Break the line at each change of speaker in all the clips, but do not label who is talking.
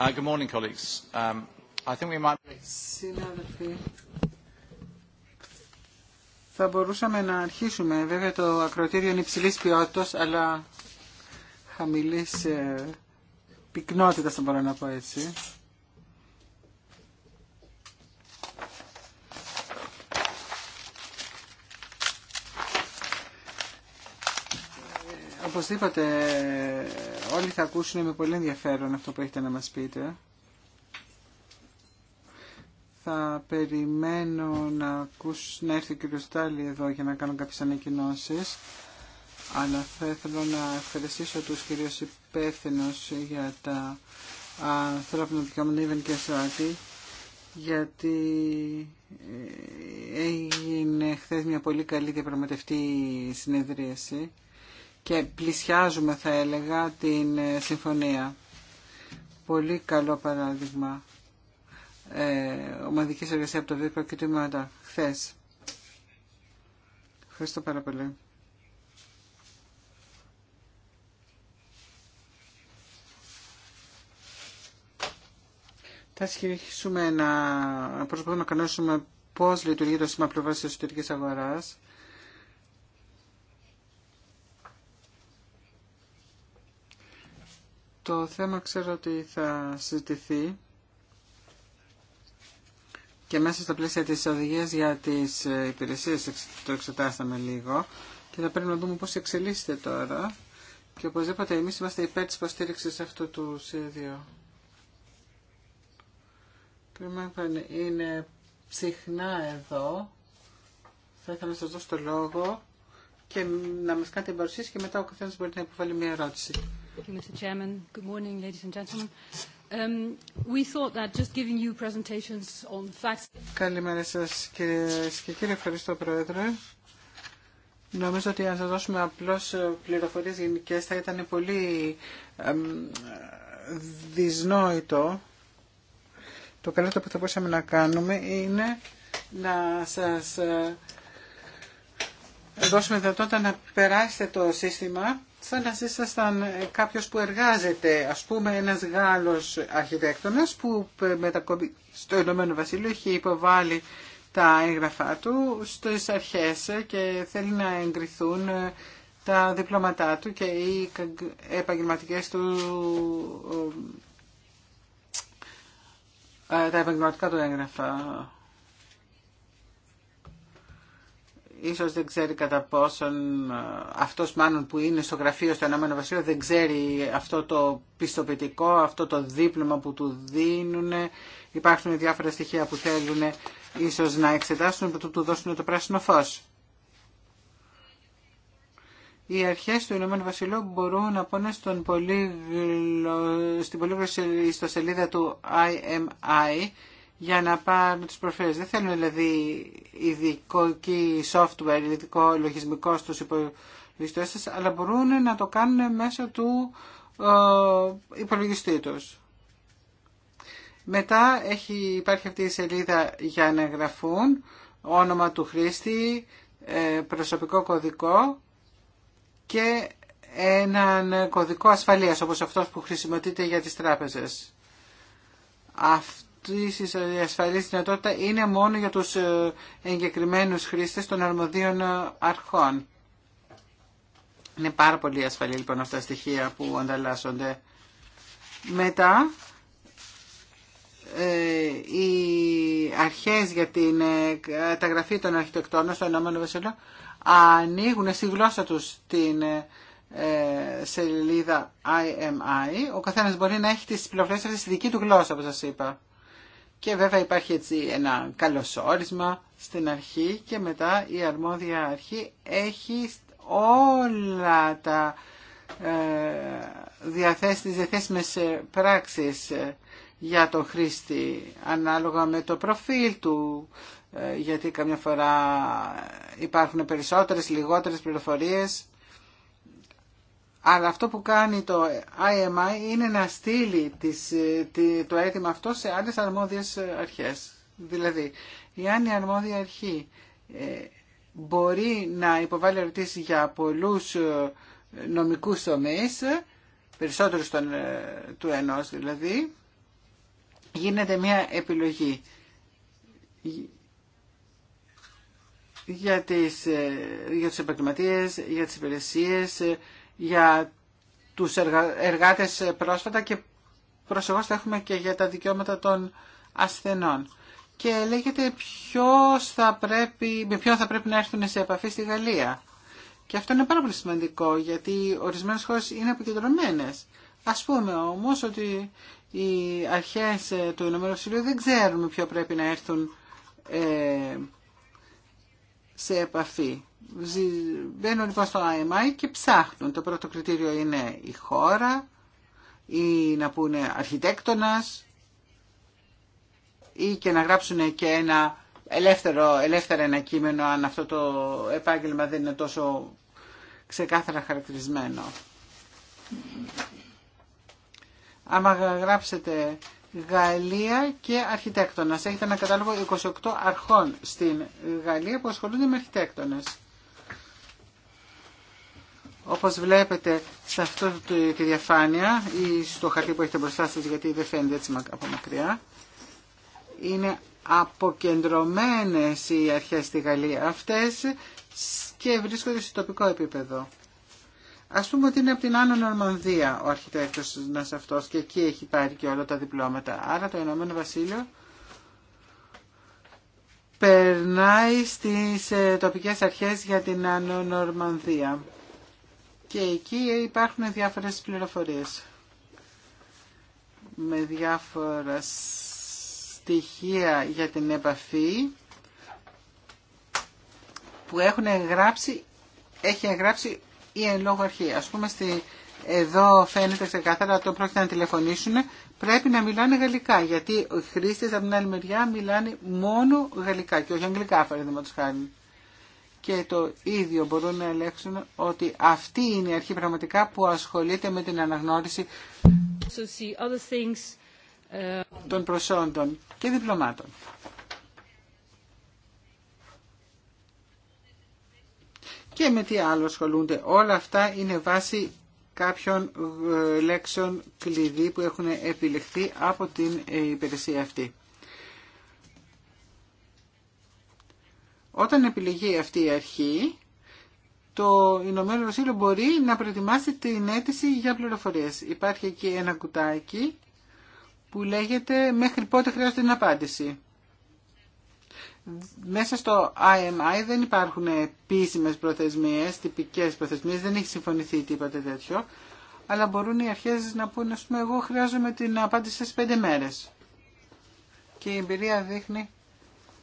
Uh, um, Συνάδελφοι, θα μπορούσαμε να αρχίσουμε. Βέβαια το ακροτήριο είναι υψηλής ποιότητας, αλλά χαμηλής ε, πυκνότητας, θα μπορώ να πω έτσι. Ε, οπωσδήποτε όλοι θα ακούσουν με πολύ ενδιαφέρον αυτό που έχετε να μας πείτε. Θα περιμένω να, ακούσω, να έρθει ο κ. Στάλι εδώ για να κάνω κάποιες ανακοινώσει. Αλλά θα ήθελα να ευχαριστήσω τους κυρίως υπεύθυνου για τα ανθρώπινα δικαιώματα Ήβεν και Σάτη γιατί ε, έγινε χθες μια πολύ καλή διαπραγματευτή συνεδρίαση και πλησιάζουμε θα έλεγα την ε, συμφωνία. Πολύ καλό παράδειγμα ε, ομαδικής εργασίας από το ΒΕΠΑ και το ΜΑΤΑ Χθε. Ευχαριστώ πάρα πολύ. Θα συνεχίσουμε να προσπαθούμε να κανονίσουμε πώς λειτουργεί το σύστημα πλευράς της εσωτερικής αγοράς Το θέμα ξέρω ότι θα συζητηθεί και μέσα στα πλαίσια της οδηγίας για τις ε, υπηρεσίες το εξετάσαμε λίγο και θα πρέπει να δούμε πώς εξελίσσεται τώρα και οπωσδήποτε εμείς είμαστε υπέρ της υποστήριξης αυτού του σχέδιου. Λοιπόν είναι ψυχνά εδώ. Θα ήθελα να σας δώσω το λόγο και να μας κάνετε την παρουσίαση και μετά ο καθένας μπορεί να υποβάλει μια ερώτηση. Thank you, Mr. Chairman. Good morning, ladies and gentlemen. Um, we thought that just giving you presentations on facts... Καλημέρα σας κυρίες και κύριοι. Ευχαριστώ Πρόεδρε. Νομίζω ότι αν σας δώσουμε απλώς πληροφορίες γενικές θα ήταν πολύ εμ, δυσνόητο. Το καλύτερο που θα μπορούσαμε να κάνουμε είναι να σας ε, δώσουμε δυνατότητα να περάσετε το σύστημα σαν να ήσασταν κάποιος που εργάζεται, ας πούμε ένας Γάλλος αρχιτέκτονας που μετακομπή, στο Ηνωμένο Βασίλειο είχε υποβάλει τα έγγραφά του στις αρχές και θέλει να εγκριθούν τα διπλώματά του και οι επαγγελματικές του ε, τα επαγγελματικά του έγγραφα. ίσως δεν ξέρει κατά πόσον ε, αυτός μάλλον που είναι στο γραφείο στο Ενωμένο Βασίλειο δεν ξέρει αυτό το πιστοποιητικό, αυτό το δίπλωμα που του δίνουν. Υπάρχουν διάφορα στοιχεία που θέλουν ίσως να εξετάσουν που του δώσουν το πράσινο φως. Οι αρχές του Ηνωμένου Βασιλείου μπορούν να πάνε στον πολύγλω... στην πολύγλωση ιστοσελίδα του IMI για να πάρουν τους προφέρειες. Δεν θέλουν δηλαδή ειδικό software, ειδικό λογισμικό στους υπολογιστές σας, αλλά μπορούν να το κάνουν μέσα του ε, υπολογιστή τους. Μετά έχει, υπάρχει αυτή η σελίδα για να εγγραφούν όνομα του χρήστη, ε, προσωπικό κωδικό και έναν κωδικό ασφαλείας όπως αυτός που χρησιμοποιείται για τις τράπεζες. Αυτό της ασφαλή δυνατότητα είναι μόνο για τους ε, εγκεκριμένους χρήστες των αρμοδίων ε, αρχών. Είναι πάρα πολύ ασφαλή λοιπόν αυτά τα στοιχεία που ανταλλάσσονται. Μετά, ε, οι αρχές για την καταγραφή των αρχιτεκτών στο Ηνωμένο Βασίλειο ανοίγουν στη γλώσσα τους την σελίδα IMI. Ο καθένας μπορεί να έχει τις πληροφορίες στη δική του γλώσσα, όπως σας είπα. Και βέβαια υπάρχει έτσι ένα καλωσόρισμα στην αρχή και μετά η αρμόδια αρχή έχει όλα τα διαθέσεις, διαθέσιμες ε, πράξεις ε, για τον χρήστη ανάλογα με το προφίλ του ε, γιατί καμιά φορά υπάρχουν περισσότερες, λιγότερες πληροφορίες αλλά αυτό που κάνει το IMI είναι να στείλει ε, το αίτημα αυτό σε άλλες αρμόδιες ε, αρχές. Δηλαδή, εάν η αρμόδια αρχή ε, μπορεί να υποβάλει ερωτήσει για πολλούς νομικούς τομείς, περισσότερους του ενός δηλαδή, γίνεται μια επιλογή για, τις, για τις επαγγελματίες, για τις υπηρεσίες, για τους εργάτες πρόσφατα και προσεγώς θα έχουμε και για τα δικαιώματα των ασθενών. Και λέγεται ποιος θα πρέπει, με ποιον θα πρέπει να έρθουν σε επαφή στη Γαλλία. Και αυτό είναι πάρα πολύ σημαντικό γιατί ορισμένες χώρες είναι αποκεντρωμένες. Ας πούμε όμως ότι οι αρχές ε, του Ηνωμένου δεν ξέρουν ποιο πρέπει να έρθουν ε, σε επαφή μπαίνουν λοιπόν στο IMI και ψάχνουν. Το πρώτο κριτήριο είναι η χώρα ή να πούνε αρχιτέκτονας ή και να γράψουν και ένα ελεύθερο, ελεύθερο ένα κείμενο αν αυτό το επάγγελμα δεν είναι τόσο ξεκάθαρα χαρακτηρισμένο. Άμα γράψετε Γαλλία και αρχιτέκτονας. Έχετε ένα κατάλογο 28 αρχών στην Γαλλία που ασχολούνται με αρχιτέκτονες. Όπως βλέπετε σε αυτό τη διαφάνεια ή στο χαρτί που έχετε μπροστά σας γιατί δεν φαίνεται έτσι από μακριά, είναι αποκεντρωμένες οι αρχές στη Γαλλία αυτές και βρίσκονται στο τοπικό επίπεδο. Ας πούμε ότι είναι από την Άνω Νορμανδία ο αρχιτέκτος αυτός και εκεί έχει πάρει και όλα τα διπλώματα. Άρα το Ηνωμένο Βασίλειο περνάει στις ε, τοπικές αρχές για την Άνω Νορμανδία και εκεί υπάρχουν διάφορες πληροφορίες με διάφορα στοιχεία για την επαφή που έχουν έχει εγγράψει η εν λόγω αρχή. Ας πούμε στη, εδώ φαίνεται ξεκάθαρα ότι πρόκειται να τηλεφωνήσουν πρέπει να μιλάνε γαλλικά γιατί οι χρήστες από την άλλη μεριά μιλάνε μόνο γαλλικά και όχι αγγλικά τους χάρη και το ίδιο μπορούν να ελέγξουν ότι αυτή είναι η αρχή πραγματικά που ασχολείται με την αναγνώριση uh, των προσόντων και διπλωμάτων. Και με τι άλλο ασχολούνται. Όλα αυτά είναι βάση κάποιων ε, λέξεων κλειδί που έχουν επιλεχθεί από την ε, υπηρεσία αυτή. Όταν επιλεγεί αυτή η αρχή, το Ηνωμένο Βασίλειο μπορεί να προετοιμάσει την αίτηση για πληροφορίες. Υπάρχει εκεί ένα κουτάκι που λέγεται μέχρι πότε χρειάζεται την απάντηση. Μέσα στο IMI δεν υπάρχουν επίσημες προθεσμίες, τυπικές προθεσμίες, δεν έχει συμφωνηθεί τίποτα τέτοιο, αλλά μπορούν οι αρχές να πούνε, ας πούμε, εγώ χρειάζομαι την απάντηση στις πέντε μέρες. Και η εμπειρία δείχνει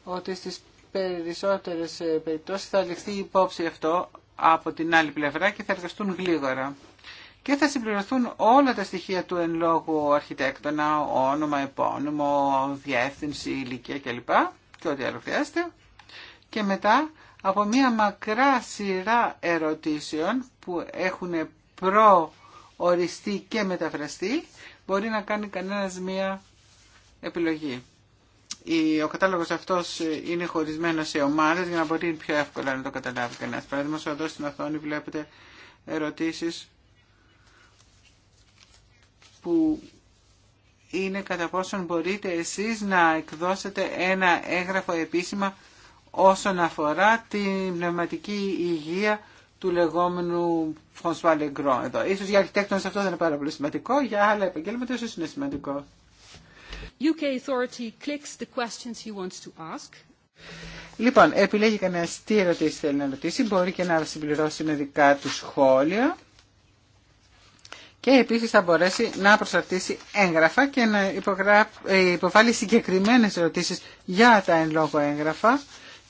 ότι στις περισσότερες ε, περιπτώσεις θα ληφθεί υπόψη αυτό από την άλλη πλευρά και θα εργαστούν γλίγορα. Και θα συμπληρωθούν όλα τα στοιχεία του εν λόγω αρχιτέκτονα, όνομα, επώνυμο, διεύθυνση, ηλικία κλπ. Και ό,τι άλλο Και μετά από μια μακρά σειρά ερωτήσεων που έχουν προοριστεί και μεταφραστεί, μπορεί να κάνει κανένας μια επιλογή ο κατάλογος αυτός είναι χωρισμένο σε ομάδες για να μπορεί πιο εύκολα να το καταλάβει κανένα. Παραδείγματος εδώ στην οθόνη βλέπετε ερωτήσεις που είναι κατά πόσον μπορείτε εσείς να εκδώσετε ένα έγγραφο επίσημα όσον αφορά την πνευματική υγεία του λεγόμενου François Λεγκρό εδώ. Ίσως για αρχιτέκτονες αυτό δεν είναι πάρα πολύ σημαντικό, για άλλα επαγγέλματα ίσως είναι σημαντικό. UK authority
clicks the questions to ask.
Λοιπόν, επιλέγει κανένα τι ερωτήσει θέλει να ρωτήσει, μπορεί και να συμπληρώσει με δικά του σχόλια και επίσης θα μπορέσει να προσαρτήσει έγγραφα και να ε, υποβάλει συγκεκριμένες ερωτήσεις για τα εν λόγω έγγραφα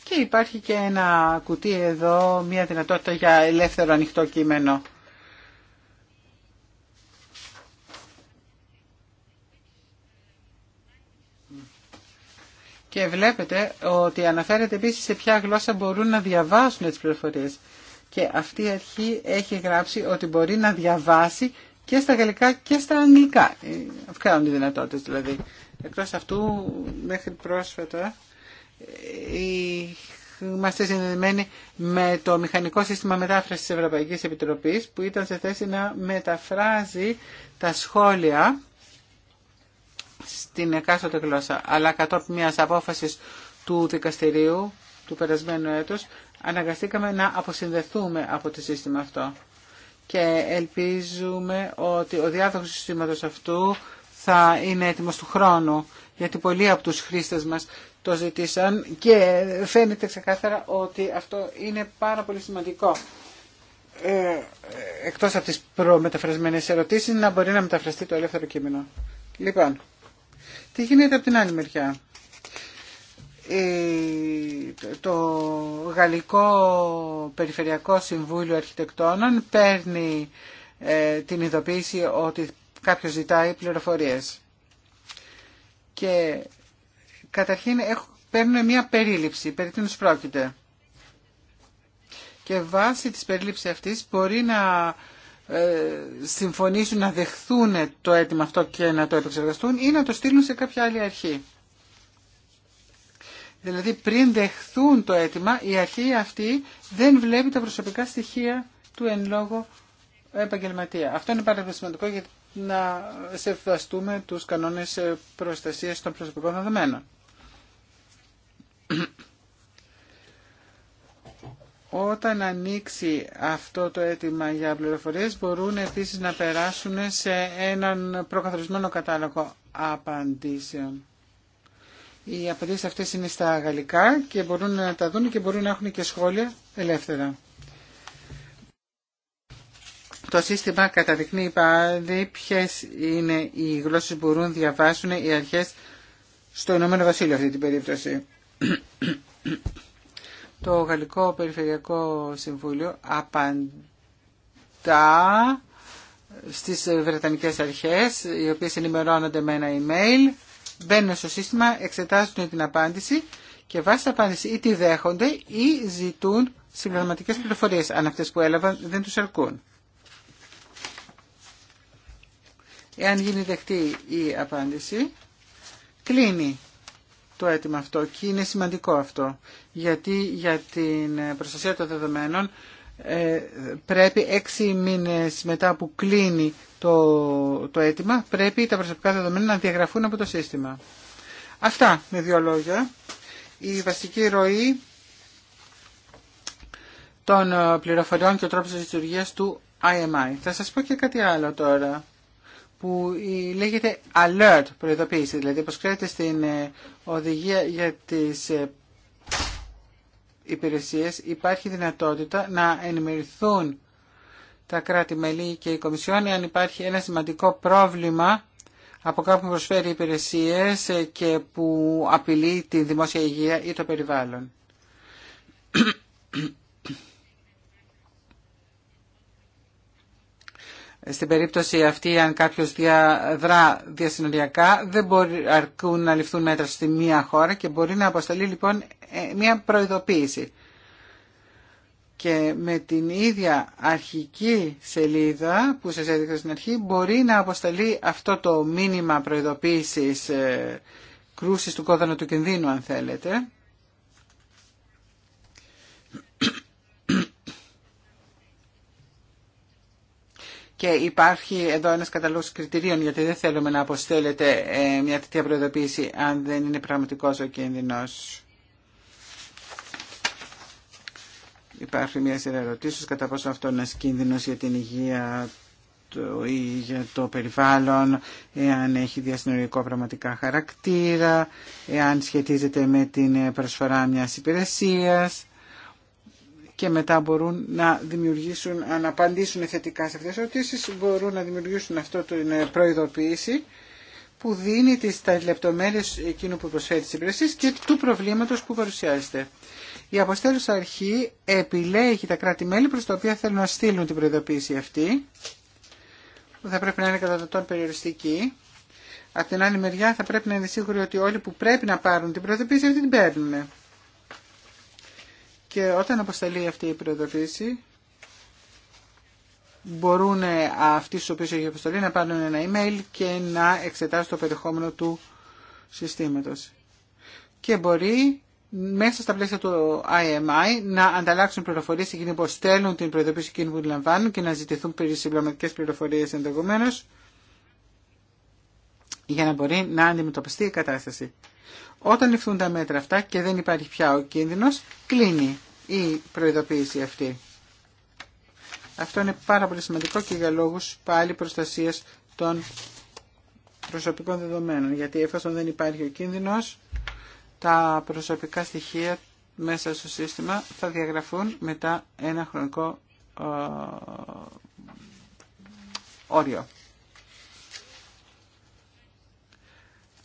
και υπάρχει και ένα κουτί εδώ, μια δυνατότητα για ελεύθερο ανοιχτό κείμενο. Και βλέπετε ότι αναφέρεται επίσης σε ποια γλώσσα μπορούν να διαβάσουν τις πληροφορίες. Και αυτή η αρχή έχει γράψει ότι μπορεί να διαβάσει και στα γαλλικά και στα αγγλικά. είναι οι δυνατότητες δηλαδή. Εκτός αυτού μέχρι πρόσφατα ε, είμαστε συνδεδεμένοι με το μηχανικό σύστημα μετάφρασης της Ευρωπαϊκής Επιτροπής που ήταν σε θέση να μεταφράζει τα σχόλια στην εκάστοτε γλώσσα, αλλά κατόπιν μια απόφαση του δικαστηρίου του περασμένου έτους, αναγκαστήκαμε να αποσυνδεθούμε από το σύστημα αυτό. Και ελπίζουμε ότι ο διάδοχο του συστήματος αυτού θα είναι έτοιμος του χρόνου, γιατί πολλοί από τους χρήστες μας το ζητήσαν και φαίνεται ξεκάθαρα ότι αυτό είναι πάρα πολύ σημαντικό. Ε, εκτός από τις προμεταφρασμένες ερωτήσεις, να μπορεί να μεταφραστεί το ελεύθερο κείμενο. Λοιπόν, τι γίνεται από την άλλη μεριά. Το Γαλλικό Περιφερειακό Συμβούλιο Αρχιτεκτόνων παίρνει ε, την ειδοποίηση ότι κάποιος ζητάει πληροφορίες. Και καταρχήν παίρνουν μια περίληψη περί τίνου πρόκειται. Και βάσει της περίληψης αυτής μπορεί να ε, συμφωνήσουν να δεχθούν το αίτημα αυτό και να το επεξεργαστούν ή να το στείλουν σε κάποια άλλη αρχή. Δηλαδή πριν δεχθούν το αίτημα η αρχή αυτή δεν βλέπει τα προσωπικά στοιχεία του εν λόγω επαγγελματία. Αυτό είναι πάρα πολύ σημαντικό για να σεβαστούμε τους κανόνες προστασίας των προσωπικών δεδομένων όταν ανοίξει αυτό το αίτημα για πληροφορίες μπορούν επίσης να περάσουν σε έναν προκαθορισμένο κατάλογο απαντήσεων. Οι απαντήσεις αυτές είναι στα γαλλικά και μπορούν να τα δουν και μπορούν να έχουν και σχόλια ελεύθερα. Το σύστημα καταδεικνύει πάλι ποιε είναι οι γλώσσες που μπορούν να διαβάσουν οι αρχέ στο Ηνωμένο Βασίλειο αυτή την περίπτωση. Το Γαλλικό Περιφερειακό Συμβούλιο απαντά στις Βρετανικές Αρχές, οι οποίες ενημερώνονται με ένα email, μπαίνουν στο σύστημα, εξετάζουν την απάντηση και βάσει την απάντηση ή τη δέχονται ή ζητούν συμπληρωματικές πληροφορίες, αν αυτές που έλαβαν δεν τους αρκούν. Εάν γίνει δεχτή η απάντηση, κλείνει το αίτημα αυτό και είναι σημαντικό αυτό γιατί για την προστασία των δεδομένων ε, πρέπει έξι μήνες μετά που κλείνει το, το αίτημα πρέπει τα προσωπικά δεδομένα να διαγραφούν από το σύστημα. Αυτά με δύο λόγια. Η βασική ροή των πληροφοριών και ο τρόπος της του IMI. Θα σας πω και κάτι άλλο τώρα που λέγεται alert προειδοποίηση, δηλαδή όπως ξέρετε στην ε, οδηγία για τις ε, υπηρεσίες υπάρχει δυνατότητα να ενημερωθούν τα κράτη-μέλη και η Κομισιόν αν υπάρχει ένα σημαντικό πρόβλημα από κάπου που προσφέρει υπηρεσίες ε, και που απειλεί τη δημόσια υγεία ή το περιβάλλον. Στην περίπτωση αυτή, αν κάποιο διαδρά διασυνοριακά, δεν μπορεί, αρκούν να ληφθούν μέτρα στη μία χώρα και μπορεί να αποσταλεί λοιπόν ε, μία προειδοποίηση. Και με την ίδια αρχική σελίδα που σας έδειξα στην αρχή, μπορεί να αποσταλεί αυτό το μήνυμα προειδοποίησης ε, κρούσης του κόδωνα του κινδύνου, αν θέλετε, και υπάρχει εδώ ένας καταλόγος κριτηρίων γιατί δεν θέλουμε να αποστέλλεται ε, μια τέτοια προειδοποίηση αν δεν είναι πραγματικός ο κίνδυνος. Υπάρχει μια σειρά ερωτήσεων κατά πόσο αυτό είναι ένα κίνδυνος για την υγεία ή για το περιβάλλον, εάν έχει διασυνοριακό πραγματικά χαρακτήρα, εάν σχετίζεται με την προσφορά μιας υπηρεσίας και μετά μπορούν να δημιουργήσουν, να απαντήσουν θετικά σε αυτές τις ερωτήσεις, μπορούν να δημιουργήσουν αυτό την ε, προειδοποίηση που δίνει τις τα λεπτομέρειες εκείνου που προσφέρει τις υπηρεσίες και του προβλήματος που παρουσιάζεται. Η αποστέλουσα αρχή επιλέγει τα κράτη-μέλη προς τα οποία θέλουν να στείλουν την προειδοποίηση αυτή, που θα πρέπει να είναι κατά τον περιοριστική. Από την άλλη μεριά θα πρέπει να είναι σίγουροι ότι όλοι που πρέπει να πάρουν την προειδοποίηση αυτή την παίρνουν και όταν αποσταλεί αυτή η προειδοποίηση μπορούν αυτοί στους οποίους έχει αποστολή να πάρουν ένα email και να εξετάσουν το περιεχόμενο του συστήματος. Και μπορεί μέσα στα πλαίσια του IMI να ανταλλάξουν πληροφορίες εκείνοι που στέλνουν την προειδοποίηση εκείνη που λαμβάνουν και να ζητηθούν περισυμπλωματικές πληροφορίες ενδεχομένω για να μπορεί να αντιμετωπιστεί η κατάσταση. Όταν ληφθούν τα μέτρα αυτά και δεν υπάρχει πια ο κίνδυνος, κλείνει η προειδοποίηση αυτή. Αυτό είναι πάρα πολύ σημαντικό και για λόγους πάλι προστασίας των προσωπικών δεδομένων, γιατί εφόσον δεν υπάρχει ο κίνδυνος, τα προσωπικά στοιχεία μέσα στο σύστημα θα διαγραφούν μετά ένα χρονικό ε, όριο.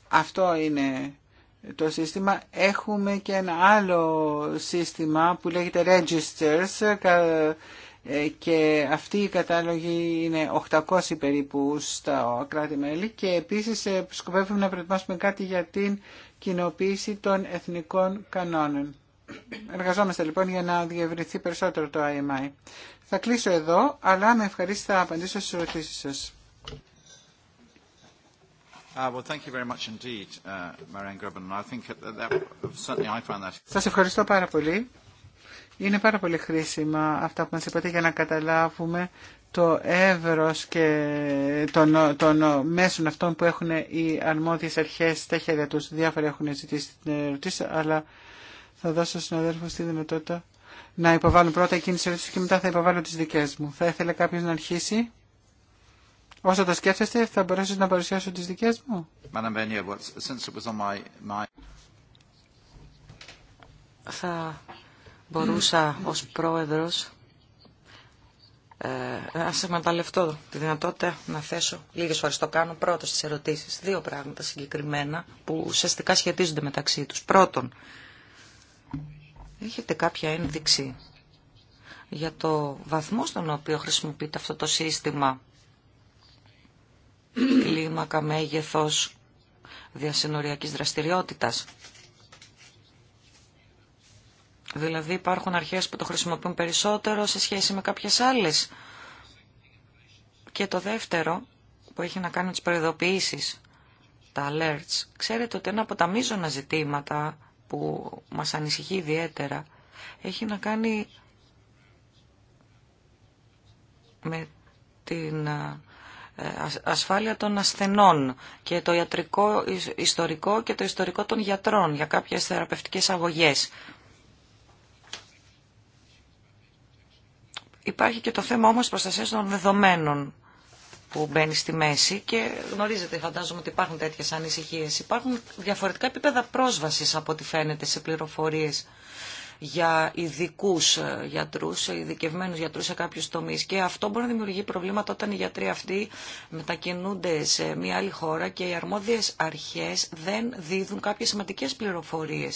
Αυτό είναι το σύστημα έχουμε και ένα άλλο σύστημα που λέγεται registers ε, και αυτή η κατάλογη είναι 800 περίπου στα κράτη-μέλη και επίσης ε, σκοπεύουμε να προετοιμάσουμε κάτι για την κοινοποίηση των εθνικών κανόνων. Εργαζόμαστε λοιπόν για να διευρυνθεί περισσότερο το IMI. Θα κλείσω εδώ, αλλά με ευχαρίστηση θα απαντήσω στις ερωτήσεις σας. Σας ευχαριστώ πάρα πολύ. Είναι πάρα πολύ χρήσιμα αυτά που μας είπατε για να καταλάβουμε το εύρος και των, των μέσων αυτών που έχουν οι αρμόδιες αρχές στα χέρια τους. Διάφορα έχουν ζητήσει την ερωτήση, αλλά θα δώσω στον αδέρφο στη δυνατότητα να υποβάλουν πρώτα εκείνες τις ερωτήσεις και μετά θα υποβάλω τις δικές μου. Θα ήθελε κάποιος να αρχίσει. Όσο το σκέφτεστε, θα μπορέσω να παρουσιάσω τις δικές μου. Θα μπορούσα ως
πρόεδρος ε, να σε μεταλλευτώ τη δυνατότητα να θέσω λίγες φορές το κάνω πρώτο στις ερωτήσεις. Δύο πράγματα συγκεκριμένα που ουσιαστικά σχετίζονται μεταξύ τους. Πρώτον, έχετε κάποια ένδειξη για το βαθμό στον οποίο χρησιμοποιείται αυτό το σύστημα κλίμακα μέγεθος διασυνοριακής δραστηριότητας. Δηλαδή υπάρχουν αρχές που το χρησιμοποιούν περισσότερο σε σχέση με κάποιες άλλες. Και το δεύτερο που έχει να κάνει με τις προειδοποιήσεις, τα alerts. Ξέρετε ότι ένα από τα μείζωνα ζητήματα που μας ανησυχεί ιδιαίτερα έχει να κάνει με την ε, ασφάλεια των ασθενών και το ιατρικό ιστορικό και το ιστορικό των γιατρών για κάποιες θεραπευτικές αγωγές. Υπάρχει και το θέμα όμως προστασίας των δεδομένων που μπαίνει στη μέση και γνωρίζετε φαντάζομαι ότι υπάρχουν τέτοιες ανησυχίες. Υπάρχουν διαφορετικά επίπεδα πρόσβασης από ό,τι φαίνεται σε πληροφορίες για ειδικού ε, γιατρού, ε, ειδικευμένου γιατρού σε κάποιου τομεί. Και αυτό μπορεί να δημιουργεί προβλήματα όταν οι γιατροί αυτοί μετακινούνται σε μια άλλη χώρα και οι αρμόδιε αρχέ δεν δίδουν κάποιε σημαντικέ πληροφορίε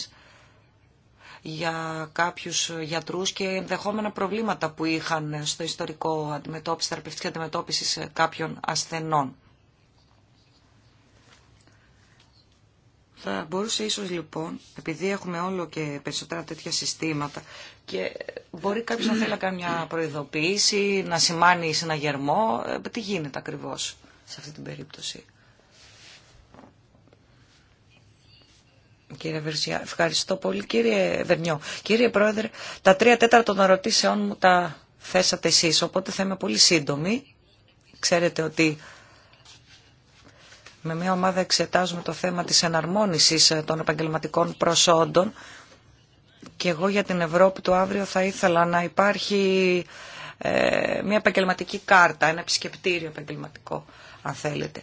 για κάποιους γιατρούς και ενδεχόμενα προβλήματα που είχαν στο ιστορικό αντιμετώπιση, θεραπευτική αντιμετώπιση κάποιων ασθενών. Θα μπορούσε ίσως λοιπόν, επειδή έχουμε όλο και περισσότερα τέτοια συστήματα και μπορεί κάποιος να θέλει να κάνει μια προειδοποίηση, να σημάνει σε ένα γερμό. Ε, τι γίνεται ακριβώς σε αυτή την περίπτωση. Κύριε Βερσιά, ευχαριστώ πολύ. Κύριε Βερνιό, κύριε Πρόεδρε, τα τρία τέταρτα των ερωτήσεών μου τα θέσατε εσείς, οπότε θα είμαι πολύ σύντομη. Ξέρετε ότι με μια ομάδα εξετάζουμε το θέμα της εναρμόνισης ε, των επαγγελματικών προσόντων και εγώ για την Ευρώπη του αύριο θα ήθελα να υπάρχει ε, μια επαγγελματική κάρτα, ένα επισκεπτήριο επαγγελματικό, αν θέλετε.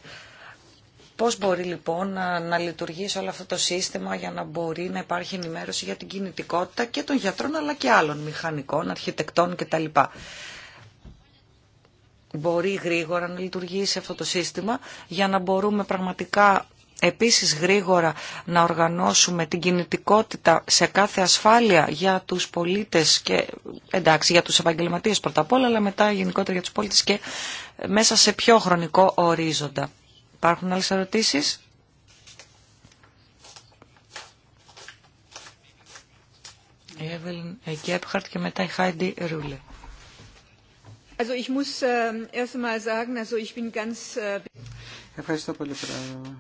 Πώς μπορεί λοιπόν να, να λειτουργήσει όλο αυτό το σύστημα για να μπορεί να υπάρχει ενημέρωση για την κινητικότητα και των γιατρών αλλά και άλλων μηχανικών, αρχιτεκτών κτλ μπορεί γρήγορα να λειτουργήσει αυτό το σύστημα για να μπορούμε πραγματικά επίσης γρήγορα να οργανώσουμε την κινητικότητα σε κάθε ασφάλεια για τους πολίτες και εντάξει για τους επαγγελματίες πρώτα απ' όλα αλλά μετά γενικότερα για τους πολίτες και μέσα σε πιο χρονικό ορίζοντα. Υπάρχουν άλλες ερωτήσεις? και μετά η Χάιντι
Ρούλε. Ευχαριστώ πολύ, Πρόεδρε.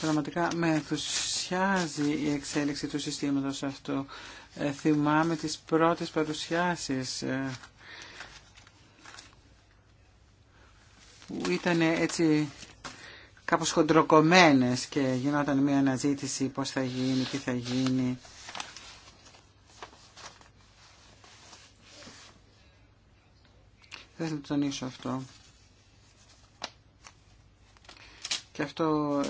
Πραγματικά με ενθουσιάζει η εξέλιξη του συστήματος αυτού. Ε, θυμάμαι τις πρώτες παρουσιάσεις ε, που ήταν έτσι κάπως χοντροκομμένες και γινόταν μια αναζήτηση πώς θα γίνει, τι θα γίνει. Θα το τονίσω αυτό. Και αυτό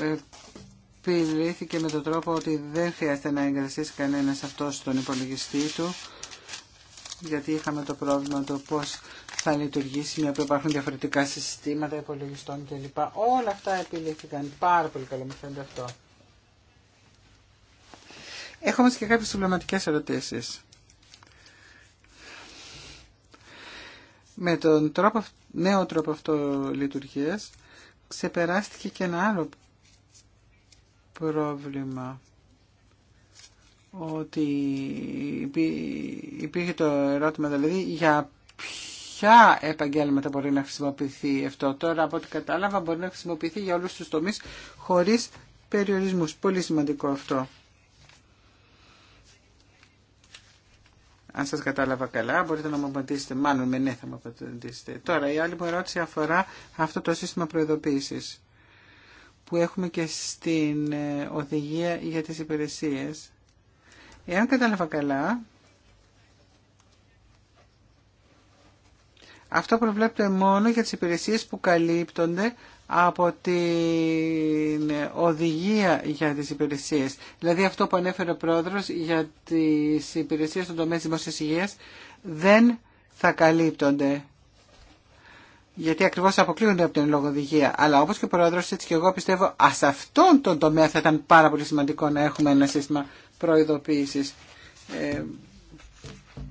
επιλύθηκε με τον τρόπο ότι δεν χρειάζεται να εγκαταστήσει κανένας αυτό στον υπολογιστή του, γιατί είχαμε το πρόβλημα το πώς θα λειτουργήσει, μια που υπάρχουν διαφορετικά συστήματα υπολογιστών κλπ. Όλα αυτά επιλύθηκαν. Πάρα πολύ καλό μου φαίνεται αυτό. Έχουμε και κάποιες συμπληρωματικές ερωτήσεις. Με τον τρόπο, νέο τρόπο αυτό λειτουργίας ξεπεράστηκε και ένα άλλο πρόβλημα ότι υπήρχε το ερώτημα δηλαδή για ποια επαγγέλματα μπορεί να χρησιμοποιηθεί αυτό. Τώρα από ό,τι κατάλαβα μπορεί να χρησιμοποιηθεί για όλους τους τομείς χωρίς περιορισμούς. Πολύ σημαντικό αυτό. αν σας κατάλαβα καλά, μπορείτε να μου απαντήσετε, μάλλον με ναι θα μου απαντήσετε. Τώρα, η άλλη μου ερώτηση αφορά αυτό το σύστημα προειδοποίησης που έχουμε και στην ε, οδηγία για τις υπηρεσίες. Εάν κατάλαβα καλά, αυτό προβλέπεται μόνο για τις υπηρεσίες που καλύπτονται από την οδηγία για τις υπηρεσίες. Δηλαδή αυτό που ανέφερε ο πρόεδρος για τις υπηρεσίες των τομέα της δημόσιας δεν θα καλύπτονται. Γιατί ακριβώς αποκλείονται από την λογοδηγία. Αλλά όπως και ο πρόεδρο, έτσι και εγώ πιστεύω, ας αυτόν τον τομέα θα ήταν πάρα πολύ σημαντικό να έχουμε ένα σύστημα προειδοποίηση. Ε,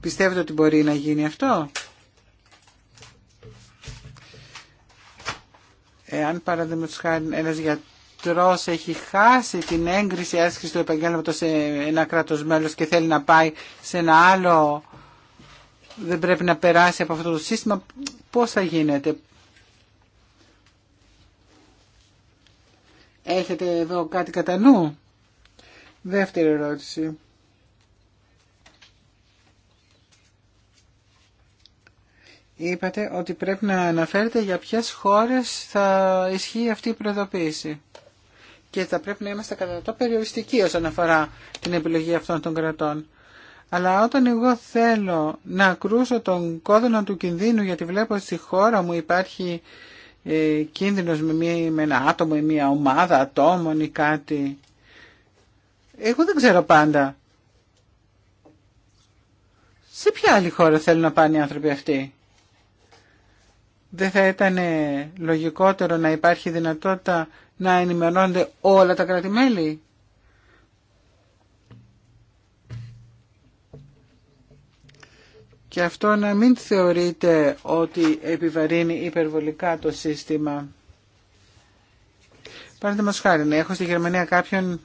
πιστεύετε ότι μπορεί να γίνει αυτό. Εάν παραδείγματο χάρη ένα γιατρό έχει χάσει την έγκριση άσκηση του επαγγέλματο σε ένα κράτος μέλος και θέλει να πάει σε ένα άλλο, δεν πρέπει να περάσει από αυτό το σύστημα. Πώ θα γίνεται, Έχετε εδώ κάτι κατά νου. Δεύτερη ερώτηση. είπατε ότι πρέπει να αναφέρετε για ποιες χώρες θα ισχύει αυτή η προεδοποίηση Και θα πρέπει να είμαστε κατά το περιοριστικοί όσον αφορά την επιλογή αυτών των κρατών. Αλλά όταν εγώ θέλω να κρούσω τον κόδωνα του κινδύνου γιατί βλέπω στη χώρα μου υπάρχει ε, κίνδυνος με, μία, με ένα άτομο ή μια ομάδα ατόμων ή κάτι. Εγώ δεν ξέρω πάντα. Σε ποια άλλη χώρα θέλουν να πάνε οι άνθρωποι αυτοί δεν θα ήταν λογικότερο να υπάρχει δυνατότητα να ενημερώνονται όλα τα κράτη-μέλη. Και αυτό να μην θεωρείτε ότι επιβαρύνει υπερβολικά το σύστημα. Παραδείγμα χάρη, ναι, έχω στη Γερμανία κάποιον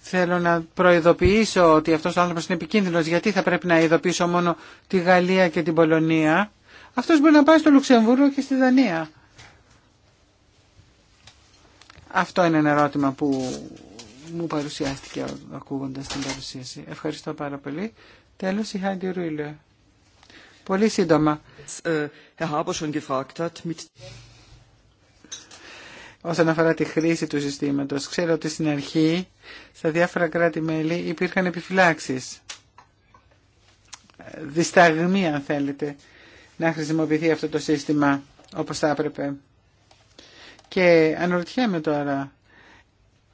θέλω να προειδοποιήσω ότι αυτός ο άνθρωπος είναι επικίνδυνος. Γιατί θα πρέπει να ειδοποιήσω μόνο τη Γαλλία και την Πολωνία αυτός μπορεί να πάει στο Λουξεμβούργο και στη Δανία. Αυτό είναι ένα ερώτημα που μου παρουσιάστηκε ακούγοντας την παρουσίαση. Ευχαριστώ πάρα πολύ. Τέλος η Χάντι Ρούιλε. Πολύ σύντομα. Ε, Όσον αφορά τη χρήση του συστήματος, ξέρω ότι στην αρχή στα διάφορα κράτη-μέλη υπήρχαν επιφυλάξεις. Δισταγμή αν θέλετε να χρησιμοποιηθεί αυτό το σύστημα όπως θα έπρεπε. Και αναρωτιέμαι τώρα,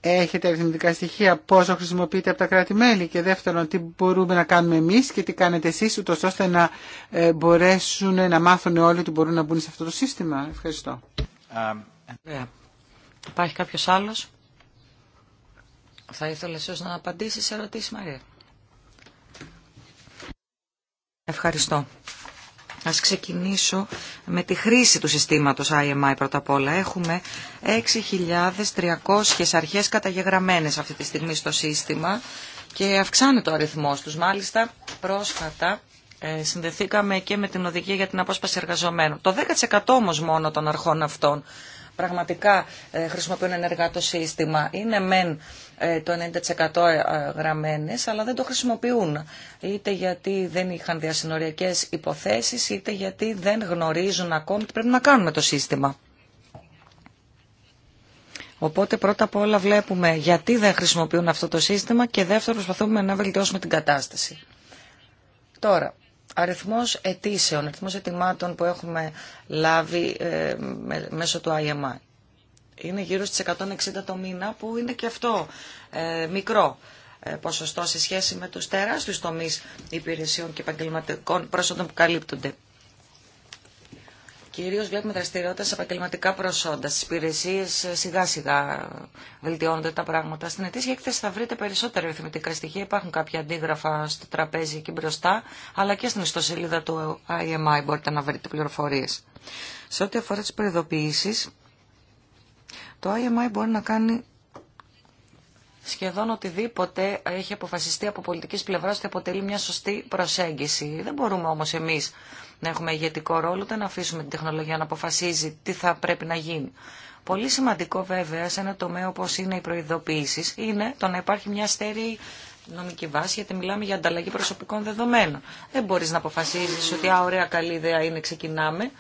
έχετε αριθμητικά στοιχεία πόσο χρησιμοποιείται από τα κράτη-μέλη και δεύτερον τι μπορούμε να κάνουμε εμείς και τι κάνετε εσείς ούτως ώστε να ε, μπορέσουν να μάθουν όλοι ότι μπορούν να μπουν σε αυτό το σύστημα. Ευχαριστώ.
Yeah. Um, Υπάρχει κάποιος άλλος. Θα ήθελα εσύ να απαντήσεις σε ερωτήσεις Μαρία. Ευχαριστώ. Ας ξεκινήσω με τη χρήση του συστήματος IMI πρώτα απ' όλα. Έχουμε 6.300 αρχές καταγεγραμμένες αυτή τη στιγμή στο σύστημα και αυξάνεται ο αριθμός τους. Μάλιστα πρόσφατα ε, συνδεθήκαμε και με την οδηγία για την απόσπαση εργαζομένων. Το 10% όμως μόνο των αρχών αυτών πραγματικά ε, χρησιμοποιούν ενεργά το σύστημα. Είναι μεν ε, το 90% ε, γραμμένες, αλλά δεν το χρησιμοποιούν. Είτε γιατί δεν είχαν διασυνοριακές υποθέσεις, είτε γιατί δεν γνωρίζουν ακόμη τι πρέπει να κάνουμε το σύστημα. Οπότε πρώτα απ' όλα βλέπουμε γιατί δεν χρησιμοποιούν αυτό το σύστημα και δεύτερον προσπαθούμε να βελτιώσουμε την κατάσταση. Τώρα, Αριθμός αιτήσεων, αριθμός αιτημάτων που έχουμε λάβει ε, μέσω του IMI. Είναι γύρω στις 160 το μήνα που είναι και αυτό ε, μικρό ε, ποσοστό σε σχέση με τους τεράστιους τομείς υπηρεσιών και επαγγελματικών πρόσωπων που καλύπτονται. Κυρίω βλέπουμε δραστηριότητα σε επαγγελματικά προσόντα. Στι υπηρεσίε ε, σιγά σιγά βελτιώνονται τα πράγματα. Στην ετήσια έκθεση θα βρείτε περισσότερα αριθμητικά στοιχεία. Υπάρχουν κάποια αντίγραφα στο τραπέζι εκεί μπροστά, αλλά και στην ιστοσελίδα του IMI μπορείτε να βρείτε πληροφορίε. Σε ό,τι αφορά τι προειδοποιήσει, το IMI μπορεί να κάνει σχεδόν οτιδήποτε έχει αποφασιστεί από πολιτική πλευρά ότι αποτελεί μια σωστή προσέγγιση. Δεν μπορούμε όμω εμεί να έχουμε ηγετικό ρόλο, ούτε να αφήσουμε την τεχνολογία να αποφασίζει τι θα πρέπει να γίνει. Πολύ σημαντικό βέβαια σε ένα τομέα όπω είναι οι προειδοποίησει, είναι το να υπάρχει μια στερή νομική βάση, γιατί μιλάμε για ανταλλαγή προσωπικών δεδομένων. Δεν μπορεί να αποφασίζει ότι α, ωραία καλή ιδέα είναι, ξεκινάμε.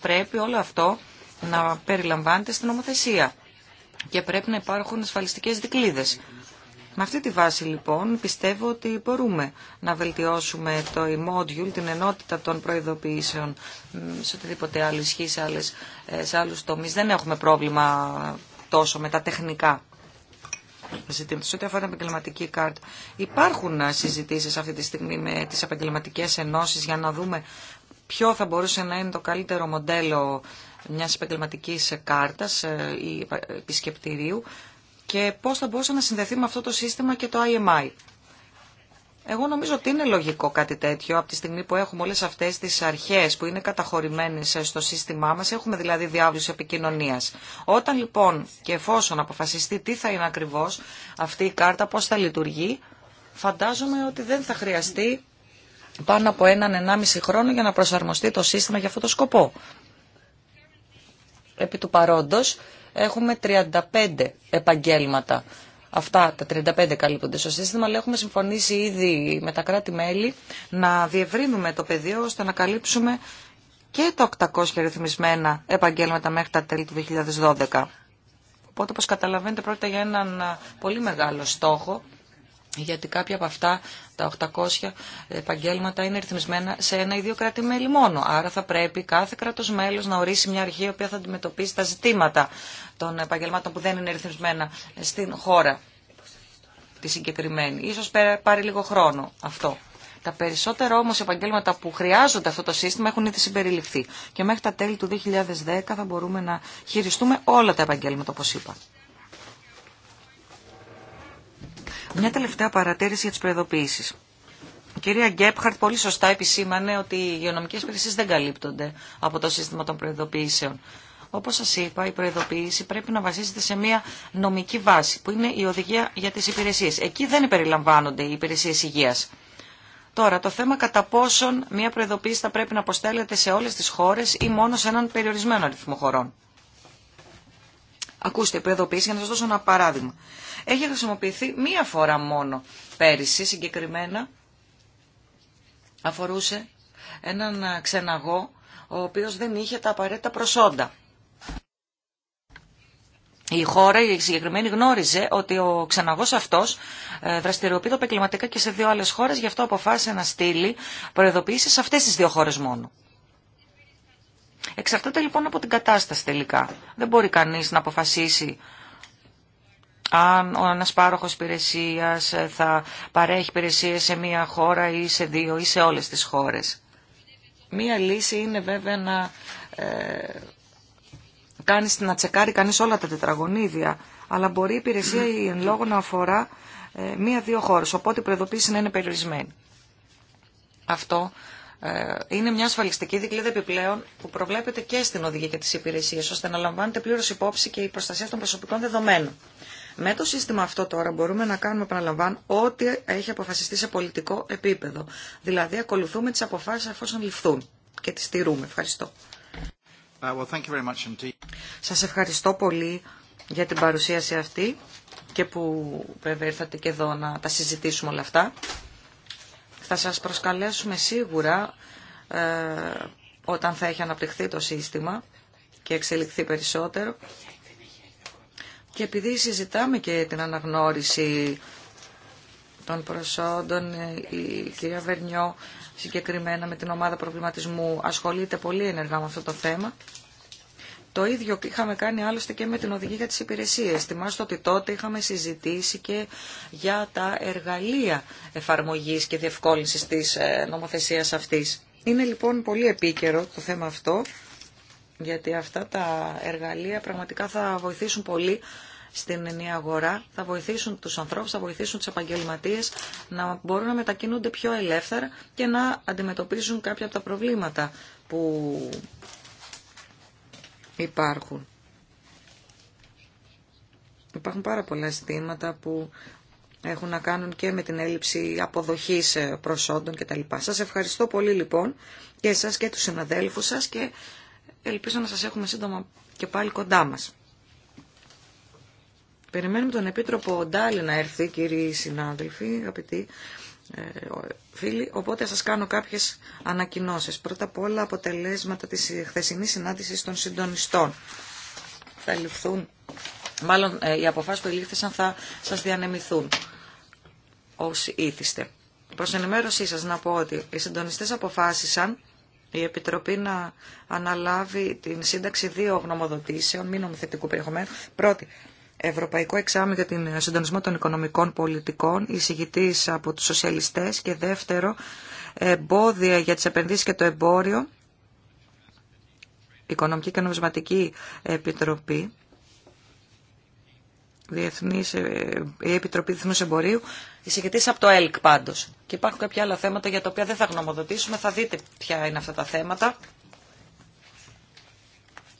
Πρέπει όλο αυτό να περιλαμβάνεται στην νομοθεσία και πρέπει να υπάρχουν ασφαλιστικές δικλείδες. Με αυτή τη βάση λοιπόν πιστεύω ότι μπορούμε να βελτιώσουμε το e-module, την ενότητα των προειδοποιήσεων σε οτιδήποτε άλλο ισχύ, σε, άλλες, ε, σε άλλους τομείς. Δεν έχουμε πρόβλημα τόσο με τα τεχνικά ζητήματα. Σε ό,τι αφορά την επαγγελματική κάρτα, υπάρχουν ε, συζητήσεις αυτή τη στιγμή με τις επαγγελματικέ ενώσεις για να δούμε ποιο θα μπορούσε να είναι το καλύτερο μοντέλο μιας επαγγελματική κάρτας ε, ή επισκεπτηρίου και πώς θα μπορούσε να συνδεθεί με αυτό το σύστημα και το IMI. Εγώ νομίζω ότι είναι λογικό κάτι τέτοιο από τη στιγμή που έχουμε όλες αυτές τις αρχές που είναι καταχωρημένες στο σύστημά μας, έχουμε δηλαδή διάβλους επικοινωνίας. Όταν λοιπόν και εφόσον αποφασιστεί τι θα είναι ακριβώς αυτή η κάρτα, πώς θα λειτουργεί, φαντάζομαι ότι δεν θα χρειαστεί πάνω από έναν ενάμιση χρόνο για να προσαρμοστεί το σύστημα για αυτό το σκοπό επί του παρόντος έχουμε 35 επαγγέλματα. Αυτά τα 35 καλύπτονται στο σύστημα, αλλά έχουμε συμφωνήσει ήδη με τα κράτη-μέλη να διευρύνουμε το πεδίο ώστε να καλύψουμε και τα 800 ρυθμισμένα επαγγέλματα μέχρι τα τέλη του 2012. Οπότε, όπως καταλαβαίνετε, πρόκειται για έναν πολύ μεγάλο στόχο γιατί κάποια από αυτά τα 800 επαγγέλματα είναι ρυθμισμένα σε ένα ή δύο κράτη-μέλη μόνο. Άρα θα πρέπει κάθε κράτος μέλος να ορίσει μια αρχή η οποία θα αντιμετωπίσει τα ζητήματα των επαγγελμάτων που δεν είναι ρυθμισμένα στην χώρα τη συγκεκριμένη. Ίσως πάρει λίγο χρόνο αυτό. Τα περισσότερα όμω επαγγέλματα που χρειάζονται αυτό το σύστημα έχουν ήδη συμπεριληφθεί. Και μέχρι τα τέλη του 2010 θα μπορούμε να χειριστούμε όλα τα επαγγέλματα, όπω είπα. Μια τελευταία παρατήρηση για τι προειδοποιήσει. Η κυρία Γκέπχαρτ πολύ σωστά επισήμανε ότι οι υγειονομικέ υπηρεσίε δεν καλύπτονται από το σύστημα των προειδοποιήσεων. Όπω σα είπα, η προειδοποίηση πρέπει να βασίζεται σε μια νομική βάση, που είναι η οδηγία για τι υπηρεσίε. Εκεί δεν περιλαμβάνονται οι υπηρεσίε υγεία. Τώρα, το θέμα κατά πόσον μια προειδοποίηση θα πρέπει να αποστέλλεται σε όλε τι χώρε ή μόνο σε έναν περιορισμένο αριθμοχωρών. Ακούστε ή μόνο σε έναν περιορισμένο αριθμό χωρών. Ακούστε, προειδοποίηση για να σα δώσω ένα παράδειγμα έχει χρησιμοποιηθεί μία φορά μόνο πέρυσι συγκεκριμένα. Αφορούσε έναν ξεναγό ο οποίος δεν είχε τα απαραίτητα προσόντα. Η χώρα, η συγκεκριμένη, γνώριζε ότι ο ξεναγός αυτό ε, δραστηριοποιείται επαγγελματικά και σε δύο άλλες χώρες γι' αυτό αποφάσισε να στείλει προειδοποιήσει σε αυτές τις δύο χώρες μόνο. Εξαρτάται λοιπόν από την κατάσταση τελικά. Δεν μπορεί κανείς να αποφασίσει αν ο ανασπάροχος υπηρεσίας θα παρέχει υπηρεσίες σε μία χώρα ή σε δύο ή σε όλες τις χώρες. Μία λύση είναι βέβαια να, ε, κάνεις, να τσεκάρει κανείς όλα τα τετραγωνίδια, αλλά μπορεί η υπηρεσία ή εν λόγω να αφορά ε, μία-δύο χώρες, οπότε η προειδοποίηση να είναι περιορισμένη. Αυτό ε, μια δυο χωρες οποτε η προεδοποιηση να ειναι περιορισμενη αυτο επιπλέον που προβλέπεται και στην οδηγία και τις υπηρεσίες, ώστε να λαμβάνεται πλήρως υπόψη και η προστασία των προσωπικών δεδομένων. Με το σύστημα αυτό τώρα μπορούμε να κάνουμε, επαναλαμβάνω, ό,τι έχει αποφασιστεί σε πολιτικό επίπεδο. Δηλαδή ακολουθούμε τις αποφάσεις εφόσον ληφθούν και τις τηρούμε. Ευχαριστώ.
Uh, well,
Σας ευχαριστώ πολύ για την παρουσίαση αυτή και που βέβαια ήρθατε και εδώ να τα συζητήσουμε όλα αυτά. Θα σας προσκαλέσουμε σίγουρα ε, όταν θα έχει αναπτυχθεί το σύστημα και εξελιχθεί περισσότερο και επειδή συζητάμε και την αναγνώριση των προσόντων, η κυρία Βερνιό συγκεκριμένα με την ομάδα προβληματισμού ασχολείται πολύ ενεργά με αυτό το θέμα. Το ίδιο είχαμε κάνει άλλωστε και με την οδηγία για τις υπηρεσίες. Θυμάστε ότι τότε είχαμε συζητήσει και για τα εργαλεία εφαρμογής και διευκόλυνσης της ε, νομοθεσίας αυτής. Είναι λοιπόν πολύ επίκαιρο το θέμα αυτό, γιατί αυτά τα εργαλεία πραγματικά θα βοηθήσουν πολύ στην ενιαία αγορά, θα βοηθήσουν τους ανθρώπους, θα βοηθήσουν τους επαγγελματίε να μπορούν να μετακινούνται πιο ελεύθερα και να αντιμετωπίζουν κάποια από τα προβλήματα που υπάρχουν. Υπάρχουν πάρα πολλά ζητήματα που έχουν να κάνουν και με την έλλειψη αποδοχής ε, προσόντων κτλ. Σας ευχαριστώ πολύ λοιπόν και εσάς και τους συναδέλφους σας και ελπίζω να σας έχουμε σύντομα και πάλι κοντά μας. Περιμένουμε τον Επίτροπο Ντάλι να έρθει, κύριοι συνάδελφοι, αγαπητοί ε, φίλοι, οπότε σας κάνω κάποιες ανακοινώσεις. Πρώτα απ' όλα αποτελέσματα της χθεσινής συνάντησης των συντονιστών. Θα ληφθούν, μάλλον ε, οι αποφάσεις που ελήφθησαν θα σας διανεμηθούν όσοι ήθιστε. Προς ενημέρωσή σας να πω ότι οι συντονιστές αποφάσισαν η Επιτροπή να αναλάβει την σύνταξη δύο γνωμοδοτήσεων μη νομοθετικού περιεχομένου. Πρώτη, Ευρωπαϊκό Εξάμεινο για την Συντονισμό των Οικονομικών Πολιτικών, εισηγητή από του Σοσιαλιστέ. Και δεύτερο, εμπόδια για τι επενδύσει και το εμπόριο, Οικονομική και Νομισματική Επιτροπή, Διεθνής, ε, η Επιτροπή Διεθνού Εμπορίου, εισηγητή από το ΕΛΚ πάντω. Και υπάρχουν κάποια άλλα θέματα για τα οποία δεν θα γνωμοδοτήσουμε. Θα δείτε ποια είναι αυτά τα θέματα.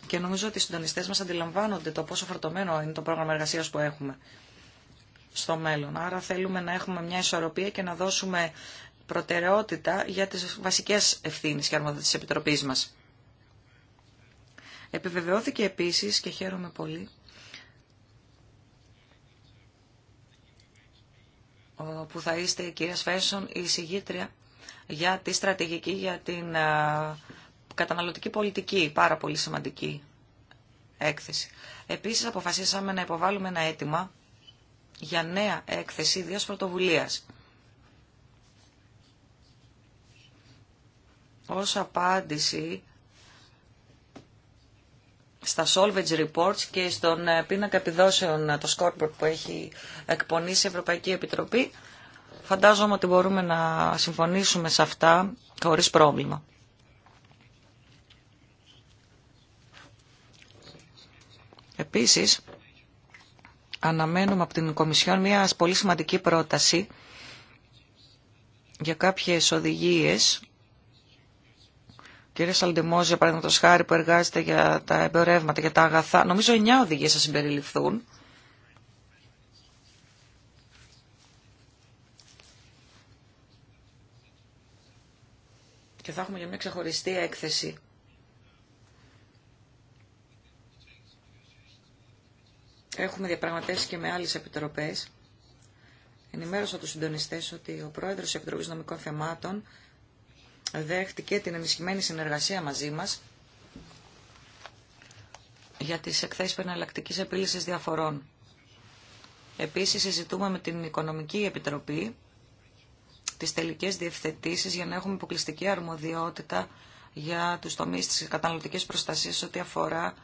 Και νομίζω ότι οι συντονιστέ μα αντιλαμβάνονται το πόσο φορτωμένο είναι το πρόγραμμα εργασία που έχουμε στο μέλλον. Άρα θέλουμε να έχουμε μια ισορροπία και να δώσουμε προτεραιότητα για τις βασικές ευθύνες και αρμόδια της Επιτροπής μας. Επιβεβαιώθηκε επίσης και χαίρομαι πολύ που θα είστε κυρία Σφέσον η συγγήτρια για τη στρατηγική για την καταναλωτική πολιτική, πάρα πολύ σημαντική έκθεση. Επίσης αποφασίσαμε να υποβάλουμε ένα αίτημα για νέα έκθεση ιδίας πρωτοβουλίας. Ως απάντηση στα Solvage Reports και στον ε, πίνακα επιδόσεων ε, το scoreboard που έχει εκπονήσει η Ευρωπαϊκή Επιτροπή, φαντάζομαι ότι μπορούμε να συμφωνήσουμε σε αυτά χωρίς πρόβλημα. Επίσης, αναμένουμε από την Κομισιόν μια πολύ σημαντική πρόταση για κάποιες οδηγίες. Κύριε για παραδείγματο χάρη που εργάζεται για τα εμπορεύματα, για τα αγαθά, νομίζω 9 οδηγίες θα συμπεριληφθούν. Και θα έχουμε για μια ξεχωριστή έκθεση Έχουμε διαπραγματεύσει και με άλλες επιτροπές. Ενημέρωσα τους συντονιστές ότι ο πρόεδρος της Επιτροπής Νομικών Θεμάτων δέχτηκε την ενισχυμένη συνεργασία μαζί μας για τις εκθέσεις πεναλλακτική επίλυσης διαφορών. Επίσης, συζητούμε με την Οικονομική Επιτροπή τις τελικές διευθετήσεις για να έχουμε υποκλειστική αρμοδιότητα για τους τομείς της καταναλωτικής προστασίας ό,τι αφορά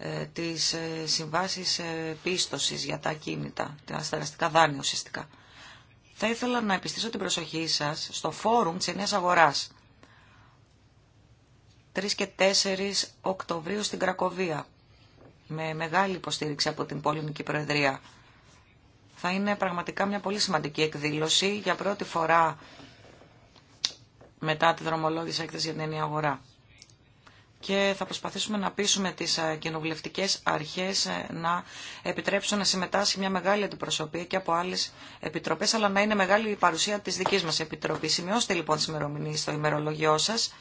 ε, τις ε, συμβάσεις ε, πίστοσης για τα ακίνητα, τα στεγαστικά δάνεια ουσιαστικά. Θα ήθελα να επιστήσω την προσοχή σας στο φόρουμ της ενιαίας αγοράς. 3 και 4 Οκτωβρίου στην Κρακοβία, με μεγάλη υποστήριξη από την Πολωνική Προεδρία. Θα είναι πραγματικά μια πολύ σημαντική εκδήλωση για πρώτη φορά μετά τη δρομολόγηση έκθεση για την ενιαία αγορά και θα προσπαθήσουμε να πείσουμε τις ε, κοινοβουλευτικέ αρχές ε, να επιτρέψουν να συμμετάσχει μια μεγάλη αντιπροσωπεία και από άλλες επιτροπές, αλλά να είναι μεγάλη η παρουσία της δικής μας επιτροπής. Σημειώστε λοιπόν τις ημερομηνίες στο ημερολογιό σας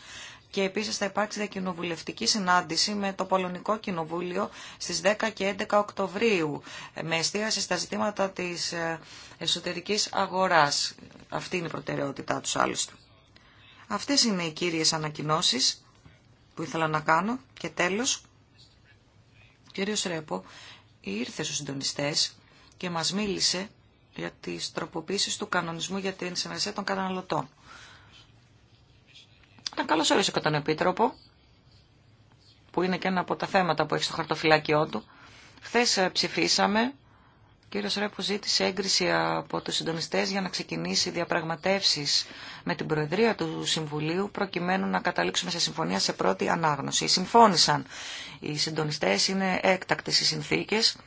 και επίσης θα υπάρξει διακοινοβουλευτική συνάντηση με το Πολωνικό Κοινοβούλιο στις 10 και 11 Οκτωβρίου με εστίαση στα ζητήματα της ε, εσωτερικής αγοράς. Αυτή είναι η προτεραιότητά τους άλλωστε. Αυτές είναι οι κύριες ανακοινώσεις που ήθελα να κάνω. Και τέλος, κύριος Ρέπο ήρθε στους συντονιστές και μας μίλησε για τις τροποποίησεις του κανονισμού για την συνεργασία των καταναλωτών. Να καλώς όρισε τον Επίτροπο, που είναι και ένα από τα θέματα που έχει στο χαρτοφυλάκιό του. Χθες ε, ψηφίσαμε κύριος Ρέπου ζήτησε έγκριση από τους συντονιστές για να ξεκινήσει διαπραγματεύσεις με την Προεδρία του Συμβουλίου προκειμένου να καταλήξουμε σε συμφωνία σε πρώτη ανάγνωση. Συμφώνησαν οι συντονιστές, είναι έκτακτες οι συνθήκες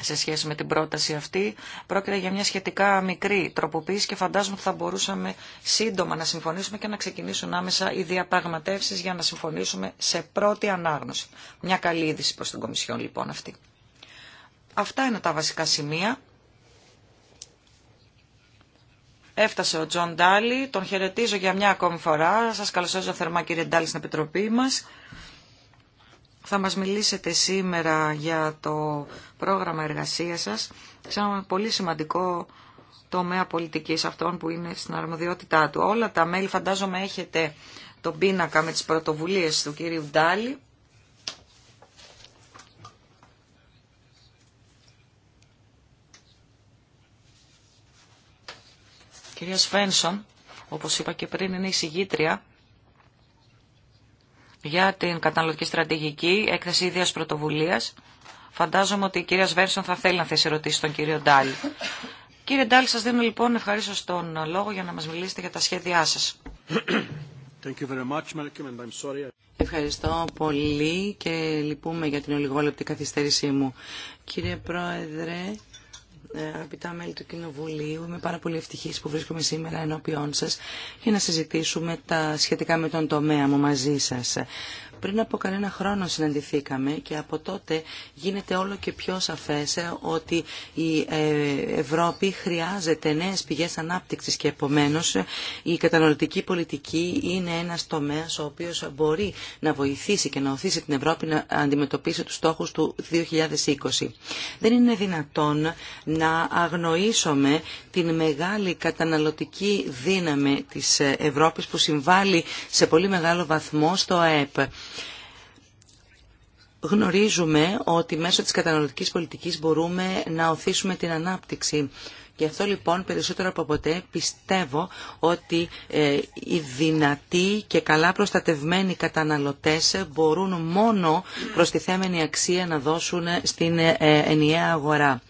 σε σχέση με την πρόταση αυτή. Πρόκειται για μια σχετικά μικρή τροποποίηση και φαντάζομαι ότι θα μπορούσαμε σύντομα να συμφωνήσουμε και να ξεκινήσουν άμεσα οι διαπραγματεύσεις για να συμφωνήσουμε σε πρώτη ανάγνωση. Μια καλή είδηση προς την Κομισιόν λοιπόν αυτή. Αυτά είναι τα βασικά σημεία. Έφτασε ο Τζον Ντάλι, τον χαιρετίζω για μια ακόμη φορά. Σας καλωσορίζω θερμά κύριε Ντάλι στην Επιτροπή μας. Θα μας μιλήσετε σήμερα για το πρόγραμμα εργασίας σας σε πολύ σημαντικό τομέα πολιτικής αυτών που είναι στην αρμοδιότητά του. Όλα τα μέλη φαντάζομαι έχετε τον πίνακα με τις πρωτοβουλίες του κύριου Ντάλι. κυρία Σβένσον, όπως είπα και πριν, είναι η συγγήτρια για την καταναλωτική στρατηγική έκθεση ίδιας πρωτοβουλίας. Φαντάζομαι ότι η κυρία Σβένσον θα θέλει να θέσει ερωτήσει στον κύριο Ντάλι. Κύριε Ντάλι, σας δίνω λοιπόν ευχαρίστω τον λόγο για να μας μιλήσετε για τα σχέδιά σας.
Ευχαριστώ πολύ και λυπούμε για την ολιγόλεπτη καθυστέρησή μου. Κύριε Πρόεδρε, ε, αγαπητά μέλη του Κοινοβουλίου. Είμαι πάρα πολύ ευτυχής που βρίσκομαι σήμερα ενώπιόν σας για να συζητήσουμε τα σχετικά με τον τομέα μου μαζί σας. Πριν από κανένα χρόνο συναντηθήκαμε και από τότε γίνεται όλο και πιο σαφές ε, ότι η ε, Ευρώπη χρειάζεται νέες πηγές ανάπτυξης και επομένως ε, η καταναλωτική πολιτική είναι ένας τομέας ο οποίος μπορεί να βοηθήσει και να οθήσει την Ευρώπη να αντιμετωπίσει τους στόχους του 2020. Δεν είναι δυνατόν να αγνοήσουμε την μεγάλη καταναλωτική δύναμη της Ευρώπης που συμβάλλει σε πολύ μεγάλο βαθμό στο ΑΕΠ γνωρίζουμε ότι μέσω της καταναλωτικής πολιτικής μπορούμε να οθήσουμε την ανάπτυξη. Γι' αυτό λοιπόν περισσότερο από ποτέ πιστεύω ότι ε, οι δυνατοί και καλά προστατευμένοι καταναλωτές μπορούν μόνο προστιθέμενη αξία να δώσουν στην ε, ενιαία αγορά.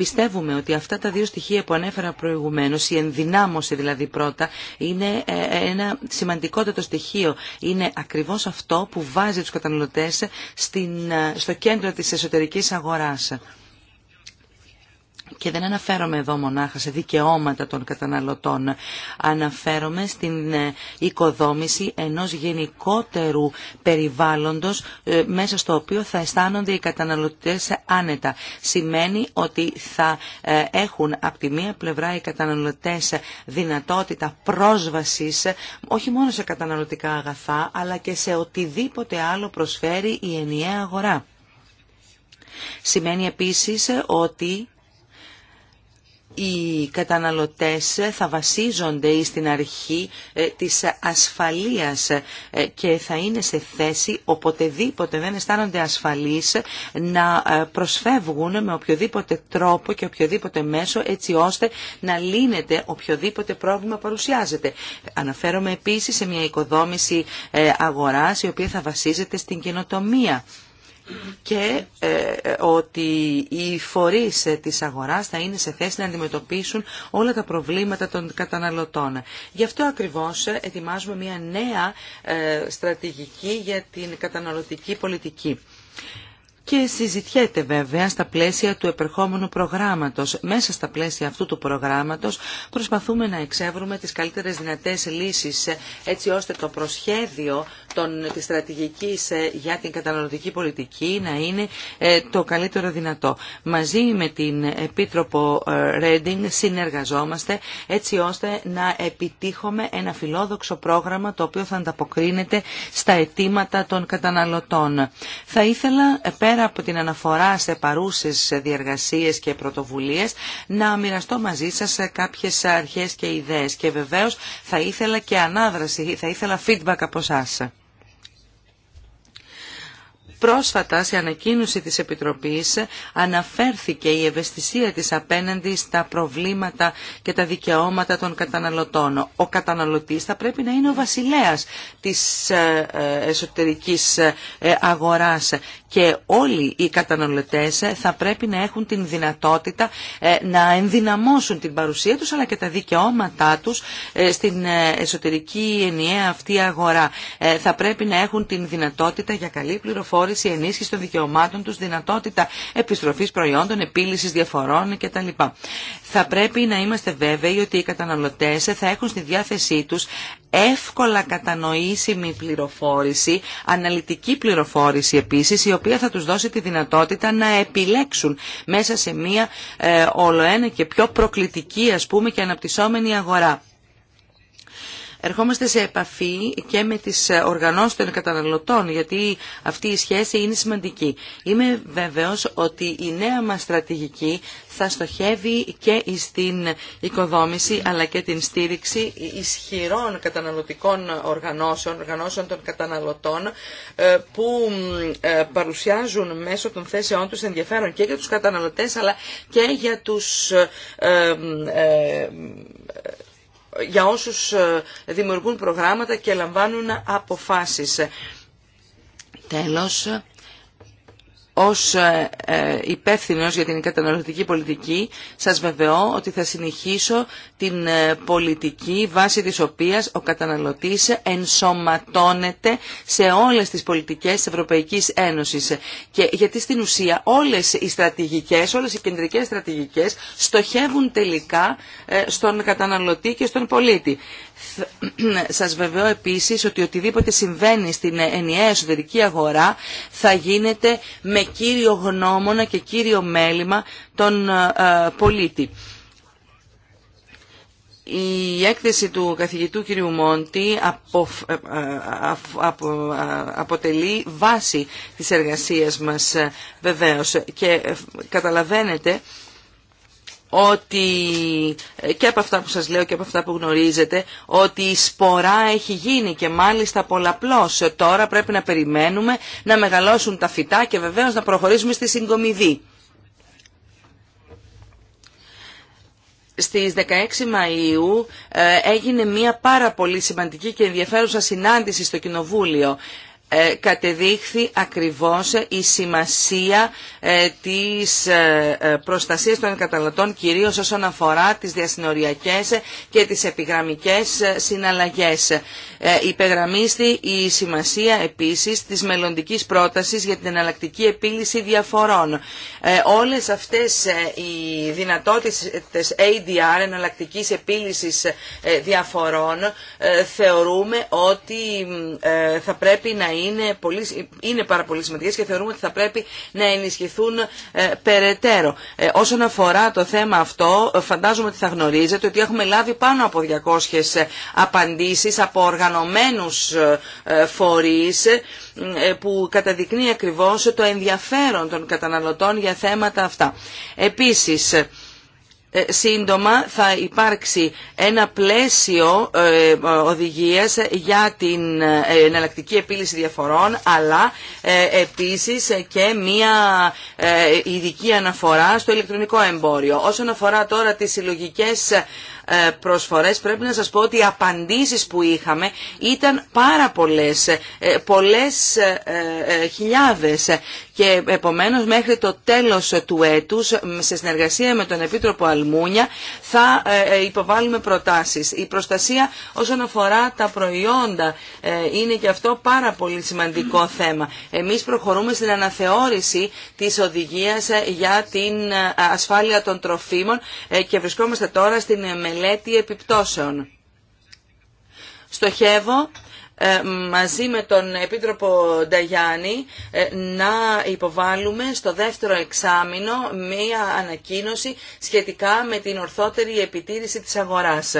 Πιστεύουμε ότι αυτά τα δύο στοιχεία που ανέφερα προηγουμένως, η ενδυνάμωση δηλαδή πρώτα, είναι ε, ε, ένα σημαντικότατο στοιχείο. Είναι ακριβώς αυτό που βάζει τους καταναλωτές ε, στο κέντρο της εσωτερικής αγοράς και δεν αναφέρομαι εδώ μονάχα σε δικαιώματα των καταναλωτών. Αναφέρομαι στην ε, οικοδόμηση ενός γενικότερου περιβάλλοντος ε, μέσα στο οποίο θα αισθάνονται οι καταναλωτές άνετα. Σημαίνει ότι θα ε, έχουν από τη μία πλευρά οι καταναλωτές δυνατότητα πρόσβασης όχι μόνο σε καταναλωτικά αγαθά αλλά και σε οτιδήποτε άλλο προσφέρει η ενιαία αγορά. Σημαίνει επίσης ότι οι καταναλωτές θα βασίζονται στην αρχή ε, της ασφαλείας ε, και θα είναι σε θέση οποτεδήποτε δεν αισθάνονται ασφαλείς να ε, προσφεύγουν με οποιοδήποτε τρόπο και οποιοδήποτε μέσο έτσι ώστε να λύνεται οποιοδήποτε πρόβλημα παρουσιάζεται. Αναφέρομαι επίσης σε μια οικοδόμηση αγοράς η οποία θα βασίζεται στην καινοτομία και ε, ότι οι φορείς της αγοράς θα είναι σε θέση να αντιμετωπίσουν όλα τα προβλήματα των καταναλωτών. Γι' αυτό ακριβώς ετοιμάζουμε μια νέα ε, στρατηγική για την καταναλωτική πολιτική και συζητιέται βέβαια στα πλαίσια του επερχόμενου προγράμματος. Μέσα στα πλαίσια αυτού του προγράμματος προσπαθούμε να εξεύρουμε τις καλύτερες δυνατές λύσεις ε, έτσι ώστε το προσχέδιο τη στρατηγική στρατηγικής ε, για την καταναλωτική πολιτική να είναι ε, το καλύτερο δυνατό. Μαζί με την Επίτροπο ε, Ρέντινγκ συνεργαζόμαστε έτσι ώστε να επιτύχουμε ένα φιλόδοξο πρόγραμμα το οποίο θα ανταποκρίνεται στα αιτήματα των καταναλωτών. Θα ήθελα πέρα από την αναφορά σε παρούσες διεργασίες και πρωτοβουλίες να μοιραστώ μαζί σας κάποιες αρχές και ιδέες και βεβαίως θα ήθελα και ανάδραση, θα ήθελα feedback από εσάς. Πρόσφατα σε ανακοίνωση της Επιτροπής αναφέρθηκε η ευαισθησία της απέναντι στα προβλήματα και τα δικαιώματα των καταναλωτών. Ο καταναλωτής θα πρέπει να είναι ο βασιλέας της ε, ε, εσωτερικής ε, αγοράς και όλοι οι καταναλωτές ε, θα πρέπει να έχουν την δυνατότητα ε, να ενδυναμώσουν την παρουσία τους αλλά και τα δικαιώματά τους ε, στην εσωτερική ενιαία αυτή αγορά. Θα πρέπει να έχουν την δυνατότητα για καλή πληροφόρηση, ενίσχυση των δικαιωμάτων τους, δυνατότητα επιστροφής προϊόντων, επίλυσης διαφορών κτλ. Θα πρέπει να είμαστε βέβαιοι ότι οι καταναλωτές θα έχουν στη διάθεσή τους εύκολα κατανοήσιμη πληροφόρηση, αναλυτική πληροφόρηση επίσης, οποία θα τους δώσει τη δυνατότητα να επιλέξουν μέσα σε μια ε, όλο ένα και πιο προκλητική ας πούμε και αναπτυσσόμενη αγορά ερχόμαστε σε επαφή και με τις ε, οργανώσεις των καταναλωτών, γιατί αυτή η σχέση είναι σημαντική. Είμαι βέβαιος ότι η νέα μας στρατηγική θα στοχεύει και στην οικοδόμηση αλλά και την στήριξη ισχυρών καταναλωτικών οργανώσεων, οργανώσεων των καταναλωτών ε, που ε, παρουσιάζουν μέσω των θέσεών τους ενδιαφέρον και για τους καταναλωτές αλλά και για τους για όσους ε, δημιουργούν προγράμματα και λαμβάνουν αποφάσεις. Τέλος, ως ε, ε, υπεύθυνο για την καταναλωτική πολιτική σας βεβαιώ ότι θα συνεχίσω την ε, πολιτική βάση της οποίας ο καταναλωτής ενσωματώνεται σε όλες τις πολιτικές της Ευρωπαϊκής Ένωσης. Και γιατί στην ουσία όλες οι στρατηγικές, όλες οι κεντρικές στρατηγικές στοχεύουν τελικά στον καταναλωτή και στον πολίτη. Σας βεβαιώ επίσης ότι οτιδήποτε συμβαίνει στην ενιαία εσωτερική αγορά θα γίνεται με κύριο γνώμονα και κύριο μέλημα των ε, πολίτη. Η έκθεση του καθηγητού κ. Μόντι ε, ε, αποτελεί βάση της εργασίας μας βεβαίως και καταλαβαίνετε ότι και από αυτά που σας λέω και από αυτά που γνωρίζετε ότι η σπορά έχει γίνει και μάλιστα πολλαπλώς. Τώρα πρέπει να περιμένουμε να μεγαλώσουν τα φυτά και βεβαίως να προχωρήσουμε στη συγκομιδή. Στις 16 Μαΐου ε, έγινε μια πάρα πολύ σημαντική και ενδιαφέρουσα συνάντηση στο Κοινοβούλιο. Ε, κατεδείχθη ακριβώς η σημασία ε, της ε, προστασίας των καταναλωτών κυρίως όσον αφορά τις διασυνοριακές και τις επιγραμμικές συναλλαγές. Ε, υπεγραμμίστη η σημασία επίσης της μελλοντικής πρότασης για την εναλλακτική επίλυση διαφορών. Ε, όλες αυτές ε, οι δυνατότητες ADR, εναλλακτικής επίλυσης διαφορών, θεωρούμε ότι θα πρέπει να είναι, είναι πάρα πολύ σημαντικές και θεωρούμε ότι θα πρέπει να ενισχυθούν περαιτέρω. Όσον αφορά το θέμα αυτό, φαντάζομαι ότι θα γνωρίζετε ότι έχουμε λάβει πάνω από 200 απαντήσεις από οργανώσεις οργανωμένους ε, ε, φορείς ε, που καταδεικνύει ακριβώς το ενδιαφέρον των καταναλωτών για θέματα αυτά. Επίσης, Σύντομα θα υπάρξει ένα πλαίσιο οδηγίας για την εναλλακτική επίλυση διαφορών αλλά επίσης και μια ειδική αναφορά στο ηλεκτρονικό εμπόριο. Όσον αφορά τώρα τις συλλογικές ε, προσφορές πρέπει να σας πω ότι οι απαντήσεις που είχαμε ήταν πάρα πολλές, ε, πολλές ε, χιλιάδες και επομένως μέχρι το τέλος του έτους σε συνεργασία με τον Επίτροπο Αλμούνια θα υποβάλουμε προτάσεις. Η προστασία όσον αφορά τα προϊόντα είναι και αυτό πάρα πολύ σημαντικό θέμα. Εμείς προχωρούμε στην αναθεώρηση της οδηγίας για την ασφάλεια των τροφίμων και βρισκόμαστε τώρα στην μελέτη μελέτη επιπτώσεων. Στοχεύω ε, μαζί με τον Επίτροπο Νταγιάννη ε, να υποβάλουμε στο δεύτερο εξάμεινο μία ανακοίνωση σχετικά με την ορθότερη επιτήρηση της αγοράς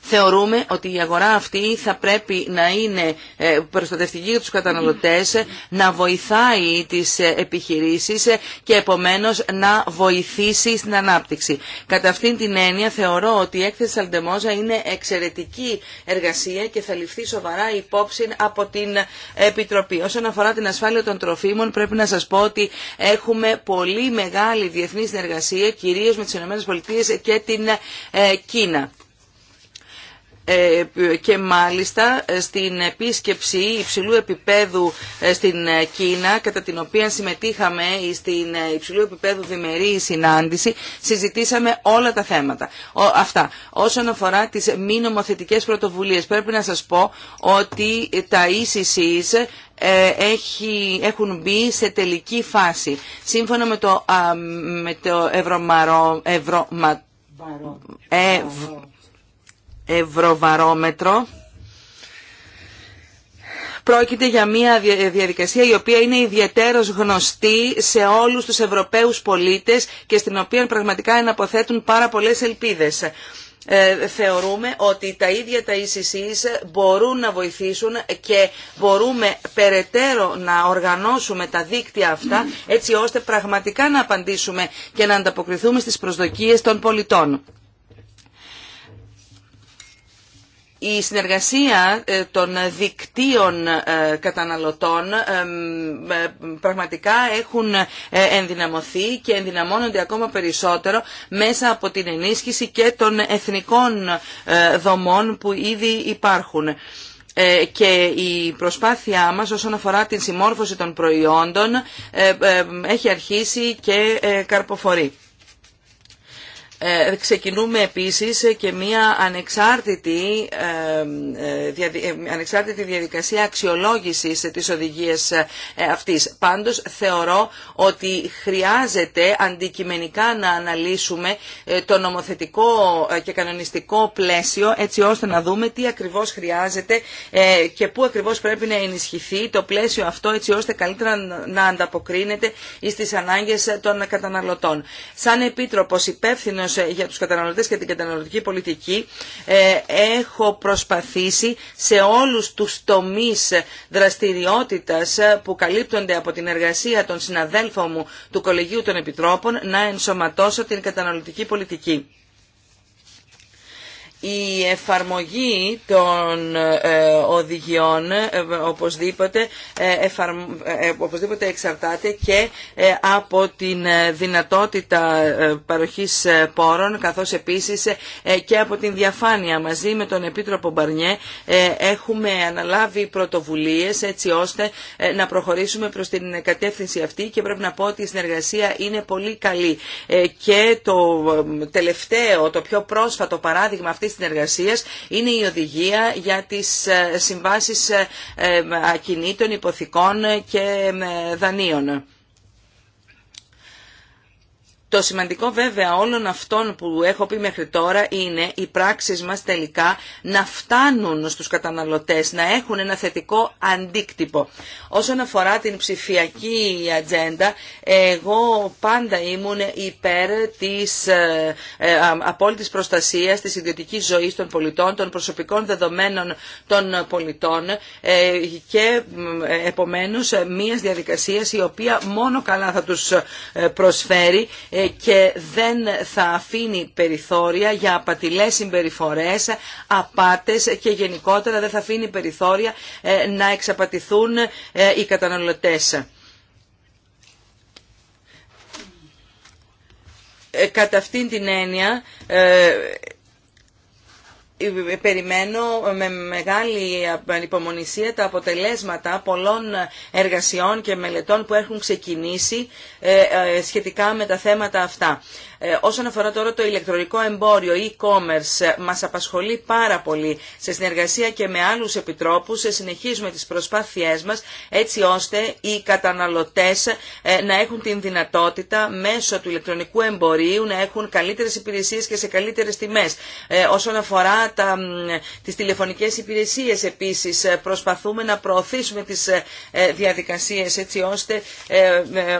θεωρούμε ότι η αγορά αυτή θα πρέπει να είναι ε, προστατευτική για τους καταναλωτές, ε, να βοηθάει τις ε, επιχειρήσεις και επομένως να βοηθήσει στην ανάπτυξη. Κατά αυτήν την έννοια θεωρώ ότι η έκθεση Αλντεμόζα είναι εξαιρετική εργασία και θα ληφθεί σοβαρά υπόψη από την Επιτροπή. Όσον αφορά την ασφάλεια των τροφίμων πρέπει να σας πω ότι έχουμε πολύ μεγάλη διεθνή συνεργασία κυρίως με τις ΗΠΑ και την Κίνα. Ε, και μάλιστα ε, στην επίσκεψη υψηλού επίπεδου ε, στην Κίνα κατά την οποία συμμετείχαμε στην υψηλού επίπεδου διμερή συνάντηση συζητήσαμε όλα τα θέματα. Αυτά. Όσον αφορά τις μη νομοθετικές πρωτοβουλίες πρέπει να σας πω ότι τα ECCs έχει, έχουν μπει σε τελική φάση. Σύμφωνα με το, με το ευρωμαρό, ευρωβαρόμετρο πρόκειται για μια διαδικασία η οποία είναι ιδιαίτερος γνωστή σε όλους τους Ευρωπαίους πολίτες και στην οποία πραγματικά εναποθέτουν πάρα πολλές ελπίδες. Ε, θεωρούμε ότι τα ίδια τα ECCs μπορούν να βοηθήσουν και μπορούμε περαιτέρω να οργανώσουμε τα δίκτυα αυτά έτσι ώστε πραγματικά να απαντήσουμε και να ανταποκριθούμε στις προσδοκίες των πολιτών. Η συνεργασία ε, των δικτύων ε, καταναλωτών ε, πραγματικά έχουν ενδυναμωθεί και ενδυναμώνονται ακόμα περισσότερο μέσα από την ενίσχυση και των εθνικών δομών που ήδη υπάρχουν και η προσπάθειά μας όσον αφορά την συμμόρφωση των προϊόντων έχει αρχίσει και καρποφορεί. Ε, ξεκινούμε επίσης και μία ανεξάρτητη, ε, ε, ανεξάρτητη διαδικασία αξιολόγησης της οδηγίας αυτής. Πάντως θεωρώ ότι χρειάζεται αντικειμενικά να αναλύσουμε το νομοθετικό και κανονιστικό πλαίσιο έτσι ώστε να δούμε τι ακριβώς χρειάζεται και πού ακριβώς πρέπει να ενισχυθεί το πλαίσιο αυτό έτσι ώστε καλύτερα να ανταποκρίνεται στις ανάγκες των καταναλωτών. Σαν Επίτροπος υπεύθυνο ε, για τους καταναλωτές και την καταναλωτική πολιτική, ε, έχω προσπαθήσει σε όλους τους τομείς δραστηριότητας ε, που καλύπτονται από την εργασία των συναδέλφων μου του Κολεγίου των Επιτρόπων να ενσωματώσω την καταναλωτική πολιτική η εφαρμογή των ε, οδηγιών ε, οπωσδήποτε, ε, οπωσδήποτε εξαρτάται και από την δυνατότητα παροχής πόρων καθώς επίσης και από την διαφάνεια. Μαζί με τον Επίτροπο Μπαρνιέ έχουμε αναλάβει πρωτοβουλίες έτσι ώστε να προχωρήσουμε προς την κατεύθυνση αυτή και πρέπει να πω ότι η συνεργασία είναι πολύ καλή. Και το τελευταίο, το πιο πρόσφατο παράδειγμα αυτή Ευρωπαϊκής είναι η οδηγία για τις ε, συμβάσεις ε, ε, ακινήτων, υποθηκών και δανείων. Το σημαντικό βέβαια όλων αυτών που έχω πει μέχρι τώρα είναι οι πράξεις μας τελικά να φτάνουν στους καταναλωτές, να έχουν ένα θετικό αντίκτυπο. Όσον αφορά την ψηφιακή ατζέντα, εγώ πάντα ήμουν υπέρ της ε, ε, απόλυτης προστασίας της ιδιωτικής ζωής των πολιτών, των προσωπικών δεδομένων των πολιτών ε, και επομένως μιας διαδικασίας η οποία μόνο καλά θα τους προσφέρει ε, και δεν θα αφήνει περιθώρια για απατηλές συμπεριφορές, απάτες και γενικότερα δεν θα αφήνει περιθώρια ε, να εξαπατηθούν ε, οι καταναλωτές. Κατά αυτήν την έννοια περιμένω με μεγάλη ανυπομονησία τα αποτελέσματα πολλών εργασιών και μελετών που έχουν ξεκινήσει ε, ε, σχετικά με τα θέματα αυτά. Ε, όσον αφορά τώρα το ηλεκτρονικό εμπόριο, e-commerce, ε, μας απασχολεί πάρα πολύ. Σε συνεργασία και με άλλους επιτρόπους ε, συνεχίζουμε τις προσπάθειές μας έτσι ώστε οι καταναλωτές να έχουν την δυνατότητα μέσω του ηλεκτρονικού εμπορίου να έχουν καλύτερες υπηρεσίες και σε καλύτερες τιμές. Όσον αφορά τα, τις τηλεφωνικές υπηρεσίες επίσης προσπαθούμε να προωθήσουμε τις διαδικασίες έτσι ώστε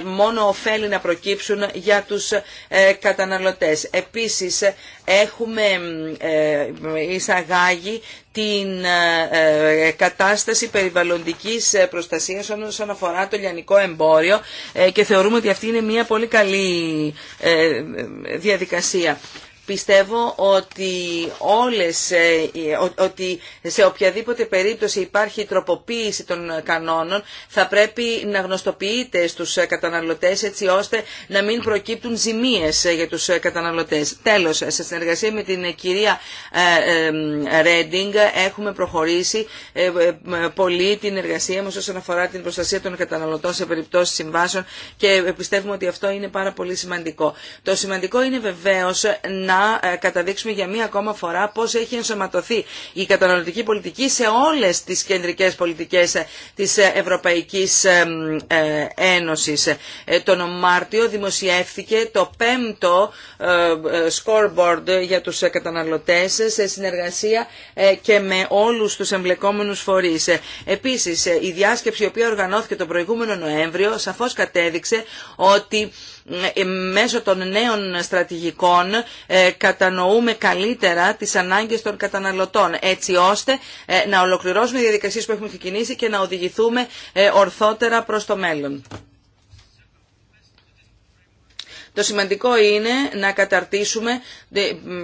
μόνο ωφέλη να προκύψουν για τους καταναλωτές καταναλωτές. Επίσης έχουμε ε, εισαγάγει την ε, ε, κατάσταση περιβαλλοντικής προστασίας όσον αφορά το λιανικό εμπόριο και θεωρούμε ότι αυτή είναι μια πολύ καλή διαδικασία πιστεύω ότι όλες, ε, ε, ότι σε οποιαδήποτε περίπτωση υπάρχει τροποποίηση των κανόνων θα πρέπει να γνωστοποιείται στους ε, καταναλωτές έτσι ώστε να μην προκύπτουν ζημίες για τους καταναλωτές. Τέλος, σε συνεργασία με την κυρία Ρέντινγκ έχουμε προχωρήσει πολύ την εργασία μας όσον αφορά την προστασία των καταναλωτών σε περιπτώσεις συμβάσεων και πιστεύουμε ότι αυτό είναι πάρα πολύ σημαντικό. Το σημαντικό είναι βεβαίως να να ε, καταδείξουμε για μία ακόμα φορά πώς έχει ενσωματωθεί η καταναλωτική πολιτική σε όλες τις κεντρικές πολιτικές ε, της ε, Ευρωπαϊκής Ένωσης. Τον Μάρτιο δημοσιεύθηκε το πέμπτο scoreboard για τους καταναλωτές σε συνεργασία και με όλους τους εμπλεκόμενους φορείς. Επίσης, η διάσκεψη η οποία οργανώθηκε τον προηγούμενο Νοέμβριο σαφώς κατέδειξε ότι ε, μέσω των νέων στρατηγικών ε, κατανοούμε καλύτερα τις ανάγκες των καταναλωτών έτσι ώστε ε, να ολοκληρώσουμε οι διαδικασίες που έχουμε ξεκινήσει και να οδηγηθούμε ορθότερα προς το μέλλον. Το σημαντικό είναι να καταρτήσουμε,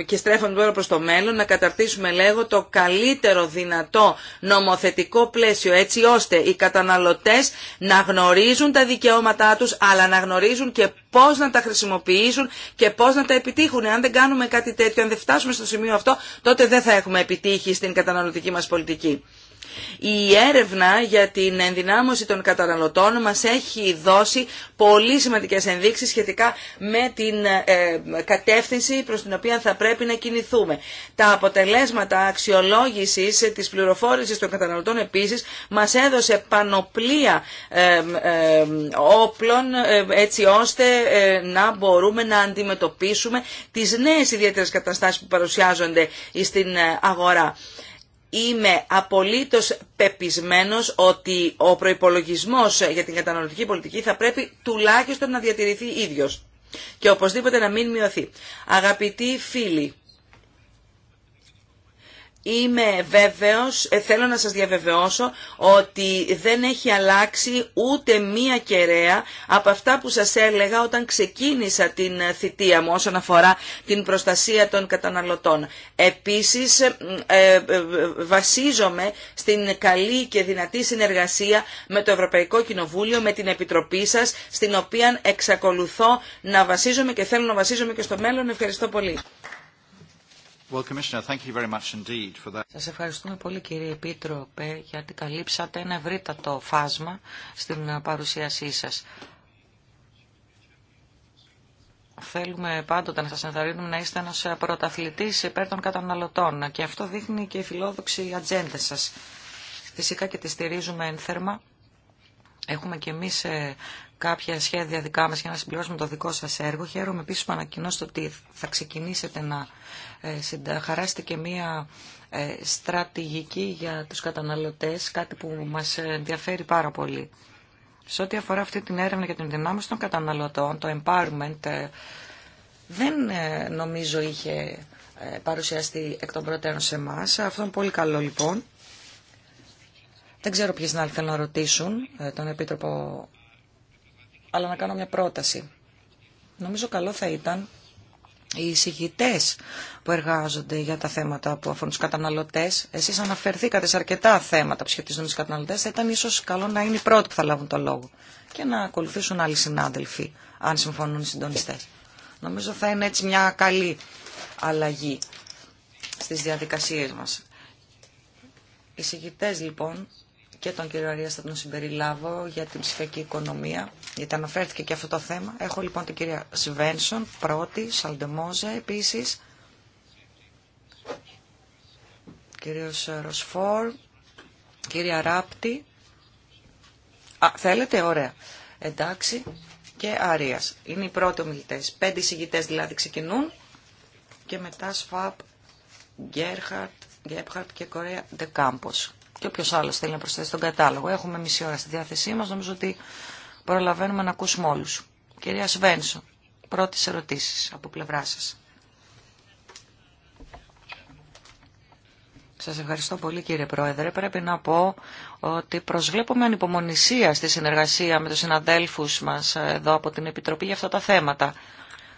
και στρέφονται τώρα προς το μέλλον, να καταρτήσουμε λέγω το καλύτερο δυνατό νομοθετικό πλαίσιο έτσι ώστε οι καταναλωτές να γνωρίζουν τα δικαιώματά τους αλλά να γνωρίζουν και πώς να τα χρησιμοποιήσουν και πώς να τα επιτύχουν. Αν δεν κάνουμε κάτι τέτοιο, αν δεν φτάσουμε στο σημείο αυτό, τότε δεν θα έχουμε επιτύχει στην καταναλωτική μας πολιτική. Η έρευνα για την ενδυνάμωση των καταναλωτών μας έχει δώσει πολύ σημαντικές ενδείξεις σχετικά με την ε, κατεύθυνση προς την οποία θα πρέπει να κινηθούμε. Τα αποτελέσματα αξιολόγησης της πληροφόρησης των καταναλωτών επίσης μας έδωσε πανοπλία ε, ε, όπλων έτσι ώστε να μπορούμε να αντιμετωπίσουμε τις νέες ιδιαίτερες καταστάσεις που παρουσιάζονται στην αγορά. Είμαι απολύτως πεπισμένος ότι ο προϋπολογισμός για την καταναλωτική πολιτική θα πρέπει τουλάχιστον να διατηρηθεί ίδιος και οπωσδήποτε να μην μειωθεί. Αγαπητοί φίλοι, Είμαι βέβαιος, ε, θέλω να σας διαβεβαιώσω ότι δεν έχει αλλάξει ούτε μία κεραία από αυτά που σας έλεγα όταν ξεκίνησα την ε, θητεία μου όσον αφορά την προστασία των καταναλωτών. Επίσης ε, βασίζομαι στην καλή και δυνατή συνεργασία με το Ευρωπαϊκό Κοινοβούλιο, με την Επιτροπή σας, στην οποία εξακολουθώ να βασίζομαι και θέλω να βασίζομαι και στο μέλλον. Ευχαριστώ πολύ.
Well,
Σας ευχαριστούμε πολύ κύριε Επίτροπε γιατί καλύψατε ένα ευρύτατο φάσμα στην παρουσίασή σας. Θέλουμε πάντοτε να σας ενθαρρύνουμε να είστε ένας πρωταθλητής υπέρ των καταναλωτών και αυτό δείχνει και η φιλόδοξη ατζέντα σας. Φυσικά και τη στηρίζουμε ένθερμα. Έχουμε και εμείς ε, κάποια σχέδια δικά μας για να συμπληρώσουμε το δικό σας έργο. Χαίρομαι επίσης που ανακοινώσετε ότι θα ξεκινήσετε να ε, χαράστηκε μία ε, στρατηγική για τους καταναλωτές, κάτι που μας ενδιαφέρει πάρα πολύ. Σε ό,τι αφορά αυτή την έρευνα για την δυνάμωση των καταναλωτών, το empowerment ε, δεν νομίζω είχε παρουσιαστεί εκ των προτέρων σε εμά. Αυτό είναι πολύ καλό λοιπόν. Δεν ξέρω ποιες να θέλουν να ρωτήσουν τον Επίτροπο, αλλά να κάνω μια πρόταση. Νομίζω καλό θα ήταν οι εισηγητέ που εργάζονται για τα θέματα που αφορούν του καταναλωτέ. Εσεί αναφερθήκατε σε αρκετά θέματα που σχετίζονται με του καταναλωτέ. Θα ήταν ίσω καλό να είναι οι πρώτοι που θα λάβουν το λόγο και να ακολουθήσουν άλλοι συνάδελφοι, αν συμφωνούν οι συντονιστέ. Νομίζω θα είναι έτσι μια καλή αλλαγή στι διαδικασίε μα. Οι συγητές λοιπόν και τον κύριο Αρία τον συμπεριλάβω για την ψηφιακή οικονομία γιατί αναφέρθηκε και αυτό το θέμα. Έχω λοιπόν την κυρία Σβένσον, πρώτη, Σαλντεμόζε επίσης, κύριος Ροσφόρ, κυρία Ράπτη. Α, θέλετε, ωραία. Εντάξει, και Αρίας. Είναι οι πρώτοι ομιλητές. Πέντε συγητέ, δηλαδή ξεκινούν και μετά ΣΦΑΠ, Γκέρχαρτ, Γκέπχαρτ και Κορέα Ντεκάμπος. Και όποιος άλλος θέλει να προσθέσει τον κατάλογο. Έχουμε μισή ώρα στη διάθεσή μας. Νομίζω ότι προλαβαίνουμε να ακούσουμε όλους. Κυρία Σβένσο, πρώτη ερωτήσεις από πλευρά σας. Σας ευχαριστώ πολύ κύριε Πρόεδρε. Πρέπει να πω ότι προσβλέπουμε ανυπομονησία στη συνεργασία με τους συναδέλφους μας εδώ από την Επιτροπή για αυτά τα θέματα.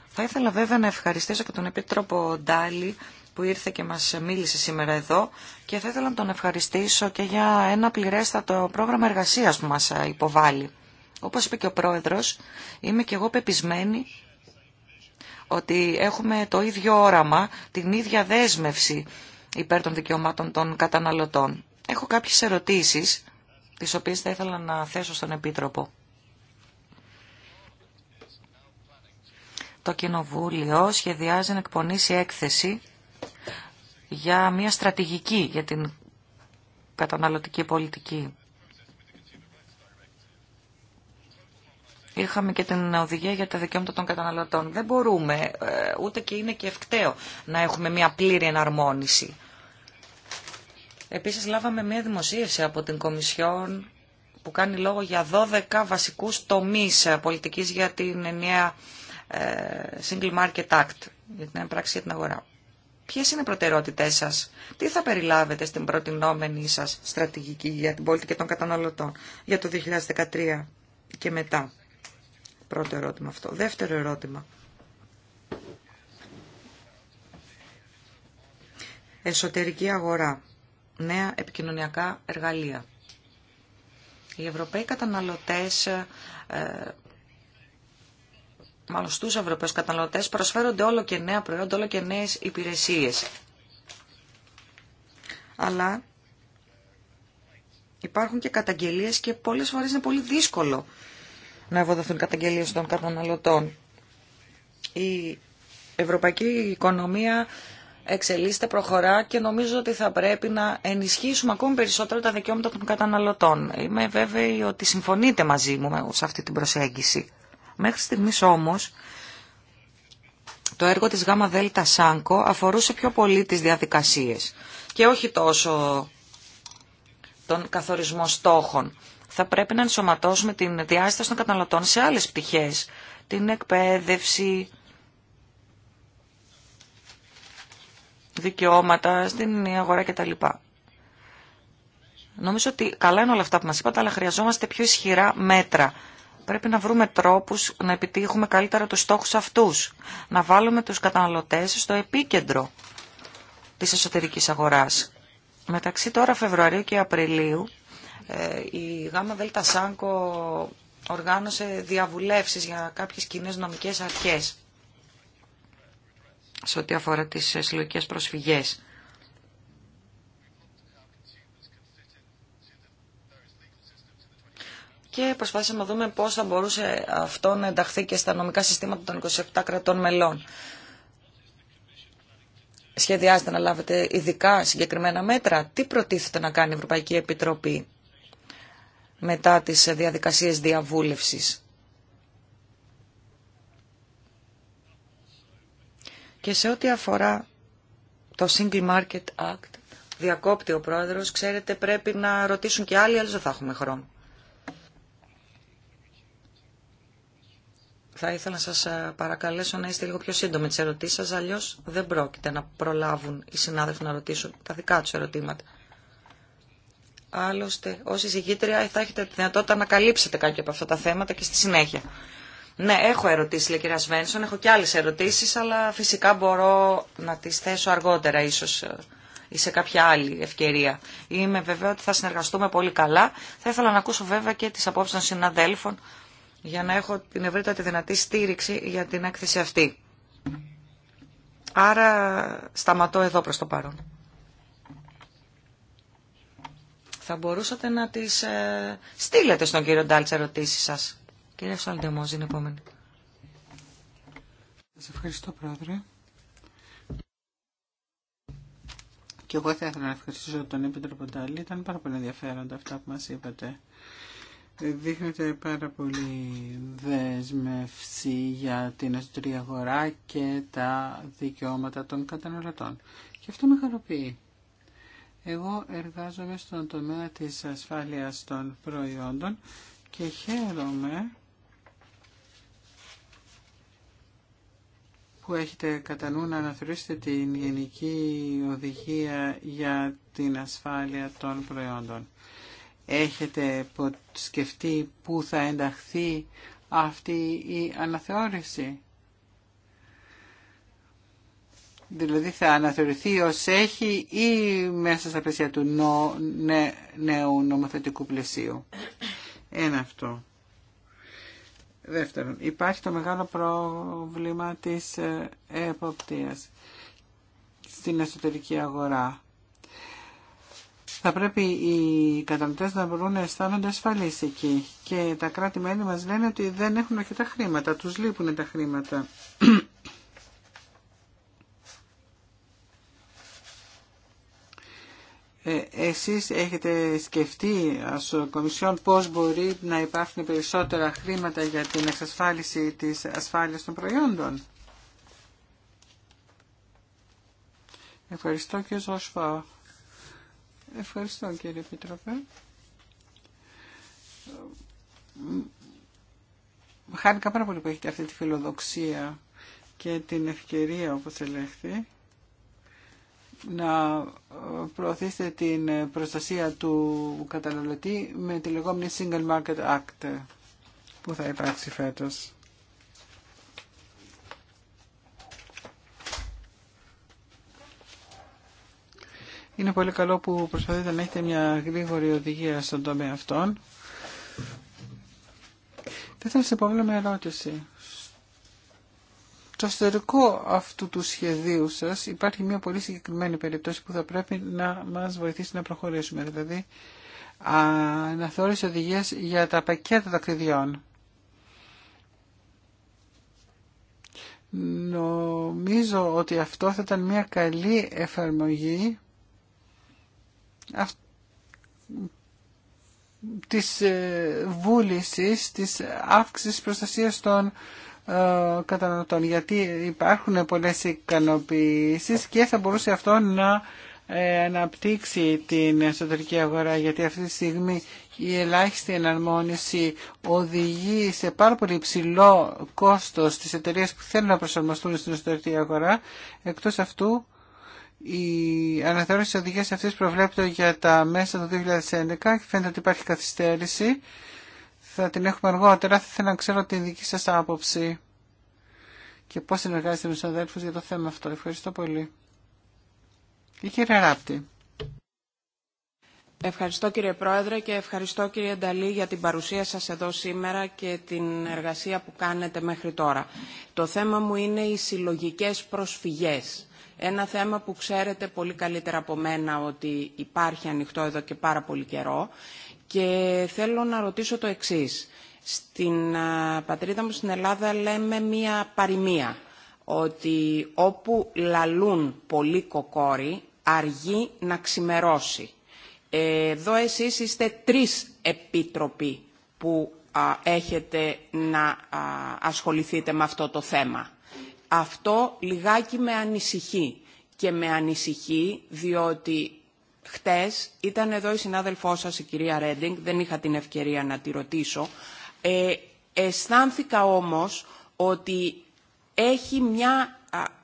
Θα ήθελα βέβαια να ευχαριστήσω και τον Επίτροπο Ντάλι που ήρθε και μας μίλησε σήμερα εδώ και θα ήθελα να τον ευχαριστήσω και για ένα πληρέστατο πρόγραμμα εργασίας που μας υποβάλλει. Όπως είπε και ο πρόεδρος, είμαι και εγώ πεπισμένη ότι έχουμε το ίδιο όραμα, την ίδια δέσμευση υπέρ των δικαιωμάτων των καταναλωτών. Έχω κάποιες ερωτήσεις, τις οποίες θα ήθελα να θέσω στον Επίτροπο. Το Κοινοβούλιο σχεδιάζει να εκπονήσει έκθεση για μια στρατηγική για την καταναλωτική πολιτική. είχαμε και την οδηγία για τα δικαιώματα των καταναλωτών. Δεν μπορούμε, ε, ούτε και είναι και ευκταίο, να έχουμε μια πλήρη εναρμόνιση. Επίσης λάβαμε μια δημοσίευση από την Κομισιόν που κάνει λόγο για 12 βασικούς τομείς ε, πολιτικής για την ενιαία ε, Single Market Act, για την πράξη για την αγορά. Ποιε είναι οι προτεραιότητέ σα, τι θα περιλάβετε στην προτινόμενη σα στρατηγική για την πολιτική των καταναλωτών για το 2013 και μετά. Πρώτο ερώτημα αυτό. Δεύτερο ερώτημα. Εσωτερική αγορά. Νέα επικοινωνιακά εργαλεία. Οι Ευρωπαίοι καταναλωτές ε, μάλλον στους Ευρωπαίους καταναλωτές προσφέρονται όλο και νέα προϊόντα, όλο και νέες υπηρεσίες. Αλλά υπάρχουν και καταγγελίες και πολλές φορές είναι πολύ δύσκολο να ευοδοθούν καταγγελίες των καταναλωτών. Η ευρωπαϊκή οικονομία εξελίσσεται, προχωρά και νομίζω ότι θα πρέπει να ενισχύσουμε ακόμη περισσότερο τα δικαιώματα των καταναλωτών. Είμαι βέβαιη ότι συμφωνείτε μαζί μου σε αυτή την προσέγγιση. Μέχρι στιγμής όμως το έργο της ΓΑΜΑ ΔΕΛΤΑ ΣΑΝΚΟ αφορούσε πιο πολύ τις διαδικασίες και όχι τόσο τον καθορισμό στόχων θα πρέπει να ενσωματώσουμε την διάσταση των καταναλωτών σε άλλες πτυχές. Την εκπαίδευση, δικαιώματα στην αγορά κτλ. Νομίζω ότι καλά είναι όλα αυτά που μας είπατε, αλλά χρειαζόμαστε πιο ισχυρά μέτρα. Πρέπει να βρούμε τρόπους να επιτύχουμε καλύτερα τους στόχους αυτούς. Να βάλουμε τους καταναλωτές στο επίκεντρο της εσωτερικής αγοράς. Μεταξύ τώρα Φεβρουαρίου και Απριλίου ε, η ΓΑΜΑ ΔΕΛΤΑ ΣΑΝΚΟ οργάνωσε διαβουλεύσεις για κάποιες κοινέ νομικές αρχές σε ό,τι αφορά τις ε, συλλογικές προσφυγές. Και προσπάθησαμε να δούμε πώς θα μπορούσε αυτό να ενταχθεί και στα νομικά συστήματα των 27 κρατών μελών. Σχεδιάζεται να λάβετε ειδικά συγκεκριμένα μέτρα. Τι προτίθεται να κάνει η Ευρωπαϊκή Επιτροπή μετά τις διαδικασίες διαβούλευσης. Και σε ό,τι αφορά το Single Market Act, διακόπτει ο πρόεδρος, ξέρετε πρέπει να ρωτήσουν και άλλοι, αλλά δεν θα έχουμε χρόνο. Θα ήθελα να σας ε, παρακαλέσω να είστε λίγο πιο σύντομοι τις ερωτήσεις σας, αλλιώς δεν πρόκειται να προλάβουν οι συνάδελφοι να ρωτήσουν τα δικά τους ερωτήματα. Άλλωστε, όσοι εισηγήτρια θα έχετε τη δυνατότητα να καλύψετε κάποια από αυτά τα θέματα και στη συνέχεια. Ναι, έχω ερωτήσει, λέει κυρία Σβένσον, έχω και άλλε ερωτήσει, αλλά φυσικά μπορώ να τι θέσω αργότερα ίσω ε, ή σε κάποια άλλη ευκαιρία. Είμαι βέβαια ότι θα συνεργαστούμε πολύ καλά. Θα ήθελα να ακούσω βέβαια και τι απόψει των συναδέλφων για να έχω την ευρύτατη δυνατή στήριξη για την έκθεση αυτή. Άρα σταματώ εδώ προς το παρόν. Θα μπορούσατε να τις ε, στείλετε στον κύριο Ντάλτσα ερωτήσεις σας. Κύριε Σαλντεμόζη, είναι επόμενη.
Σας ευχαριστώ, Πρόεδρε. Και εγώ θα ήθελα να ευχαριστήσω τον Επίτροπο Ντάλη. Ήταν πάρα πολύ ενδιαφέροντα αυτά που μας είπατε. Δείχνεται πάρα πολύ δέσμευση για την εσωτερική αγορά και τα δικαιώματα των καταναλωτών. Και αυτό με χαροποιεί. Εγώ εργάζομαι στον τομέα της ασφάλειας των προϊόντων και χαίρομαι που έχετε κατά νου να αναθεωρήσετε την Γενική Οδηγία για την Ασφάλεια των Προϊόντων. Έχετε σκεφτεί πού θα ενταχθεί αυτή η αναθεώρηση δηλαδή θα αναθεωρηθεί ως έχει ή μέσα στα πλαίσια του νο, νέ, νέου νομοθετικού πλαισίου. Ένα αυτό. Δεύτερον, υπάρχει το μεγάλο πρόβλημα της ε, εποπτείας στην εσωτερική αγορά. Θα πρέπει οι καταναλωτές να μπορούν να αισθάνονται ασφαλείς εκεί και τα κράτη-μέλη μας λένε ότι δεν έχουν τα χρήματα, τους λείπουν τα χρήματα Ε, εσείς έχετε σκεφτεί ως Κομισιόν πώς μπορεί να υπάρχουν περισσότερα χρήματα για την εξασφάλιση της ασφάλειας των προϊόντων. Ευχαριστώ κύριε Ζωσφά. Ευχαριστώ κύριε Επιτροπέ. Χάρηκα πάρα πολύ που έχετε αυτή τη φιλοδοξία και την ευκαιρία όπως ελέγχθη να ε, προωθήσετε την προστασία του καταναλωτή με τη λεγόμενη Single Market Act που θα υπάρξει φέτος. Είναι πολύ καλό που προσπαθείτε να έχετε μια γρήγορη οδηγία στον τομέα αυτών. Θα ήθελα σε ερώτηση το εσωτερικό αυτού του σχεδίου σας υπάρχει μια πολύ συγκεκριμένη περίπτωση που θα πρέπει να μας βοηθήσει να προχωρήσουμε. Δηλαδή, να αναθεώρηση οδηγίας για τα πακέτα ταξιδιών. Νομίζω ότι αυτό θα ήταν μια καλή εφαρμογή της ε, βούλησης, της αύξησης προστασίας των ε, καταναλωτών γιατί υπάρχουν πολλές ικανοποιήσεις και θα μπορούσε αυτό να ε, αναπτύξει την εσωτερική αγορά γιατί αυτή τη στιγμή η ελάχιστη εναρμόνιση οδηγεί σε πάρα πολύ υψηλό κόστος στις εταιρείες που θέλουν να προσαρμοστούν στην εσωτερική αγορά. Εκτός αυτού, η αναθεώρηση της οδηγίας αυτής προβλέπεται για τα μέσα του 2011 και φαίνεται ότι υπάρχει καθυστέρηση θα την έχουμε αργότερα, θα ήθελα να ξέρω την δική σας άποψη και πώς συνεργάζεστε με τους αδέλφους για το θέμα αυτό. Ευχαριστώ πολύ. Η κυρία Ράπτη.
Ευχαριστώ κύριε Πρόεδρε και ευχαριστώ κύριε Νταλή για την παρουσία σας εδώ σήμερα και την εργασία που κάνετε μέχρι τώρα. Το θέμα μου είναι οι συλλογικές προσφυγές. Ένα θέμα που ξέρετε πολύ καλύτερα από μένα ότι υπάρχει ανοιχτό εδώ και πάρα πολύ καιρό. Και θέλω να ρωτήσω το εξής. Στην πατρίδα μου στην Ελλάδα λέμε μία παροιμία ότι όπου λαλούν πολλοί κοκόροι αργεί να ξημερώσει. Εδώ εσείς είστε τρεις επίτροποι που έχετε να ασχοληθείτε με αυτό το θέμα. Αυτό λιγάκι με ανησυχεί και με ανησυχεί διότι Χτες ήταν εδώ η συνάδελφό σας, η κυρία Ρέντινγκ, δεν είχα την ευκαιρία να τη ρωτήσω. Ε, αισθάνθηκα όμως ότι έχει μια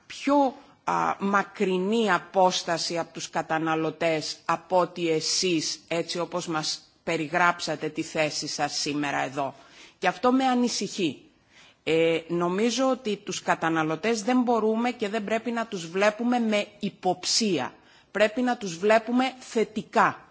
πιο μακρινή απόσταση από τους καταναλωτές από ότι εσείς, έτσι όπως μας περιγράψατε τη θέση σας σήμερα εδώ. Και αυτό με ανησυχεί. Ε, νομίζω ότι τους καταναλωτές δεν μπορούμε και δεν πρέπει να τους βλέπουμε με υποψία πρέπει να τους βλέπουμε θετικά.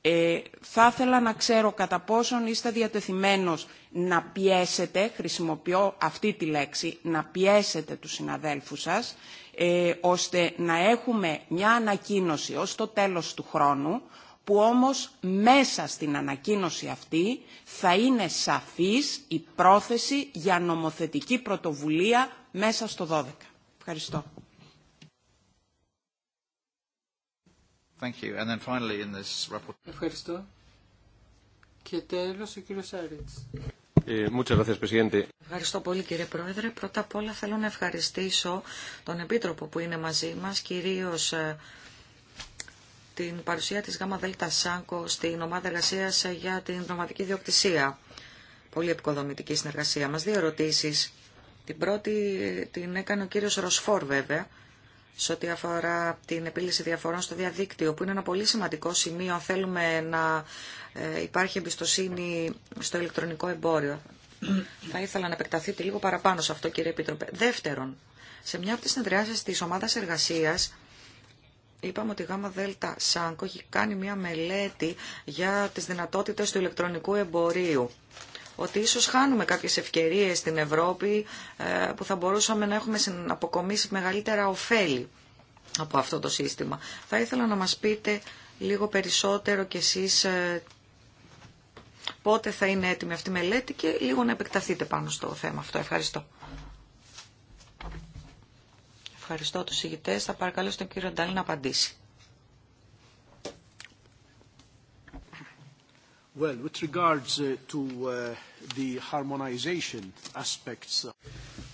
Ε, θα ήθελα να ξέρω κατά πόσον είστε διατεθειμένος να πιέσετε, χρησιμοποιώ αυτή τη λέξη, να πιέσετε τους συναδέλφους σας, ε, ώστε να έχουμε μια ανακοίνωση ως το τέλος του χρόνου, που όμως μέσα στην ανακοίνωση αυτή θα είναι σαφής η πρόθεση για νομοθετική πρωτοβουλία μέσα στο 12. Ευχαριστώ.
Ευχαριστώ. Και τέλος ο κύριος ε, Ευχαριστώ πολύ κύριε Πρόεδρε.
Πρώτα απ' όλα θέλω να ευχαριστήσω τον Επίτροπο που είναι μαζί μας, κυρίως ε, την παρουσία της ΓΑΜΑ ΔΕΛΤΑ ΣΑΝΚΟ στην ομάδα εργασίας για την Δροματική διοκτησία. Πολύ επικοδομητική συνεργασία μας. Δύο ερωτήσεις. Την πρώτη ε, την έκανε ο κύριος Ροσφόρ βέβαια σε ό,τι αφορά την επίλυση διαφορών στο διαδίκτυο, που είναι ένα πολύ σημαντικό σημείο αν θέλουμε να ε, υπάρχει εμπιστοσύνη στο ηλεκτρονικό εμπόριο. Θα ήθελα να επεκταθείτε λίγο παραπάνω σε αυτό, κύριε Επίτροπε. Δεύτερον, σε μια από τι συνεδριάσει τη ομάδα εργασίας, είπαμε ότι η ΓΑΜΑ ΔΕΛΤΑ ΣΑΝΚΟ έχει κάνει μια μελέτη για τι δυνατότητε του ηλεκτρονικού εμπορίου ότι ίσως χάνουμε κάποιες ευκαιρίες στην Ευρώπη ε, που θα μπορούσαμε να έχουμε αποκομίσει μεγαλύτερα ωφέλη από αυτό το σύστημα. Θα ήθελα να μας πείτε λίγο περισσότερο κι εσείς ε, πότε θα είναι έτοιμη αυτή η μελέτη και λίγο να επεκταθείτε πάνω στο θέμα αυτό. Ευχαριστώ. Ευχαριστώ τους ηγητές. Θα παρακαλώ στον κύριο Ντάλη να απαντήσει.
Well, with regards ε, to the harmonization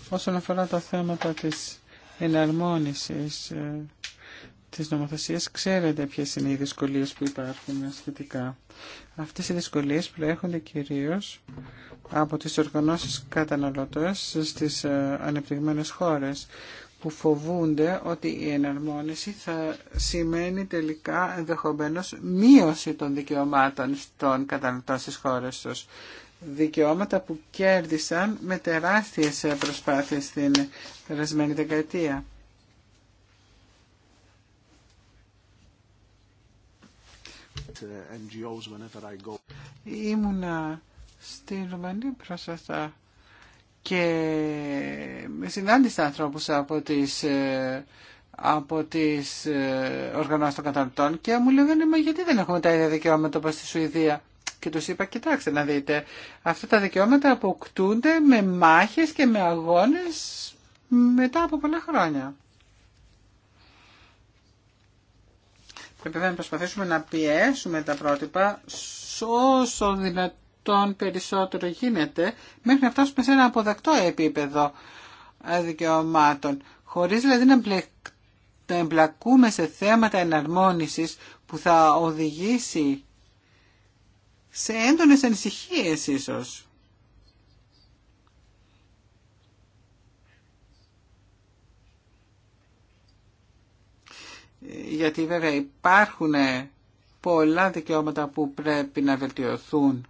Όσον αφορά τα θέματα της εναρμόνισης ε, της νομοθεσίας, ξέρετε ποιες είναι οι δυσκολίες που υπάρχουν σχετικά. Αυτές οι δυσκολίες προέρχονται κυρίως από τις οργανώσεις καταναλωτές στις ε, ανεπτυγμένες χώρες που φοβούνται ότι η εναρμόνιση θα σημαίνει τελικά ενδεχομένως μείωση των δικαιωμάτων των καταναλωτών στις χώρες τους δικαιώματα που κέρδισαν με τεράστιες προσπάθειες στην περασμένη δεκαετία. NGOs whenever Ήμουνα στη Ρουμανία πρόσφατα και συνάντησα ανθρώπους από τις, ε, από τις ε, οργανώσεις των καταναλωτών και μου λέγανε μα γιατί δεν έχουμε τα ίδια δικαιώματα όπως στη Σουηδία και τους είπα κοιτάξτε να δείτε αυτά τα δικαιώματα αποκτούνται με μάχες και με αγώνες μετά από πολλά χρόνια. Πρέπει να προσπαθήσουμε να πιέσουμε τα πρότυπα όσο δυνατόν περισσότερο γίνεται μέχρι να φτάσουμε σε ένα αποδεκτό επίπεδο ε, δικαιωμάτων χωρίς δηλαδή να εμπλακούμε σε θέματα εναρμόνισης που θα οδηγήσει σε έντονες ανησυχίες ίσως. Γιατί βέβαια υπάρχουν πολλά δικαιώματα που πρέπει να βελτιωθούν.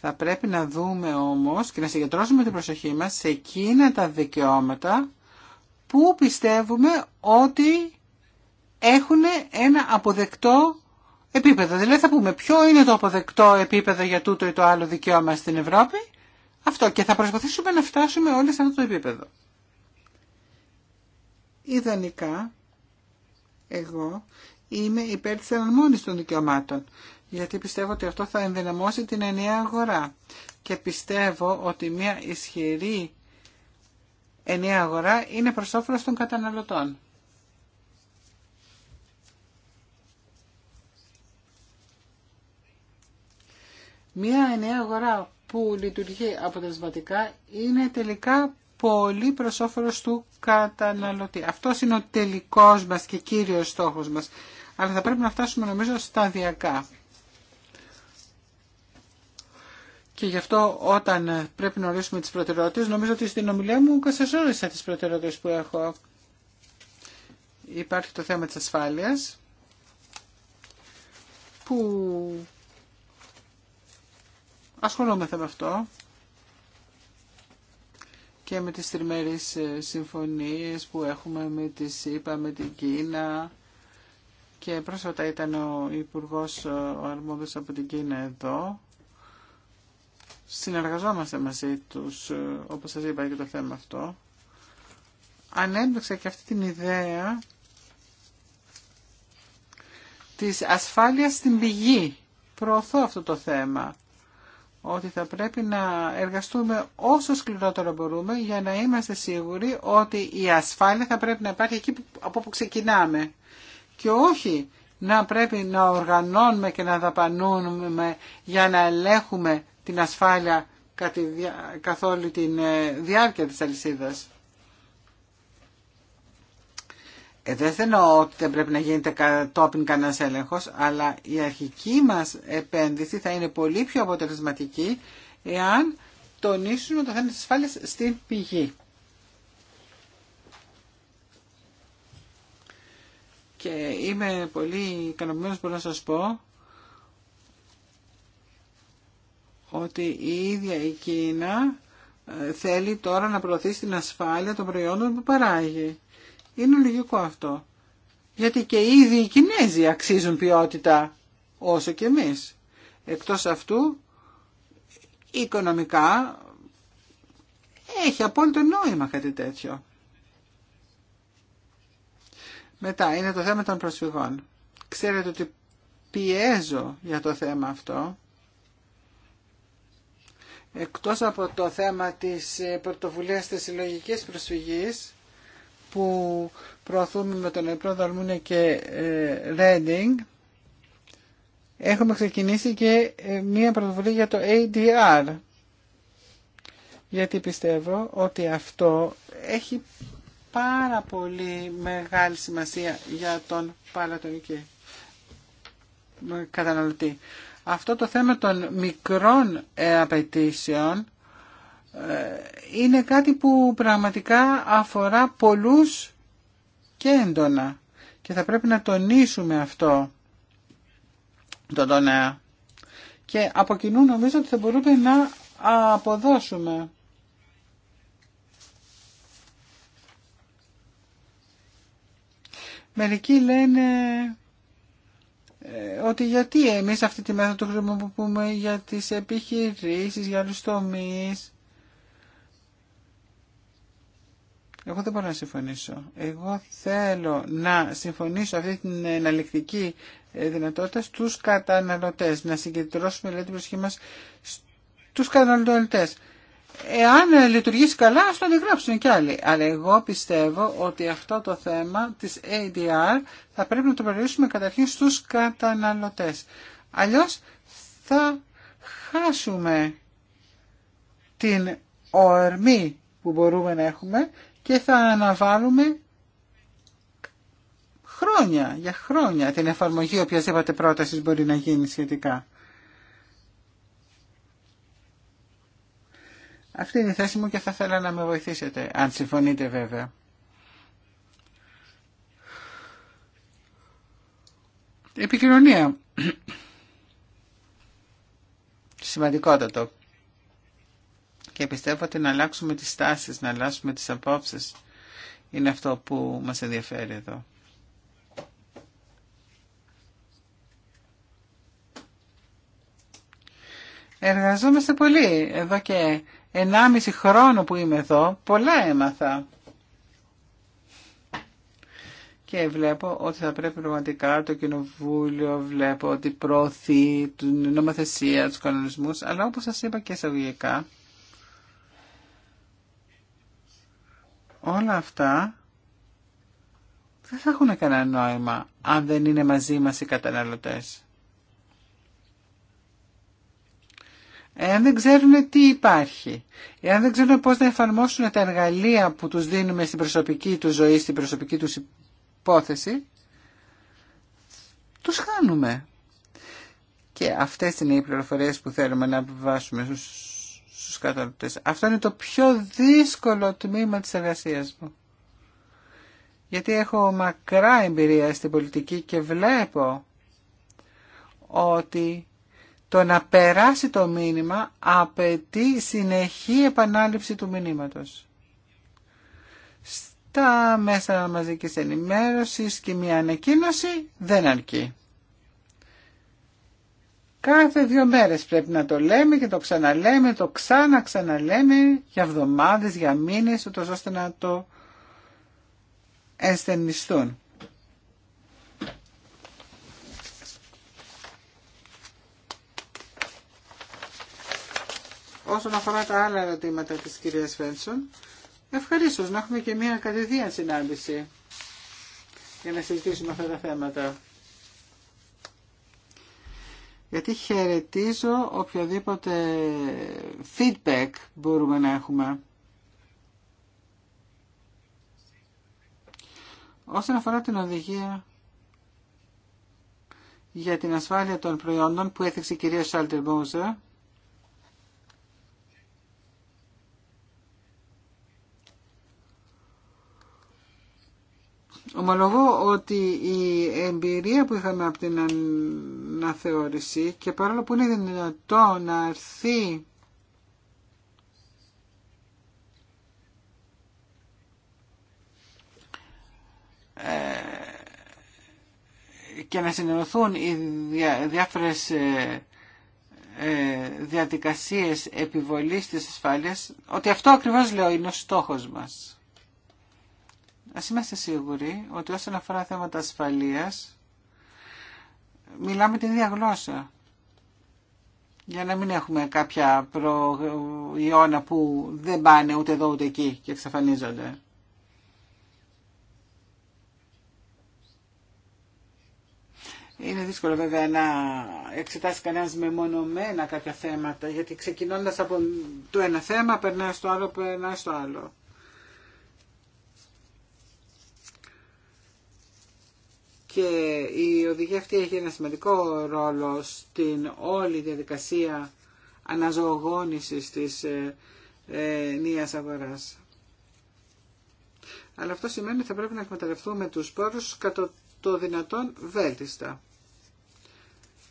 Θα πρέπει να δούμε όμως και να συγκεντρώσουμε την προσοχή μας σε εκείνα τα δικαιώματα που πιστεύουμε ότι έχουν ένα αποδεκτό Επίπεδο. Δηλαδή θα πούμε ποιο είναι το αποδεκτό επίπεδο για τούτο ή το άλλο δικαίωμα στην Ευρώπη. Αυτό και θα προσπαθήσουμε να φτάσουμε όλοι σε αυτό το επίπεδο. Ιδανικά, εγώ είμαι υπέρ της αναμόνης των δικαιωμάτων, γιατί πιστεύω ότι αυτό θα ενδυναμώσει την ενιαία αγορά. Και πιστεύω ότι μια ισχυρή ενιαία αγορά είναι προς όφελος των καταναλωτών. Μια ενιαία αγορά που λειτουργεί αποτελεσματικά είναι τελικά πολύ προς όφελος του καταναλωτή. Αυτό είναι ο τελικός μας και κύριος στόχος μας. Αλλά θα πρέπει να φτάσουμε νομίζω σταδιακά. Και γι' αυτό όταν πρέπει να ορίσουμε τις προτεραιότητες, νομίζω ότι στην ομιλία μου κασαζόρισα τις προτεραιότητες που έχω. Υπάρχει το θέμα της ασφάλειας, που Ασχολούμεθα με αυτό και με τις τριμερείς ε, συμφωνίες που έχουμε με τη ΣΥΠΑ, με την Κίνα και πρόσφατα ήταν ο Υπουργός ε, ο Αρμόδος από την Κίνα εδώ. Συνεργαζόμαστε μαζί τους, ε, όπως σας είπα και το θέμα αυτό. Ανέμπλεξα και αυτή την ιδέα της ασφάλειας στην πηγή. Προωθώ αυτό το θέμα ότι θα πρέπει να εργαστούμε όσο σκληρότερο μπορούμε για να είμαστε σίγουροι ότι η ασφάλεια θα πρέπει να υπάρχει εκεί από όπου ξεκινάμε και όχι να πρέπει να οργανώνουμε και να δαπανούμε για να ελέγχουμε την ασφάλεια καθ' όλη τη ε, διάρκεια της αλυσίδας. Εδώ δεν θέλω ότι δεν πρέπει να γίνεται τόπιν κανένα έλεγχο, αλλά η αρχική μα επένδυση θα είναι πολύ πιο αποτελεσματική εάν τονίσουμε το θέμα τη ασφάλεια στην πηγή. Και είμαι πολύ ικανοποιημένος που να σας πω ότι η ίδια η Κίνα ε, θέλει τώρα να προωθήσει την ασφάλεια των προϊόντων που παράγει. Είναι λογικό αυτό. Γιατί και ήδη οι Κινέζοι αξίζουν ποιότητα όσο και εμείς. Εκτός αυτού, οικονομικά έχει απόλυτο νόημα κάτι τέτοιο. Μετά είναι το θέμα των προσφυγών. Ξέρετε ότι πιέζω για το θέμα αυτό. Εκτός από το θέμα της πρωτοβουλίας της συλλογικής προσφυγής, που προωθούμε με τον Επρό Δαλμούνια και Ρέντινγκ ε, έχουμε ξεκινήσει και ε, μία πρωτοβουλία για το ADR γιατί πιστεύω ότι αυτό έχει πάρα πολύ μεγάλη σημασία για τον παρατονική ε, καταναλωτή. Αυτό το θέμα των μικρών απαιτήσεων ε, είναι κάτι που πραγματικά αφορά πολλούς και έντονα και θα πρέπει να τονίσουμε αυτό το τονέα και από κοινού νομίζω ότι θα μπορούμε να αποδώσουμε Μερικοί λένε ε, ότι γιατί εμείς αυτή τη μέθοδο χρησιμοποιούμε για τις επιχειρήσεις, για τους τομείς Εγώ δεν μπορώ να συμφωνήσω. Εγώ θέλω να συμφωνήσω αυτή την εναλλεκτική ε, δυνατότητα στους καταναλωτές. Να συγκεντρώσουμε λέει, την προσοχή μας στους καταναλωτές. Εάν ε, λειτουργήσει καλά, ας το αντιγράψουν κι άλλοι. Αλλά εγώ πιστεύω ότι αυτό το θέμα της ADR θα πρέπει να το παρουσιάσουμε καταρχήν στους καταναλωτές. Αλλιώς θα χάσουμε την ορμή που μπορούμε να έχουμε και θα αναβάλουμε χρόνια, για χρόνια την εφαρμογή οποιασδήποτε πρότασης μπορεί να γίνει σχετικά. Αυτή είναι η θέση μου και θα ήθελα να με βοηθήσετε, αν συμφωνείτε βέβαια. Επικοινωνία. Σημαντικότατο και πιστεύω ότι να αλλάξουμε τις στάσεις, να αλλάξουμε τις απόψεις είναι αυτό που μας ενδιαφέρει εδώ. Εργαζόμαστε πολύ. Εδώ και ενάμιση χρόνο που είμαι εδώ, πολλά έμαθα. Και βλέπω ότι θα πρέπει πραγματικά το κοινοβούλιο, βλέπω ότι προωθεί την νομοθεσία, τους κανονισμούς, αλλά όπως σας είπα και εισαγωγικά, όλα αυτά δεν θα έχουν κανένα νόημα αν δεν είναι μαζί μας οι καταναλωτές. Εάν δεν ξέρουν τι υπάρχει, εάν δεν ξέρουν πώς να εφαρμόσουν τα εργαλεία που τους δίνουμε στην προσωπική του ζωή, στην προσωπική τους υπόθεση, τους χάνουμε. Και αυτές είναι οι πληροφορίες που θέλουμε να βάσουμε στους αυτό είναι το πιο δύσκολο τμήμα της εργασίας μου. Γιατί έχω μακρά εμπειρία στην πολιτική και βλέπω ότι το να περάσει το μήνυμα απαιτεί συνεχή επανάληψη του μηνύματος. Στα μέσα μαζικής ενημέρωσης και μια ανακοίνωση δεν αρκεί. Κάθε δύο μέρες πρέπει να το λέμε και το ξαναλέμε, το ξανά ξαναλέμε για εβδομάδες, για μήνες, ούτως ώστε να το ενστενιστούν. Όσον αφορά τα άλλα ερωτήματα της κυρίας Φένσον, Ευχαριστώ να έχουμε και μια κατηδία συνάντηση για να συζητήσουμε αυτά τα θέματα γιατί χαιρετίζω οποιοδήποτε feedback μπορούμε να έχουμε. Όσον αφορά την οδηγία για την ασφάλεια των προϊόντων που έθιξε η κυρία Σάλτερ Ομολογώ ότι η εμπειρία που είχαμε από την θεωρηθεί και παρόλο που είναι δυνατό να έρθει ε, και να συνενωθούν οι διάφορες ε, ε, διαδικασίες επιβολής της ασφάλειας, ότι αυτό ακριβώς λέω είναι ο στόχος μας. Ας είμαστε σίγουροι ότι όσον αφορά θέματα ασφαλείας, μιλάμε την ίδια γλώσσα. Για να μην έχουμε κάποια προϊόνα που δεν πάνε ούτε εδώ ούτε εκεί και εξαφανίζονται. Είναι δύσκολο βέβαια να εξετάσει κανένα μεμονωμένα κάποια θέματα, γιατί ξεκινώντα από το ένα θέμα, περνάει στο άλλο, περνάει στο άλλο. και η οδηγία αυτή έχει ένα σημαντικό ρόλο στην όλη διαδικασία αναζωογόνησης της ε, ε, νέας αγοράς. Αλλά αυτό σημαίνει ότι θα πρέπει να εκμεταλλευτούμε τους πόρους κατά το δυνατόν βέλτιστα.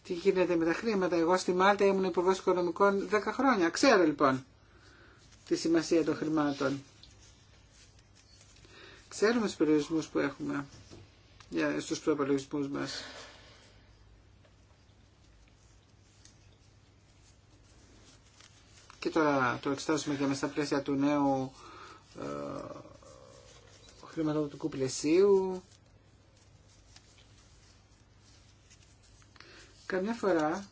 Τι γίνεται με τα χρήματα. Εγώ στη Μάλτα ήμουν υπουργός οικονομικών 10 χρόνια. Ξέρω λοιπόν τη σημασία των χρημάτων. Ξέρουμε τους περιορισμούς που έχουμε για, στους προπολογισμούς μας. Και τώρα το εξετάζουμε και μέσα στα πλαίσια του νέου ε, χρηματοδοτικού πλαισίου. Καμιά φορά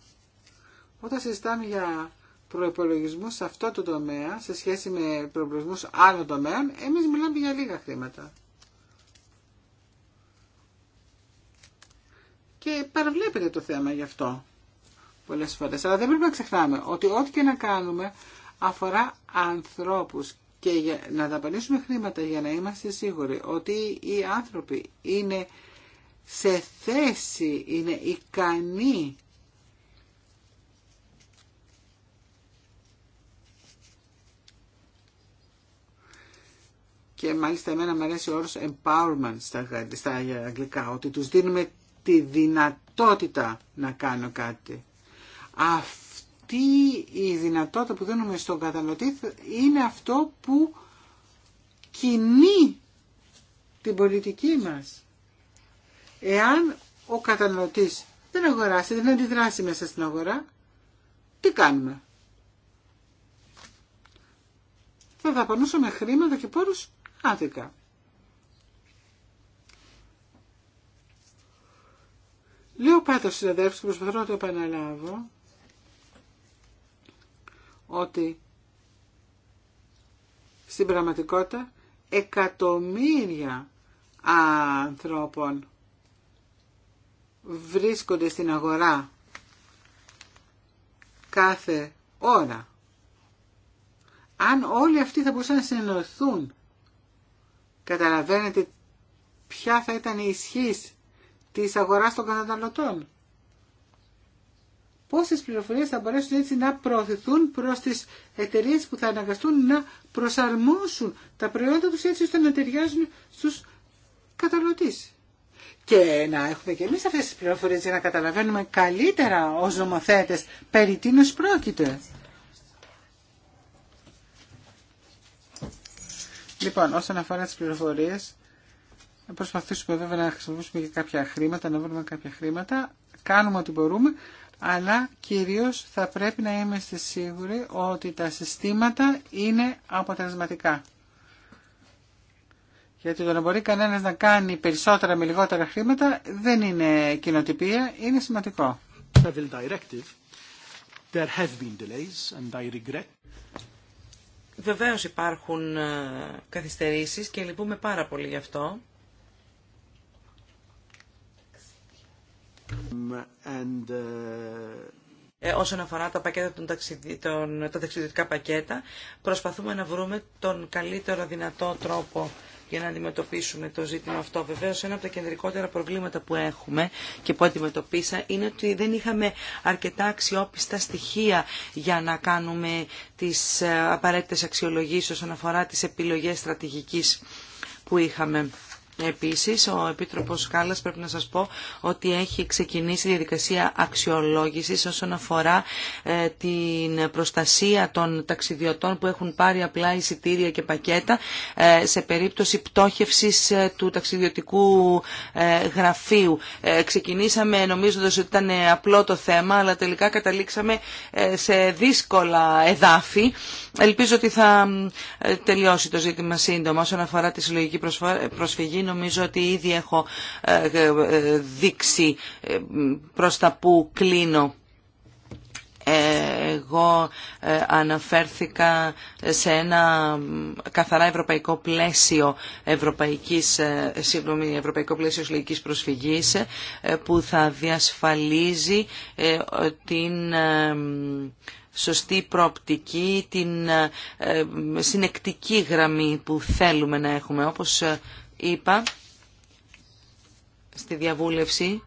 όταν συζητάμε για προπολογισμού σε αυτό το τομέα σε σχέση με προπολογισμού άλλων τομέων, εμείς μιλάμε για λίγα χρήματα. και παραβλέπετε το θέμα γι' αυτό πολλές φορές. Αλλά δεν πρέπει να ξεχνάμε ότι ό,τι και να κάνουμε αφορά ανθρώπους και για να δαπανίσουμε χρήματα για να είμαστε σίγουροι ότι οι άνθρωποι είναι σε θέση, είναι ικανοί και μάλιστα εμένα μου αρέσει ο όρος empowerment στα, στα αγγλικά, ότι τους δίνουμε τη δυνατότητα να κάνω κάτι. Αυτή η δυνατότητα που δίνουμε στον καταναλωτή είναι αυτό που κινεί την πολιτική μας. Εάν ο καταναλωτής δεν αγοράσει, δεν αντιδράσει μέσα στην αγορά, τι κάνουμε. Θα δαπανούσαμε χρήματα και πόρους άδικα. Λέω πάντως συναδέλφους και προσπαθώ να το επαναλάβω ότι στην πραγματικότητα εκατομμύρια ανθρώπων βρίσκονται στην αγορά κάθε ώρα. Αν όλοι αυτοί θα μπορούσαν να συνενωθούν, καταλαβαίνετε ποια θα ήταν η ισχύς της αγοράς των καταναλωτών. Πόσες πληροφορίες θα μπορέσουν έτσι να προωθηθούν προς τις εταιρείες που θα αναγκαστούν να προσαρμόσουν τα προϊόντα τους έτσι ώστε να ταιριάζουν στους καταναλωτέ. Και να έχουμε και εμείς αυτές τις πληροφορίες για να καταλαβαίνουμε καλύτερα ως νομοθέτες περί τίνος πρόκειται. Λοιπόν, όσον αφορά τις πληροφορίες, να προσπαθήσουμε βέβαια να χρησιμοποιήσουμε και κάποια χρήματα, να βρούμε κάποια χρήματα. Κάνουμε ό,τι μπορούμε, αλλά κυρίως θα πρέπει να είμαστε σίγουροι ότι τα συστήματα είναι αποτελεσματικά. Γιατί το να μπορεί κανένας να κάνει περισσότερα με λιγότερα χρήματα δεν είναι κοινοτυπία, είναι σημαντικό.
Βεβαίως υπάρχουν ε, καθυστερήσεις και λυπούμε πάρα πολύ γι' αυτό. Ε, όσον αφορά τα, πακέτα των ταξιδι... τα ταξιδιωτικά πακέτα, προσπαθούμε να βρούμε τον καλύτερο δυνατό τρόπο για να αντιμετωπίσουμε το ζήτημα αυτό. Βεβαίω, ένα από τα κεντρικότερα προβλήματα που έχουμε και που αντιμετωπίσα είναι ότι δεν είχαμε αρκετά αξιόπιστα στοιχεία για να κάνουμε τι ε, απαραίτητε αξιολογήσει όσον αφορά τι επιλογέ στρατηγική που είχαμε. Επίσης, ο Επίτροπος Κάλλας πρέπει να σας πω ότι έχει ξεκινήσει η διαδικασία αξιολόγησης όσον αφορά ε, την προστασία των ταξιδιωτών που έχουν πάρει απλά εισιτήρια και πακέτα ε, σε περίπτωση πτώχευσης ε, του ταξιδιωτικού γραφείου. Ξεκινήσαμε νομίζοντας ότι ήταν απλό το θέμα, αλλά τελικά καταλήξαμε σε δύσκολα εδάφη. Ελπίζω ότι θα τελειώσει το ζήτημα σύντομα όσον αφορά τη συλλογική προσφυγή νομίζω ότι ήδη έχω ε, ε, δείξει ε, προς τα που κλείνω. Εγώ αναφέρθηκα σε ένα καθαρά ευρωπαϊκό πλαίσιο ευρωπαϊκής, συγγνώμη, ευρωπαϊκό πλαίσιο συλλογικής προσφυγής που θα διασφαλίζει την σωστή προοπτική, την συνεκτική γραμμή που θέλουμε να έχουμε, όπως είπα στη διαβούλευση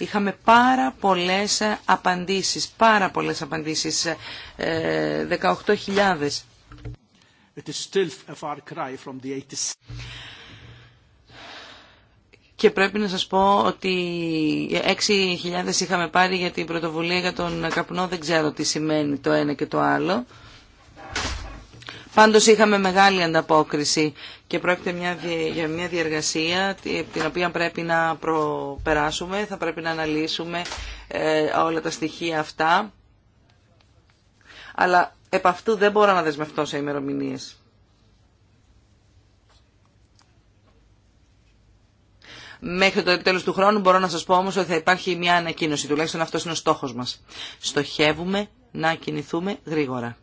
Είχαμε πάρα πολλές απαντήσεις, πάρα πολλές απαντήσεις, 18.000. Ε, και πρέπει να σας πω ότι 6.000 είχαμε πάρει για την πρωτοβουλία για τον καπνό, δεν ξέρω τι σημαίνει το ένα και το άλλο. Πάντως είχαμε μεγάλη ανταπόκριση και πρόκειται μια, για μια διεργασία την οποία πρέπει να προπεράσουμε, θα πρέπει να αναλύσουμε ε, όλα τα στοιχεία αυτά. Αλλά επ' αυτού δεν μπορώ να δεσμευτώ σε ημερομηνίες. Μέχρι το τέλος του χρόνου μπορώ να σας πω όμως ότι θα υπάρχει μια ανακοίνωση, τουλάχιστον αυτός είναι ο στόχος μας. Στοχεύουμε να κινηθούμε γρήγορα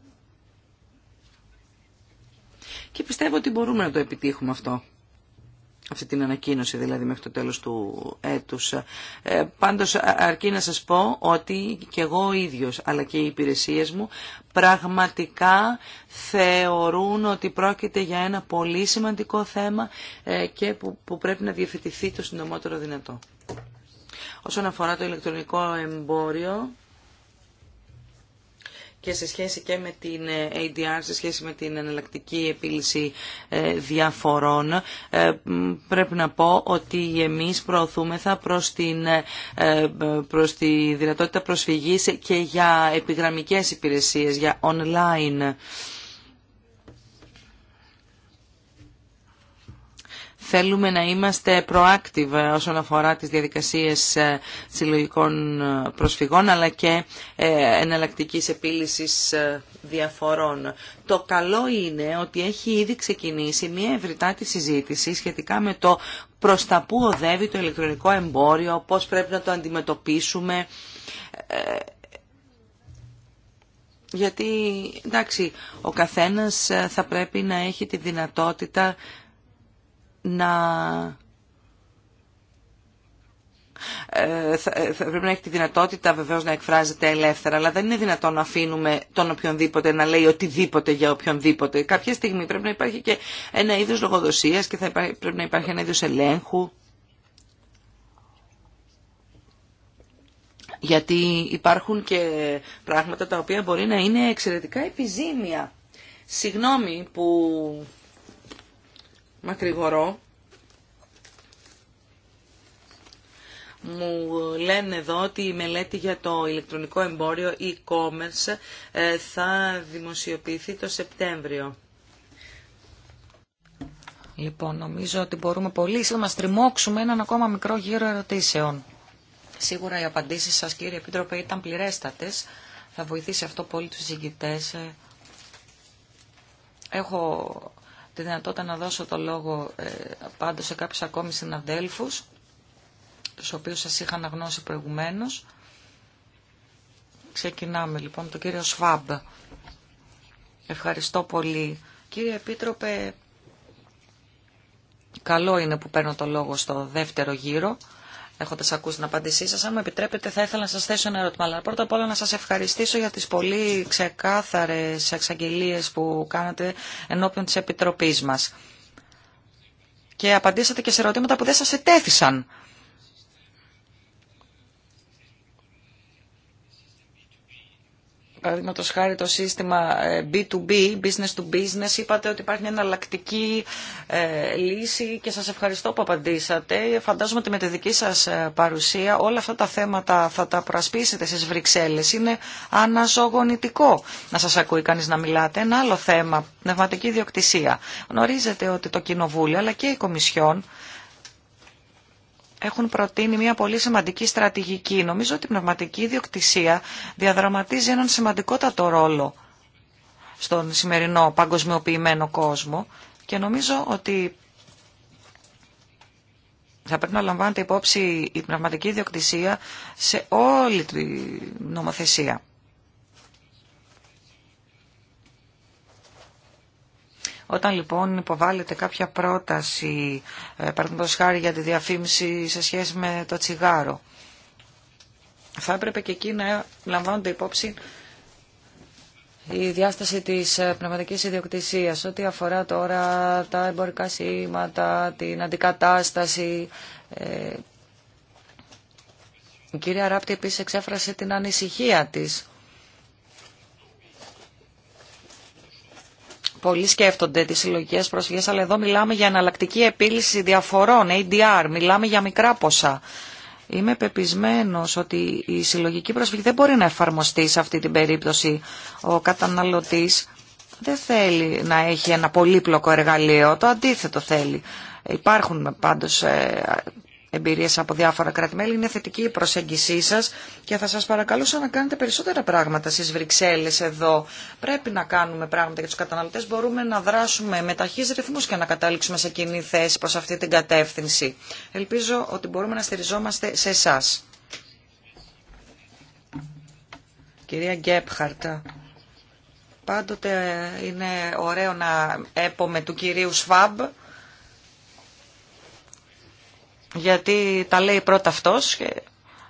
και πιστεύω ότι μπορούμε να το επιτύχουμε αυτό αυτή την ανακοίνωση δηλαδή μέχρι το τέλος του έτους. Ε, πάντως αρκεί να σας πω ότι και εγώ ο ίδιος αλλά και οι υπηρεσίες μου πραγματικά θεωρούν ότι πρόκειται για ένα πολύ σημαντικό θέμα ε, και που, που πρέπει να διευθετηθεί το συντομότερο δυνατό. Όσον αφορά το ηλεκτρονικό εμπόριο, και σε σχέση και με την ε, ADR, σε σχέση με την εναλλακτική επίλυση ε, διαφορών, ε, πρέπει να πω ότι εμείς προωθούμεθα προς, την, προς τη δυνατότητα προσφυγής και για επιγραμμικές υπηρεσίες, για online Θέλουμε να είμαστε proactive όσον αφορά τις διαδικασίες ε, συλλογικών ε, προσφυγών αλλά και ε, εναλλακτική επίλυσης διαφορών. Το καλό είναι ότι έχει ήδη ξεκινήσει μια ευρυτάτη συζήτηση σχετικά με το προς τα που οδεύει το ηλεκτρονικό εμπόριο, πώς πρέπει να το αντιμετωπίσουμε γιατί εντάξει ο καθένας θα πρέπει να έχει τη δυνατότητα να ε, ε, θα, πρέπει να έχει τη δυνατότητα βεβαίως να εκφράζεται ελεύθερα, αλλά δεν είναι δυνατόν να αφήνουμε τον οποιονδήποτε να λέει οτιδήποτε για οποιονδήποτε. Κάποια στιγμή πρέπει να υπάρχει και ένα είδος λογοδοσίας και θα πρέπει να υπάρχει ένα είδος ελέγχου. Γιατί υπάρχουν και πράγματα τα οποία μπορεί να είναι εξαιρετικά επιζήμια. Συγγνώμη που
μακρηγορώ.
Μου λένε εδώ ότι η μελέτη για το ηλεκτρονικό εμπόριο e-commerce ε, θα δημοσιοποιηθεί το Σεπτέμβριο.
Λοιπόν, νομίζω ότι μπορούμε πολύ σύντομα να στριμώξουμε έναν ακόμα μικρό γύρο ερωτήσεων. Σίγουρα οι απαντήσεις σας κύριε Επίτροπε ήταν πληρέστατες. Θα βοηθήσει αυτό πολύ τους συγκητέ. Ε, έχω τη δυνατότητα να δώσω το λόγο ε, πάντω σε κάποιους ακόμη συναδέλφους, τους οποίους σας είχα αναγνώσει προηγουμένως. Ξεκινάμε λοιπόν τον κύριο Σφαμπ. Ευχαριστώ πολύ. Κύριε Επίτροπε, καλό είναι που παίρνω το λόγο στο δεύτερο γύρο Έχοντα ακούσει την απάντησή σας. Αν μου επιτρέπετε θα ήθελα να σας θέσω ένα ερώτημα. Αλλά πρώτα απ' όλα να σας ευχαριστήσω για τις πολύ ξεκάθαρες εξαγγελίε που κάνατε ενώπιον τη επιτροπή μα. Και απαντήσατε και σε ερωτήματα που δεν σας ετέθησαν. παραδείγματο χάρη το σύστημα B2B, ε, business to business, είπατε ότι υπάρχει μια εναλλακτική ε, λύση και σας ευχαριστώ που απαντήσατε. Φαντάζομαι ότι με τη δική σας ε, παρουσία όλα αυτά τα θέματα θα τα προασπίσετε στι Βρυξέλλες. Είναι αναζωογονητικό να σας ακούει κανεί να μιλάτε. Ένα άλλο θέμα, πνευματική διοκτησία. Γνωρίζετε ότι το Κοινοβούλιο αλλά και η Κομισιόν έχουν προτείνει μια πολύ σημαντική στρατηγική. Νομίζω ότι η πνευματική ιδιοκτησία διαδραματίζει έναν σημαντικότατο ρόλο στον σημερινό παγκοσμιοποιημένο κόσμο και νομίζω ότι θα πρέπει να λαμβάνεται υπόψη η πνευματική ιδιοκτησία σε όλη τη νομοθεσία. Όταν λοιπόν υποβάλλεται κάποια πρόταση, ε, παραδείγματο χάρη για τη διαφήμιση σε σχέση με το τσιγάρο, θα έπρεπε και εκεί να λαμβάνονται υπόψη η διάσταση της ε, πνευματικής ιδιοκτησίας, ό,τι αφορά τώρα τα εμπορικά σήματα, την αντικατάσταση. Ε, η κυρία Ράπτη επίσης εξέφρασε την ανησυχία της πολλοί σκέφτονται τις συλλογικέ προσφυγές, αλλά εδώ μιλάμε για εναλλακτική επίλυση διαφορών, ADR, μιλάμε για μικρά ποσά. Είμαι πεπισμένος ότι η συλλογική προσφυγή δεν μπορεί να εφαρμοστεί σε αυτή την περίπτωση. Ο καταναλωτής δεν θέλει να έχει ένα πολύπλοκο εργαλείο, το αντίθετο θέλει. Υπάρχουν πάντως ε, εμπειρίες από διάφορα κράτη-μέλη. Είναι θετική η προσέγγισή σας και θα σας παρακαλούσα να κάνετε περισσότερα πράγματα στι Βρυξέλλες εδώ. Πρέπει να κάνουμε πράγματα για τους καταναλωτές. Μπορούμε να δράσουμε με ταχύ ρυθμούς και να καταλήξουμε σε κοινή θέση προς αυτή την κατεύθυνση. Ελπίζω ότι μπορούμε να στηριζόμαστε σε εσά. Κυρία Γκέπχαρτα. Πάντοτε είναι ωραίο να έπομε του κυρίου Σφάμπ γιατί τα λέει πρώτα αυτός και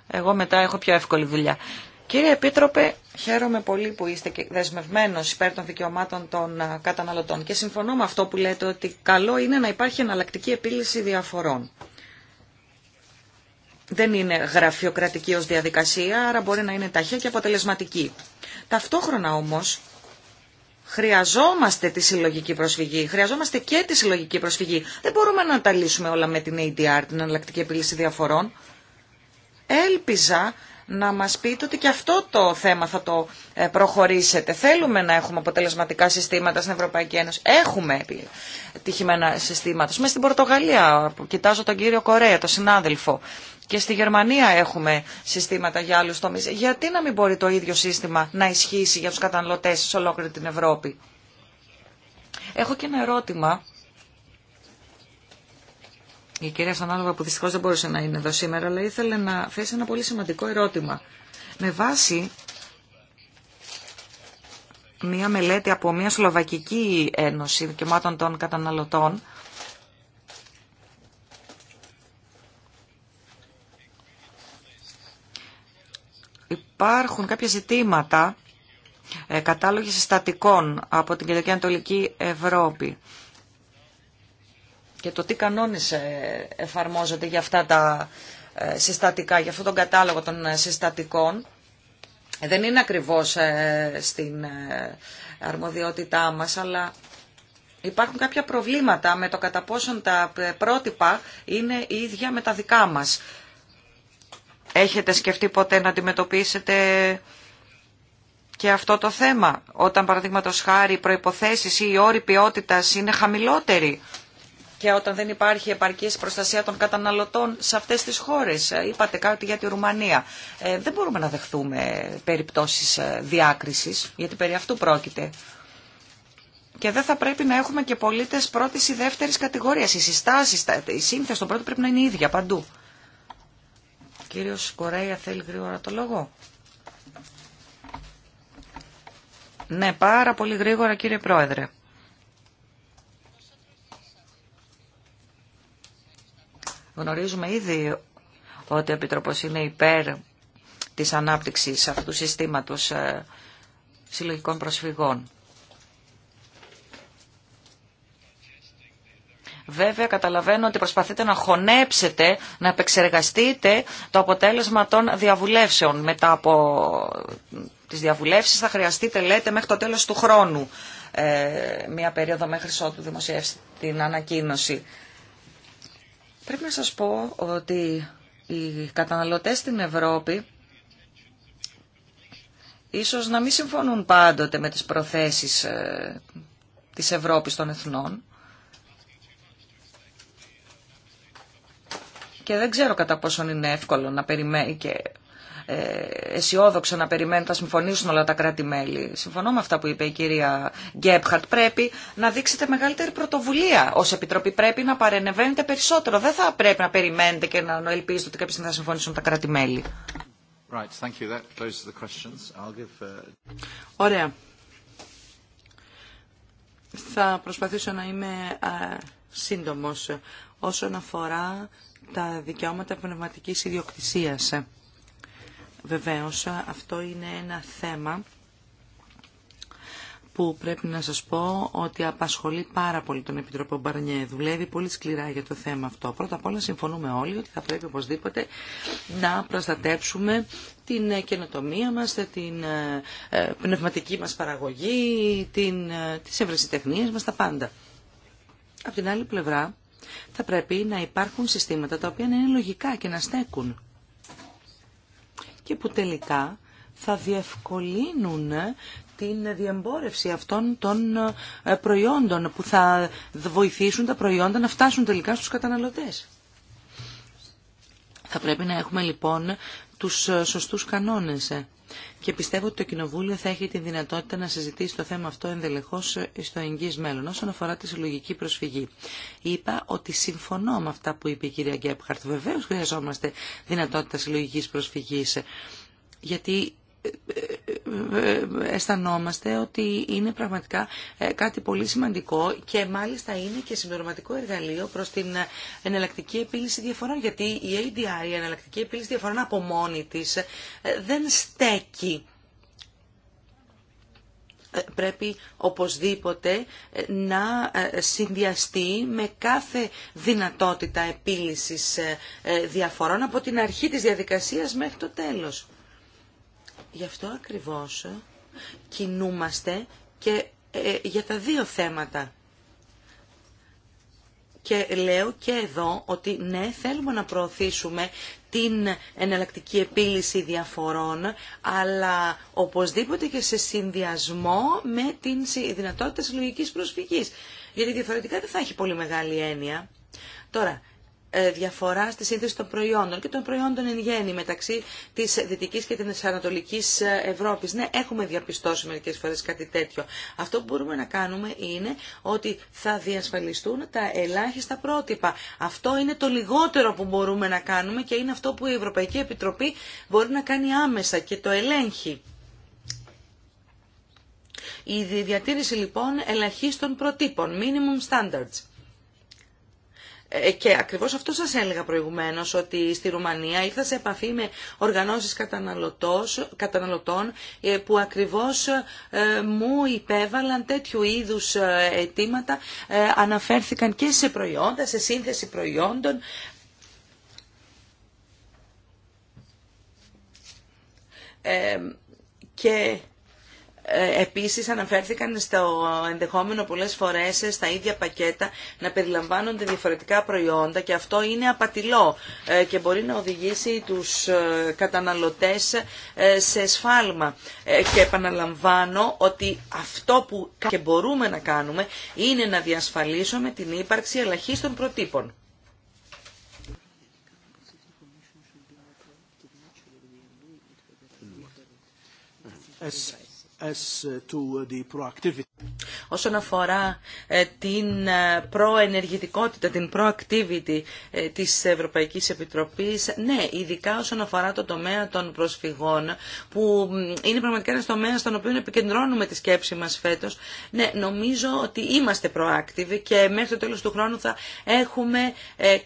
εγώ μετά έχω πιο εύκολη δουλειά. Κύριε Επίτροπε, χαίρομαι πολύ που είστε δεσμευμένος υπέρ των δικαιωμάτων των καταναλωτών και συμφωνώ με αυτό που λέτε ότι καλό είναι να υπάρχει εναλλακτική επίλυση διαφορών. Δεν είναι γραφειοκρατική ως διαδικασία, άρα μπορεί να είναι ταχεία και αποτελεσματική. Ταυτόχρονα όμως, Χρειαζόμαστε τη συλλογική προσφυγή, χρειαζόμαστε και τη συλλογική προσφυγή. Δεν μπορούμε να τα λύσουμε όλα με την ADR, την εναλλακτική επίλυση διαφορών. Έλπιζα να μας πείτε ότι και αυτό το θέμα θα το ε, προχωρήσετε. Θέλουμε να έχουμε αποτελεσματικά συστήματα στην Ευρωπαϊκή Ένωση. Έχουμε τυχημένα συστήματα. Μες στην Πορτογαλία, κοιτάζω τον κύριο Κορέα, τον συνάδελφο και στη Γερμανία έχουμε συστήματα για άλλους τομείς. Γιατί να μην μπορεί το ίδιο σύστημα να ισχύσει για τους καταναλωτές σε ολόκληρη την Ευρώπη. Έχω και ένα ερώτημα. Η κυρία Στανάλογα που δυστυχώς δεν μπορούσε να είναι εδώ σήμερα, αλλά ήθελε να θέσει ένα πολύ σημαντικό ερώτημα. Με βάση μία μελέτη από μία Σλοβακική Ένωση Δικαιωμάτων των Καταναλωτών, υπάρχουν κάποια ζητήματα ε, κατάλογης συστατικών από την Κεντρική Ανατολική Ευρώπη και το τι κανόνες ε, εφαρμόζονται για αυτά τα ε, συστατικά, για αυτόν τον κατάλογο των συστατικών. Δεν είναι ακριβώς στην αρμοδιότητά μας, αλλά υπάρχουν κάποια προβλήματα με το κατά πόσον τα πρότυπα είναι ίδια με τα δικά μας. Έχετε σκεφτεί ποτέ να αντιμετωπίσετε και αυτό το θέμα, όταν παραδείγματο χάρη οι προϋποθέσεις ή οι όροι ποιότητα είναι χαμηλότεροι και όταν δεν υπάρχει επαρκής προστασία των καταναλωτών σε αυτές τις χώρες. Ε, είπατε κάτι για τη Ρουμανία. Ε, δεν μπορούμε να δεχθούμε περιπτώσεις ε, διάκρισης, γιατί περί αυτού πρόκειται. Και δεν θα πρέπει να έχουμε και πολίτες πρώτης ή δεύτερης κατηγορίας. Οι συστάσεις, η σύνθεση των πρώτων πρέπει να είναι ίδια παντού κύριος Κορέια θέλει γρήγορα το λόγο. Ναι, πάρα πολύ γρήγορα κύριε Πρόεδρε. Γνωρίζουμε ήδη ότι ο Επιτροπός είναι υπέρ της ανάπτυξης αυτού του συστήματος ε, συλλογικών προσφυγών. Βέβαια καταλαβαίνω ότι προσπαθείτε να χωνέψετε, να επεξεργαστείτε το αποτέλεσμα των διαβουλεύσεων. Μετά από τις διαβουλεύσεις θα χρειαστείτε, λέτε, μέχρι το τέλος του χρόνου ε, μία περίοδο μέχρι ότου δημοσιεύσει την ανακοίνωση. Πρέπει να σας πω ότι οι καταναλωτές στην Ευρώπη ίσως να μην συμφωνούν πάντοτε με τις προθέσεις ε, της Ευρώπης των εθνών. Και δεν ξέρω κατά πόσον είναι εύκολο να περιμένει και ε, αισιόδοξο να περιμένουν να συμφωνήσουν όλα τα κράτη-μέλη. Συμφωνώ με αυτά που είπε η κυρία Γκέπχαρτ. Πρέπει να δείξετε μεγαλύτερη πρωτοβουλία. Ω Επιτροπή πρέπει να παρενεβαίνετε περισσότερο. Δεν θα πρέπει να περιμένετε και να ελπίζετε ότι κάποιοι θα συμφωνήσουν τα κράτη-μέλη.
Ωραία. Θα προσπαθήσω να είμαι α, ε, σύντομος όσον αφορά τα δικαιώματα πνευματικής ιδιοκτησίας. Βεβαίως, αυτό είναι ένα θέμα που πρέπει να σας πω ότι απασχολεί πάρα πολύ τον Επιτρόπο Μπαρνιέ. Δουλεύει πολύ σκληρά για το θέμα αυτό. Πρώτα απ' όλα συμφωνούμε όλοι ότι θα πρέπει οπωσδήποτε να προστατέψουμε την καινοτομία μας, την ε, ε, πνευματική μας παραγωγή, την, ε, τις ευρεσιτεχνίες μας, τα πάντα. Απ' την άλλη πλευρά, θα πρέπει να υπάρχουν συστήματα τα οποία να είναι λογικά και να στέκουν και που τελικά θα διευκολύνουν την διεμπόρευση αυτών των ε, προϊόντων που θα βοηθήσουν τα προϊόντα να φτάσουν τελικά στους καταναλωτές. Θα πρέπει να έχουμε λοιπόν τους ε, σωστούς κανόνες και πιστεύω ότι το Κοινοβούλιο θα έχει τη δυνατότητα να συζητήσει το θέμα αυτό ενδελεχώς ε, στο εγγύ μέλλον. Όσον αφορά τη συλλογική προσφυγή, είπα ότι συμφωνώ με αυτά που είπε η κυρία Γκέπχαρτ. βεβαίω χρειαζόμαστε δυνατότητα συλλογική προσφυγής, ε, γιατί αισθανόμαστε ότι είναι πραγματικά ε, κάτι πολύ σημαντικό και μάλιστα είναι και συμπληρωματικό εργαλείο προς την εναλλακτική επίλυση διαφορών γιατί η ADR, η εναλλακτική επίλυση διαφορών από μόνη της ε, δεν στέκει ε, πρέπει οπωσδήποτε να συνδυαστεί με κάθε δυνατότητα επίλυσης διαφορών από την αρχή της διαδικασίας μέχρι το τέλος. Γι' αυτό ακριβώς ε, κινούμαστε και ε, ε, για τα δύο θέματα. Και λέω και εδώ ότι ναι, θέλουμε να προωθήσουμε την εναλλακτική επίλυση διαφορών, αλλά οπωσδήποτε και σε συνδυασμό με την δυνατότητα συλλογικής προσφυγής. Γιατί διαφορετικά δεν θα έχει πολύ μεγάλη έννοια. Τώρα, ε, διαφορά στη σύνθεση των προϊόντων και των προϊόντων εν γέννη μεταξύ της Δυτικής και της Ανατολικής ε, Ευρώπης. Ναι, έχουμε διαπιστώσει μερικέ φορέ κάτι τέτοιο. Αυτό που μπορούμε να κάνουμε είναι ότι θα διασφαλιστούν τα ελάχιστα πρότυπα. Αυτό είναι το λιγότερο που μπορούμε να κάνουμε και είναι αυτό που η Ευρωπαϊκή Επιτροπή μπορεί να κάνει άμεσα και το ελέγχει. Η διατήρηση λοιπόν ελαχίστων προτύπων, minimum standards. Ε, και ακριβώς αυτό σας έλεγα προηγουμένως, ότι στη Ρουμανία ήρθα σε επαφή με οργανώσεις καταναλωτών ε, που ακριβώς ε, μου υπέβαλαν τέτοιου είδους αιτήματα, αναφέρθηκαν και σε προϊόντα, σε σύνθεση προϊόντων, και ε, επίσης αναφέρθηκαν στο ενδεχόμενο πολλές φορές στα ίδια πακέτα να περιλαμβάνονται διαφορετικά προϊόντα και αυτό είναι απατηλό ε, και μπορεί να οδηγήσει τους ε, καταναλωτές σε σφάλμα. Και επαναλαμβάνω ότι αυτό που και μπορούμε να κάνουμε είναι να διασφαλίσουμε την ύπαρξη ελαχίστων προτύπων.
Uh, uh,
όσον αφορά ε, την ε, προενεργητικότητα, την proactivity ε, της Ευρωπαϊκής Επιτροπής, ναι, ειδικά όσον αφορά το τομέα των προσφυγών, που είναι πραγματικά ένα τομέα στον οποίο επικεντρώνουμε τη σκέψη μας φέτος, ναι, νομίζω ότι είμαστε proactive και μέχρι το τέλος του χρόνου θα έχουμε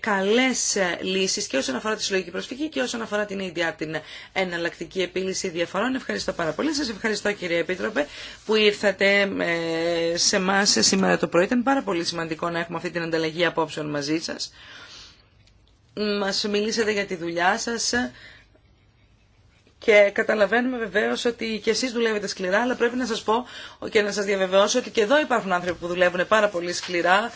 καλές λύσεις και όσον αφορά τη συλλογική προσφυγή και όσον αφορά την ίδια την εναλλακτική επίλυση διαφορών. Ευχαριστώ πάρα πολύ. Σας ευχαριστώ κύριε Επίτροπε, που ήρθατε ε, σε εμά σήμερα το πρωί. Ήταν πάρα πολύ σημαντικό να έχουμε αυτή την ανταλλαγή απόψεων μαζί σας. Μας μιλήσατε για τη δουλειά σας και καταλαβαίνουμε βεβαίω ότι και εσεί δουλεύετε σκληρά, αλλά πρέπει να σα πω και να σα διαβεβαιώσω ότι και εδώ υπάρχουν άνθρωποι που δουλεύουν πάρα πολύ σκληρά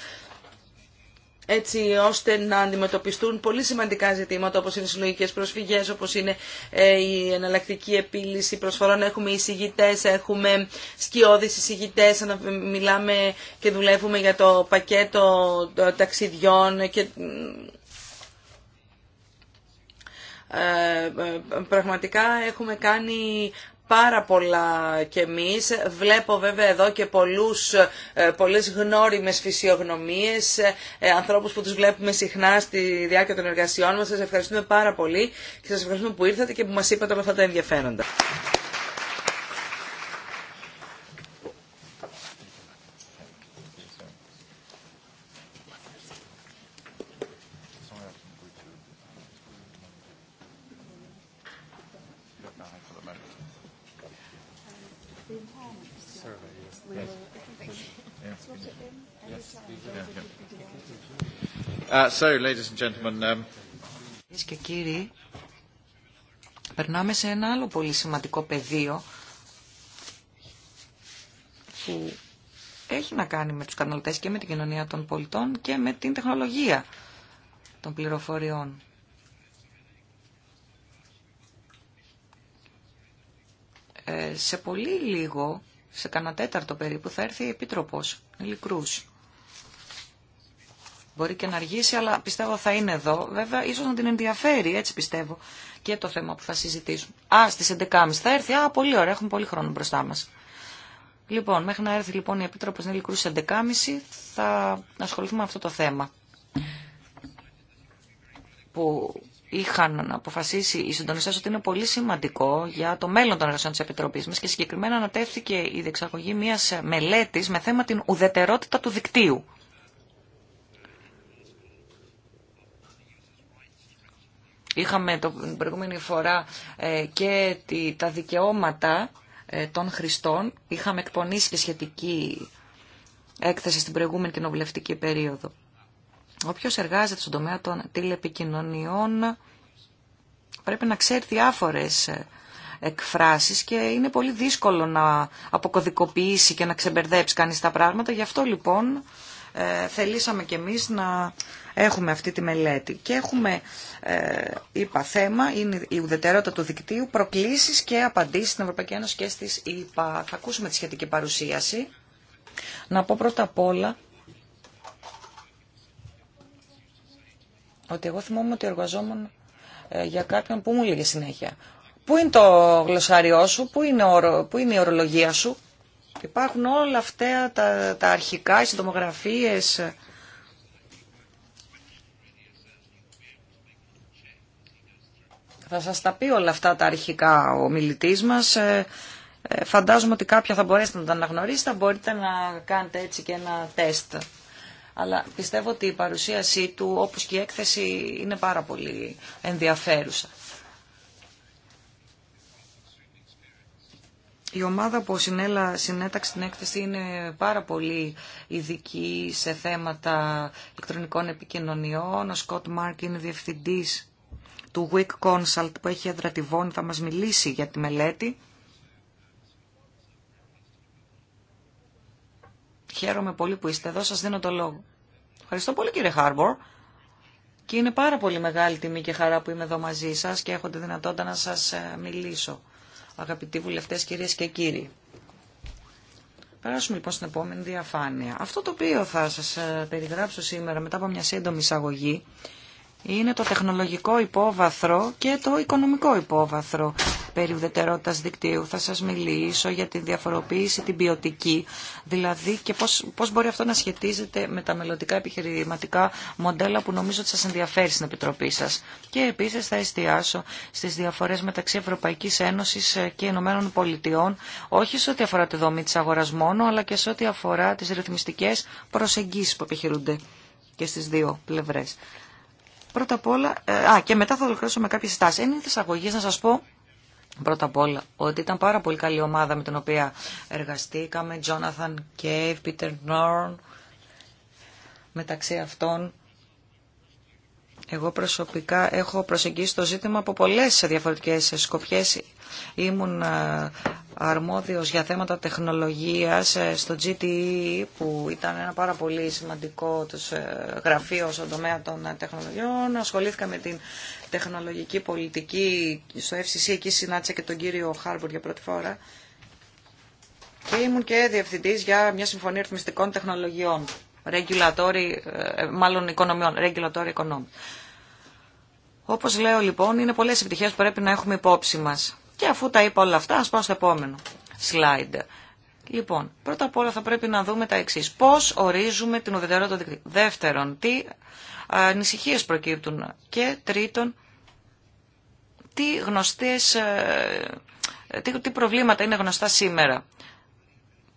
έτσι ώστε να αντιμετωπιστούν πολύ σημαντικά ζητήματα όπως είναι οι συλλογικές προσφυγές, όπως είναι ε, η εναλλακτική επίλυση προσφορών. Έχουμε εισηγητές, έχουμε σκιώδεις εισηγητές, μιλάμε και δουλεύουμε για το πακέτο ταξιδιών και ε, ε, πραγματικά έχουμε κάνει πάρα πολλά και εμείς. Βλέπω βέβαια εδώ και πολλούς, ε, πολλές γνώριμες φυσιογνωμίες, ε, ε, ανθρώπους που τους βλέπουμε συχνά στη διάρκεια των εργασιών μας. Σας ευχαριστούμε πάρα πολύ και σας ευχαριστούμε που ήρθατε και που μας είπατε όλα αυτά τα ενδιαφέροντα.
Uh, so, um, και κύριοι,
περνάμε σε ένα άλλο πολύ σημαντικό πεδίο που έχει να κάνει με τους καταναλωτές και με την κοινωνία των πολιτών και με την τεχνολογία των πληροφοριών. Ε, σε πολύ λίγο, σε κανένα τέταρτο περίπου, θα έρθει η Επίτροπος Λικρούς. Μπορεί και να αργήσει, αλλά πιστεύω θα είναι εδώ. Βέβαια, ίσω να την ενδιαφέρει, έτσι πιστεύω, και το θέμα που θα συζητήσουμε. Α, στι 11.30 θα έρθει. Α, πολύ ωραία, έχουμε πολύ χρόνο μπροστά μα. Λοιπόν, μέχρι να έρθει λοιπόν η Επίτροπο Νέλη Κρού στις 11.30 θα ασχοληθούμε με αυτό το θέμα που είχαν αποφασίσει οι συντονιστέ ότι είναι πολύ σημαντικό για το μέλλον των εργασιών τη Επιτροπή μα και συγκεκριμένα ανατέθηκε η διεξαγωγή μια μελέτη με θέμα την ουδετερότητα του δικτύου. Είχαμε την προηγούμενη φορά ε, και τα δικαιώματα ε, των χρηστών. Είχαμε εκπονήσει και σχετική έκθεση στην προηγούμενη κοινοβουλευτική περίοδο. οποίο εργάζεται στον τομέα των τηλεπικοινωνιών πρέπει να ξέρει διάφορες ε, εκφράσεις και είναι πολύ δύσκολο να αποκωδικοποιήσει και να ξεμπερδέψει κανείς τα πράγματα. Γι' αυτό λοιπόν ε, θελήσαμε κι εμείς να έχουμε αυτή τη μελέτη. Και έχουμε, ε, είπα, θέμα, είναι η ουδετερότητα του δικτύου, προκλήσεις και απαντήσεις στην Ευρωπαϊκή Ένωση και στις ΗΠΑ. Θα ακούσουμε τη σχετική παρουσίαση. Να πω πρώτα απ' όλα ότι εγώ θυμόμαι ότι εργαζόμουν ε, για κάποιον που μου έλεγε συνέχεια. Πού είναι το γλωσσάριό σου, πού είναι, πού είναι η ορολογία σου. Υπάρχουν όλα αυτά τα, τα αρχικά, οι συντομογραφίες. Θα σας τα πει όλα αυτά τα αρχικά ο μιλητής μας. Ε, ε, φαντάζομαι ότι κάποια θα μπορέσετε να τα αναγνωρίσετε, μπορείτε να κάνετε έτσι και ένα τεστ. Αλλά πιστεύω ότι η παρουσίασή του, όπως και η έκθεση, είναι πάρα πολύ ενδιαφέρουσα. Η ομάδα που συνέλα, συνέταξε την έκθεση είναι πάρα πολύ ειδική σε θέματα ηλεκτρονικών επικοινωνιών. Ο Σκοτ Μάρκ είναι διευθυντής του WIC Consult που έχει έδρα τη Βόνη, θα μας μιλήσει για τη μελέτη. Χαίρομαι πολύ που είστε εδώ, σας δίνω το λόγο. Ευχαριστώ πολύ κύριε Χάρμπορ. Και είναι πάρα πολύ μεγάλη τιμή και χαρά που είμαι εδώ μαζί σας και έχω τη δυνατότητα να σας ε, μιλήσω αγαπητοί βουλευτές, κυρίες και κύριοι. Περάσουμε λοιπόν στην επόμενη διαφάνεια. Αυτό το οποίο θα σας ε, περιγράψω σήμερα μετά από μια σύντομη εισαγωγή είναι το τεχνολογικό υπόβαθρο και το οικονομικό υπόβαθρο περί ουδετερότητας δικτύου. Θα σας μιλήσω για τη διαφοροποίηση, την ποιοτική, δηλαδή και πώς, πώς μπορεί αυτό να σχετίζεται με τα μελλοντικά επιχειρηματικά μοντέλα που νομίζω ότι σας ενδιαφέρει στην Επιτροπή σας. Και επίσης θα εστιάσω στις διαφορές μεταξύ Ευρωπαϊκής Ένωσης και Ηνωμένων Πολιτειών, όχι σε ό,τι αφορά τη δομή της αγοράς μόνο, αλλά και σε ό,τι αφορά τις ρυθμιστικές προσεγγίσεις που επιχειρούνται και στις δύο πλευρές. Πρώτα απ' όλα, ε, α, και μετά θα ολοκληρώσω με κάποιε στάσει. Είναι της αγωγή, να σα πω πρώτα απ' όλα ότι ήταν πάρα πολύ καλή ομάδα με την οποία εργαστήκαμε. Τζόναθαν Cave, Πίτερ Νόρν, μεταξύ αυτών. Εγώ προσωπικά έχω προσεγγίσει το ζήτημα από πολλές διαφορετικές σκοπιές ήμουν ε, αρμόδιος για θέματα τεχνολογίας ε, στο GTE που ήταν ένα πάρα πολύ σημαντικό τους ε, γραφείο στον τομέα των τεχνολογιών. Ασχολήθηκα με την τεχνολογική πολιτική στο FCC, εκεί συνάντησα και τον κύριο Χάρμπορ για πρώτη φορά και ήμουν και διευθυντής για μια συμφωνία ρυθμιστικών τεχνολογιών, regulatory, μάλλον οικονομιών, regulatory economy. Όπως λέω λοιπόν, είναι πολλές επιτυχίες που πρέπει να έχουμε υπόψη μας. Και αφού τα είπα όλα αυτά, ας πάω στο επόμενο slide. Λοιπόν, πρώτα απ' όλα θα πρέπει να δούμε τα εξής. Πώς ορίζουμε την ουδετερότητα Δεύτερον, τι ανησυχίε προκύπτουν. Και τρίτον, τι γνωστές, ε, τι, προβλήματα είναι γνωστά σήμερα.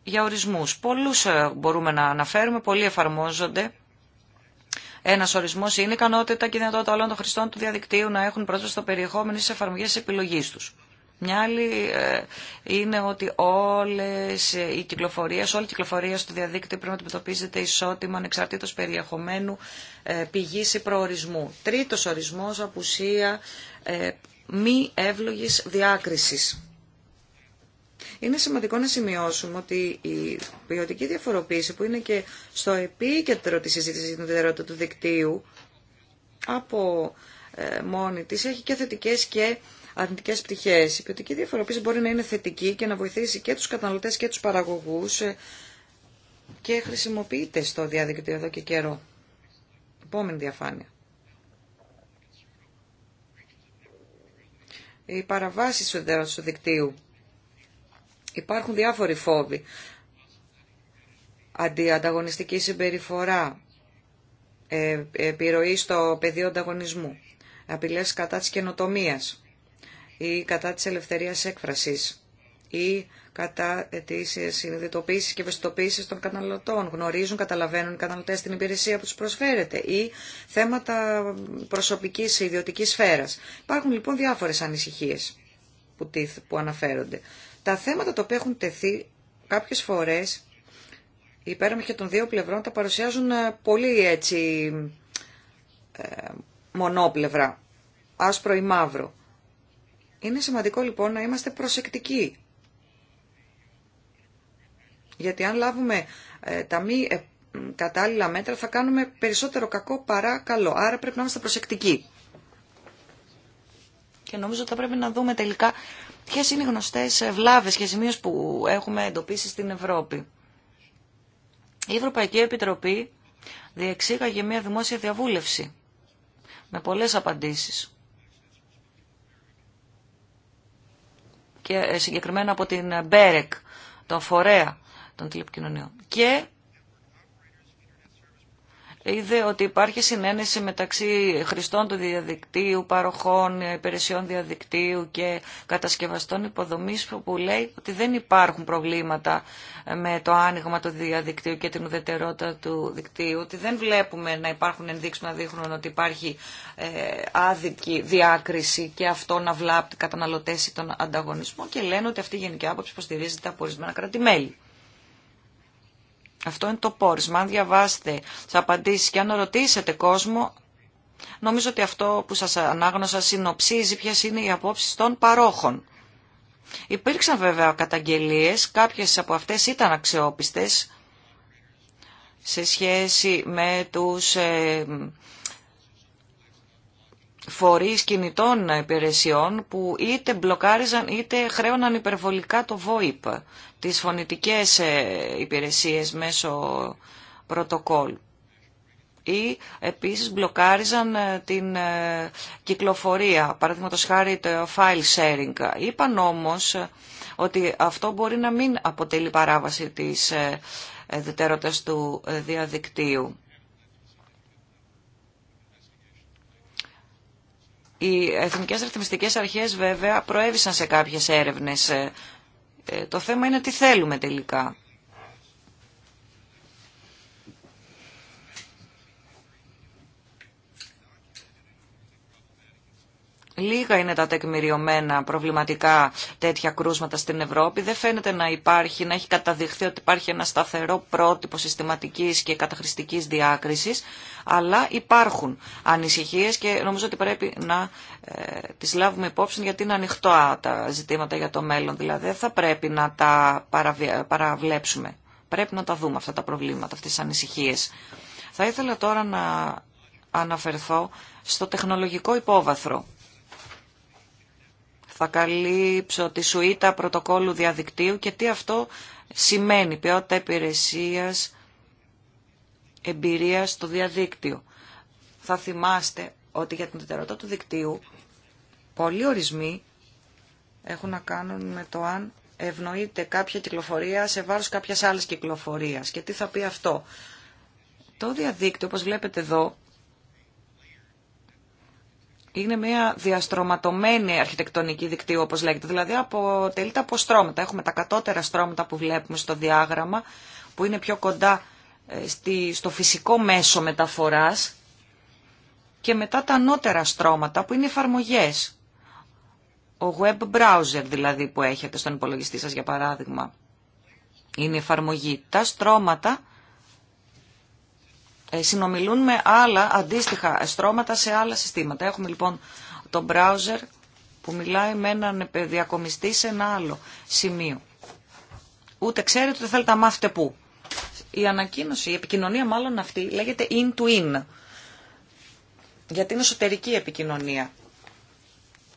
Για ορισμούς, πολλούς ε, μπορούμε να αναφέρουμε, πολλοί εφαρμόζονται. Ένα ορισμό είναι η ικανότητα και η δυνατότητα όλων των χρηστών του διαδικτύου να έχουν πρόσβαση στο περιεχόμενο τη εφαρμογή επιλογή του. Μια άλλη ε, είναι ότι όλες οι κυκλοφορίες, όλη η κυκλοφορία στο διαδίκτυο πρέπει να αντιμετωπίζεται ισότιμα ανεξαρτήτως περιεχομένου ε, πηγής ή προορισμού. Τρίτος ορισμός, απουσία ε, μη εύλογης διάκρισης. Είναι σημαντικό να σημειώσουμε ότι η ποιοτική διαφοροποίηση που είναι και στο επίκεντρο της συζήτησης για την ιδιαιτερότητα του δικτύου από μόνη της έχει και θετικές και αρνητικέ πτυχέ. Η ποιοτική διαφοροποίηση μπορεί να είναι θετική και να βοηθήσει και του καταναλωτέ και του παραγωγού ε, και χρησιμοποιείται στο διαδίκτυο εδώ και καιρό. Επόμενη διαφάνεια. Οι παραβάσει του δικτύου. Υπάρχουν διάφοροι φόβοι. Αντιανταγωνιστική συμπεριφορά, ε, επιρροή στο πεδίο ανταγωνισμού, Απειλέ κατά τη καινοτομία ή κατά της ελευθερίας έκφρασης ή κατά της συνειδητοποίηση και ευαισθητοποίησης των καταναλωτών. Γνωρίζουν, καταλαβαίνουν οι καταναλωτές την υπηρεσία που τους προσφέρεται ή θέματα προσωπική ιδιωτικής σφαίρας. Υπάρχουν λοιπόν διάφορες ανησυχίες που, αναφέρονται. Τα θέματα τα οποία έχουν τεθεί κάποιε φορέ και των δύο πλευρών τα παρουσιάζουν ε, πολύ έτσι ε, μονόπλευρα, άσπρο ή μαύρο. Είναι σημαντικό λοιπόν να είμαστε προσεκτικοί. Γιατί αν λάβουμε ε, τα μη ε, κατάλληλα μέτρα θα κάνουμε περισσότερο κακό παρά καλό. Άρα πρέπει να είμαστε προσεκτικοί. Και νομίζω ότι θα πρέπει να δούμε τελικά ποιε είναι οι γνωστέ ε, βλάβε και σημείε που έχουμε εντοπίσει στην Ευρώπη. Η Ευρωπαϊκή Επιτροπή διεξήγαγε μια δημόσια διαβούλευση με πολλές απαντήσεις. και ε, συγκεκριμένα από την ΜΠΕΡΕΚ, τον φορέα των τηλεπικοινωνιών. Και είδε ότι υπάρχει συνένεση μεταξύ χρηστών του διαδικτύου, παροχών υπηρεσιών διαδικτύου και κατασκευαστών υποδομής που λέει ότι δεν υπάρχουν προβλήματα ε, με το άνοιγμα του διαδικτύου και την ουδετερότητα του δικτύου, ότι δεν βλέπουμε να υπάρχουν ενδείξεις να δείχνουν ότι υπάρχει ε, άδικη διάκριση και αυτό να βλάπτει καταναλωτές ή τον ανταγωνισμό και λένε ότι αυτή η γενική άποψη υποστηρίζεται από ορισμένα κράτη-μέλη. Αυτό είναι το πόρισμα. Αν διαβάσετε τι απαντήσει και αν ρωτήσετε κόσμο, νομίζω ότι αυτό που σας ανάγνωσα συνοψίζει ποιε είναι οι απόψει των παρόχων. Υπήρξαν βέβαια καταγγελίες, κάποιες από αυτές ήταν αξιόπιστες σε σχέση με τους ε, φορείς κινητών υπηρεσιών που είτε μπλοκάριζαν είτε χρέωναν υπερβολικά το VoIP, τις φωνητικές ε, υπηρεσίες μέσω πρωτοκόλ. Ή επίσης μπλοκάριζαν ε, την ε, κυκλοφορία, παραδείγματος χάρη το file sharing. Είπαν όμως ότι αυτό μπορεί να μην αποτελεί παράβαση της ιδιαιτερότητας του διαδικτύου. Οι εθνικές ρυθμιστικές αρχές βέβαια προέβησαν σε κάποιες έρευνες. Ε, ε, το θέμα είναι τι θέλουμε τελικά. Λίγα είναι τα τεκμηριωμένα προβληματικά τέτοια κρούσματα στην Ευρώπη. Δεν φαίνεται να υπάρχει, να έχει καταδειχθεί ότι υπάρχει ένα σταθερό πρότυπο συστηματικής και καταχρηστικής διάκρισης, αλλά υπάρχουν ανησυχίες και νομίζω ότι πρέπει να ε, τις λάβουμε υπόψη γιατί είναι ανοιχτό τα ζητήματα για το μέλλον. Δηλαδή θα πρέπει να τα παραβλέψουμε. Πρέπει να τα δούμε αυτά τα προβλήματα, αυτές τις ανησυχίες. Θα ήθελα τώρα να αναφερθώ στο τεχνολογικό υπόβαθρο θα καλύψω τη σουίτα πρωτοκόλλου διαδικτύου και τι αυτό σημαίνει ποιότητα υπηρεσία εμπειρία στο διαδίκτυο. Θα θυμάστε ότι για την ιδιαιτερότητα του δικτύου πολλοί ορισμοί έχουν να κάνουν με το αν ευνοείται κάποια κυκλοφορία σε βάρος κάποιας άλλης κυκλοφορίας. Και τι θα πει αυτό. Το διαδίκτυο, όπως βλέπετε εδώ, είναι μια διαστρωματωμένη αρχιτεκτονική δικτύου όπως λέγεται, δηλαδή αποτελείται από στρώματα. Έχουμε τα κατώτερα στρώματα που βλέπουμε στο διάγραμμα που είναι πιο κοντά ε, στο φυσικό μέσο μεταφοράς και μετά τα ανώτερα στρώματα που είναι εφαρμογέ. Ο web browser δηλαδή που έχετε στον υπολογιστή σας για παράδειγμα είναι εφαρμογή. Τα στρώματα ε, συνομιλούν με άλλα αντίστοιχα στρώματα σε άλλα συστήματα. Έχουμε λοιπόν τον browser που μιλάει με έναν διακομιστή σε ένα άλλο σημείο. Ούτε ξέρετε, ούτε θέλετε να μάθετε πού. Η ανακοίνωση, η επικοινωνία μάλλον αυτή λέγεται in-to-in. -in, γιατί εσωτερική επικοινωνία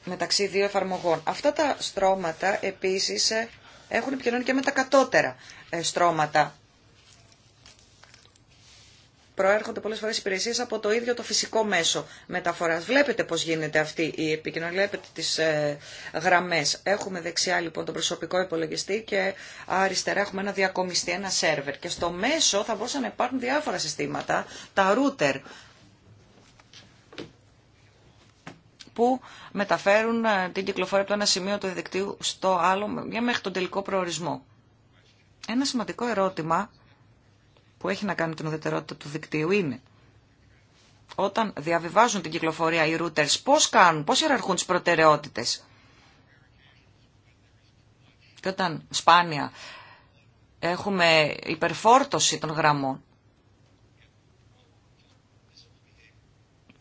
μεταξύ δύο εφαρμογών. Αυτά τα στρώματα επίσης ε, έχουν επικοινωνία και με τα κατώτερα ε, στρώματα προέρχονται πολλές φορέ υπηρεσίε από το ίδιο το φυσικό μέσο μεταφορά. Βλέπετε πώς γίνεται αυτή η επικοινωνία, βλέπετε τις γραμμέ. Ε, γραμμές. Έχουμε δεξιά λοιπόν τον προσωπικό υπολογιστή και αριστερά έχουμε ένα διακομιστή, ένα σερβερ. Και στο μέσο θα μπορούσαν να υπάρχουν διάφορα συστήματα, τα router που μεταφέρουν ε, την κυκλοφορία από το ένα σημείο του διαδικτύου στο άλλο μέχρι τον τελικό προορισμό. Ένα σημαντικό ερώτημα που έχει να κάνει την ουδετερότητα του δικτύου είναι όταν διαβιβάζουν την κυκλοφορία οι routers, πώς κάνουν, πώς ιεραρχούν τις προτεραιότητες. Και όταν σπάνια έχουμε υπερφόρτωση των γραμμών,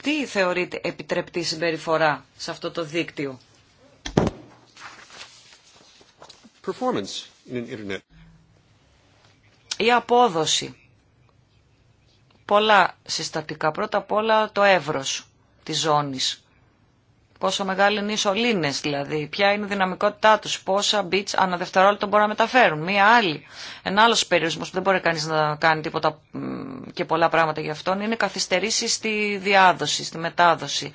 τι θεωρείται επιτρεπτή συμπεριφορά σε αυτό το δίκτυο. Η απόδοση πολλά συστατικά. Πρώτα απ' όλα το εύρος της ζώνης. Πόσο μεγάλη είναι οι σωλήνε, δηλαδή, ποια είναι η δυναμικότητά του, πόσα beach ανά δευτερόλεπτο μπορούν να μεταφέρουν. Μία άλλη, ένα άλλο περιορισμό που δεν μπορεί κάνει να κάνει τίποτα και πολλά πράγματα γι' αυτόν είναι καθυστερήσει στη διάδοση, στη μετάδοση.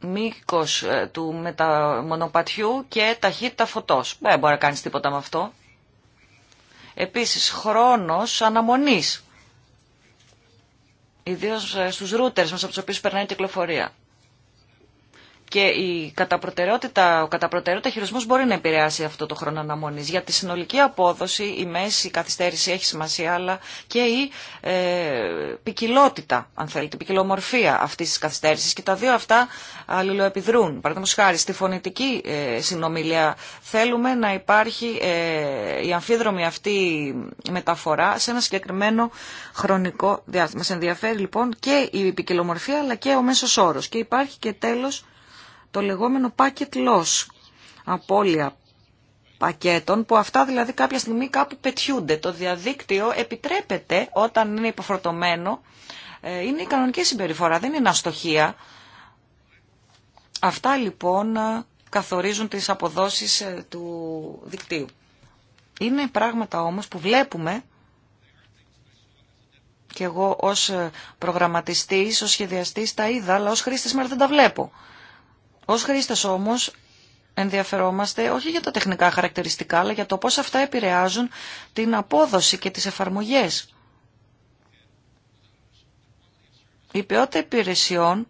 Μήκος ε, του μεταμονοπατιού και ταχύτητα φωτό. Δεν μπορεί να κάνει τίποτα με αυτό. Επίσης, χρόνος αναμονής, ιδίως ε, στους ρούτερς μας από τους οποίους περνάει η κυκλοφορία και η καταπροτεραιότητα, ο καταπροτεραιότητα χειρισμός μπορεί να επηρεάσει αυτό το χρόνο αναμονής. Για τη συνολική απόδοση η μέση η καθυστέρηση έχει σημασία, αλλά και η ε, ποικιλότητα, αν θέλετε, η ποικιλομορφία αυτής της καθυστέρησης και τα δύο αυτά αλληλοεπιδρούν. Παραδείγματος χάρη, στη φωνητική ε, συνομιλία θέλουμε να υπάρχει ε, η αμφίδρομη αυτή μεταφορά σε ένα συγκεκριμένο χρονικό διάστημα. Σε ενδιαφέρει λοιπόν και η ποικιλομορφία αλλά και ο μέσος όρο Και υπάρχει και το λεγόμενο packet loss, απώλεια πακέτων, που αυτά δηλαδή κάποια στιγμή κάπου πετιούνται. Το διαδίκτυο επιτρέπεται όταν είναι υποφορτωμένο, ε, είναι η κανονική συμπεριφορά, δεν είναι αστοχία. Αυτά λοιπόν ε, καθορίζουν τις αποδόσεις ε, του δικτύου. Είναι πράγματα όμως που βλέπουμε και εγώ ως προγραμματιστής, ως σχεδιαστής τα είδα, αλλά ως χρήστης μέρα δεν τα βλέπω. Ως χρήστες όμως ενδιαφερόμαστε όχι για τα τεχνικά χαρακτηριστικά, αλλά για το πώς αυτά επηρεάζουν την απόδοση και τις εφαρμογές. Η ποιότητα υπηρεσιών,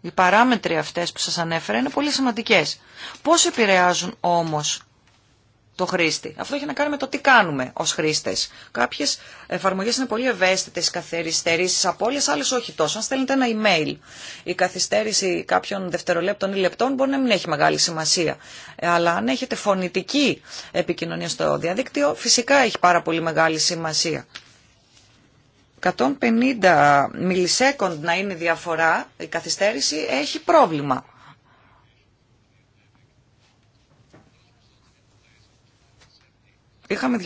οι παράμετροι αυτές που σας ανέφερα, είναι πολύ σημαντικές. Πώς επηρεάζουν όμως το χρήστη. Αυτό έχει να κάνει με το τι κάνουμε ω χρήστε. Κάποιε εφαρμογέ είναι πολύ ευαίσθητε, οι καθυστερήσει όλε άλλε όχι τόσο. Αν στέλνετε ένα email, η καθυστέρηση κάποιων δευτερολέπτων ή λεπτών μπορεί να μην έχει μεγάλη σημασία. Αλλά αν έχετε φωνητική επικοινωνία στο διαδίκτυο, φυσικά έχει πάρα πολύ μεγάλη σημασία. 150 μιλισέκοντ να είναι διαφορά, η καθυστέρηση έχει πρόβλημα. Είχαμε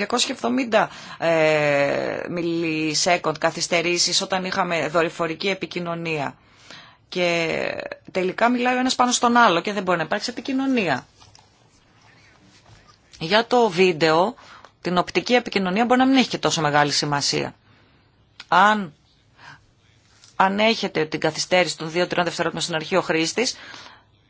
270 ε, μιλισέκοντ καθυστερήσεις όταν είχαμε δορυφορική επικοινωνία. Και τελικά μιλάει ο ένας πάνω στον άλλο και δεν μπορεί να υπάρξει επικοινωνία. Για το βίντεο, την οπτική επικοινωνία μπορεί να μην έχει και τόσο μεγάλη σημασία. Αν αν έχετε την καθυστέρηση των 2-3 δευτερόλεπτων στην αρχή ο χρήστη,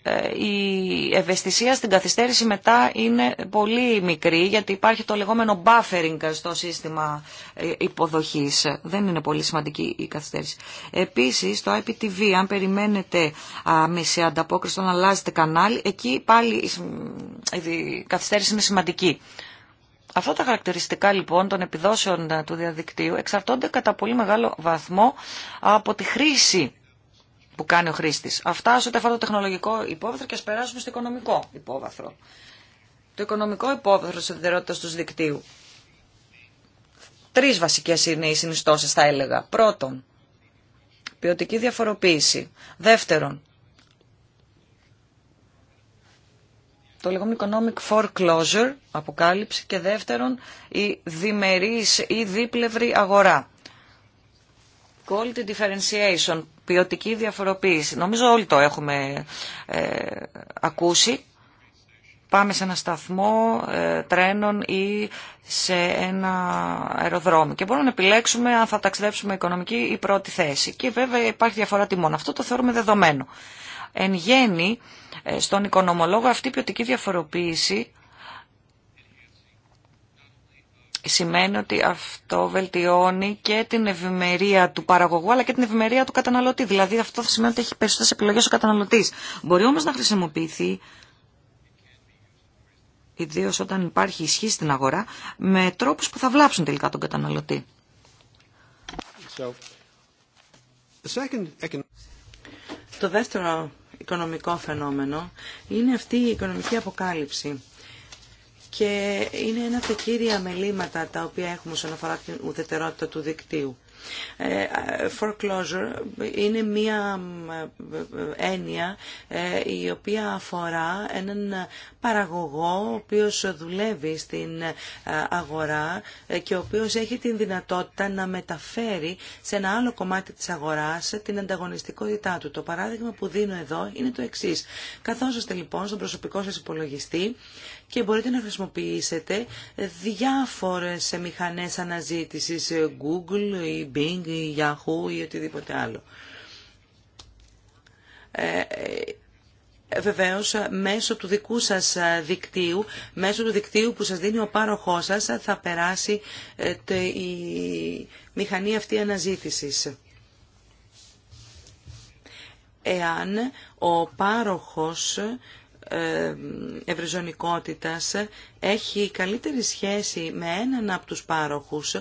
ε, η ευαισθησία στην καθυστέρηση μετά είναι πολύ μικρή γιατί υπάρχει το λεγόμενο buffering στο σύστημα ε, υποδοχής. Δεν είναι πολύ σημαντική η καθυστέρηση. Επίσης το IPTV αν περιμένετε μισή ανταπόκριση όταν αλλάζετε κανάλι εκεί πάλι η καθυστέρηση είναι σημαντική. Αυτά τα χαρακτηριστικά λοιπόν των επιδόσεων ε, του διαδικτύου εξαρτώνται κατά πολύ μεγάλο βαθμό από τη χρήση που κάνει ο χρήστη. Αυτά ό,τι το τεχνολογικό υπόβαθρο και α περάσουμε στο οικονομικό υπόβαθρο. Το οικονομικό υπόβαθρο τη ιδιαιτερότητα του δικτύου. Τρει βασικέ είναι οι συνιστώσει, θα έλεγα. Πρώτον, ποιοτική διαφοροποίηση. Δεύτερον, το λεγόμενο economic foreclosure, αποκάλυψη. Και δεύτερον, η διμερή ή δίπλευρη αγορά. Quality differentiation, ποιοτική διαφοροποίηση. Νομίζω όλοι το έχουμε ε, ακούσει. Πάμε σε ένα σταθμό ε, τρένων ή σε ένα αεροδρόμιο και μπορούμε να επιλέξουμε αν θα ταξιδέψουμε οικονομική ή πρώτη θέση. Και βέβαια υπάρχει διαφορά τιμών. Αυτό το θεωρούμε δεδομένο. Εν γέννη, ε, στον οικονομολόγο αυτή η ποιοτική διαφοροποίηση σημαίνει ότι αυτό βελτιώνει και την ευημερία του παραγωγού αλλά και την ευημερία του καταναλωτή. Δηλαδή αυτό θα σημαίνει ότι έχει περισσότερε επιλογές ο καταναλωτής. Μπορεί όμως να χρησιμοποιηθεί, ιδίω όταν υπάρχει ισχύ στην αγορά, με τρόπους που θα βλάψουν τελικά τον καταναλωτή.
Το
δεύτερο οικονομικό φαινόμενο είναι αυτή η οικονομική αποκάλυψη και είναι ένα από τα κύρια μελήματα τα οποία έχουμε όσον αφορά την ουδετερότητα του δικτύου. Ε, foreclosure είναι μία ε, έννοια ε, η οποία αφορά έναν παραγωγό ο οποίος δουλεύει στην αγορά και ο οποίος έχει την δυνατότητα να μεταφέρει σε ένα άλλο κομμάτι της αγοράς την ανταγωνιστικότητά του. Το παράδειγμα που δίνω εδώ είναι το εξής. είστε λοιπόν στον προσωπικό σας υπολογιστή και μπορείτε να χρησιμοποιήσετε διάφορες μηχανές αναζήτησης, Google ή Bing ή Yahoo ή οτιδήποτε άλλο. Ε, ε, βεβαίως, μέσω του δικού σας δικτύου, μέσω του δικτύου που σας δίνει ο πάροχός σας, θα περάσει ε, η μηχανή αυτή αναζήτησης. Εάν ο πάροχος ε, ευρυζωνικότητας έχει καλύτερη σχέση με έναν από τους πάροχους,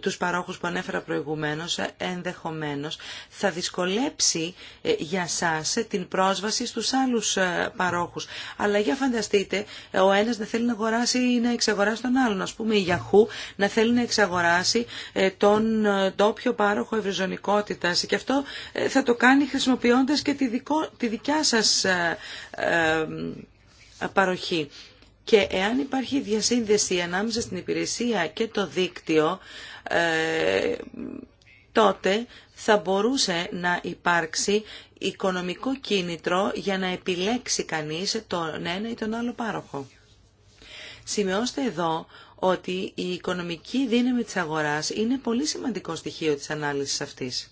τους παρόχους που ανέφερα προηγουμένως, ε, ενδεχομένως θα δυσκολέψει ε, για σας την πρόσβαση στους άλλους ε, παρόχους. Αλλά για φανταστείτε, ο ένας να θέλει να αγοράσει ή να εξαγοράσει τον άλλον. Ας πούμε η Yahoo να θέλει να εξαγοράσει τον τοπιο πάροχο ευρυζωνικότητας και αυτό θα το κάνει χρησιμοποιώντας και τη, δικιά σας παροχή. Και εάν υπάρχει διασύνδεση ανάμεσα στην υπηρεσία και το δίκτυο, ε, τότε θα μπορούσε να υπάρξει οικονομικό κίνητρο για να επιλέξει κανείς τον ένα ή τον άλλο πάροχο. Σημειώστε εδώ ότι η οικονομική δύναμη της αγοράς είναι πολύ σημαντικό στοιχείο της ανάλυσης αυτής.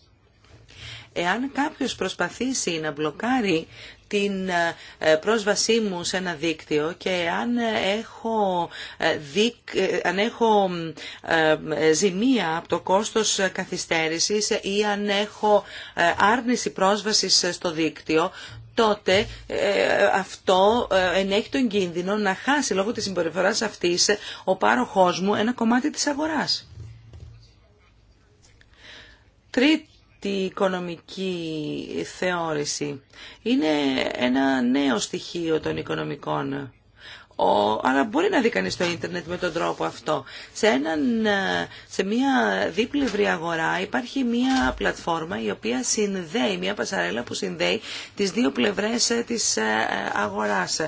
Εάν κάποιος προσπαθήσει να μπλοκάρει την ε, πρόσβασή μου σε ένα δίκτυο και αν έχω, ε, δίκ, ε, αν έχω ζημία από το κόστος καθυστέρησης ή αν έχω άρνηση πρόσβασης στο δίκτυο, τότε αυτό ενέχει τον κίνδυνο να χάσει λόγω της συμπεριφοράς αυτής ο πάροχός μου ένα κομμάτι της αγοράς τη οικονομική θεώρηση. Είναι ένα νέο στοιχείο των οικονομικών. Ο, αλλά μπορεί να δει κανείς το ίντερνετ με τον τρόπο αυτό. Σε, σε μια δίπλευρη αγορά υπάρχει μια πλατφόρμα η οποία συνδέει, μια πασαρέλα που συνδέει τις δύο πλευρές της ε, αγοράς.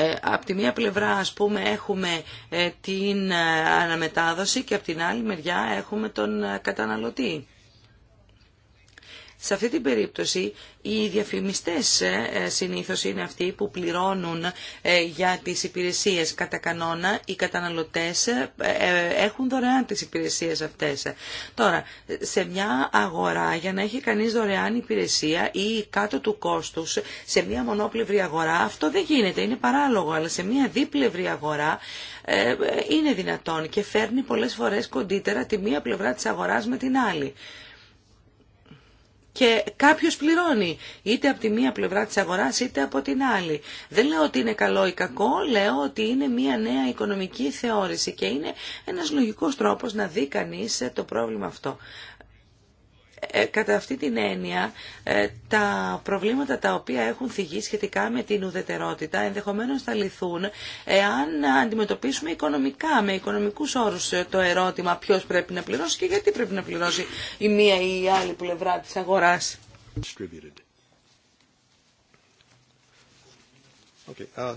Ε, από τη μία πλευρά ας πούμε έχουμε ε, την ε, αναμετάδοση και από την άλλη μεριά έχουμε τον καταναλωτή. Σε αυτή την περίπτωση οι διαφημιστές ε, ε, συνήθως είναι αυτοί που πληρώνουν ε, για τις υπηρεσίες. Κατά κανόνα οι καταναλωτές έχουν δωρεάν τις υπηρεσίες αυτές. Τώρα, σε μια αγορά για να έχει κανείς δωρεάν υπηρεσία ή κάτω του κόστους σε μια μονόπλευρη αγορά αυτό δεν γίνεται, είναι παράλογο, αλλά σε μια δίπλευρη αγορά είναι δυνατόν και φέρνει πολλές φορές κοντύτερα τη μία πλευρά της αγοράς με την άλλη και κάποιος πληρώνει, είτε από τη μία πλευρά της αγοράς είτε από την άλλη. Δεν λέω ότι είναι καλό ή κακό, λέω ότι είναι μια νέα οικονομική θεώρηση και είναι ένας λογικός τρόπος να δει κανείς το πρόβλημα αυτό. Ε, κατά αυτή την έννοια ε, τα προβλήματα τα οποία έχουν θυγεί σχετικά με την ουδετερότητα ενδεχομένως θα λυθούν εάν αντιμετωπίσουμε οικονομικά, με οικονομικούς όρους ε, το ερώτημα ποιος πρέπει να πληρώσει και γιατί πρέπει να πληρώσει η μία ή η άλλη πλευρά της αγοράς. Uh,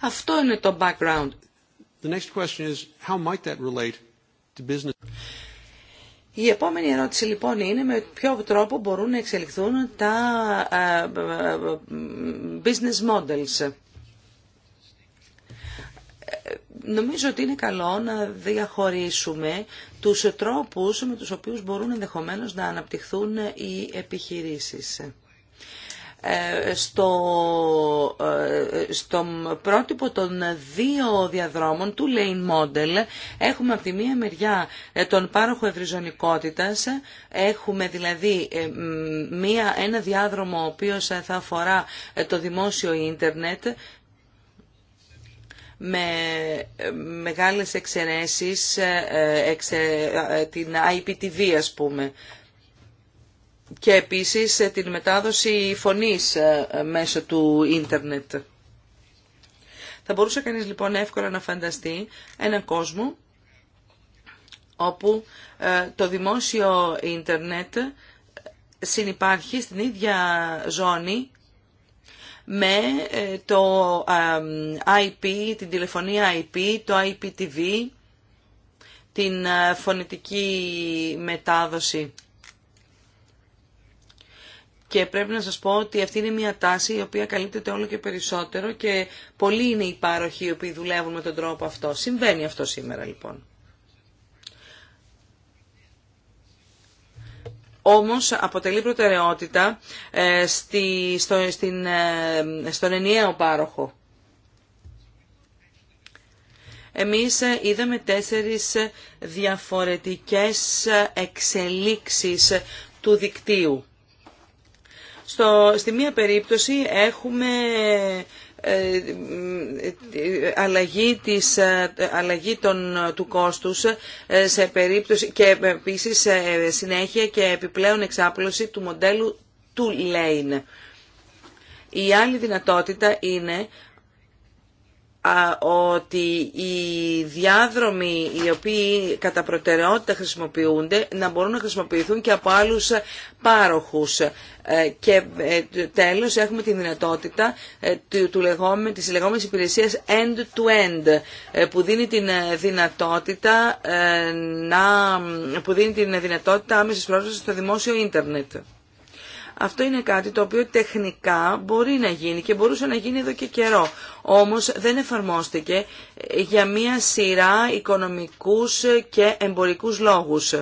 Αυτό είναι το background. The next question is, how might that relate to business? Η επόμενη ερώτηση λοιπόν είναι με ποιο τρόπο μπορούν να εξελιχθούν τα ε, ε, ε, business models. Νομίζω ότι είναι καλό να διαχωρίσουμε τους τρόπους με τους οποίους μπορούν ενδεχομένως να αναπτυχθούν οι επιχειρήσεις. Ε, στο, ε, στο πρότυπο των δύο διαδρόμων του lane model έχουμε από τη μία μεριά ε, τον πάροχο ευρυζωνικότητας έχουμε δηλαδή μία, ένα διάδρομο ο οποίος θα αφορά το δημόσιο ίντερνετ με μεγάλες εξαιρέσεις την IPTV ας πούμε και επίσης ε, την μετάδοση φωνής ε, ε, μέσω του ίντερνετ. Θα μπορούσε κανείς λοιπόν εύκολα να φανταστεί έναν κόσμο όπου το δημόσιο ίντερνετ συνυπάρχει στην ίδια ζώνη με το IP, την τηλεφωνία IP, το IPTV, την φωνητική μετάδοση και πρέπει να σας πω ότι αυτή είναι μια τάση η οποία καλύπτεται όλο και περισσότερο και πολλοί είναι οι πάροχοι οι οποίοι δουλεύουν με τον τρόπο αυτό. Συμβαίνει αυτό σήμερα λοιπόν. όμως αποτελεί προτεραιότητα ε, στη, ε, στον ενιαίο πάροχο. Εμείς ε, είδαμε τέσσερις διαφορετικές εξελίξεις του δικτύου. Στο, στη μία περίπτωση έχουμε ε, ε, αλλαγή, της, ε, αλλαγή των, του κόστους σε περίπτωση και επίσης συνέχεια και επιπλέον εξάπλωση του μοντέλου του Lane. Η άλλη δυνατότητα είναι ότι οι διάδρομοι οι οποίοι κατά προτεραιότητα χρησιμοποιούνται να μπορούν να χρησιμοποιηθούν και από άλλους πάροχους. Ε, και ε, τέλος έχουμε τη δυνατότητα ε, του, της λεγόμενης υπηρεσίας end-to-end που δίνει την δυνατότητα, να, που δίνει την δυνατότητα άμεσης πρόσβασης στο δημόσιο ίντερνετ. Αυτό είναι κάτι το οποίο τεχνικά μπορεί να γίνει και μπορούσε να γίνει εδώ και καιρό. Όμως δεν εφαρμόστηκε για μία σειρά οικονομικούς και εμπορικούς λόγους.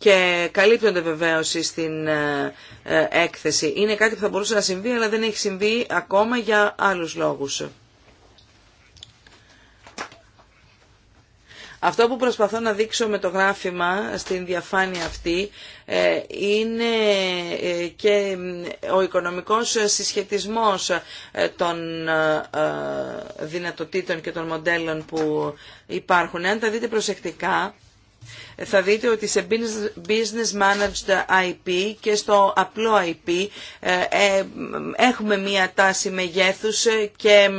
και καλύπτονται βεβαίω στην ε, ε, έκθεση. Είναι κάτι που θα μπορούσε να συμβεί, αλλά δεν έχει συμβεί ακόμα για άλλους λόγους. Αυτό που προσπαθώ να δείξω με το γράφημα στην διαφάνεια αυτή ε, είναι ε, και ε, ο οικονομικός συσχετισμός των δυνατοτήτων και των μοντέλων που υπάρχουν. Αν τα δείτε προσεκτικά, θα δείτε ότι σε Business Managed IP και στο απλό IP έχουμε μία τάση μεγέθους και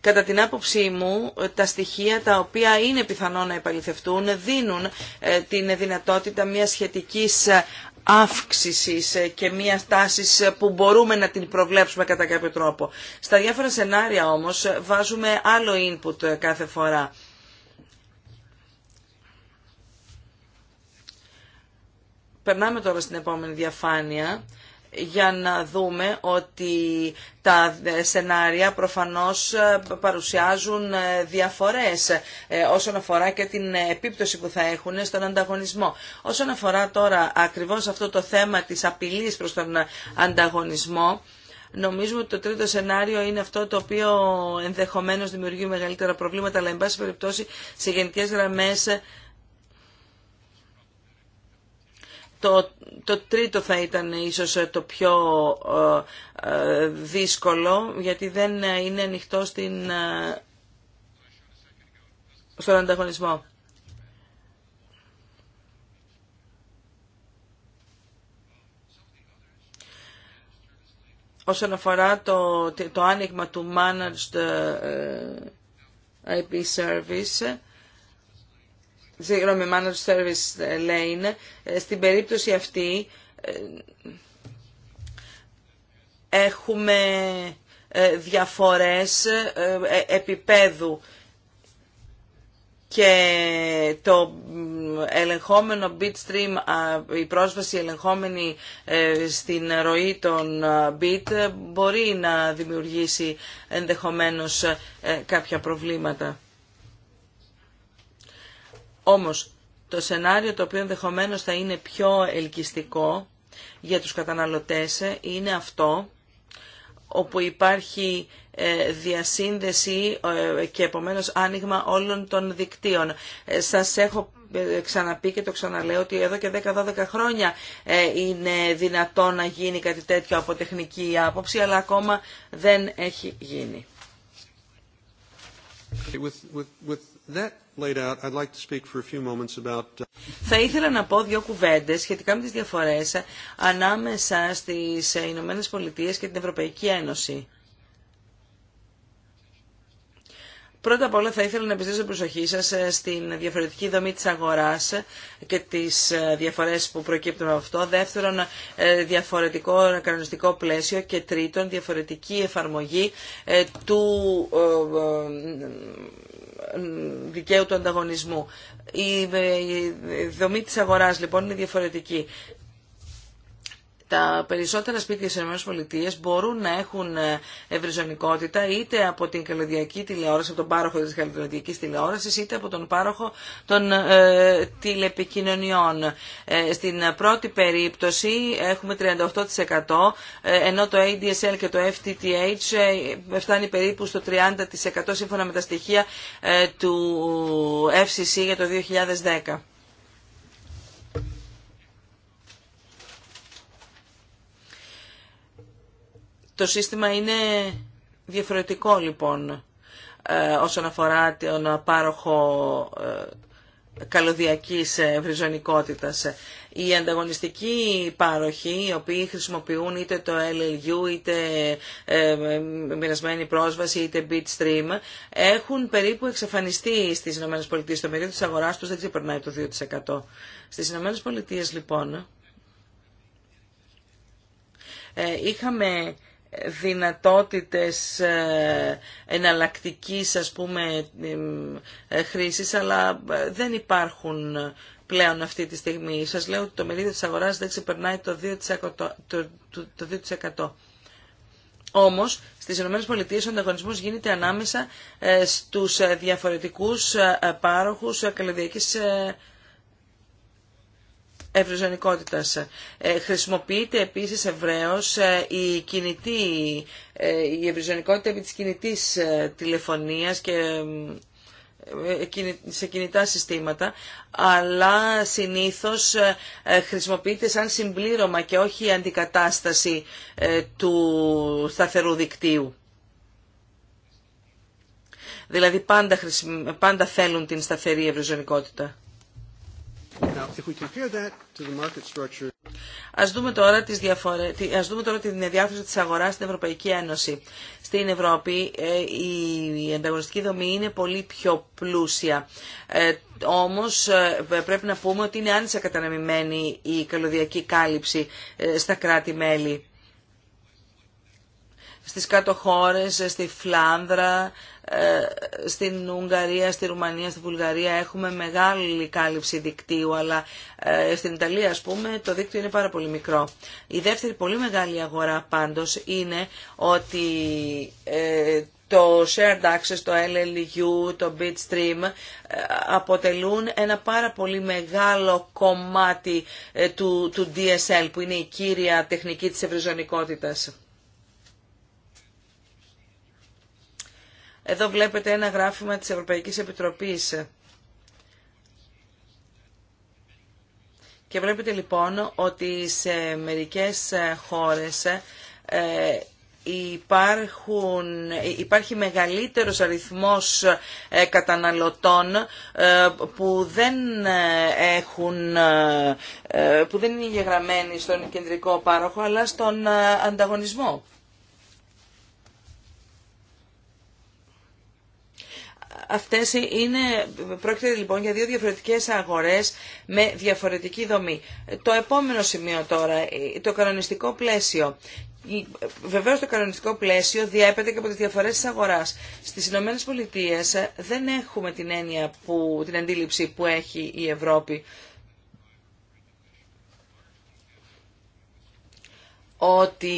Κατά την άποψή μου, τα στοιχεία τα οποία είναι πιθανό να επαληθευτούν δίνουν ε, την δυνατότητα μια σχετική ε, αύξησης ε, και μια τάση που μπορούμε να την προβλέψουμε κατά κάποιο τρόπο. Στα διάφορα σενάρια όμως βάζουμε άλλο input κάθε φορά. Περνάμε τώρα στην επόμενη διαφάνεια για να δούμε ότι τα σενάρια προφανώς ε, παρουσιάζουν ε, διαφορές ε, όσον αφορά και την επίπτωση που θα έχουν στον ανταγωνισμό. Όσον αφορά τώρα ακριβώς αυτό το θέμα της απειλής προς τον ανταγωνισμό, Νομίζουμε ότι το τρίτο σενάριο είναι αυτό το οποίο ενδεχομένως δημιουργεί μεγαλύτερα προβλήματα, αλλά εν πάση περιπτώσει σε γενικές γραμμές Το, το τρίτο θα ήταν ίσως ε, το πιο ε, ε, δύσκολο, γιατί δεν είναι ανοιχτό στην, ε, στον ανταγωνισμό. Όσον αφορά το, το άνοιγμα του Managed IP Service, συγγνώμη, Service ε, Lane, ε, στην περίπτωση αυτή ε, έχουμε διαφορές επίπεδου και το ελεγχόμενο bitstream, η πρόσβαση ελεγχόμενη στην ροή των bit μπορεί να δημιουργήσει ενδεχομένως κάποια προβλήματα. Όμως το σενάριο το οποίο ενδεχομένω θα είναι πιο ελκυστικό για τους καταναλωτές είναι αυτό όπου υπάρχει ε, διασύνδεση ε, και επομένως άνοιγμα όλων των δικτύων. Ε, σας έχω ξαναπεί και το ξαναλέω ότι εδώ και 10-12 χρόνια είναι δυνατό να γίνει κάτι τέτοιο από τεχνική άποψη, αλλά ακόμα δεν έχει γίνει. Uh, θα ήθελα να πω δύο κουβέντε σχετικά με τι διαφορές ανάμεσα στι ε, Ηνωμένε Πολιτείε και την Ευρωπαϊκή Ένωση. Πρώτα απ' όλα θα ήθελα να επιστήσω προσοχή σας ε, στην διαφορετική δομή της αγοράς και τις ε, διαφορές που προκύπτουν από αυτό. Δεύτερον, διαφορετικό κανονιστικό πλαίσιο και τρίτον, διαφορετική εφαρμογή του δικαίου του ανταγωνισμού. Η δομή της αγοράς λοιπόν είναι διαφορετική τα περισσότερα σπίτια στις ΗΠΑ μπορούν να έχουν ε, ευρυζωνικότητα είτε από την καλωδιακή τηλεόραση, από τον πάροχο τη καλωδιακή τηλεόραση, είτε από τον πάροχο των ε, τηλεπικοινωνιών. Ε, στην πρώτη περίπτωση έχουμε 38% ενώ το ADSL και το FTTH φτάνει περίπου στο 30% σύμφωνα με τα στοιχεία του FCC για το 2010. Το σύστημα είναι διαφορετικό λοιπόν ε, όσον αφορά τον πάροχο ε, καλωδιακής ευρυζωνικότητας. Οι ανταγωνιστικοί πάροχοι, οι οποίοι χρησιμοποιούν είτε το LLU, είτε ε, μοιρασμένη πρόσβαση, είτε bitstream, έχουν περίπου εξαφανιστεί στις ΗΠΑ. Το μερίδιο της αγοράς τους δεν ξεπερνάει το 2%. Στις ΗΠΑ, λοιπόν, ε, είχαμε δυνατότητες ε, εναλλακτικής ας πούμε ε, χρήσης αλλά ε, δεν υπάρχουν πλέον αυτή τη στιγμή. Σας λέω ότι το μερίδιο της αγοράς δεν ξεπερνάει το 2%. Το, το 2%. Όμως, στις ΗΠΑ ο ανταγωνισμός γίνεται ανάμεσα στους διαφορετικούς πάροχους καλλιδιακής ε, Χρησιμοποιείται επίσης ευρέως ε, η κινητή, ε, η ευρυζωνικότητα επί της κινητής ε, τηλεφωνίας και σε κινητά συστήματα, αλλά συνήθως χρησιμοποιείται σαν συμπλήρωμα και όχι αντικατάσταση του σταθερού δικτύου. Δηλαδή πάντα, πάντα θέλουν την σταθερή ευρυζωνικότητα. Ας δούμε τώρα, τις διαφορε... Ας δούμε τώρα την διάθεση της αγοράς στην Ευρωπαϊκή Ένωση. Στην Ευρώπη ε, η ανταγωνιστική δομή είναι πολύ πιο πλούσια. Ε, όμως ε, πρέπει να πούμε ότι είναι άνισα καταναμημένη η καλωδιακή κάλυψη στα κράτη-μέλη στις κάτω χώρες, στη Φλάνδρα, ε, στην Ουγγαρία, στη Ρουμανία, στη Βουλγαρία έχουμε μεγάλη κάλυψη δικτύου, αλλά ε, στην Ιταλία ας πούμε το δίκτυο είναι πάρα πολύ μικρό. Η δεύτερη πολύ μεγάλη αγορά πάντως είναι ότι ε, το Shared Access, το LLU, το Bitstream αποτελούν ένα πάρα πολύ μεγάλο κομμάτι του, του DSL που είναι η κύρια τεχνική της ευρυζωνικότητας. Εδώ βλέπετε ένα γράφημα της Ευρωπαϊκής Επιτροπής. Και βλέπετε λοιπόν ότι σε μερικές χώρες ε, υπάρχουν, υπάρχει μεγαλύτερος αριθμός ε, καταναλωτών ε, που δεν έχουν που δεν είναι γεγραμμένοι στον κεντρικό πάροχο αλλά στον ανταγωνισμό. Αυτές είναι, πρόκειται λοιπόν για δύο διαφορετικές αγορές με διαφορετική δομή. Το επόμενο σημείο τώρα, το κανονιστικό πλαίσιο. Βεβαίω το κανονιστικό πλαίσιο διέπεται και από τι διαφορέ τη αγορά. Στι Ηνωμένε Πολιτείε δεν έχουμε την έννοια που, την αντίληψη που έχει η Ευρώπη ότι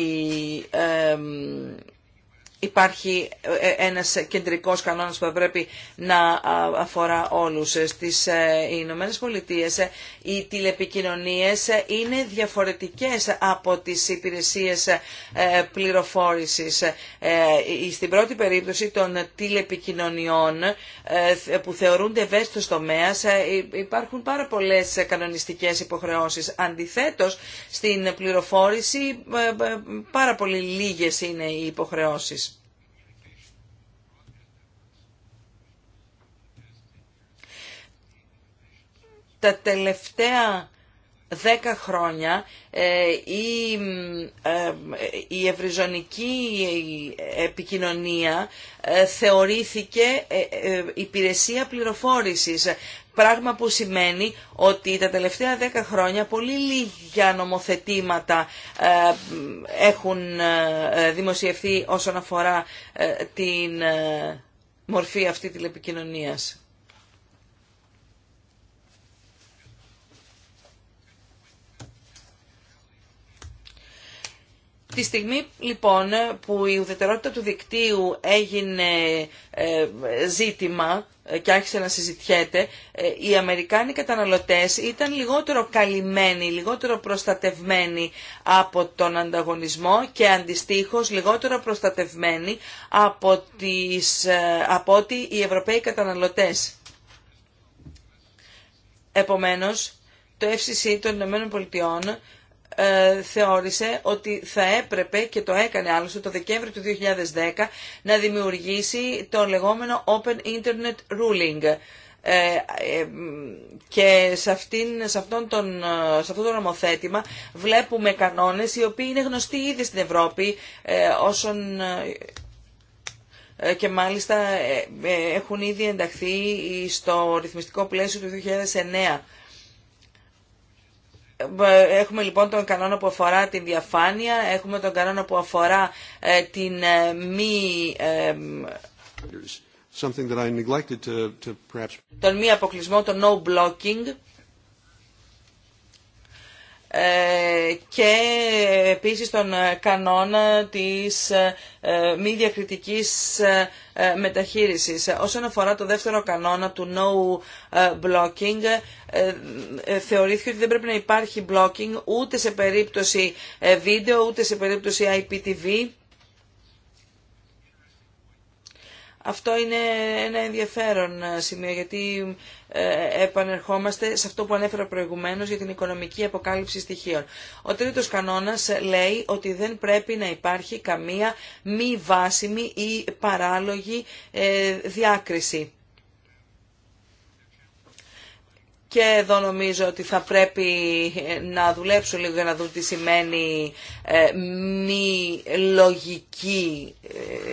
υπάρχει ε, ε, ένας κεντρικός κανόνας που πρέπει να αφορά όλους. Στις ε, Ηνωμένες Πολιτείες οι τηλεπικοινωνίες είναι διαφορετικές από τις υπηρεσίες πληροφόρησης. Στην πρώτη περίπτωση των τηλεπικοινωνιών που θεωρούνται ευαίσθητος τομέα, υπάρχουν πάρα πολλές κανονιστικές υποχρεώσεις. Αντιθέτως στην πληροφόρηση πάρα πολύ λίγες είναι οι υποχρεώσεις. τα τελευταία δέκα χρόνια ε, η, ε, η ευρυζωνική επικοινωνία ε, θεωρήθηκε υπηρεσία πληροφόρησης. Πράγμα που σημαίνει ότι τα τελευταία δέκα χρόνια πολύ λίγα νομοθετήματα έχουν δημοσιευθεί όσον αφορά την μορφή αυτή τηλεπικοινωνίας. Τη στιγμή λοιπόν που η ουδετερότητα του δικτύου έγινε ε, ζήτημα ε, και άρχισε να συζητιέται, ε, οι Αμερικάνοι καταναλωτές ήταν λιγότερο καλυμμένοι, λιγότερο προστατευμένοι από τον ανταγωνισμό και αντιστοίχως λιγότερο προστατευμένοι από, τις, από ότι οι Ευρωπαίοι καταναλωτές. Επομένως, το FCC των Ηνωμένων ε, θεώρησε ότι θα έπρεπε και το έκανε άλλωστε το Δεκέμβριο του 2010 να δημιουργήσει το λεγόμενο Open Internet Ruling. Ε, ε, και σε, αυτήν, σε, αυτόν τον, σε αυτό το νομοθέτημα βλέπουμε κανόνες οι οποίοι είναι γνωστοί ήδη στην Ευρώπη όσον και μάλιστα έχουν ήδη ενταχθεί στο ρυθμιστικό πλαίσιο του 2009. Έχουμε λοιπόν τον κανόνα που αφορά την διαφάνεια, έχουμε τον κανόνα που αφορά ε, την ε, μη... Ε,
that I neglected to, to perhaps...
τον μη αποκλεισμό, το no blocking ε, και επίσης τον κανόνα της ε, μη διακριτικής ε, μεταχείρισης. Όσον αφορά το δεύτερο κανόνα του no blocking, θεωρήθηκε ότι δεν πρέπει να υπάρχει blocking ούτε σε περίπτωση βίντεο, ούτε σε περίπτωση IPTV Αυτό είναι ένα ενδιαφέρον ε, σημείο γιατί ε, επανερχόμαστε σε αυτό που ανέφερα προηγουμένως για την οικονομική αποκάλυψη στοιχείων. Ο τρίτος κανόνας ε, λέει ότι δεν πρέπει να υπάρχει καμία μη βάσιμη ή παράλογη διάκριση. Και εδώ νομίζω ότι θα πρέπει ε, να δουλέψω λίγο για να δω τι σημαίνει ε, μη λογική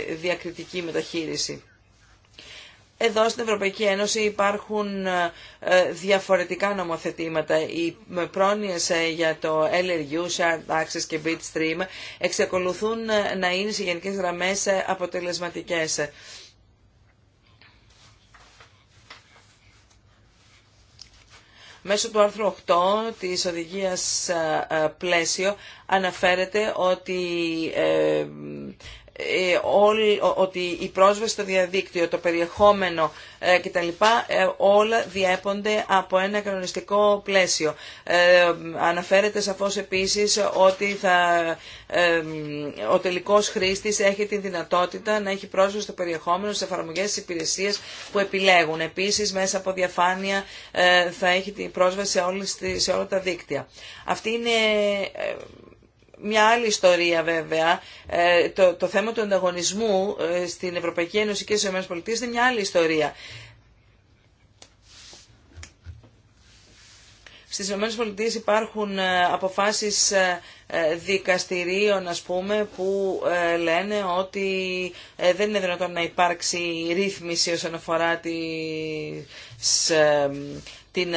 ε, διακριτική μεταχείριση. Εδώ στην Ευρωπαϊκή Ένωση υπάρχουν διαφορετικά νομοθετήματα. Οι πρόνοιες για το LRU, Shared Access και Bitstream εξακολουθούν να είναι σε γενικές γραμμές αποτελεσματικές. Μέσω του άρθρου 8 της οδηγίας ε, ε, πλαίσιο αναφέρεται ότι ε, ε, ότι η πρόσβαση στο διαδίκτυο, το περιεχόμενο ε, κτλ. Ε, όλα διέπονται από ένα κανονιστικό πλαίσιο. Αναφέρεται σαφώς επίσης ότι θα, ο τελικός χρήστης έχει την δυνατότητα να έχει πρόσβαση στο περιεχόμενο, στις εφαρμογές, στις υπηρεσίες που επιλέγουν. Επίσης μέσα από διαφάνεια θα έχει την πρόσβαση σε όλα τα δίκτυα. Αυτή είναι μια άλλη ιστορία βέβαια. Ε, το, το θέμα του ανταγωνισμού ε, στην Ευρωπαϊκή Ένωση και στις ΗΠΑ είναι μια άλλη ιστορία. Στις ΗΠΑ υπάρχουν ε, αποφάσεις δικαστηρίων πούμε που λένε ότι δεν είναι δυνατόν να υπάρξει ρύθμιση όσον αφορά την,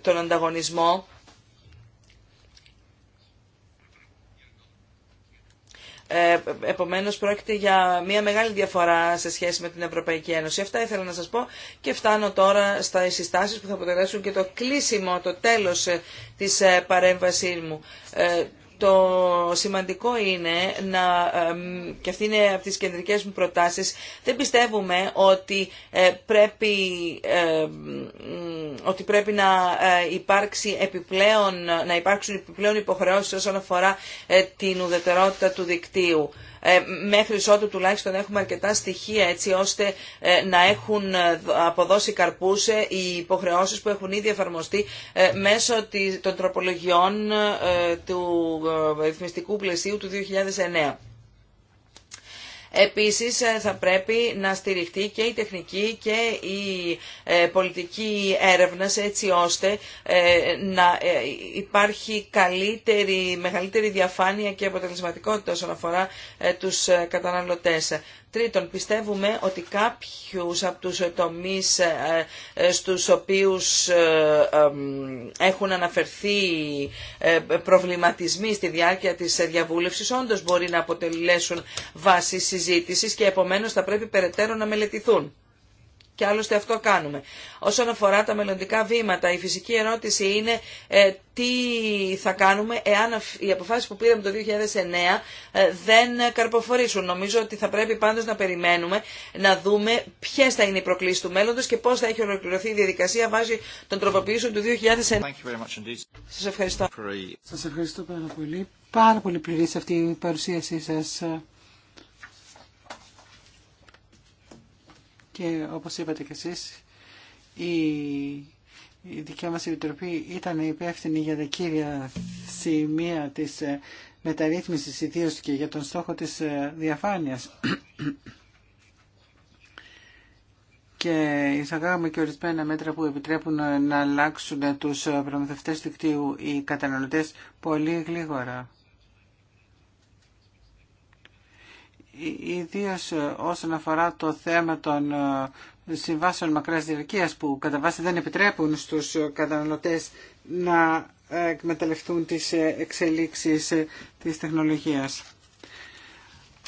τον ανταγωνισμό Ε, επομένως πρόκειται για μια μεγάλη διαφορά σε σχέση με την Ευρωπαϊκή Ένωση. Αυτά ήθελα να σας πω και φτάνω τώρα στα συστάσεις που θα αποτελέσουν και το κλείσιμο, το τέλος ε, της ε, παρέμβασής μου. Το σημαντικό είναι να, και αυτή είναι από τις κεντρικές μου προτάσεις, δεν πιστεύουμε ότι ε, πρέπει, ότι πρέπει να, ε, υπάρξει επιπλέον, να υπάρξουν επιπλέον υποχρεώσεις όσον αφορά ε, την ουδετερότητα του δικτύου. Ε, μέχρι ότου τουλάχιστον έχουμε αρκετά στοιχεία έτσι ώστε ε, να έχουν ε, αποδώσει καρπούσε οι υποχρεώσεις που έχουν ήδη εφαρμοστεί μέσω των τροπολογιών του ρυθμιστικού πλαισίου του 2009. Επίσης ε, θα πρέπει να στηριχτεί και η τεχνική και η ε, πολιτική έρευνα, έτσι ώστε ε, να υπάρχει καλύτερη, μεγαλύτερη διαφάνεια και αποτελεσματικότητα όσον αφορά τους καταναλωτές. Τρίτον, πιστεύουμε ότι κάποιους από τους τομείς ε, ε, στους οποίους ε, έχουν αναφερθεί προβληματισμοί στη διάρκεια της διαβούλευσης όντως μπορεί να αποτελέσουν βάση συζήτησης και επομένως θα πρέπει περαιτέρω να μελετηθούν. Και άλλωστε αυτό κάνουμε. Όσον αφορά τα μελλοντικά βήματα, η φυσική ερώτηση είναι ε, τι θα κάνουμε εάν οι αποφάσεις που πήραμε το 2009 ε, δεν καρποφορήσουν. Νομίζω ότι θα πρέπει πάντως να περιμένουμε να δούμε ποιες θα είναι οι προκλήσεις του μέλλοντος και πώς θα έχει ολοκληρωθεί η διαδικασία βάσει των τροποποιήσεων του 2009.
Σας ευχαριστώ. Σας ευχαριστώ πάρα πολύ. Πάρα πολύ πληρή αυτή η παρουσίασή σας. και όπως είπατε και εσείς η, η δικιά μας επιτροπή ήταν υπεύθυνη για τα κύρια σημεία της ε, μεταρρύθμισης ιδίω και για τον στόχο της ε, διαφάνειας. και εισαγάγαμε και ορισμένα μέτρα που επιτρέπουν ε, να αλλάξουν τους προμηθευτές του κτίου οι καταναλωτές πολύ γλίγορα. Ιδίω ε, όσον αφορά το θέμα των ε, συμβάσεων μακρά διαρκείας που κατά βάση δεν επιτρέπουν στους ε, καταναλωτές να εκμεταλλευτούν τι εξελίξεις της τεχνολογίας.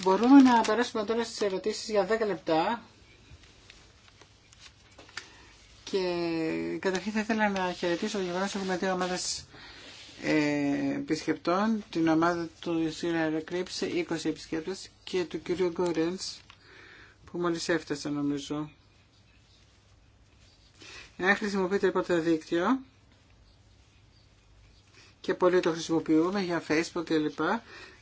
Μπορούμε να περάσουμε τώρα στις ερωτήσεις για 10 λεπτά. Και καταρχήν θα ήθελα να χαιρετήσω το γεγονός ότι έχουμε δύο ομάδες ε, επισκεπτών, την ομάδα του Σίλαρα 20 επισκέπτες και του κυρίου Γκόρενς που μόλις έφτασε νομίζω. Εάν χρησιμοποιείτε λοιπόν το δίκτυο και πολλοί το χρησιμοποιούμε για facebook κλπ.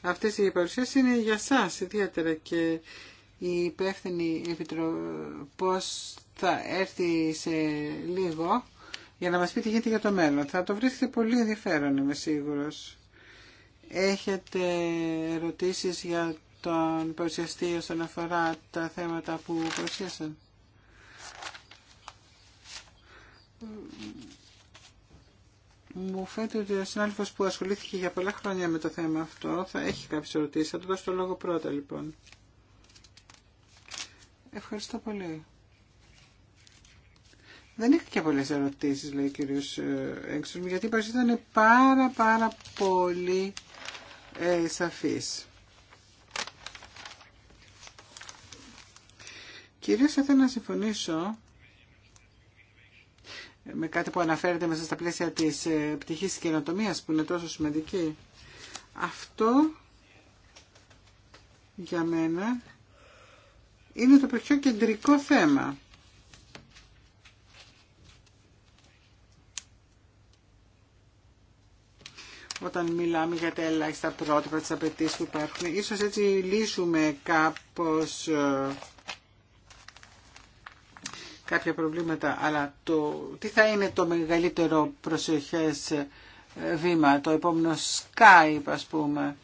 Αυτές οι παρουσίες είναι για σας ιδιαίτερα και η υπεύθυνη πώς θα έρθει σε λίγο για να μας πείτε γιατί για το μέλλον. Θα το βρίσκετε πολύ ενδιαφέρον, είμαι σίγουρος. Έχετε ερωτήσεις για τον παρουσιαστή όσον αφορά τα θέματα που παρουσίασαν. Μου φαίνεται ότι ο συνάδελφος που ασχολήθηκε για πολλά χρόνια με το θέμα αυτό θα έχει κάποιες ερωτήσεις. Θα του δώσω το λόγο πρώτα λοιπόν. Ευχαριστώ πολύ. Δεν είχα και πολλές ερωτήσεις, λέει ο κύριος ε, Έξουρμ, γιατί ήταν πάρα πάρα πολύ ε, σαφής. Κυρίως θα ήθελα να συμφωνήσω με κάτι που αναφέρεται μέσα στα πλαίσια της ε, πτυχής καινοτομίας που είναι τόσο σημαντική. Αυτό για μένα είναι το πιο κεντρικό θέμα. όταν μιλάμε για τα ελάχιστα πρότυπα, τι απαιτήσει που υπάρχουν. Ίσως έτσι λύσουμε κάπως ε, κάποια προβλήματα, αλλά το, τι θα είναι το μεγαλύτερο προσεχές ε, βήμα, το επόμενο Skype ας πούμε,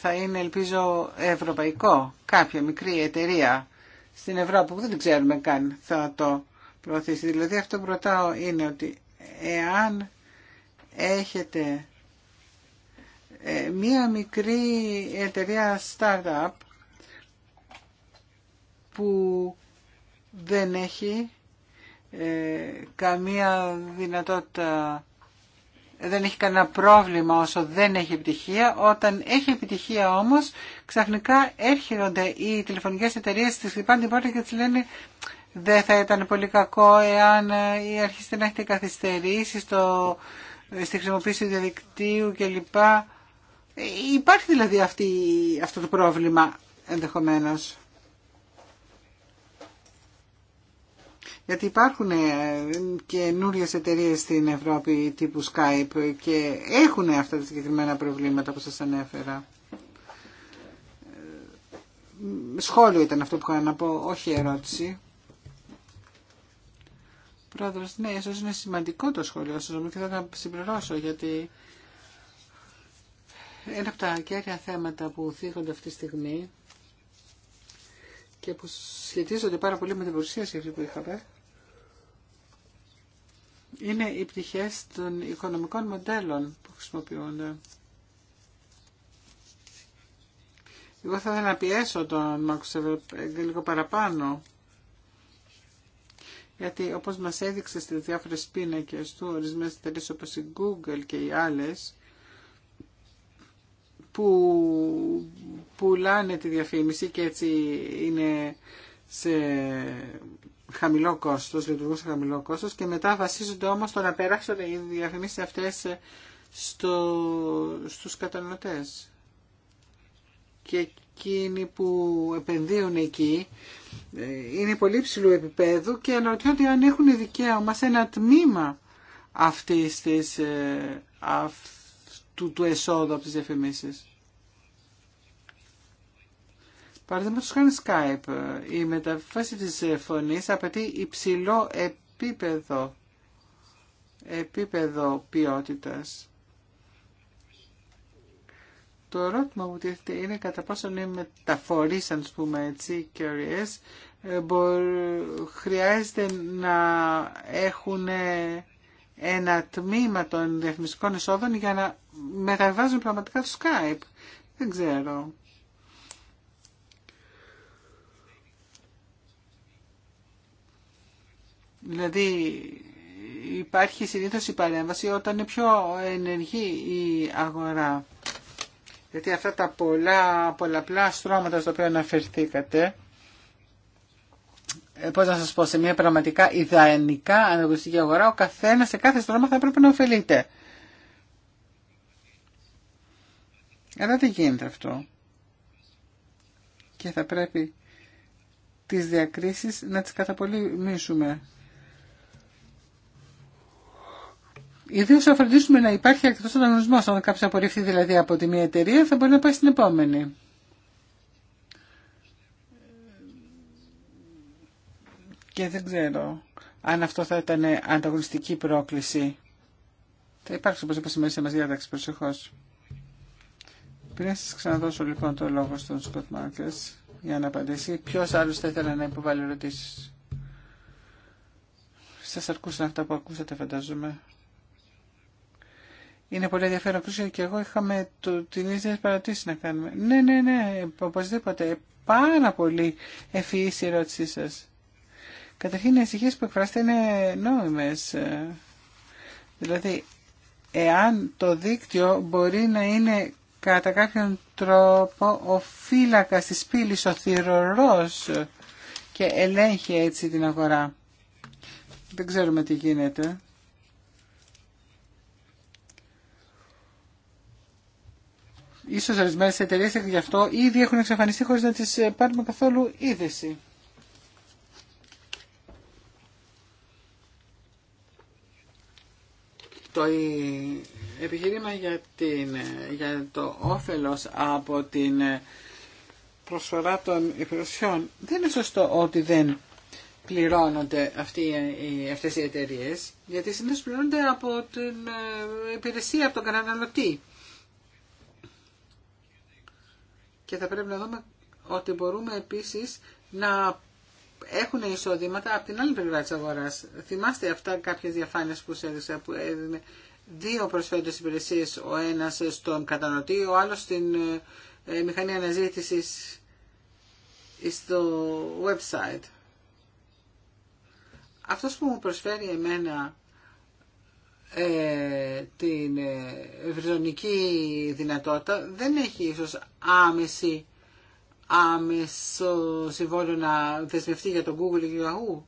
θα είναι ελπίζω ευρωπαϊκό, κάποια μικρή εταιρεία στην Ευρώπη που δεν ξέρουμε καν θα το προωθήσει. Δηλαδή αυτό που ρωτάω είναι ότι εάν έχετε ε, μία μικρή εταιρεία startup που δεν έχει ε, καμία δυνατότητα δεν έχει κανένα πρόβλημα όσο δεν έχει επιτυχία. Όταν έχει επιτυχία όμως, ξαφνικά έρχονται οι τηλεφωνικές εταιρείες, τις χτυπάνε την πόρτα και τις λένε δεν θα ήταν πολύ κακό εάν ή ε, αρχίσετε να έχετε καθυστερήσει στο, στη χρησιμοποίηση του διαδικτύου κλπ. Υπάρχει δηλαδή αυτή, αυτό το πρόβλημα ενδεχομένως. Γιατί υπάρχουν ε, καινούριε εταιρείε στην Ευρώπη τύπου Skype και έχουν αυτά τα συγκεκριμένα προβλήματα που σας ανέφερα. Σχόλιο ήταν αυτό που είχα να πω, όχι ερώτηση. Πρόεδρος, ναι, ίσως είναι σημαντικό το σχόλιο σας, και θα τα συμπληρώσω, γιατί ένα από τα κέρια θέματα που θίγονται αυτή τη στιγμή και που σχετίζονται πάρα πολύ με την παρουσίαση αυτή που είχαμε είναι οι πτυχές των οικονομικών μοντέλων που χρησιμοποιούνται. Εγώ θα ήθελα να πιέσω τον Μάρκο λίγο παραπάνω. Γιατί όπως μας έδειξε στις διάφορες πίνακες του, ορισμένες εταιρείες όπως η Google και οι άλλες, που πουλάνε τη διαφήμιση και έτσι είναι σε χαμηλό κόστος, λειτουργούν σε χαμηλό κόστος και μετά βασίζονται όμως στο να περάσουν οι διαφημίσεις αυτές στο, στους καταναλωτές. Και εκείνοι που επενδύουν εκεί ε, είναι πολύ ψηλού επίπεδου και αναρωτιόνται αν έχουν δικαίωμα σε ένα τμήμα αυτής της, ε, του, του εσόδου από τις διαφημίσεις. Παραδείγματος χάνει Skype. Η μεταφραση της φωνής απαιτεί υψηλό επίπεδο, επίπεδο ποιότητας. Το ερώτημα που τίθεται είναι κατά πόσο οι μεταφορείς, αν πούμε έτσι, κυρίες, ε, χρειάζεται να έχουν ένα τμήμα των διαφημιστικών εσόδων για να μεταβάζουν πραγματικά το Skype. Δεν ξέρω. Δηλαδή υπάρχει συνήθως η παρέμβαση όταν είναι πιο ενεργή η αγορά. Γιατί αυτά τα πολλά, πολλαπλά στρώματα στο οποίο αναφερθήκατε, ε, πώς να σας πω, σε μια πραγματικά ιδανικά αναγνωστική αγορά, ο καθένας σε κάθε στρώμα θα πρέπει να ωφελείται. Αλλά δεν γίνεται αυτό. Και θα πρέπει τις διακρίσεις να τις καταπολεμήσουμε. Ιδίω θα φροντίσουμε να υπάρχει αρκετό ανταγωνισμό. Αν κάποιο απορριφθεί δηλαδή από τη μία εταιρεία, θα μπορεί να πάει στην επόμενη. Και δεν ξέρω αν αυτό θα ήταν ανταγωνιστική πρόκληση. Θα υπάρξει, όπω είπα, σήμερα σε μα διάταξη πριν να σας ξαναδώσω λοιπόν το λόγο στον Σκοτ Μάρκε για να απαντήσει, Ποιο άλλο θα ήθελε να υποβάλει ερωτήσει. σα αρκούσαν αυτά που ακούσατε φαντάζομαι. Είναι πολύ ενδιαφέρον ακούσατε και εγώ είχαμε το, την ίδια παρατήρηση να κάνουμε. Ναι, ναι, ναι, οπωσδήποτε. Πάρα πολύ ευφυή η ερώτησή σα. Καταρχήν οι ανησυχίε που εκφράσετε είναι νόμιμε. Δηλαδή, εάν το δίκτυο μπορεί να είναι Κατά κάποιον τρόπο ο φύλακα της πύλης ο θυρωρός και ελέγχει έτσι την αγορά. Δεν ξέρουμε τι γίνεται. Ίσως ορισμένες εταιρείες γι' αυτό ήδη έχουν εξαφανιστεί χωρίς να τις ε, πάρουμε καθόλου είδηση. το επιχειρήμα για, την, για το όφελος από την προσφορά των υπηρεσιών. Δεν είναι σωστό ότι δεν πληρώνονται αυτοί, αυτές οι εταιρείε, γιατί συνήθως πληρώνονται από την ε, υπηρεσία, από τον καταναλωτή. Και θα πρέπει να δούμε ότι μπορούμε επίσης να έχουν εισόδηματα από την άλλη πλευρά της αγοράς. Θυμάστε αυτά κάποιες διαφάνειες που που έδινε δύο προσφέροντε υπηρεσίε, ο ένα στον κατανοτή, ο άλλο στην ε, μηχανή αναζήτηση στο website. Αυτός που μου προσφέρει εμένα ε, την ευρυζωνική δυνατότητα δεν έχει ίσως άμεση άμεσο συμβόλαιο να δεσμευτεί για τον Google ή Yahoo.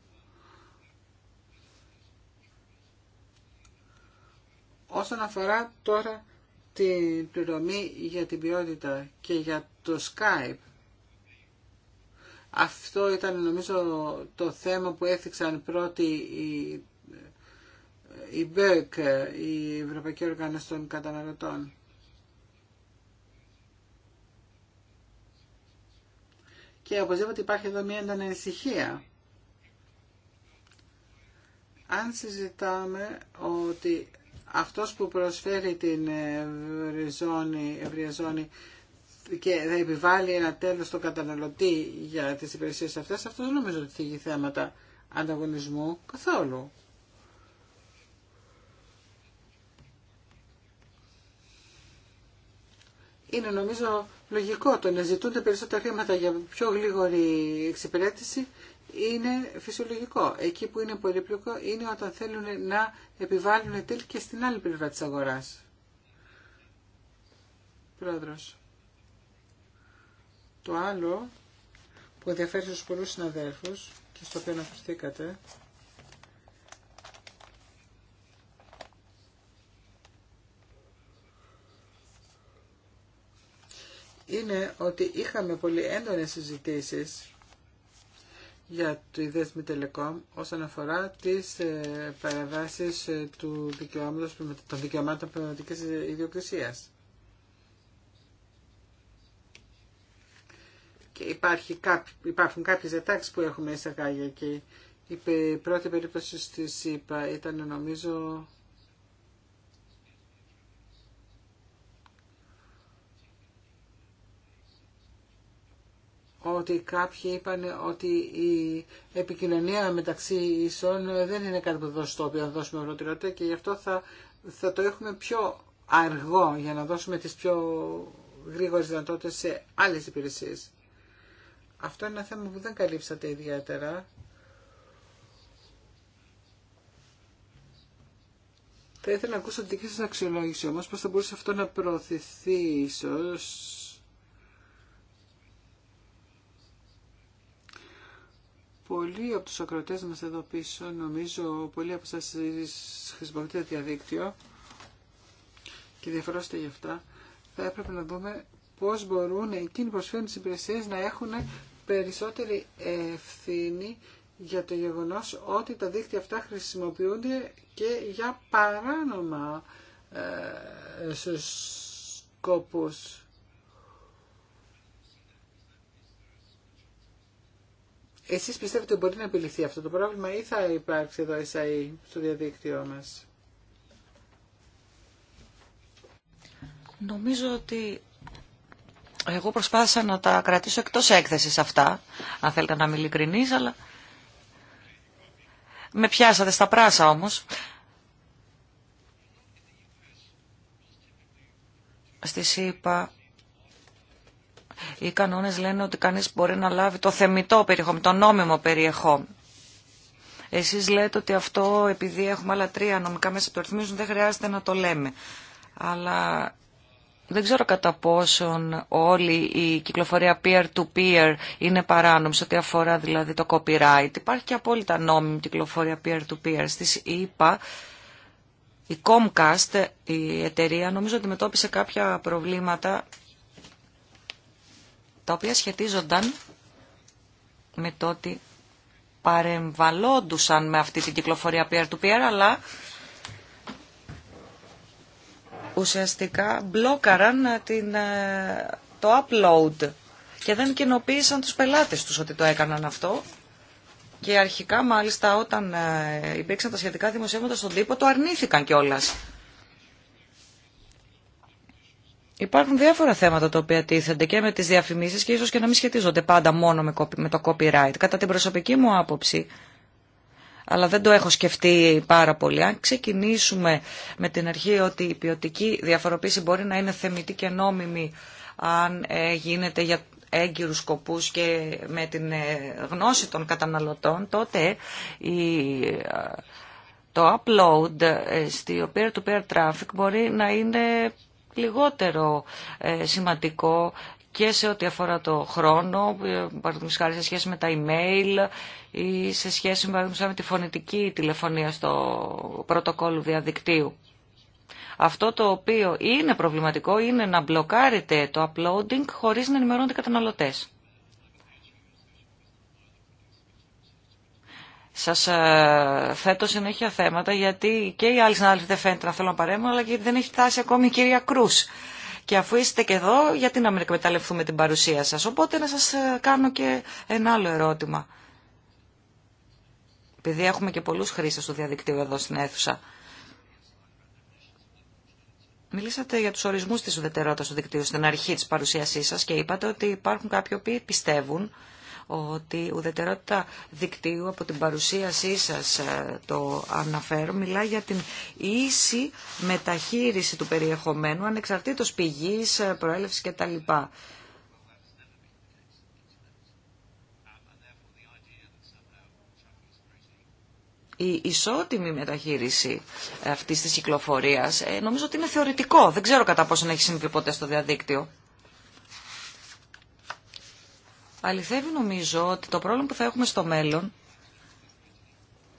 Όσον αφορά τώρα την πληρωμή για την ποιότητα και για το Skype, αυτό ήταν νομίζω το θέμα που έθιξαν πρώτοι οι, οι η Ευρωπαϊκή Οργάνωση των Καταναλωτών. Και οπωσδήποτε υπάρχει εδώ μια ανησυχία. Αν συζητάμε ότι αυτός που προσφέρει την ευρυζώνη, και θα επιβάλλει ένα τέλος στον καταναλωτή για τις υπηρεσίες αυτές, αυτό δεν νομίζω ότι θίγει θέματα ανταγωνισμού καθόλου. Είναι νομίζω λογικό το να ζητούνται περισσότερα χρήματα για πιο γλίγορη εξυπηρέτηση είναι φυσιολογικό. Εκεί που είναι πολύπλοκο είναι όταν θέλουν να επιβάλλουν τέλη και στην άλλη πλευρά της αγοράς. Πρόεδρος. Το άλλο που ενδιαφέρει στους πολλούς συναδέλφους και στο οποίο αναφερθήκατε είναι ότι είχαμε πολύ έντονες συζητήσεις για το με Τελεκόμ όσον αφορά τις ε, παραβάσεις ε, του δικαιώματος, των δικαιωμάτων πνευματικής ιδιοκτησίας. Και υπάρχει κάποι, υπάρχουν κάποιες διατάξεις που έχουμε εισαγάγει εκεί. Η πρώτη περίπτωση στη ΣΥΠΑ ήταν νομίζω ότι κάποιοι είπαν ότι η επικοινωνία μεταξύ ίσων δεν είναι κάτι που δώσει το οποίο δώσουμε ολοκληρωτέ και γι' αυτό θα, θα το έχουμε πιο αργό για να δώσουμε τις πιο γρήγορες δυνατότητες σε άλλες υπηρεσίες. Αυτό είναι ένα θέμα που δεν καλύψατε ιδιαίτερα. Θα ήθελα να ακούσω τη δική σας αξιολόγηση όμως πώς θα μπορούσε αυτό να προωθηθεί ίσως πολλοί από τους ακροτές μας εδώ πίσω, νομίζω πολλοί από εσάς χρησιμοποιείτε διαδίκτυο και διαφορώστε γι' αυτά, θα έπρεπε να δούμε πώς μπορούν εκείνοι που προσφέρουν τις υπηρεσίες να έχουν περισσότερη ευθύνη για το γεγονός ότι τα δίκτυα αυτά χρησιμοποιούνται και για παράνομα ε, σκοπούς. Εσεί πιστεύετε ότι μπορεί να επιληθεί αυτό το πρόβλημα ή θα υπάρξει εδώ SAE στο διαδίκτυό μα.
Νομίζω ότι εγώ προσπάθησα να τα κρατήσω εκτός έκθεσης αυτά, αν θέλετε να είμαι ειλικρινής, αλλά με πιάσατε στα πράσα όμως. Στη ΣΥΠΑ οι κανόνες λένε ότι κανείς μπορεί να λάβει το θεμητό περιεχόμενο, το νόμιμο περιεχόμενο. Εσείς λέτε ότι αυτό επειδή έχουμε άλλα τρία νομικά μέσα που το δεν χρειάζεται να το λέμε. Αλλά δεν ξέρω κατά πόσον όλη η κυκλοφορία peer-to-peer -peer είναι ειναι ό,τι αφορά δηλαδή το copyright. Υπάρχει και απόλυτα νόμιμη κυκλοφορία peer-to-peer. ΕΙΠΑ η Comcast, η εταιρεία, νομίζω ότι μετώπισε κάποια προβλήματα τα οποία σχετίζονταν με το ότι παρεμβαλόντουσαν με αυτή την κυκλοφορία peer-to-peer, αλλά ουσιαστικά μπλόκαραν την, ε, το upload και δεν κοινοποίησαν τους πελάτες τους ότι το έκαναν αυτό. Και αρχικά μάλιστα όταν ε, υπήρξαν τα σχετικά δημοσιεύματα στον τύπο το αρνήθηκαν κιόλας Υπάρχουν διάφορα θέματα τα οποία τίθενται και με τις διαφημίσεις και ίσως και να μην σχετίζονται πάντα μόνο με το copyright. Κατά την προσωπική μου άποψη, αλλά δεν το έχω σκεφτεί πάρα πολύ, αν ξεκινήσουμε με την αρχή ότι η ποιοτική διαφοροποίηση μπορεί να είναι θεμητή και νόμιμη αν ε, γίνεται για έγκυρους σκοπούς και με την ε, γνώση των καταναλωτών, τότε η, ε, το upload στο peer to -peer traffic μπορεί να είναι λιγότερο ε, σημαντικό και σε ό,τι αφορά το χρόνο, ε, παραδείγματος χάρη σε σχέση με τα email ή σε σχέση με τη φωνητική τηλεφωνία στο πρωτοκόλλου διαδικτύου. Αυτό το οποίο είναι προβληματικό είναι να μπλοκάρετε το uploading χωρίς να ενημερώνετε καταναλωτές. Σας ε, θέτω συνέχεια θέματα γιατί και οι άλλοι συνάδελφοι δεν φαίνεται να θέλουν να παρέμουν αλλά γιατί δεν έχει φτάσει ακόμη η κυρία Κρούς. Και αφού είστε και εδώ, γιατί να μην εκμεταλλευτούμε την παρουσία σας. Οπότε να σας ε, κάνω και ένα άλλο ερώτημα. Επειδή έχουμε και πολλούς χρήστες του διαδικτύου εδώ στην αίθουσα. Μιλήσατε για τους ορισμούς της ουδετερότητας του δικτύου στην αρχή της παρουσίασής σας και είπατε ότι υπάρχουν κάποιοι οποίοι πιστεύουν ότι η ουδετερότητα δικτύου από την παρουσίασή σας ε, το αναφέρω, μιλά για την ίση μεταχείριση του περιεχομένου ανεξαρτήτως πηγής, ε, προέλευσης κτλ. η ισότιμη μεταχείριση αυτή της κυκλοφορίας ε, νομίζω ότι είναι θεωρητικό. Δεν ξέρω κατά πόσο έχει συμβεί ποτέ στο διαδίκτυο αληθεύει νομίζω ότι το πρόβλημα που θα έχουμε στο μέλλον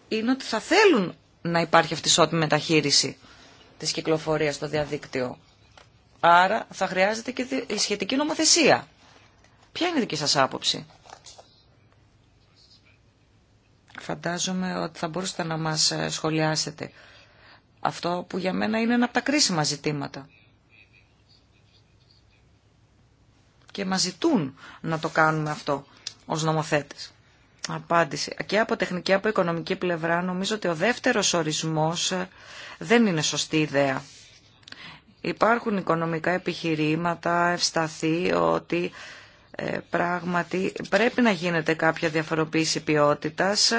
είναι ότι θα θέλουν να υπάρχει αυτή η μεταχείριση της κυκλοφορίας στο διαδίκτυο. Άρα θα χρειάζεται και η σχετική νομοθεσία. Ποια είναι η δική σας άποψη. Φαντάζομαι ότι θα μπορούσατε να μας ε, σχολιάσετε. Αυτό που για μένα είναι ένα από τα κρίσιμα ζητήματα. και μας ζητούν να το κάνουμε αυτό ως νομοθέτες. Απάντηση. Και από τεχνική από οικονομική πλευρά νομίζω ότι ο δεύτερος ορισμός ε, δεν είναι σωστή ιδέα. Υπάρχουν οικονομικά επιχειρήματα, ευσταθεί ότι ε, πράγματι πρέπει να γίνεται κάποια διαφοροποίηση ποιότητας,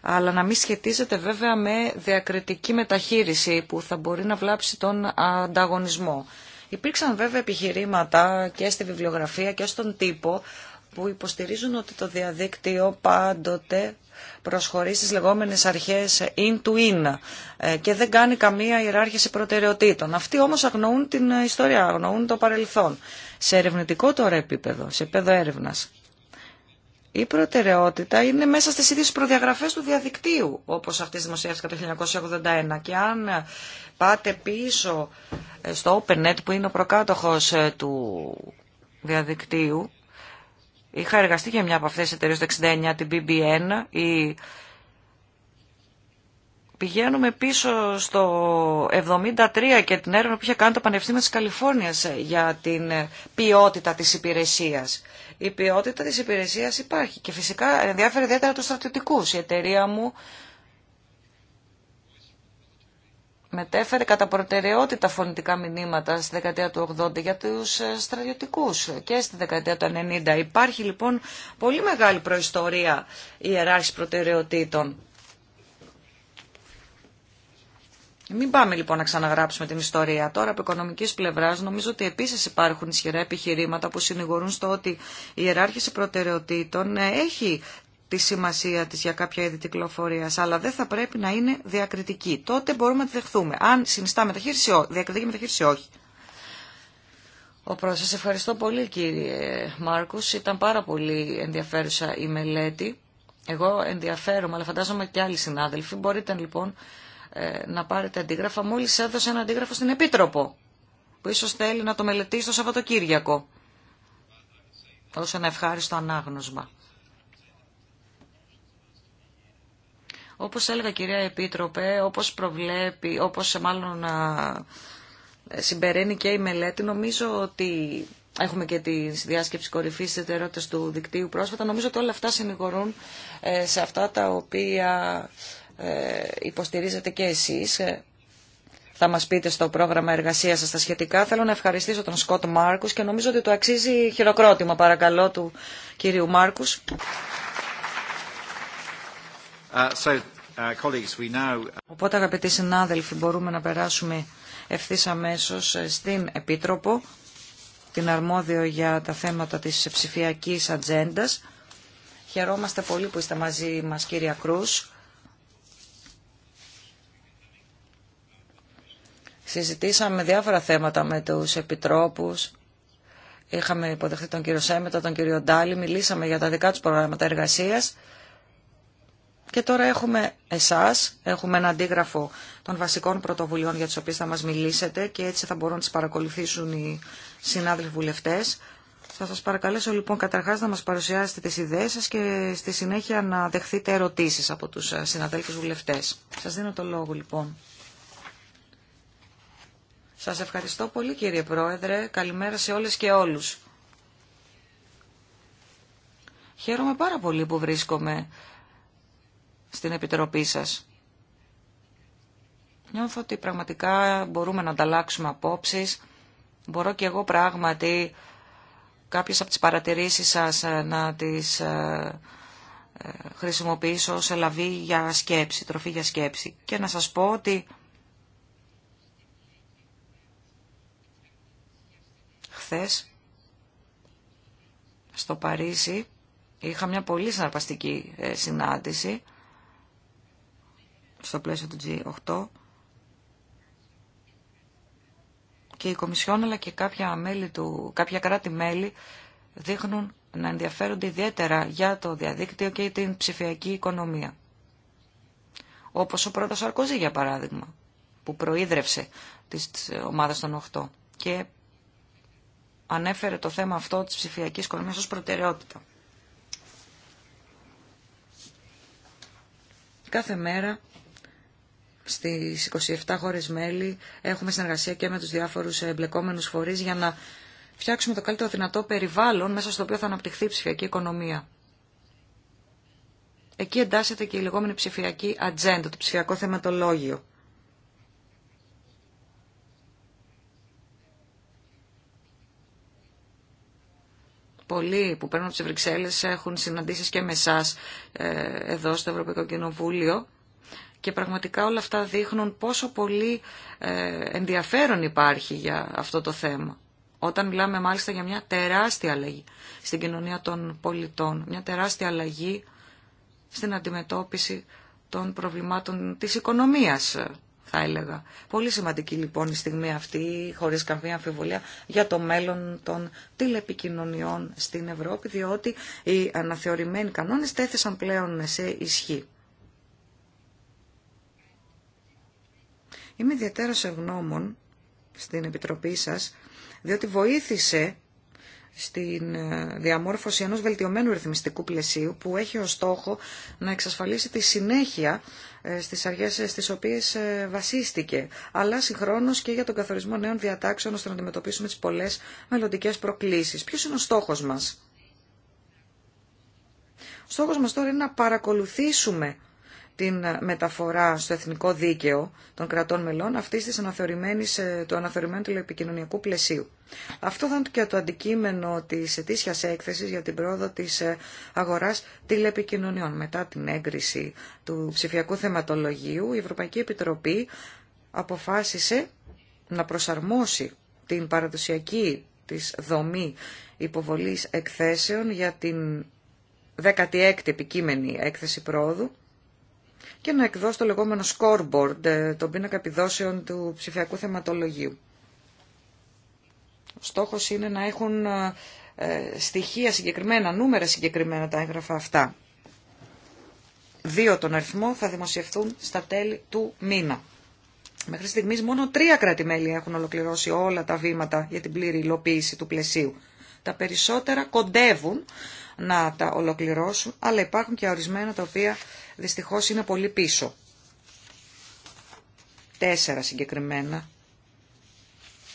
αλλά να μην σχετίζεται βέβαια με διακριτική μεταχείριση που θα μπορεί να βλάψει τον ανταγωνισμό. Υπήρξαν βέβαια επιχειρήματα και στη βιβλιογραφία και στον τύπο που υποστηρίζουν ότι το διαδίκτυο πάντοτε προσχωρεί στις λεγόμενες αρχές in-to-in ε, και δεν κάνει καμία ιεράρχηση προτεραιοτήτων. Αυτοί όμως αγνοούν την ιστορία, αγνοούν το παρελθόν. Σε ερευνητικό τώρα επίπεδο, σε επίπεδο έρευνας, η προτεραιότητα είναι μέσα στις ίδιες προδιαγραφές του διαδικτύου, όπως αυτές δημοσιεύτηκαν το 1981. Και αν πάτε πίσω ε, στο OpenNet, που είναι ο προκάτοχος ε, του διαδικτύου, είχα εργαστεί για μια από αυτές τις εταιρείες το 69, την BBN, η πηγαίνουμε πίσω στο 73 και την έρευνα που είχε κάνει το Πανεπιστήμιο της Καλιφόρνιας ε, για την ποιότητα της υπηρεσίας η ποιότητα της υπηρεσίας υπάρχει. Και φυσικά ενδιαφέρει ιδιαίτερα τους στρατιωτικούς. Η εταιρεία μου μετέφερε κατά προτεραιότητα φωνητικά μηνύματα στη δεκαετία του 80 για τους ε, στρατιωτικούς και στη δεκαετία του 90. Υπάρχει λοιπόν πολύ μεγάλη προϊστορία ιεράρχης προτεραιοτήτων Μην πάμε λοιπόν να ξαναγράψουμε την ιστορία. Τώρα από οικονομικής πλευράς νομίζω ότι επίσης υπάρχουν ισχυρά επιχειρήματα που συνηγορούν στο ότι η ιεράρχηση προτεραιοτήτων ε, έχει τη σημασία της για κάποια είδη κυκλοφορία, αλλά δεν θα πρέπει να είναι διακριτική. Τότε μπορούμε να τη δεχθούμε. Αν συνιστά μεταχείριση, διακριτική μεταχείριση όχι. Ο Πρόεδρος, σας ευχαριστώ πολύ κύριε Μάρκους. Ήταν πάρα πολύ ενδιαφέρουσα η μελέτη. Εγώ ενδιαφέρομαι, αλλά φαντάζομαι και άλλοι συνάδελφοι. Μπορείτε λοιπόν ε, να πάρετε αντίγραφα, μόλις έδωσε ένα αντίγραφο στην Επίτροπο, που ίσως θέλει να το μελετήσει το Σαββατοκύριακο, Ω ένα ευχάριστο ανάγνωσμα. Όπως έλεγα κυρία Επίτροπε, όπως προβλέπει, όπως ε, μάλλον ε, συμπεραίνει και η μελέτη, νομίζω ότι έχουμε και τη διάσκεψη κορυφή τη εταιρεότητα του δικτύου πρόσφατα. Νομίζω ότι όλα αυτά συνηγορούν σε αυτά τα οποία ε, υποστηρίζετε και εσείς. Ε, θα μας πείτε στο πρόγραμμα εργασίας σας τα σχετικά. Θέλω να ευχαριστήσω τον Σκότ Μάρκους και νομίζω ότι το αξίζει χειροκρότημα παρακαλώ του κυρίου Μάρκους. Uh, uh, uh, Οπότε αγαπητοί συνάδελφοι μπορούμε να περάσουμε ευθύ αμέσω ε, στην Επίτροπο, την αρμόδιο για τα θέματα της ψηφιακής ατζέντα. Χαιρόμαστε πολύ που είστε μαζί μας κύριε Κρούς. Συζητήσαμε διάφορα θέματα με τους επιτρόπους. Είχαμε υποδεχθεί τον κύριο Σέμετα, τον κύριο Ντάλι, μιλήσαμε για τα δικά τους προγράμματα εργασίας. Και τώρα έχουμε εσάς, έχουμε ένα αντίγραφο των βασικών πρωτοβουλειών για τις οποίες θα μας μιλήσετε και έτσι θα μπορούν να τις παρακολουθήσουν οι συνάδελφοι βουλευτές. Θα σας παρακαλέσω λοιπόν καταρχάς να μας παρουσιάσετε τις ιδέες σας και στη συνέχεια να δεχθείτε ερωτήσεις από τους συναδέλφους βουλευτές. Σας δίνω το λόγο λοιπόν. Σας ευχαριστώ πολύ κύριε Πρόεδρε. Καλημέρα σε όλες και όλους. Χαίρομαι πάρα πολύ που βρίσκομαι στην Επιτροπή σας. Νιώθω ότι πραγματικά μπορούμε να ανταλλάξουμε απόψεις. Μπορώ και εγώ πράγματι κάποιες από τις παρατηρήσεις σας ε, να τις ε, ε, χρησιμοποιήσω σε λαβή για σκέψη, τροφή για σκέψη. Και να σας πω ότι χθες στο Παρίσι είχα μια πολύ συναρπαστική ε, συνάντηση στο πλαίσιο του G8 και η Κομισιόν αλλά και κάποια, μέλη του, κάποια κράτη-μέλη δείχνουν να ενδιαφέρονται ιδιαίτερα για το διαδίκτυο και την ψηφιακή οικονομία. Όπως ο πρώτος Σαρκοζή για παράδειγμα, που προείδρευσε της ομάδας των 8 και ανέφερε το θέμα αυτό της ψηφιακής οικονομίας ως προτεραιότητα. Κάθε μέρα στις 27 χώρες μέλη έχουμε συνεργασία και με τους διάφορους εμπλεκόμενους φορείς για να φτιάξουμε το καλύτερο δυνατό περιβάλλον μέσα στο οποίο θα αναπτυχθεί η ψηφιακή οικονομία. Εκεί εντάσσεται και η λεγόμενη ψηφιακή ατζέντα, το ψηφιακό θεματολόγιο. πολλοί που παίρνουν από τις Βρυξέλλες έχουν συναντήσεις και με εσά ε, εδώ στο Ευρωπαϊκό Κοινοβούλιο και πραγματικά όλα αυτά δείχνουν πόσο πολύ ε, ενδιαφέρον υπάρχει για αυτό το θέμα. Όταν μιλάμε μάλιστα για μια τεράστια αλλαγή στην κοινωνία των πολιτών, μια τεράστια αλλαγή στην αντιμετώπιση των προβλημάτων της οικονομίας Πολύ σημαντική λοιπόν η στιγμή αυτή, χωρίς καμία αμφιβολία, για το μέλλον των τηλεπικοινωνιών στην Ευρώπη, διότι οι αναθεωρημένοι κανόνες τέθησαν πλέον σε ισχύ. Είμαι ιδιαίτερα ευγνώμων στην Επιτροπή σας, διότι βοήθησε στην ε, διαμόρφωση ενός βελτιωμένου ρυθμιστικού πλαισίου που έχει ως στόχο να εξασφαλίσει τη συνέχεια ε, στις αργές ε, στις οποίες βασίστηκε, αλλά συγχρόνως και για τον καθορισμό νέων διατάξεων ώστε να αντιμετωπίσουμε τις πολλές μελλοντικέ προκλήσεις. Ποιος είναι ο στόχος μας? Ο στόχος μας τώρα είναι να παρακολουθήσουμε την μεταφορά στο εθνικό δίκαιο των κρατών μελών αυτής της αναθεωρημένης, ε, του αναθεωρημένου τηλεπικοινωνιακού πλαισίου. Αυτό θα είναι και το αντικείμενο της ετήσια έκθεσης για την πρόοδο της ε, αγοράς τηλεπικοινωνιών. Μετά την έγκριση του ψηφιακού θεματολογίου, η Ευρωπαϊκή Επιτροπή αποφάσισε να προσαρμόσει την παραδοσιακή της δομή υποβολής εκθέσεων για την 16η επικείμενη έκθεση πρόοδου και να εκδώσει το λεγόμενο scoreboard, ε, τον πίνακα επιδόσεων του ψηφιακού θεματολογίου. Ο στόχος είναι να έχουν ε, στοιχεία συγκεκριμένα, νούμερα συγκεκριμένα τα έγγραφα αυτά. Δύο τον αριθμό θα δημοσιευθούν στα τέλη του μήνα. Μέχρι στιγμής μόνο τρία έχουν ολοκληρώσει όλα τα βήματα για την πλήρη υλοποίηση του πλαισίου. Τα περισσότερα κοντεύουν να τα ολοκληρώσουν, αλλά υπάρχουν και ορισμένα τα οποία δυστυχώς είναι πολύ πίσω. Τέσσερα συγκεκριμένα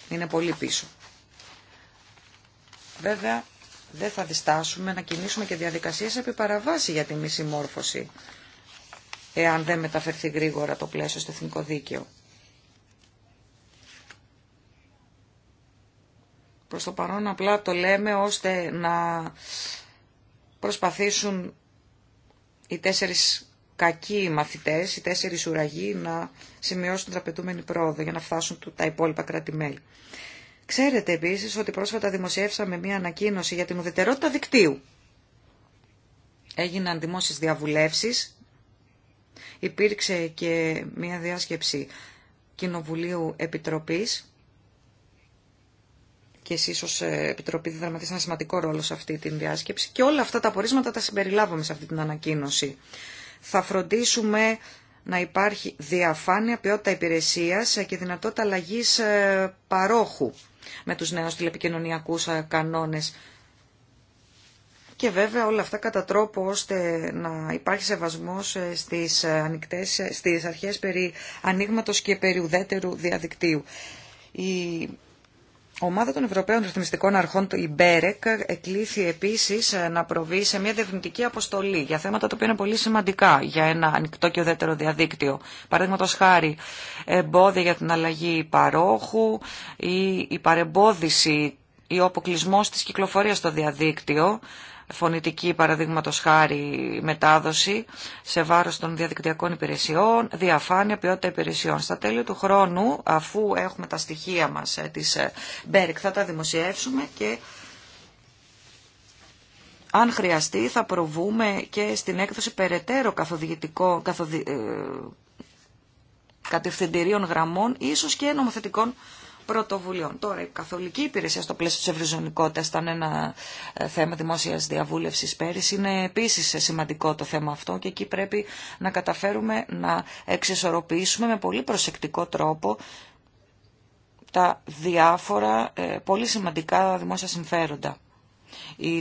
είναι πολύ πίσω. Βέβαια, δεν θα διστάσουμε να κινήσουμε και διαδικασίες επί παραβάση για τη μη συμμόρφωση, εάν δεν μεταφερθεί γρήγορα το πλαίσιο στο εθνικό δίκαιο. Προς το παρόν απλά το λέμε ώστε να προσπαθήσουν οι τέσσερις κακοί μαθητέ, οι τέσσερις ουραγοί, να σημειώσουν την τραπετούμενη πρόοδο για να φτάσουν τα υπόλοιπα κράτη-μέλη. Ξέρετε επίσης ότι πρόσφατα δημοσιεύσαμε μία ανακοίνωση για την ουδετερότητα δικτύου. Έγιναν δημόσιες διαβουλεύσεις, υπήρξε και μία διάσκεψη Κοινοβουλίου Επιτροπής και εσεί ω ε, Επιτροπή διδραματίσετε ένα σημαντικό ρόλο σε αυτή την διάσκεψη. Και όλα αυτά τα απορίσματα τα συμπεριλάβαμε σε αυτή την ανακοίνωση θα φροντίσουμε να υπάρχει διαφάνεια, ποιότητα υπηρεσίας και δυνατότητα αλλαγή ε, παρόχου με τους νέους τηλεπικοινωνιακούς ε, κανόνες. Και βέβαια όλα αυτά κατά τρόπο ώστε να υπάρχει σεβασμός ε, στις, ανοιχτές, στις αρχές περί ανοίγματος και περί ουδέτερου διαδικτύου. Η ομάδα των Ευρωπαίων Ρυθμιστικών Αρχών η Μπέρεκ, εκλήθη επίσης ε, να προβεί σε μια διευνητική αποστολή για θέματα τα οποία είναι πολύ σημαντικά για ένα ανοιχτό και ουδέτερο διαδίκτυο. Παραδείγματο χάρη εμπόδια για την αλλαγή παρόχου ή η παρεμπόδιση ή ο αποκλεισμό της κυκλοφορίας στο διαδίκτυο φωνητική παραδείγματος χάρη μετάδοση σε βάρος των διαδικτυακών υπηρεσιών, διαφάνεια, ποιότητα υπηρεσιών. Στα τέλη του χρόνου, αφού έχουμε τα στοιχεία μας ε, της ε, Μπέρικ, θα τα δημοσιεύσουμε και αν χρειαστεί θα προβούμε και στην έκδοση περαιτέρω καθοδηγητικό, καθοδη, ε, κατευθυντηρίων γραμμών, ίσως και νομοθετικών πρωτοβουλειών. Τώρα, η καθολική υπηρεσία στο πλαίσιο τη ευρυζωνικότητα ήταν ένα ε, θέμα δημόσια διαβούλευση πέρυσι. Είναι επίση ε, σημαντικό το θέμα αυτό και εκεί πρέπει να καταφέρουμε να εξισορροπήσουμε με πολύ προσεκτικό τρόπο τα διάφορα ε, πολύ σημαντικά δημόσια συμφέροντα.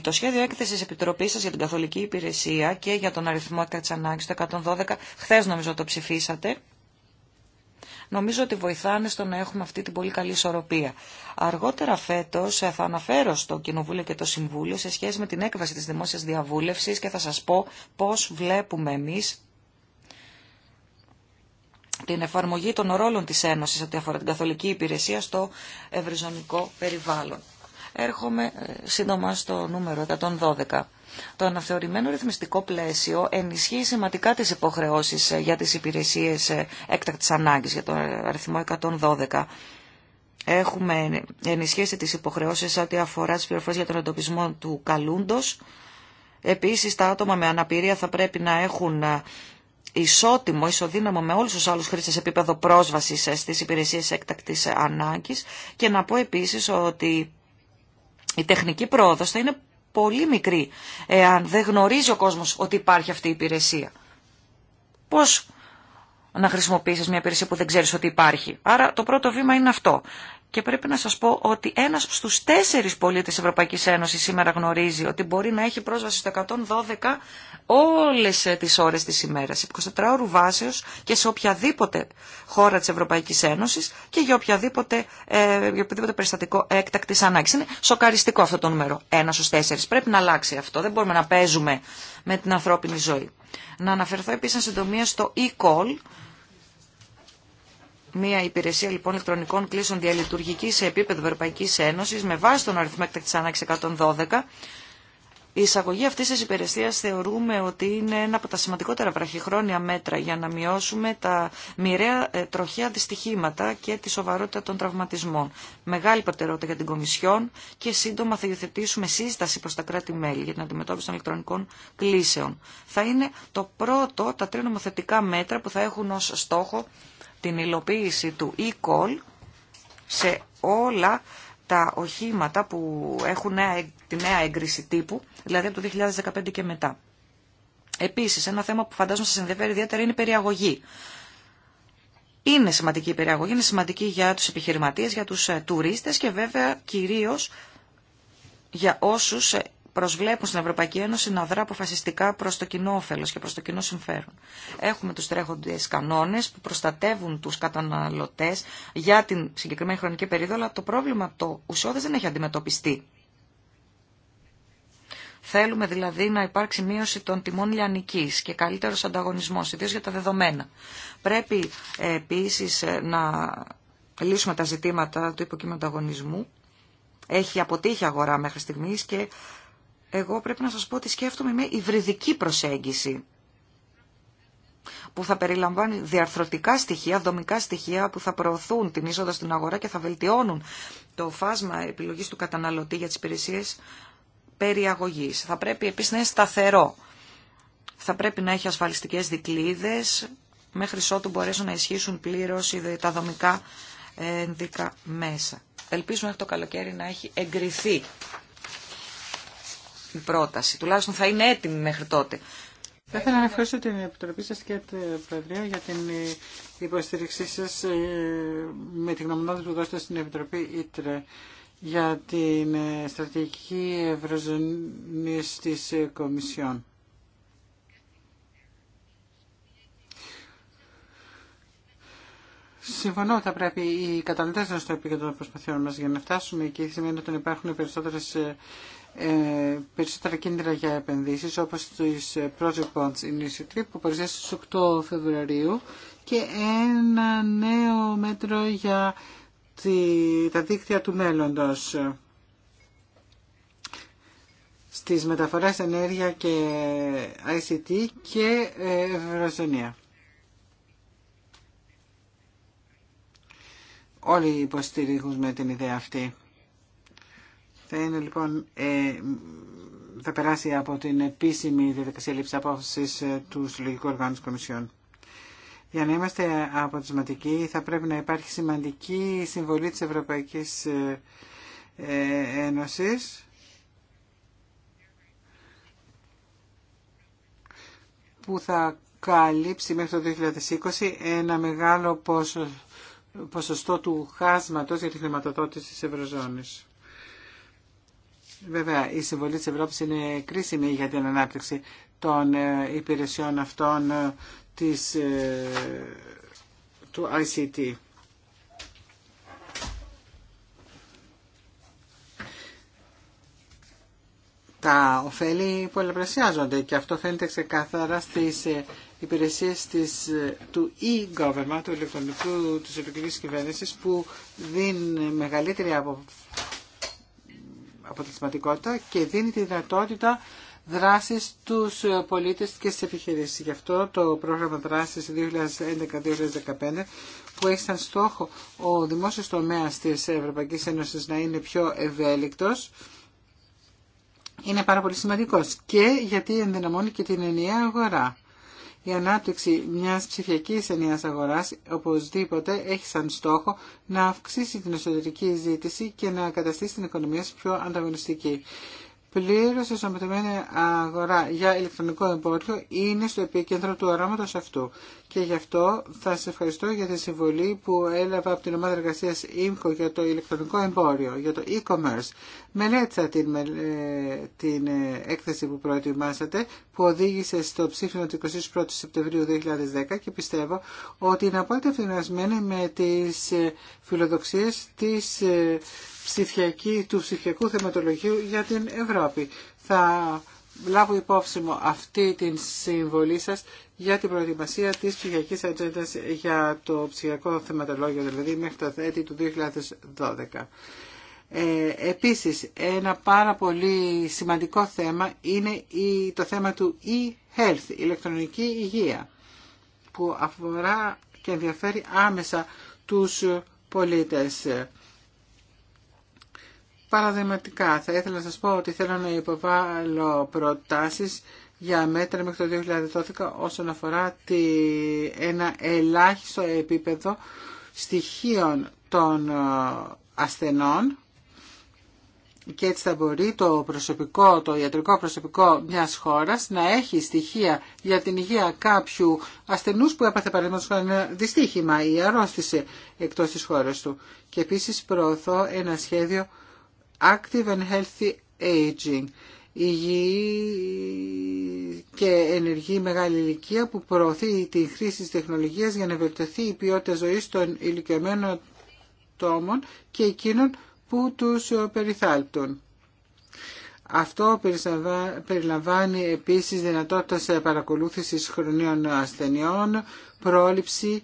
Το σχέδιο έκθεση επιτροπή σα για την καθολική υπηρεσία και για τον αριθμό τη ανάγκη το 112, χθε νομίζω το ψηφίσατε, νομίζω ότι βοηθάνε στο να έχουμε αυτή την πολύ καλή ισορροπία. Αργότερα φέτος ε, θα αναφέρω στο Κοινοβούλιο και το Συμβούλιο σε σχέση με την έκβαση της δημόσιας διαβούλευση και θα σας πω πώς βλέπουμε εμείς την εφαρμογή των ρόλων της Ένωσης ό,τι αφορά την καθολική υπηρεσία στο ευρυζωνικό περιβάλλον. Έρχομαι ε, σύντομα στο νούμερο 112. Το αναθεωρημένο ρυθμιστικό πλαίσιο ενισχύει σημαντικά τις υποχρεώσεις ε, για τις υπηρεσίες ε, έκτακτης ανάγκης για τον αριθμό 112. Έχουμε ενισχύσει τις υποχρεώσεις ό,τι αφορά τις πληροφορίες για τον εντοπισμό του καλούντος. Επίσης, τα άτομα με αναπηρία θα πρέπει να έχουν ε, ισότιμο, ισοδύναμο με όλους τους άλλους χρήστες επίπεδο πρόσβασης στις υπηρεσίες έκτακτης ανάγκης και να πω επίσης ότι η τεχνική πρόοδος θα είναι πολύ μικρή εάν δεν γνωρίζει ο κόσμος ότι υπάρχει αυτή η υπηρεσία. Πώς να χρησιμοποιήσεις μια υπηρεσία που δεν ξέρεις ότι υπάρχει. Άρα το πρώτο βήμα είναι αυτό. Και πρέπει να σας πω ότι ένας στους τέσσερις πολίτες Ευρωπαϊκής Ένωσης σήμερα γνωρίζει ότι μπορεί να έχει πρόσβαση στο 112 όλες ε, τις ώρες της ημέρας, 24 ώρου βάσεως και σε οποιαδήποτε χώρα της Ευρωπαϊκής Ένωσης και για οποιαδήποτε, ε, περιστατικό έκτακτης ανάγκης. Είναι σοκαριστικό αυτό το νούμερο, Ένα στους 4. Πρέπει να αλλάξει αυτό, δεν μπορούμε να παίζουμε με την ανθρώπινη ζωή. Να αναφερθώ επίσης συντομία στο e-call, μια υπηρεσία λοιπόν ηλεκτρονικών κλήσεων διαλειτουργική σε επίπεδο Ευρωπαϊκή Ένωση με βάση τον αριθμό έκτακτη ανάγκη 112 η εισαγωγή αυτής της υπηρεσίας θεωρούμε ότι είναι ένα από τα σημαντικότερα βραχυχρόνια μέτρα για να μειώσουμε τα μοιραία ε, τροχαία δυστυχήματα και τη σοβαρότητα των τραυματισμών. Μεγάλη προτεραιότητα για την Κομισιόν και σύντομα θα υιοθετήσουμε σύσταση προς τα κράτη-μέλη για την αντιμετώπιση των ηλεκτρονικών κλήσεων. Θα είναι το πρώτο, τα τρία νομοθετικά μέτρα που θα έχουν ως στόχο την υλοποίηση του e-call σε όλα τα οχήματα που έχουν τη νέα έγκριση τύπου, δηλαδή από το 2015 και μετά. Επίσης, ένα θέμα που φαντάζομαι σας ενδιαφέρει ιδιαίτερα είναι η περιαγωγή. Είναι σημαντική η περιαγωγή, είναι σημαντική για τους επιχειρηματίες, για τους ε, τουρίστες και βέβαια κυρίως για όσους ε, προσβλέπουν στην Ευρωπαϊκή Ένωση να δρά αποφασιστικά προς το κοινό όφελος και προς το κοινό συμφέρον. Έχουμε τους τρέχοντες κανόνες που προστατεύουν τους καταναλωτές για την συγκεκριμένη χρονική περίοδο, αλλά το πρόβλημα το ουσιώδες δεν έχει αντιμετωπιστεί. Θέλουμε δηλαδή να υπάρξει μείωση των τιμών λιανικής και καλύτερος ανταγωνισμός, ιδίως για τα δεδομένα. Πρέπει ε, επίσης ε, να λύσουμε τα ζητήματα του υποκείμενου ανταγωνισμού. Έχει αποτύχει αγορά μέχρι στιγμής και εγώ πρέπει να σας πω ότι σκέφτομαι μια υβριδική προσέγγιση που θα περιλαμβάνει διαρθρωτικά στοιχεία, δομικά στοιχεία που θα προωθούν την είσοδο στην αγορά και θα βελτιώνουν το φάσμα επιλογής του καταναλωτή για τις υπηρεσίες περιαγωγής. Θα πρέπει επίσης να είναι σταθερό. Θα πρέπει να έχει ασφαλιστικές δικλείδες μέχρι ότου μπορέσουν να ισχύσουν πλήρως τα δομικά ενδικά μέσα. Ελπίζουμε μέχρι το καλοκαίρι να έχει εγκριθεί η πρόταση. Τουλάχιστον θα είναι έτοιμη μέχρι τότε. Θα ήθελα να ευχαριστώ
την Επιτροπή σας και την Προεδρία για την υποστήριξή σας ε, με την γνωμονότητα που δώσετε στην Επιτροπή ΙΤΡΕ για την ε, στρατηγική ευρωζωνής της ε, Κομισιόν. Συμφωνώ ότι θα πρέπει οι καταναλωτέ να στο επίκεντρο των προσπαθειών μα για να φτάσουμε εκεί. Σημαίνει ότι υπάρχουν περισσότερε ε, περισσότερα κίνητρα για επενδύσεις όπως το Project Bonds Initiative που παρουσιάζει στις 8 Φεβρουαρίου και ένα νέο μέτρο για τη, τα δίκτυα του μέλλοντος στις μεταφορές ενέργεια και ICT και ε, Ευρωζωνία. Όλοι υποστηρίζουν με την ιδέα αυτή. Θα είναι λοιπόν, ε, θα περάσει από την επίσημη διαδικασία λήψη απόφαση ε, του Συλλογικού Οργάνου της Για να είμαστε αποτελεσματικοί θα πρέπει να υπάρχει σημαντική συμβολή της Ευρωπαϊκής ε, Ένωσης που θα καλύψει μέχρι το 2020 ένα μεγάλο ποσοστό του χάσματος για τη χρηματοδότηση της Ευρωζώνης. Βέβαια, η συμβολή της Ευρώπης είναι κρίσιμη για την ανάπτυξη των ε, υπηρεσιών αυτών ε, της, ε, του ICT. Τα ωφέλη πολλαπλασιάζονται και αυτό φαίνεται ξεκάθαρα στις υπηρεσίες της, του e-government, του ηλεκτρονικού, της ελληνικής κυβέρνησης που δίνει μεγαλύτερη αποτελεσματικότητα και δίνει τη δυνατότητα δράση στου πολίτε και στι επιχειρήσεις. Γι' αυτό το προγραμμα δραση δράσης 2011-2015 που έχει σαν στόχο ο δημόσιο τομέα της Ευρωπαϊκή Ένωση να είναι πιο ευέλικτο, είναι πάρα πολύ σημαντικό και γιατί ενδυναμώνει και την ενιαία αγορά. Η ανάπτυξη μιας ψηφιακής ενιαίας αγοράς οπωσδήποτε έχει σαν στόχο να αυξήσει την εσωτερική ζήτηση και να καταστήσει την οικονομία πιο ανταγωνιστική πλήρως ισομετωμένη αγορά για ηλεκτρονικό εμπόριο είναι στο επίκεντρο του οράματο αυτού. Και γι' αυτό θα σα ευχαριστώ για τη συμβολή που έλαβα από την ομάδα εργασία IMCO για το ηλεκτρονικό εμπόριο, για το e-commerce. Μελέτησα την, ε, έκθεση που προετοιμάσατε, που οδήγησε στο ψήφισμα του 21 Σεπτεμβρίου 2010 και πιστεύω ότι είναι απόλυτα ευθυνασμένη με τις ε, φιλοδοξίες της ε, ψηφιακή, του ψηφιακού θεματολογίου για την Ευρώπη. Θα λάβω υπόψη μου αυτή την συμβολή σας για την προετοιμασία της ψηφιακής ατζέντα για το ψηφιακό θεματολόγιο, δηλαδή μέχρι το έτη του 2012. Ε, επίσης, ένα πάρα πολύ σημαντικό θέμα είναι η, το θέμα του e-health, ηλεκτρονική υγεία, που αφορά και ενδιαφέρει άμεσα τους πολίτες. Παραδειγματικά, θα ήθελα να σας πω ότι θέλω να υποβάλω προτάσεις για μέτρα μέχρι το 2012 όσον αφορά ένα ελάχιστο επίπεδο στοιχείων των ε, ασθενών και έτσι θα μπορεί το προσωπικό, το ιατρικό προσωπικό μιας χώρας να έχει στοιχεία για την υγεία κάποιου ασθενούς που έπαθε παραδείγματος ένα δυστύχημα ή αρρώστησε εκτός της χώρας του. Και επίσης προωθώ ένα σχέδιο Active and Healthy Aging, υγιή και ενεργή μεγάλη ηλικία που προωθεί τη χρήση της τεχνολογίας για να βελτιωθεί η ποιότητα ζωής των ηλικιωμένων τόμων και εκείνων που τους περιθάλπτουν. Αυτό περιλαμβάνει επίσης δυνατότητα παρακολούθησης χρονίων ασθενειών, πρόληψη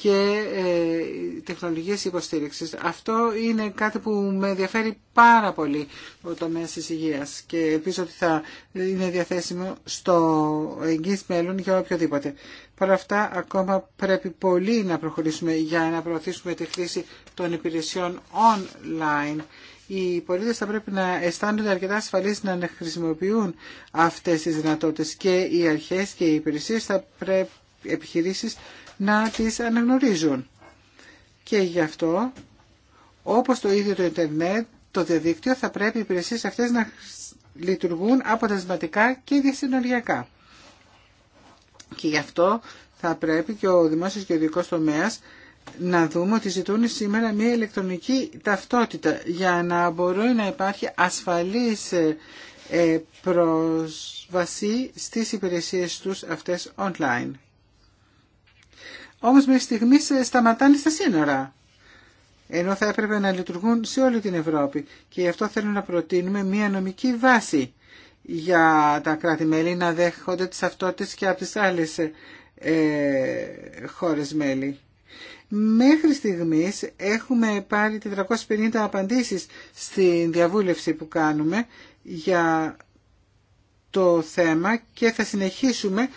και ε, τεχνολογίες υποστήριξης. Αυτό είναι κάτι που με ενδιαφέρει πάρα πολύ ο τομέα της υγείας και ελπίζω ότι θα είναι διαθέσιμο στο εγγύς μέλλον για οποιοδήποτε. Παρ' αυτά ακόμα πρέπει πολύ να προχωρήσουμε για να προωθήσουμε τη χρήση των υπηρεσιών online. Οι πολίτες θα πρέπει να αισθάνονται αρκετά ασφαλείς να χρησιμοποιούν αυτές τις δυνατότητες και οι αρχές και οι υπηρεσίες θα πρέπει επιχειρήσεις να τις αναγνωρίζουν. Και γι' αυτό, όπως το ίδιο το Ιντερνετ, το διαδίκτυο θα πρέπει οι υπηρεσίες αυτές να λειτουργούν αποτελεσματικά και διασυνοριακά. Και γι' αυτό θα πρέπει και ο δημόσιος και ο τομέα να δούμε ότι ζητούν σήμερα μια ηλεκτρονική ταυτότητα για να μπορεί να υπάρχει ασφαλής ε, ε, προσβασή στις υπηρεσίες τους αυτές online όμως μέχρι στιγμή ε, σταματάνε στα σύνορα ενώ θα έπρεπε να λειτουργούν σε όλη την Ευρώπη και γι' αυτό θέλω να προτείνουμε μια νομική βάση για τα κράτη-μέλη να δέχονται τις αυτότητες και από τις άλλες ε, ε χώρες μέλη. Μέχρι στιγμής έχουμε πάρει 450 απαντήσεις στην διαβούλευση που κάνουμε για το θέμα και θα συνεχίσουμε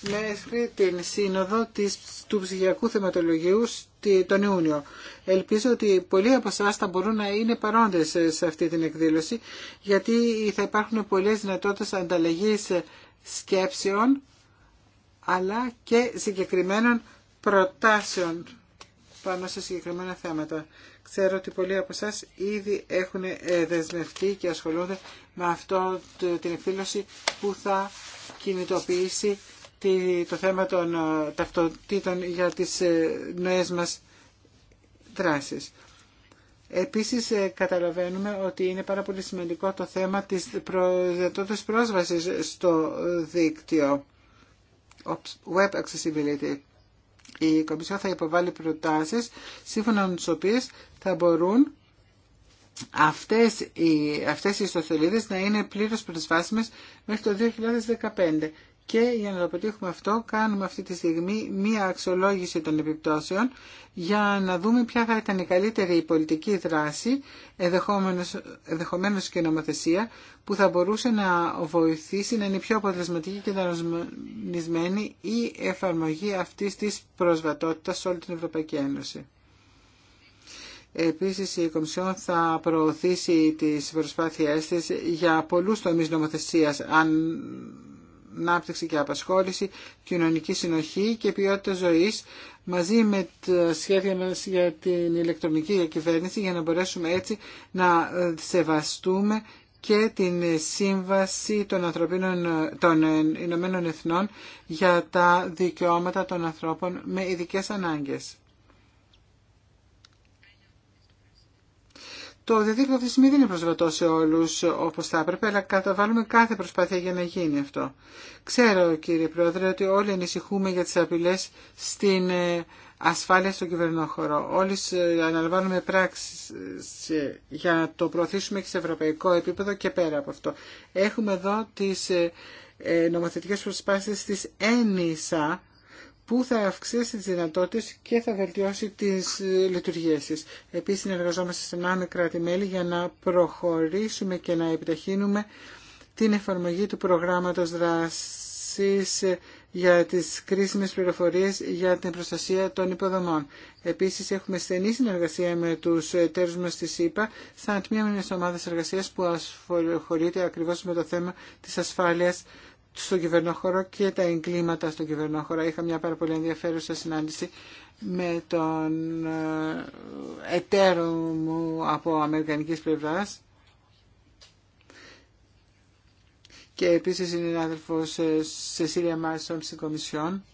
μέχρι την σύνοδο της, του ψυχιακού θεματολογίου τον Ιούνιο. Ελπίζω ότι πολλοί από εσά θα μπορούν να είναι παρόντες σε αυτή την εκδήλωση γιατί θα υπάρχουν πολλές δυνατότητες ανταλλαγής σκέψεων αλλά και συγκεκριμένων προτάσεων πάνω σε συγκεκριμένα θέματα. Ξέρω ότι πολλοί από εσά ήδη έχουν ε, δεσμευτεί και ασχολούνται με αυτό την εκδήλωση που θα κινητοποιήσει το θέμα των ε, ταυτοτήτων για τις ε, νέες μας δράσεις. Επίσης ε, καταλαβαίνουμε ότι είναι πάρα πολύ σημαντικό το θέμα της προσδετώτης πρόσβασης στο δίκτυο Web Accessibility. Η Κομισιόν θα υποβάλει προτάσεις σύμφωνα με τις οποίες θα μπορούν αυτές οι, αυτές οι να είναι πλήρως προσβάσιμες μέχρι το 2015. Και για να το πετύχουμε αυτό κάνουμε αυτή τη στιγμή μία αξιολόγηση των επιπτώσεων για να δούμε ποια θα ήταν η καλύτερη πολιτική δράση, ενδεχομένως και νομοθεσία, που θα μπορούσε να βοηθήσει να είναι πιο αποτελεσματική και δανεισμένη η εφαρμογή αυτής της προσβατότητας σε όλη την Ευρωπαϊκή Ένωση. Επίσης η Κομισιόν θα προωθήσει τις προσπάθειές της για πολλούς τομείς νομοθεσίας, ανάπτυξη και απασχόληση, κοινωνική συνοχή και ποιότητα ζωής, μαζί με τα σχέδια μας για την ηλεκτρονική διακυβέρνηση, για να μπορέσουμε έτσι να σεβαστούμε και την Σύμβαση των, Ανθρωπίνων, των Ηνωμένων Εθνών για τα δικαιώματα των ανθρώπων με ειδικές ανάγκες. Το διαδίκτυο αυτή τη στιγμή δεν είναι προσβατό σε όλου όπω θα έπρεπε, αλλά καταβάλουμε κάθε προσπάθεια για να γίνει αυτό. Ξέρω, κύριε Πρόεδρε, ότι όλοι ανησυχούμε για τι απειλέ στην ε, ασφάλεια στον κυβερνόχωρο. Όλοι ε, αναλαμβάνουμε πράξεις ε, για να το προωθήσουμε και σε ευρωπαϊκό επίπεδο και πέρα από αυτό. Έχουμε εδώ τις νομοθετικέ προσπάθειες τη ΕΝΙΣΑ που θα αυξήσει τις δυνατότητες και θα βελτιώσει τις ε, λειτουργίες της. Επίσης συνεργαζόμαστε σε με κράτη-μέλη για να προχωρήσουμε και να επιταχύνουμε την εφαρμογή του προγράμματος δράσης ε, για τις κρίσιμες πληροφορίες για την προστασία των υποδομών. Επίσης έχουμε στενή συνεργασία με τους εταίρους μας της ΕΠΑ σαν τμήμα μιας ομάδας εργασίας που ασχολείται ακριβώς με το θέμα της ασφάλειας στον κυβερνόχωρο και τα εγκλήματα στον κυβερνόχωρο. Είχα μια πάρα πολύ ενδιαφέρουσα συνάντηση με τον ε, εταίρο μου από αμερικανικής πλευράς και επίσης είναι άδελφος σε Σίλια Μάρσον στην Κομισιόν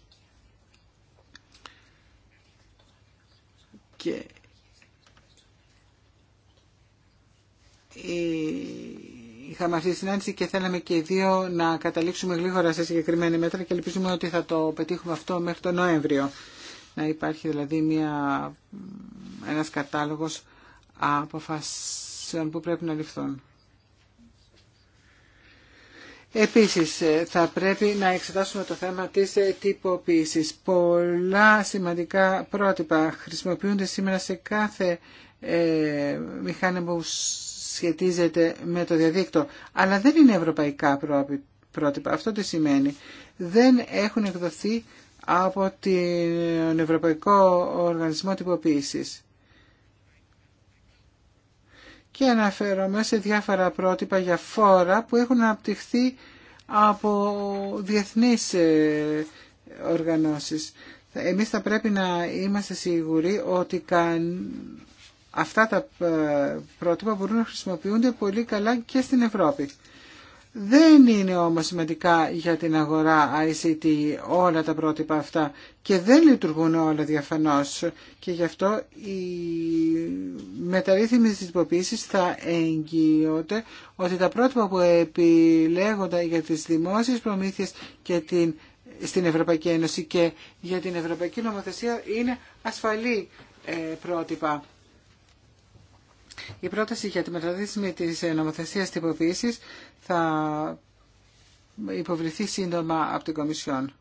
και η είχαμε αυτή τη συνάντηση και θέλαμε και οι δύο να καταλήξουμε γλίγορα σε συγκεκριμένη μέτρα και ελπίζουμε ότι θα το πετύχουμε αυτό μέχρι τον Νοέμβριο. Να υπάρχει δηλαδή μια, ένας κατάλογος αποφάσεων που πρέπει να ληφθούν. Επίσης, ε, θα πρέπει να εξετάσουμε το θέμα της ε, τυποποίησης. Πολλά σημαντικά πρότυπα χρησιμοποιούνται σήμερα σε κάθε ε, σχετίζεται με το διαδίκτυο, αλλά δεν είναι ευρωπαϊκά πρότυπα. Αυτό τι σημαίνει. Δεν έχουν εκδοθεί από τον Ευρωπαϊκό Οργανισμό Τυποποίησης. Και αναφέρομαι σε διάφορα πρότυπα για φόρα που έχουν αναπτυχθεί από διεθνείς ε, οργανώσεις. Εμείς θα πρέπει να είμαστε σίγουροι ότι αυτά τα ε, πρότυπα μπορούν να χρησιμοποιούνται πολύ καλά και στην Ευρώπη. Δεν είναι όμως σημαντικά για την αγορά ICT όλα τα πρότυπα αυτά και δεν λειτουργούν όλα διαφανώς και γι' αυτό η μεταρρύθμιση της υποποίησης θα εγγυώται ότι τα πρότυπα που επιλέγονται για τις δημόσιες προμήθειες και την, στην Ευρωπαϊκή Ένωση και για την Ευρωπαϊκή Νομοθεσία είναι ασφαλή ε, πρότυπα. Η πρόταση για τη με τη νομοθεσία τυποποίηση θα υποβληθεί σύντομα από την Κομισιόν.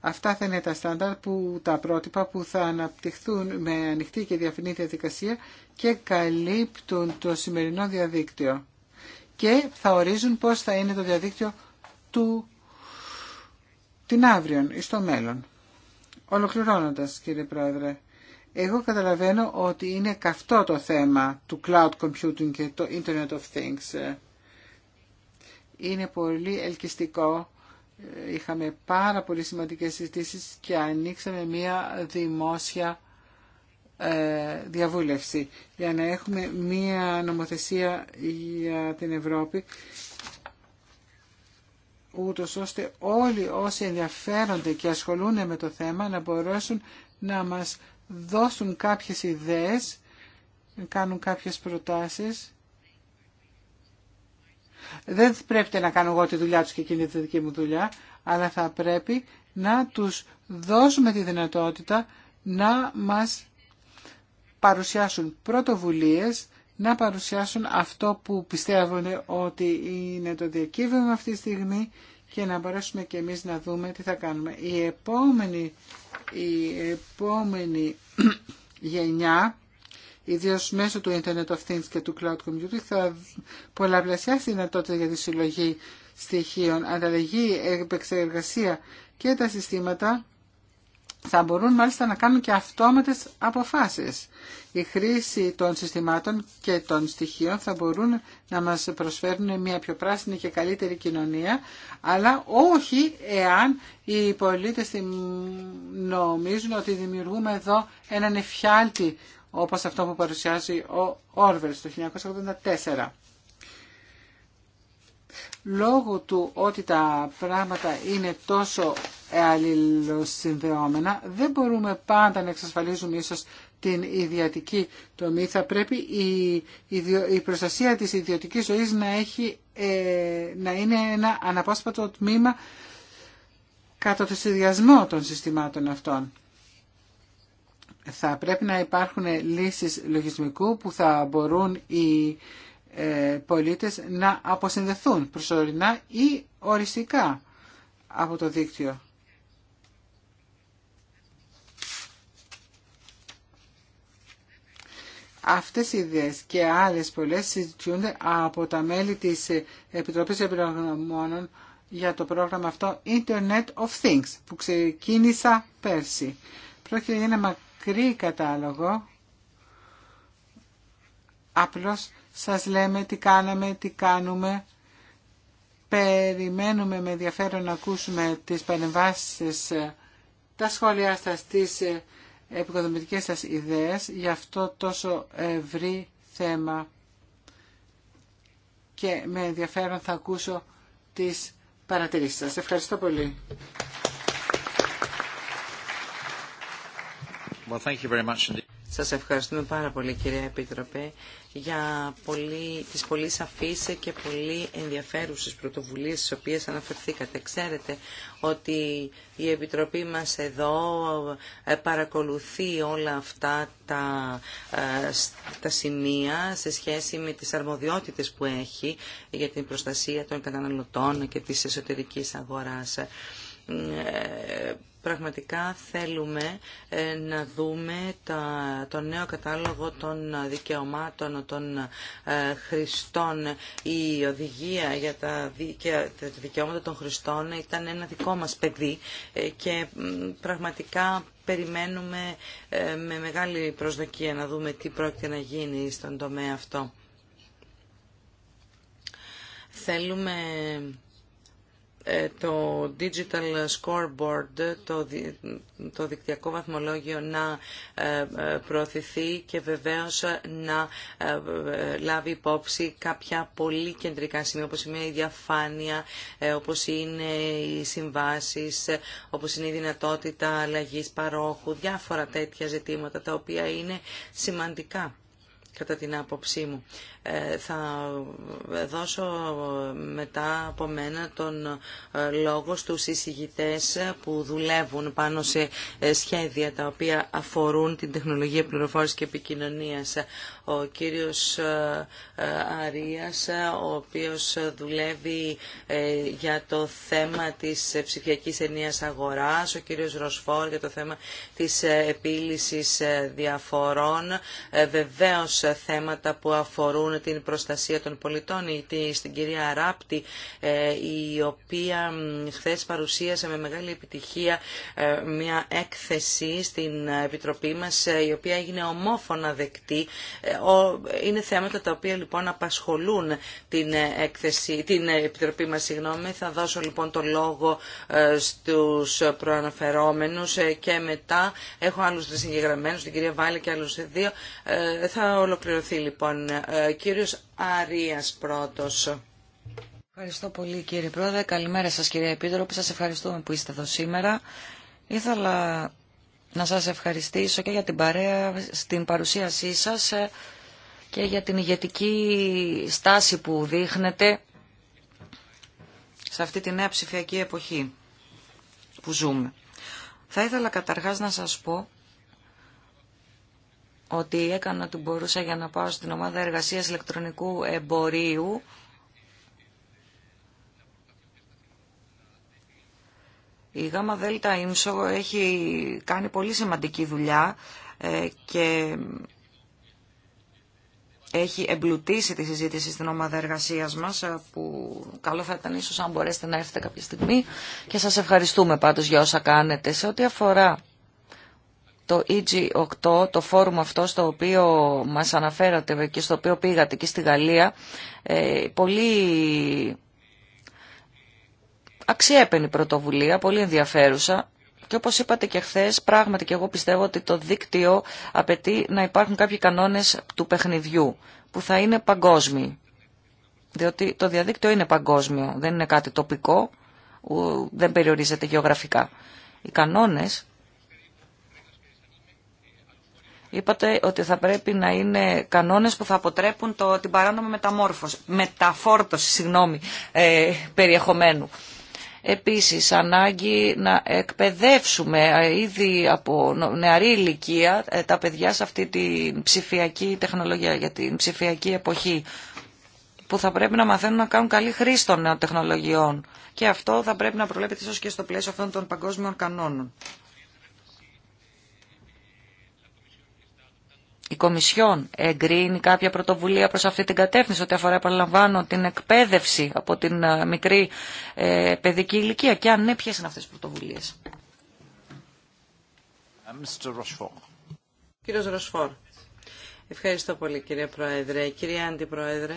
Αυτά θα είναι τα στάνταρ, που, τα πρότυπα που θα αναπτυχθούν με ανοιχτή και διαφανή διαδικασία και καλύπτουν το σημερινό διαδίκτυο. Και θα ορίζουν πώς θα είναι το διαδίκτυο του την αύριον ή στο μέλλον. Ολοκληρώνοντας κύριε Πρόεδρε, εγώ καταλαβαίνω ότι είναι καυτό το θέμα του cloud computing και το Internet of Things. Είναι πολύ ελκυστικό. Είχαμε πάρα πολύ σημαντικές συζητήσεις και ανοίξαμε μία δημόσια ε, διαβούλευση για να έχουμε μία νομοθεσία για την Ευρώπη ούτως ώστε όλοι όσοι ενδιαφέρονται και ασχολούνται με το θέμα να μπορέσουν να μας δώσουν κάποιες ιδέες, κάνουν κάποιες προτάσεις. Δεν πρέπει να κάνω εγώ τη δουλειά τους και εκείνη τη δική μου δουλειά, αλλά θα πρέπει να τους δώσουμε τη δυνατότητα να μας παρουσιάσουν πρωτοβουλίες, να παρουσιάσουν αυτό που πιστεύουν ότι είναι το διακύβευμα αυτή τη στιγμή και να μπορέσουμε και εμείς να δούμε τι θα κάνουμε. Η επόμενη, η επόμενη γενιά, ιδίω μέσω του Internet of Things και του Cloud Computing, θα πολλαπλασιάσει τη δυνατότητα για τη συλλογή στοιχείων, ανταλλαγή, επεξεργασία και τα συστήματα θα μπορούν μάλιστα να κάνουν και αυτόματες αποφάσεις. Η χρήση των συστημάτων και των στοιχείων θα μπορούν να μας προσφέρουν μια πιο πράσινη και καλύτερη κοινωνία, αλλά όχι εάν οι πολίτες νομίζουν ότι δημιουργούμε εδώ έναν εφιάλτη, όπως αυτό που παρουσιάζει ο Όρβελ το 1984. Λόγω του ότι τα πράγματα είναι τόσο αλληλοσυνδεόμενα, δεν μπορούμε πάντα να εξασφαλίζουμε ίσως την ιδιωτική τομή. Θα πρέπει η, η προστασία της ιδιωτικής ζωής να, έχει, ε, να είναι ένα αναπόσπατο τμήμα κατά το συνδυασμό των συστημάτων αυτών. Θα πρέπει να υπάρχουν λύσεις λογισμικού που θα μπορούν οι ε, πολίτες να αποσυνδεθούν προσωρινά ή οριστικά από το δίκτυο. Αυτές οι ιδέες και άλλες πολλές συζητιούνται από τα μέλη της Επιτροπής Επιλογνωμόνων για το πρόγραμμα αυτό Internet of Things που ξεκίνησα πέρσι. Πρόκειται για ένα μακρύ κατάλογο απλώς σας λέμε τι κάναμε, τι κάνουμε. Περιμένουμε με ενδιαφέρον να ακούσουμε τις παρεμβάσεις, τα σχόλιά σας, τις ε, επικοδομητικές σας ιδέες για αυτό τόσο ευρύ θέμα. Και με ενδιαφέρον θα ακούσω τις παρατηρήσεις σας. Ευχαριστώ πολύ.
Σας ευχαριστούμε πάρα πολύ κυρία Επίτροπε για πολύ, τις πολύ σαφείς και πολύ ενδιαφέρουσες πρωτοβουλίες στις οποίες αναφερθήκατε. Ξέρετε ότι η Επιτροπή μας εδώ ε, παρακολουθεί όλα αυτά τα, ε, τα σημεία σε σχέση με τις αρμοδιότητες που έχει για την προστασία των καταναλωτών και της εσωτερικής αγοράς. Ε, πραγματικά θέλουμε ε, να δούμε τα, τον νέο κατάλογο των δικαιωμάτων των ε, χριστών Η οδηγία για τα, δικαιώματα των χριστών ήταν ένα δικό μας παιδί και πραγματικά περιμένουμε με μεγάλη προσδοκία να δούμε τι πρόκειται να γίνει στον τομέα αυτό. Θέλουμε ε, το Digital Scoreboard, το, το δικτυακό βαθμολόγιο να ε, ε, προωθηθεί και βεβαίως να λάβει υπόψη κάποια πολύ κεντρικά σημεία όπως είναι η διαφάνεια, όπως είναι οι συμβάσεις, όπως είναι η δυνατότητα αλλαγής παρόχου, διάφορα τέτοια ζητήματα τα οποία είναι σημαντικά κατά την άποψή μου. Ε, θα δώσω μετά από μένα τον ε, λόγο στους εισηγητές που δουλεύουν πάνω σε ε, σχέδια τα οποία αφορούν την τεχνολογία πληροφόρησης και επικοινωνίας. Ο κύριος Αρίας, ο οποίος δουλεύει για το θέμα της ψηφιακής ενίας αγοράς, ο κύριος Ροσφόρ για το θέμα της επίλυσης διαφορών. Βεβαίως θέματα που αφορούν την προστασία των πολιτών ή στην κυρία Αράπτη ε, η οποία χθε παρουσίασε με μεγάλη επιτυχία ε, μια έκθεση στην Επιτροπή μας ε, η οποία έγινε ομόφωνα δεκτή. Είναι θέματα τα οποία λοιπόν απασχολούν την, έκθεση, την Επιτροπή μας. Συγγνώμη. Θα δώσω λοιπόν το λόγο στους προαναφερόμενους και μετά έχω άλλους συγγεγραμμένους, την κυρία Βάλη και άλλους δύο. Θα ολοκληρωθεί λοιπόν. Ε, κύριος Αρίας πρώτος.
Ευχαριστώ πολύ κύριε Πρόεδρε. Καλημέρα σας κύριε Επίτροπη. Σας ευχαριστούμε που είστε εδώ σήμερα. Ήθελα να σας ευχαριστήσω και για την παρέα στην παρουσίασή σας ε, και για την ηγετική στάση που δείχνετε σε αυτή τη νέα ψηφιακή εποχή που ζούμε. Θα ήθελα καταρχάς να σας πω ότι έκανα ό,τι μπορούσα για να πάω στην ομάδα εργασίας ηλεκτρονικού εμπορίου Η ΓΑΜΑ ΔΕΛΤΑ ΙΜΣΟ έχει κάνει πολύ σημαντική δουλειά ε, και έχει εμπλουτίσει τη συζήτηση στην ομάδα εργασίας μας ε, που καλό θα ήταν ίσως αν μπορέσετε να έρθετε κάποια στιγμή και σας ευχαριστούμε πάντως για όσα κάνετε. Σε ό,τι αφορά το EG8, το φόρουμ αυτό στο οποίο μας αναφέρατε και στο οποίο πήγατε και στη Γαλλία, ε, πολύ αξιέπαινη πρωτοβουλία, πολύ ενδιαφέρουσα. Και όπως είπατε και χθε, πράγματι και εγώ πιστεύω ότι το δίκτυο απαιτεί να υπάρχουν κάποιοι κανόνες του παιχνιδιού, που θα είναι παγκόσμιοι. Διότι το διαδίκτυο είναι παγκόσμιο, δεν είναι κάτι τοπικό, δεν περιορίζεται γεωγραφικά. Οι κανόνες Είπατε ότι θα πρέπει να είναι κανόνες που θα αποτρέπουν το, την παράνομη μεταμόρφωση, μεταφόρτωση συγγνώμη, ε, περιεχομένου. Επίσης, ανάγκη να εκπαιδεύσουμε ε, ήδη από νεαρή ηλικία ε, τα παιδιά σε αυτή την ψηφιακή τεχνολογία, για την ψηφιακή εποχή, που θα πρέπει να μαθαίνουν να κάνουν καλή χρήση των νέων τεχνολογιών. Και αυτό θα πρέπει να προβλέπεται ίσως και στο πλαίσιο αυτών των παγκόσμιων κανόνων. η Κομισιόν εγκρίνει κάποια πρωτοβουλία προς αυτή την κατεύθυνση ό,τι αφορά, επαναλαμβάνω, την εκπαίδευση από την ε, μικρή ε, παιδική ηλικία και αν ναι, ποιες είναι αυτές οι πρωτοβουλίες.
Ε,
Κύριος Ροσφόρ. Ευχαριστώ πολύ κύριε Πρόεδρε. Κύριε Αντιπρόεδρε,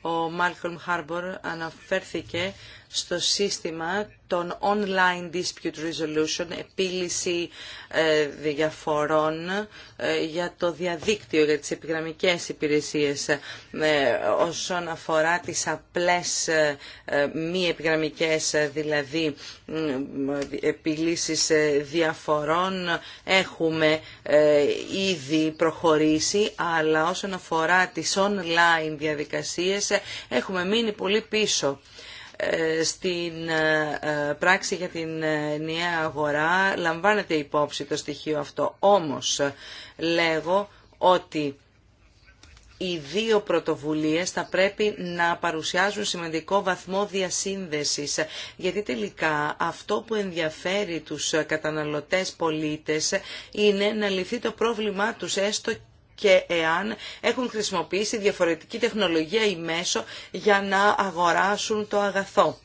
ο Μάλκολμ Χάρμπορ αναφέρθηκε στο σύστημα των online dispute resolution, επίλυση ε, διαφορών ε, για το διαδίκτυο, για τις επιγραμμικές υπηρεσίες ε, όσον αφορά τις απλές μη επιγραμμικές δηλαδή επιλύσεις διαφορών έχουμε ήδη προχωρήσει αλλά όσον αφορά τις online διαδικασίες έχουμε μείνει πολύ πίσω στην ε, πράξη για την ε, νέα αγορά λαμβάνεται υπόψη το στοιχείο αυτό. Όμως λέγω ότι οι δύο πρωτοβουλίες θα πρέπει να παρουσιάζουν σημαντικό βαθμό διασύνδεσης, γιατί τελικά αυτό που ενδιαφέρει τους καταναλωτές πολίτες είναι να λυθεί το πρόβλημά τους έστω και εάν έχουν χρησιμοποιήσει διαφορετική τεχνολογία ή μέσο για να αγοράσουν το αγαθό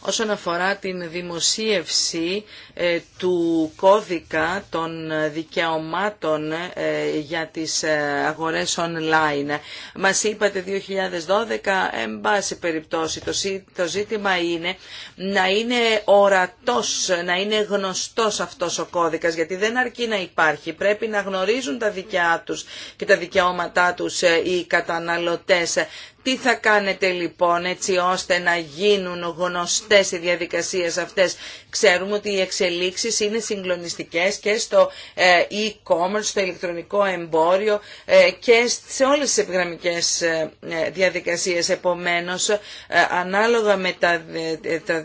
όσον αφορά την δημοσίευση ε, του κώδικα των δικαιωμάτων ε, για τις ε, αγορές online. Μας είπατε 2012, εν πάση περιπτώσει, το ζήτημα είναι να είναι ορατός, να είναι γνωστός αυτός ο κώδικας, γιατί δεν αρκεί να υπάρχει. Πρέπει να γνωρίζουν τα δικαιά τους και τα δικαιώματά τους οι καταναλωτές. Τι θα κάνετε λοιπόν έτσι ώστε να γίνουν γνωστές οι διαδικασίες αυτές. Ξέρουμε ότι οι εξελίξεις είναι συγκλονιστικές και στο ε, e-commerce, στο ηλεκτρονικό εμπόριο ε, και σε όλες τις επιγραμμικές ε, διαδικασίες. Επομένως, ανάλογα με τα,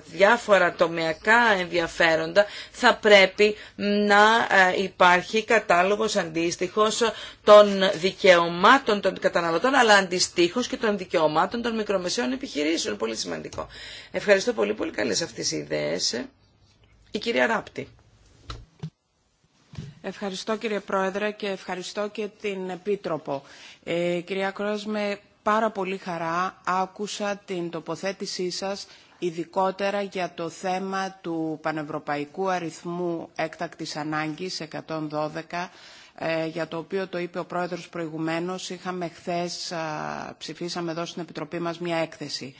διάφορα τομεακά ενδιαφέροντα, θα πρέπει να υπάρχει κατάλογος αντίστοιχος των δικαιωμάτων των καταναλωτών, αλλά και των δικαιωμάτων των μικρομεσαίων επιχειρήσεων. Πολύ σημαντικό. Ευχαριστώ πολύ. Πολύ καλές αυτές οι ιδέες. Η κυρία Ράπτη.
Ευχαριστώ κύριε Πρόεδρε και ευχαριστώ και την Επίτροπο. Ε, κυρία Κρός, με πάρα πολύ χαρά άκουσα την τοποθέτησή σας ειδικότερα για το θέμα του Πανευρωπαϊκού Αριθμού Έκτακτης Ανάγκης 112 ε, για το οποίο το είπε ο Πρόεδρος προηγουμένως. Είχαμε χθες, ψηφίσαμε εδώ στην Επιτροπή μας μια έκθεση.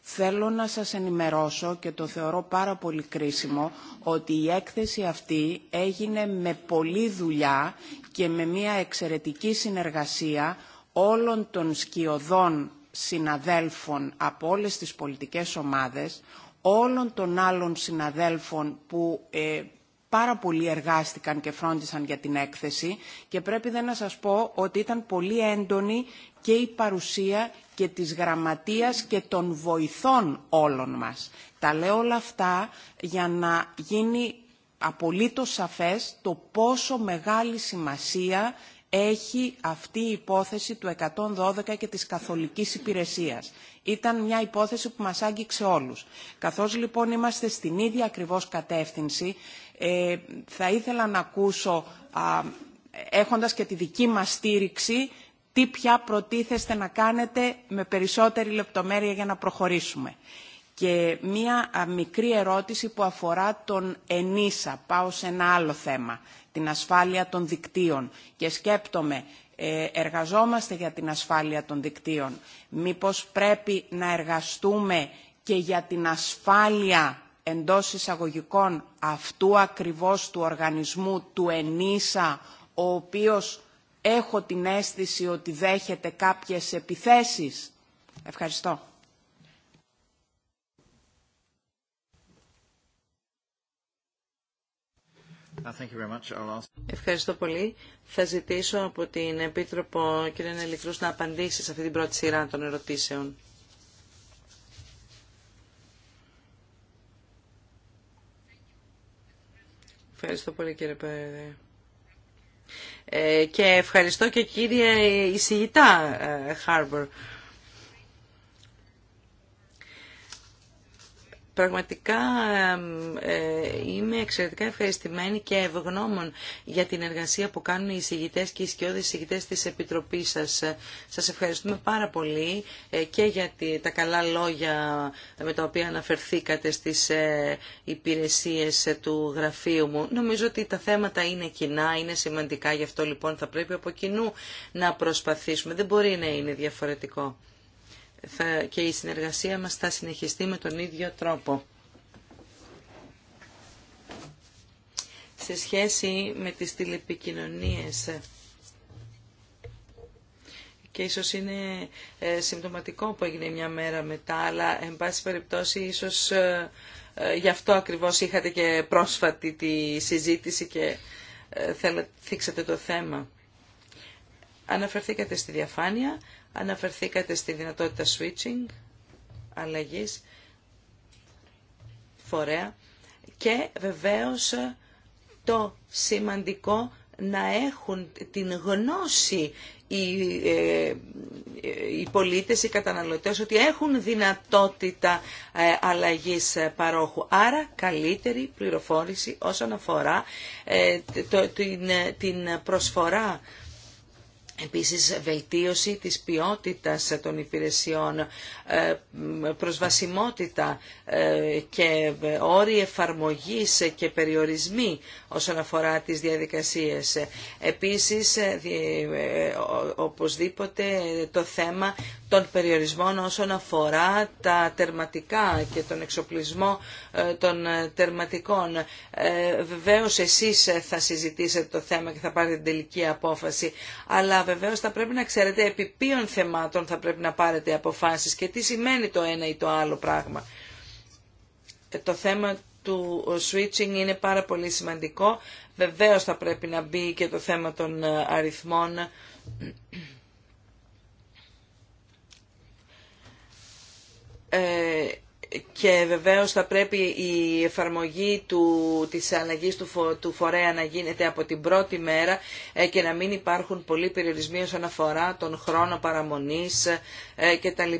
Θέλω να σας ενημερώσω και το θεωρώ πάρα πολύ κρίσιμο ότι η έκθεση αυτή έγινε με πολλή δουλειά και με μια εξαιρετική συνεργασία όλων των σκιωδών συναδέλφων από όλες τις πολιτικές ομάδες, όλων των άλλων συναδέλφων που ε, πάρα πολύ εργάστηκαν και φρόντισαν για την έκθεση και πρέπει δεν να σας πω ότι ήταν πολύ έντονη και η παρουσία και της γραμματείας και των βοηθών όλων μας. Τα λέω όλα αυτά για να γίνει απολύτως σαφές το πόσο μεγάλη σημασία έχει αυτή η υπόθεση του 112 και της καθολικής υπηρεσίας. Ήταν μια υπόθεση που μας άγγιξε όλους. Καθώς λοιπόν είμαστε στην ίδια ακριβώς κατεύθυνση, ε, θα ήθελα να ακούσω, έχοντας και τη δική μας στήριξη, τι πια προτίθεστε να κάνετε με περισσότερη λεπτομέρεια για να προχωρήσουμε. Και μία μικρή ερώτηση που αφορά τον ΕΝΙΣΑ. Πάω σε ένα άλλο θέμα, την ασφάλεια των δικτύων. Και σκέπτομαι, ε, εργαζόμαστε για την ασφάλεια των δικτύων. Μήπως πρέπει να εργαστούμε και για την ασφάλεια εντός εισαγωγικών αυτού ακριβώς του οργανισμού του ΕΝΙΣΑ, ο οποίος έχω την αίσθηση ότι δέχεται κάποιες επιθέσεις. Ευχαριστώ.
Uh,
Ευχαριστώ πολύ. Θα ζητήσω από την Επίτροπο κ. Νελικρούς να απαντήσει σε αυτή την πρώτη σειρά των ερωτήσεων. Ευχαριστώ πολύ κύριε Πρόεδρε. Ε, και ευχαριστώ και κύριε εισηγητά ε, Χάρμπορ. Πραγματικά ε, είμαι εξαιρετικά ευχαριστημένη και ευγνώμων για την εργασία που κάνουν οι εισηγητές και οι σκιώδες εισηγητές της Επιτροπής σας. Σας ευχαριστούμε πάρα πολύ ε, και για τα καλά λόγια με τα οποία αναφερθήκατε στις ε, υπηρεσίες του γραφείου μου. Νομίζω ότι τα θέματα είναι κοινά, είναι σημαντικά, γι' αυτό λοιπόν θα πρέπει από κοινού να προσπαθήσουμε. Δεν μπορεί να είναι διαφορετικό και η συνεργασία μας θα συνεχιστεί με τον ίδιο τρόπο. Σε σχέση με τις τηλεπικοινωνίες και ίσως είναι ε, συμπτωματικό που έγινε μια μέρα μετά, αλλά εν πάση περιπτώσει ίσως ε, ε, γι' αυτό ακριβώς είχατε και πρόσφατη τη συζήτηση και θέλετε θίξατε το θέμα. Αναφερθήκατε στη διαφάνεια Αναφερθήκατε στη δυνατότητα switching, αλλαγής, φορέα και βεβαίως το σημαντικό να έχουν την γνώση οι, ε, οι πολίτες, οι καταναλωτές ότι έχουν δυνατότητα ε, αλλαγής παρόχου. Άρα καλύτερη πληροφόρηση όσον αφορά ε, το, την, την προσφορά Επίσης, βελτίωση της ποιότητας των υπηρεσιών, ε, προσβασιμότητα ε, και ε, όροι εφαρμογής και περιορισμοί όσον αφορά τις διαδικασίες. Επίσης, οπωσδήποτε το θέμα των περιορισμών όσον αφορά τα τερματικά και τον εξοπλισμό των τερματικών. Βεβαίως, εσείς θα συζητήσετε το θέμα και θα πάρετε την τελική απόφαση, αλλά Βεβαίω, θα πρέπει να ξέρετε επί ποιων θεμάτων θα πρέπει να πάρετε αποφάσεις και τι σημαίνει το ένα ή το άλλο πράγμα. Ε, το θέμα του switching είναι πάρα πολύ σημαντικό. Βεβαίως θα πρέπει να μπει και το θέμα των ε, αριθμών. Ε, και βεβαίως θα πρέπει η εφαρμογή του, της αλλαγής του, του φορέα να γίνεται από την πρώτη μέρα ε, και να μην υπάρχουν πολλοί περιορισμοί όσον αφορά τον χρόνο παραμονής ε, κτλ.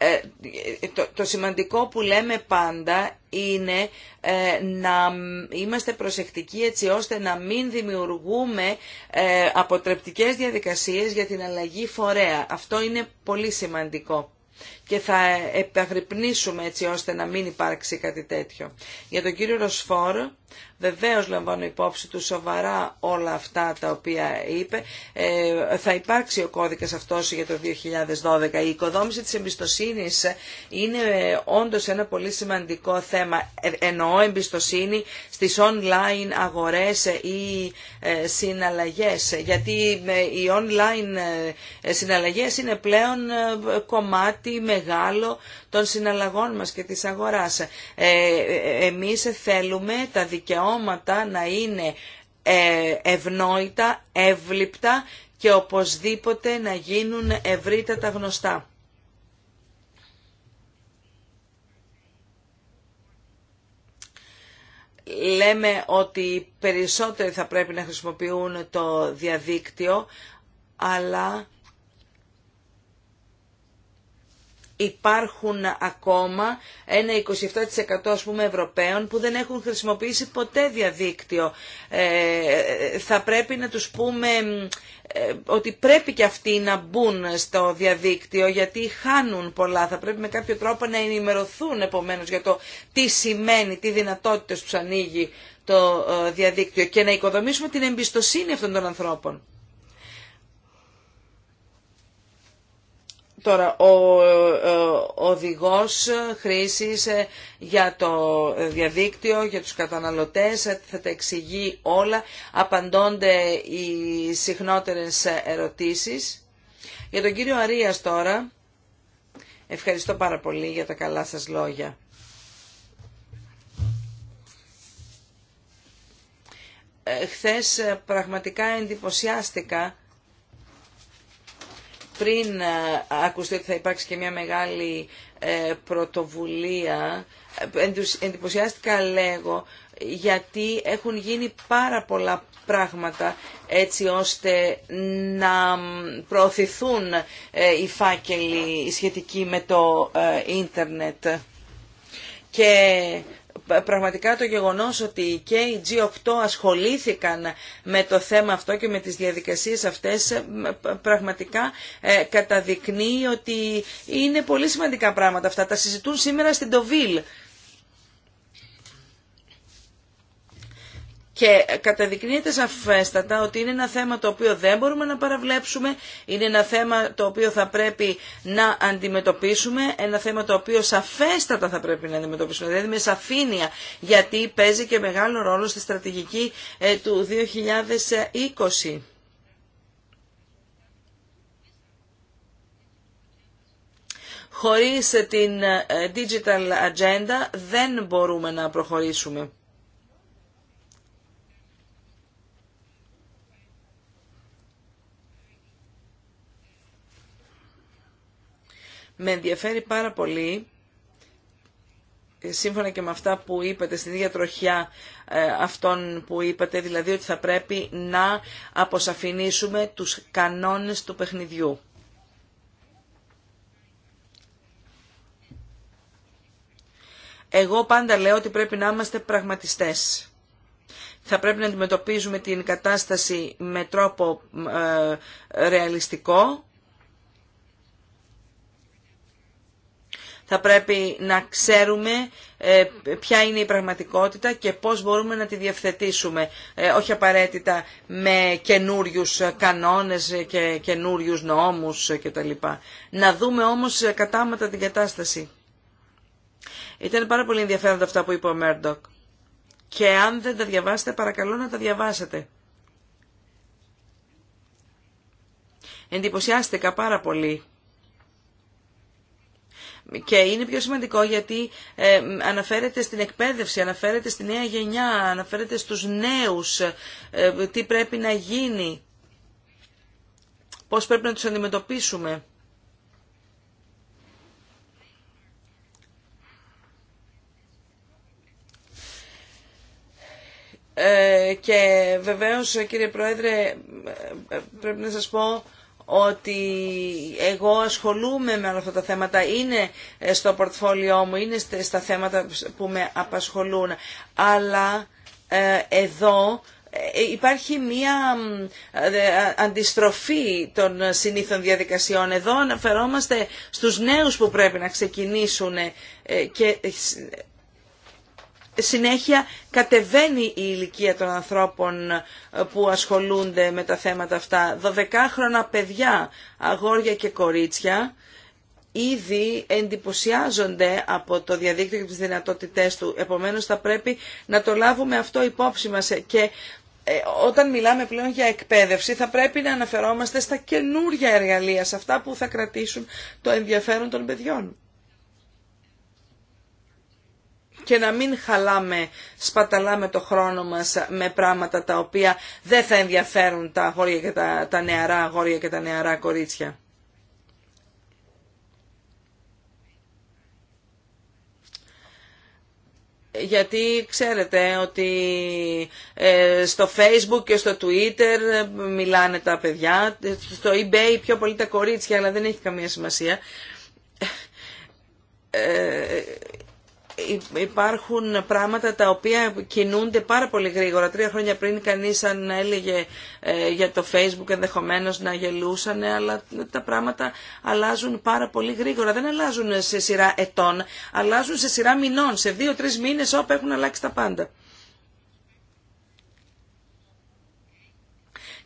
Ε, το, το σημαντικό που λέμε πάντα είναι ε, να είμαστε προσεκτικοί έτσι ώστε να μην δημιουργούμε ε, αποτρεπτικές διαδικασίες για την αλλαγή φορέα. Αυτό είναι πολύ σημαντικό και θα επαγρυπνήσουμε έτσι ώστε να μην υπάρξει κάτι τέτοιο. Για τον κύριο Ροσφόρ, βεβαίως λαμβάνω υπόψη του σοβαρά όλα αυτά τα οποία είπε. Ε, θα υπάρξει ο κώδικας αυτός για το 2012. Η οικοδόμηση της εμπιστοσύνης είναι ε, όντως ένα πολύ σημαντικό θέμα. Ε, εννοώ εμπιστοσύνη στις online αγορές ή συναλλαγές. Γιατί οι online συναλλαγές είναι πλέον κομμάτι με μεγάλο των συναλλαγών μας και της αγοράς. Ε, ε, ε, εμείς θέλουμε τα δικαιώματα να είναι ευνόητα, εύληπτα και οπωσδήποτε να γίνουν ευρύτατα γνωστά. λέμε ότι περισσότεροι θα πρέπει να χρησιμοποιούν το διαδίκτυο, αλλά υπάρχουν ακόμα ένα 27% Ευρωπαίων που δεν έχουν χρησιμοποιήσει ποτέ διαδίκτυο. Ε, θα πρέπει να τους πούμε ε, ότι πρέπει και αυτοί να μπουν στο διαδίκτυο γιατί χάνουν πολλά. Θα πρέπει με κάποιο τρόπο να ενημερωθούν επομένως για το τι σημαίνει, τι δυνατότητες τους ανοίγει το ε, διαδίκτυο και να οικοδομήσουμε την εμπιστοσύνη αυτών των ανθρώπων. Τώρα, ο ε, οδηγός χρήσης ε, για το διαδίκτυο, για τους καταναλωτές, ε, θα τα εξηγεί όλα. Απαντώνται οι συχνότερες ερωτήσεις. Για τον κύριο Αρίας τώρα, ευχαριστώ πάρα πολύ για τα καλά σας λόγια. Χθες πραγματικά εντυπωσιάστηκα πριν ε, ακουστεί ότι θα υπάρξει και μια μεγάλη ε, πρωτοβουλία, ε, εντυπωσιάστηκα λέγω γιατί έχουν γίνει πάρα πολλά πράγματα έτσι ώστε να προωθηθούν οι φάκελοι σχετικοί με το ίντερνετ. Και πραγματικά το γεγονός ότι και οι G8 ασχολήθηκαν με το θέμα αυτό και με τις διαδικασίες αυτές ε, πραγματικά ε, καταδεικνύει ότι είναι πολύ σημαντικά πράγματα αυτά. Τα συζητούν σήμερα στην Τοβίλ. Και καταδεικνύεται σαφέστατα ότι είναι ένα θέμα το οποίο δεν μπορούμε να παραβλέψουμε, είναι ένα θέμα το οποίο θα πρέπει να αντιμετωπίσουμε, ένα θέμα το οποίο σαφέστατα θα πρέπει να αντιμετωπίσουμε, δηλαδή με σαφήνεια, γιατί παίζει και μεγάλο ρόλο στη στρατηγική ε, του 2020. Χωρίς την ε, digital agenda δεν μπορούμε να προχωρήσουμε. Με ενδιαφέρει πάρα πολύ, ε, σύμφωνα και με αυτά που είπατε, στην ίδια τροχιά ε, αυτών που είπατε, δηλαδή ότι θα πρέπει να αποσαφηνίσουμε τους κανόνες του παιχνιδιού. Εγώ πάντα λέω ότι πρέπει να είμαστε πραγματιστές. Θα πρέπει να αντιμετωπίζουμε την κατάσταση με τρόπο ε, ρεαλιστικό Θα πρέπει να ξέρουμε ε, ποια είναι η πραγματικότητα και πώς μπορούμε να τη διευθετήσουμε. Ε, όχι απαραίτητα με καινούριου κανόνες και καινούριου νόμους κτλ. Να δούμε όμως κατάματα την κατάσταση. Ήταν πάρα πολύ ενδιαφέροντα αυτά που είπε ο Μέρντοκ. Και αν δεν τα διαβάσετε, παρακαλώ να τα διαβάσετε. Εντυπωσιάστηκα πάρα πολύ και είναι πιο σημαντικό γιατί ε, αναφέρεται στην εκπαίδευση, αναφέρεται στη νέα γενιά, αναφέρεται στους νέους, ε, τι πρέπει να γίνει, πώς πρέπει να τους αντιμετωπίσουμε. Ε, και βεβαίως κύριε Πρόεδρε πρέπει να σας πω ότι εγώ ασχολούμαι με όλα αυτά τα θέματα, είναι ε, στο πορτφόλιό μου, είναι στα θέματα που με απασχολούν. Αλλά ε, εδώ ε, υπάρχει μία αντιστροφή των συνήθων διαδικασιών. Εδώ αναφερόμαστε στους νέους που πρέπει να ξεκινήσουν και συνέχεια κατεβαίνει η ηλικία των ανθρώπων ε, που ασχολούνται με τα θέματα αυτά. 12χρονα παιδιά, αγόρια και κορίτσια, ήδη εντυπωσιάζονται από το διαδίκτυο και τις δυνατότητές του. Επομένως θα πρέπει να το λάβουμε αυτό υπόψη μας και ε, όταν μιλάμε πλέον για εκπαίδευση θα πρέπει να αναφερόμαστε στα καινούργια εργαλεία, σε αυτά που θα κρατήσουν το ενδιαφέρον των παιδιών και να μην χαλάμε, σπαταλάμε το χρόνο μας με πράγματα τα οποία δεν θα ενδιαφέρουν τα, αγόρια και τα, τα νεαρά αγόρια και τα νεαρά κορίτσια. γιατί ξέρετε ότι ε, στο facebook και στο twitter μιλάνε τα παιδιά, στο ebay πιο πολύ τα κορίτσια, αλλά δεν έχει καμία σημασία. Ε, υπάρχουν πράγματα τα οποία κινούνται πάρα πολύ γρήγορα. Τρία χρόνια πριν κανείς αν έλεγε ε, για το facebook ενδεχομένως να γελούσανε, αλλά τα πράγματα αλλάζουν πάρα πολύ γρήγορα. Δεν αλλάζουν σε σειρά ετών, αλλάζουν σε σειρά μηνών. Σε δύο-τρεις μήνες όπου έχουν αλλάξει τα πάντα.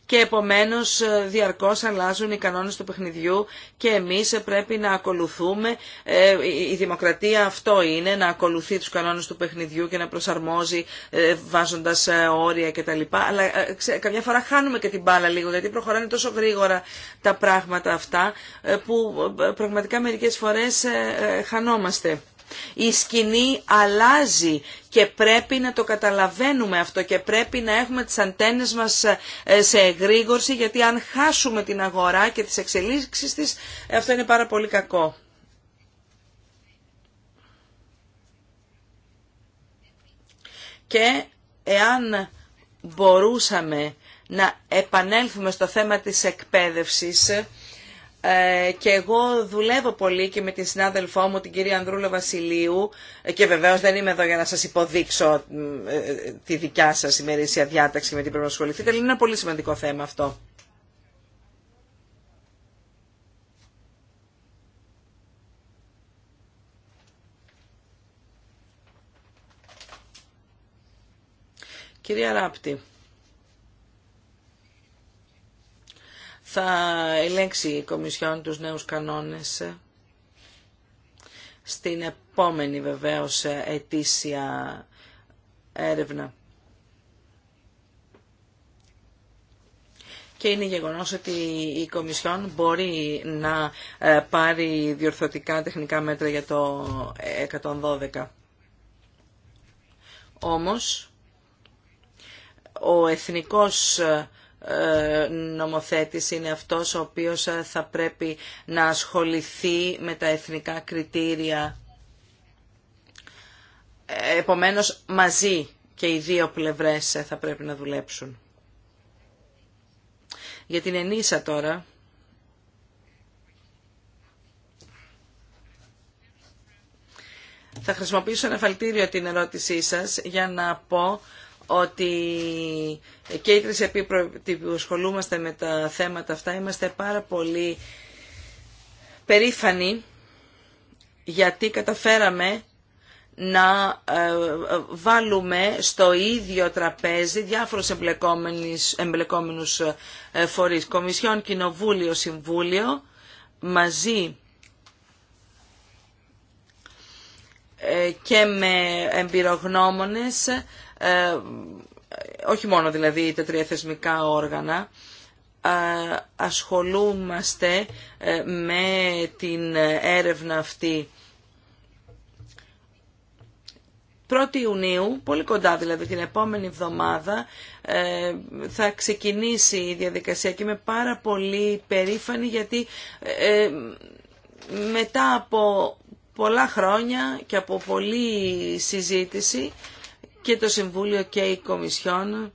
και επομένως ε, διαρκώς αλλάζουν οι κανόνες του παιχνιδιού και εμείς ε, πρέπει να ακολουθούμε, ε, η δημοκρατία αυτό είναι, να ακολουθεί τους κανόνες του παιχνιδιού και να προσαρμόζει βάζοντας όρια κτλ. Αλλά καμιά φορά χάνουμε και την μπάλα λίγο γιατί προχωράνε τόσο γρήγορα τα πράγματα αυτά που πραγματικά μερικές φορές χανόμαστε. Η σκηνή αλλάζει και πρέπει να το καταλαβαίνουμε αυτό και πρέπει να έχουμε τις αντένες μας ε, σε εγρήγορση γιατί αν χάσουμε την αγορά και τις εξελίξεις της αυτό είναι πάρα πολύ κακό. Και εάν μπορούσαμε να επανέλθουμε στο θέμα της εκπαίδευσης ε, και εγώ δουλεύω πολύ και με την συνάδελφό μου την κυρία Ανδρούλα Βασιλείου ε, και βεβαίως δεν είμαι εδώ για να σας υποδείξω ε, τη δικιά σας ημερήσια διάταξη με την πρέπει να ασχοληθείτε, αλλά είναι ένα πολύ σημαντικό θέμα αυτό. Κυρία Ράπτη. θα ελέγξει η Κομισιόν τους νέους κανόνες στην επόμενη βεβαίως ετήσια έρευνα. και είναι γεγονός ότι η Κομισιόν μπορεί να ε, πάρει διορθωτικά τεχνικά μέτρα για το 112. Όμως, ο εθνικός ε, ε, νομοθέτης είναι αυτός ο οποίος ε, θα πρέπει να ασχοληθεί με τα εθνικά κριτήρια. Ε, επομένως, μαζί και οι δύο πλευρές θα πρέπει να δουλέψουν. Για την ενίσα τώρα... Θα χρησιμοποιήσω ένα φαλτήριο την ερώτησή σας για να πω ότι και οι τρεις επίπροποι που ασχολούμαστε με τα θέματα αυτά είμαστε πάρα πολύ περήφανοι γιατί καταφέραμε να ε, βάλουμε στο ίδιο τραπέζι διάφορους εμπλεκόμενους ε, φορείς. Κομισιόν, Κοινοβούλιο, Συμβούλιο μαζί ε, και με εμπειρογνώμονες ε, όχι μόνο δηλαδή τα τρία θεσμικά όργανα, ε, ασχολούμαστε ε, με την έρευνα αυτή. 1η Ιουνίου, πολύ κοντά δηλαδή την επόμενη εβδομάδα, θα ξεκινήσει η διαδικασία και είμαι πάρα πολύ περήφανη γιατί μετά από πολλά χρόνια και από πολλή συζήτηση και το Συμβούλιο και η Κομισιόν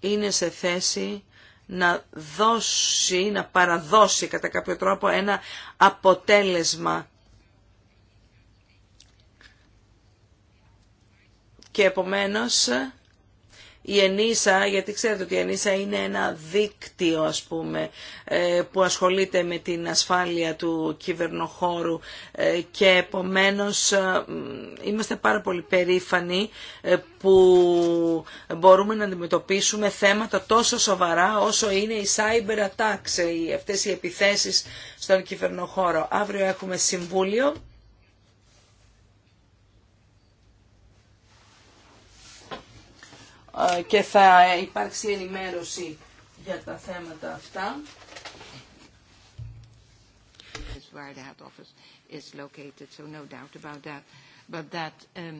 είναι σε θέση να δώσει, να παραδώσει κατά κάποιο τρόπο ένα αποτέλεσμα και επομένως η ΕΝΙΣΑ, γιατί ξέρετε ότι η ΕΝΙΣΑ είναι ένα δίκτυο ας πούμε ε, που ασχολείται με την ασφάλεια του κυβερνοχώρου ε, και επομένως ε, είμαστε πάρα πολύ περήφανοι που μπορούμε να αντιμετωπίσουμε θέματα τόσο σοβαρά όσο είναι οι cyber attacks, αυτές οι επιθέσεις στον κυβερνοχώρο. Αύριο έχουμε συμβούλιο και θα υπάρξει ενημέρωση για τα θέματα αυτά.
Um,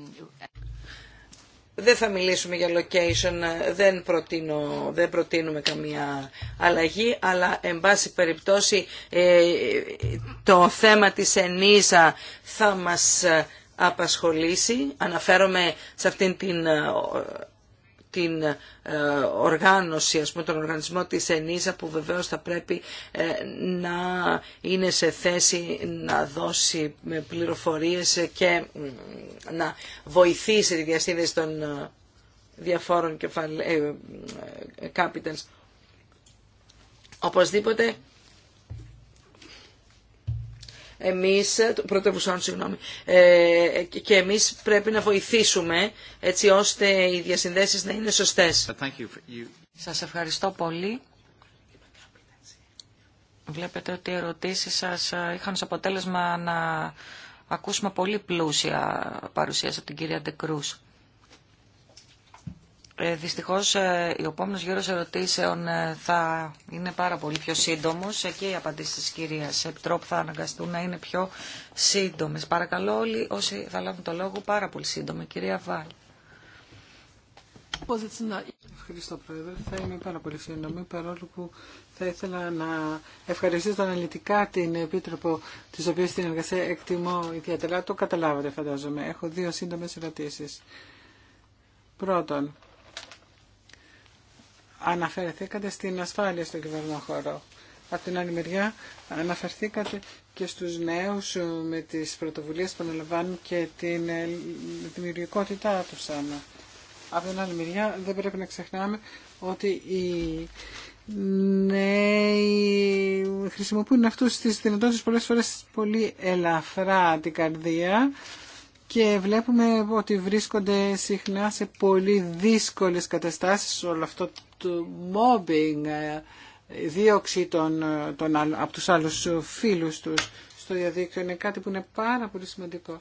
δεν θα μιλήσουμε
για location, δεν, προτείνω, δεν προτείνουμε καμία αλλαγή, αλλά εν πάση περιπτώσει ε, το θέμα της Ενίζα θα μας ε, απασχολήσει. Αναφέρομαι σε αυτήν την ε, την ε, οργάνωση, ας πούμε, τον οργανισμό της ΕΝΙΖΑ που βεβαίως θα πρέπει ε, να είναι σε θέση να δώσει ε, πληροφορίες και να βοηθήσει τη διασύνδεση των διαφόρων capitals. Οπωσδήποτε εμείς, πρωτεύουσαν, συγγνώμη, ε, και εμείς πρέπει να βοηθήσουμε έτσι ώστε οι διασυνδέσεις να είναι σωστές.
Σας ευχαριστώ πολύ. Βλέπετε ότι οι ερωτήσεις σας ε, είχαν ως αποτέλεσμα να ακούσουμε πολύ πλούσια παρουσίαση από την κυρία Ντεκρούς. Ε, δυστυχώς ε, ο επόμενος γύρος ερωτήσεων ε, θα είναι πάρα πολύ πιο σύντομος και οι απαντήσεις της κυρίας Επιτρόπου θα αναγκαστούν να είναι πιο σύντομες. Παρακαλώ όλοι όσοι θα λάβουν το λόγο πάρα πολύ σύντομα. Κυρία Βάλ.
Ευχαριστώ Πρόεδρε. Θα είμαι πάρα πολύ σύντομη παρόλο που θα ήθελα να ευχαριστήσω αναλυτικά την Επίτροπο της οποίας την εργασία εκτιμώ ιδιαίτερα. Το καταλάβατε φαντάζομαι. Έχω δύο σύντομες ερωτήσεις. Πρώτον, Αναφερθήκατε στην ασφάλεια στο κυβερνό χώρο. Από την άλλη μεριά αναφερθήκατε και στους νέους ε, με τις πρωτοβουλίες που αναλαμβάνουν και την ε, δημιουργικότητά του σαν. Από την άλλη μεριά δεν πρέπει να ξεχνάμε ότι οι νέοι χρησιμοποιούν αυτούς τις δυνατότητες πολλές φορές πολύ ελαφρά την καρδία και βλέπουμε ότι βρίσκονται συχνά σε πολύ δύσκολες καταστάσεις όλο αυτό το mobbing, ε, δίωξη των, των, από τους άλλους φίλους τους στο διαδίκτυο είναι κάτι που είναι πάρα πολύ σημαντικό.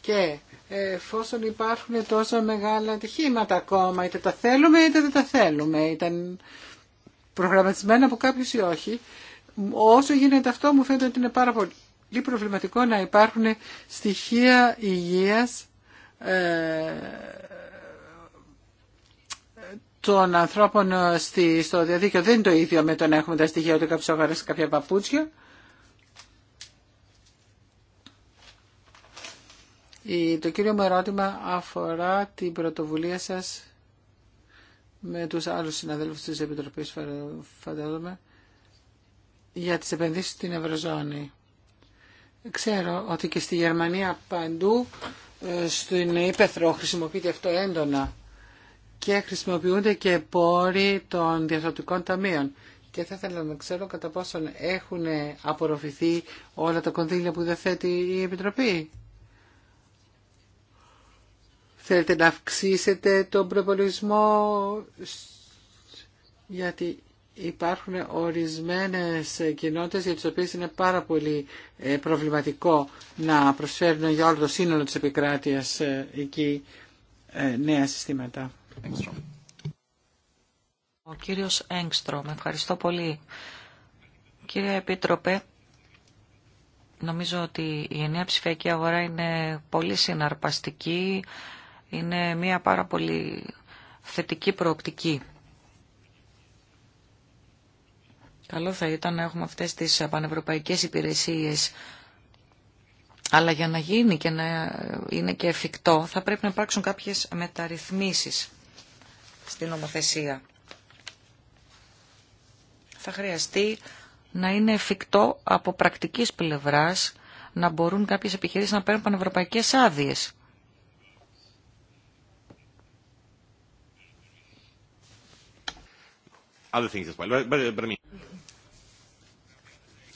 Και ε, εφόσον υπάρχουν τόσο μεγάλα ατυχήματα ακόμα, είτε τα θέλουμε είτε δεν τα θέλουμε, ήταν προγραμματισμένα από κάποιους ή όχι, όσο γίνεται αυτό μου φαίνεται ότι είναι πάρα πολύ προβληματικό να υπάρχουν στοιχεία υγείας ε, των ανθρώπων ε, στη, στο διαδίκτυο δεν είναι το ίδιο με το να έχουμε τα στοιχεία ότι κάποιος αγορέ κάποια παπούτσια. Το κύριο μου ερώτημα αφορά την πρωτοβουλία σας με τους άλλους συναδέλφους της Επιτροπής, φαντάζομαι, για τις επενδύσεις στην Ευρωζώνη. Ξέρω ότι και στη Γερμανία παντού ε, στην Ήπεθρο χρησιμοποιείται αυτό έντονα και χρησιμοποιούνται και πόροι των διαθροτικών ταμείων. Και θα ήθελα να ξέρω κατά πόσον έχουν απορροφηθεί όλα τα κονδύλια που διαθέτει η Επιτροπή. Θέλετε να αυξήσετε τον προπολογισμό γιατί υπάρχουν ορισμένες κοινότητες για τις οποίες είναι πάρα πολύ ε, προβληματικό να προσφέρουν για όλο το σύνολο της επικράτειας ε, εκεί ε, νέα συστήματα.
Ο κύριος με ευχαριστώ πολύ. Κύριε Επίτροπε, νομίζω ότι η ενιαία ψηφιακή αγορά είναι πολύ συναρπαστική, είναι μια πάρα πολύ θετική προοπτική. Καλό θα ήταν να έχουμε αυτές τις πανευρωπαϊκές υπηρεσίες αλλά για να γίνει και να είναι και εφικτό θα πρέπει να υπάρξουν κάποιες μεταρρυθμίσεις στην νομοθεσία. Θα χρειαστεί να είναι εφικτό από πρακτικής πλευράς να μπορούν κάποιες επιχειρήσεις να παίρνουν πανευρωπαϊκές άδειες.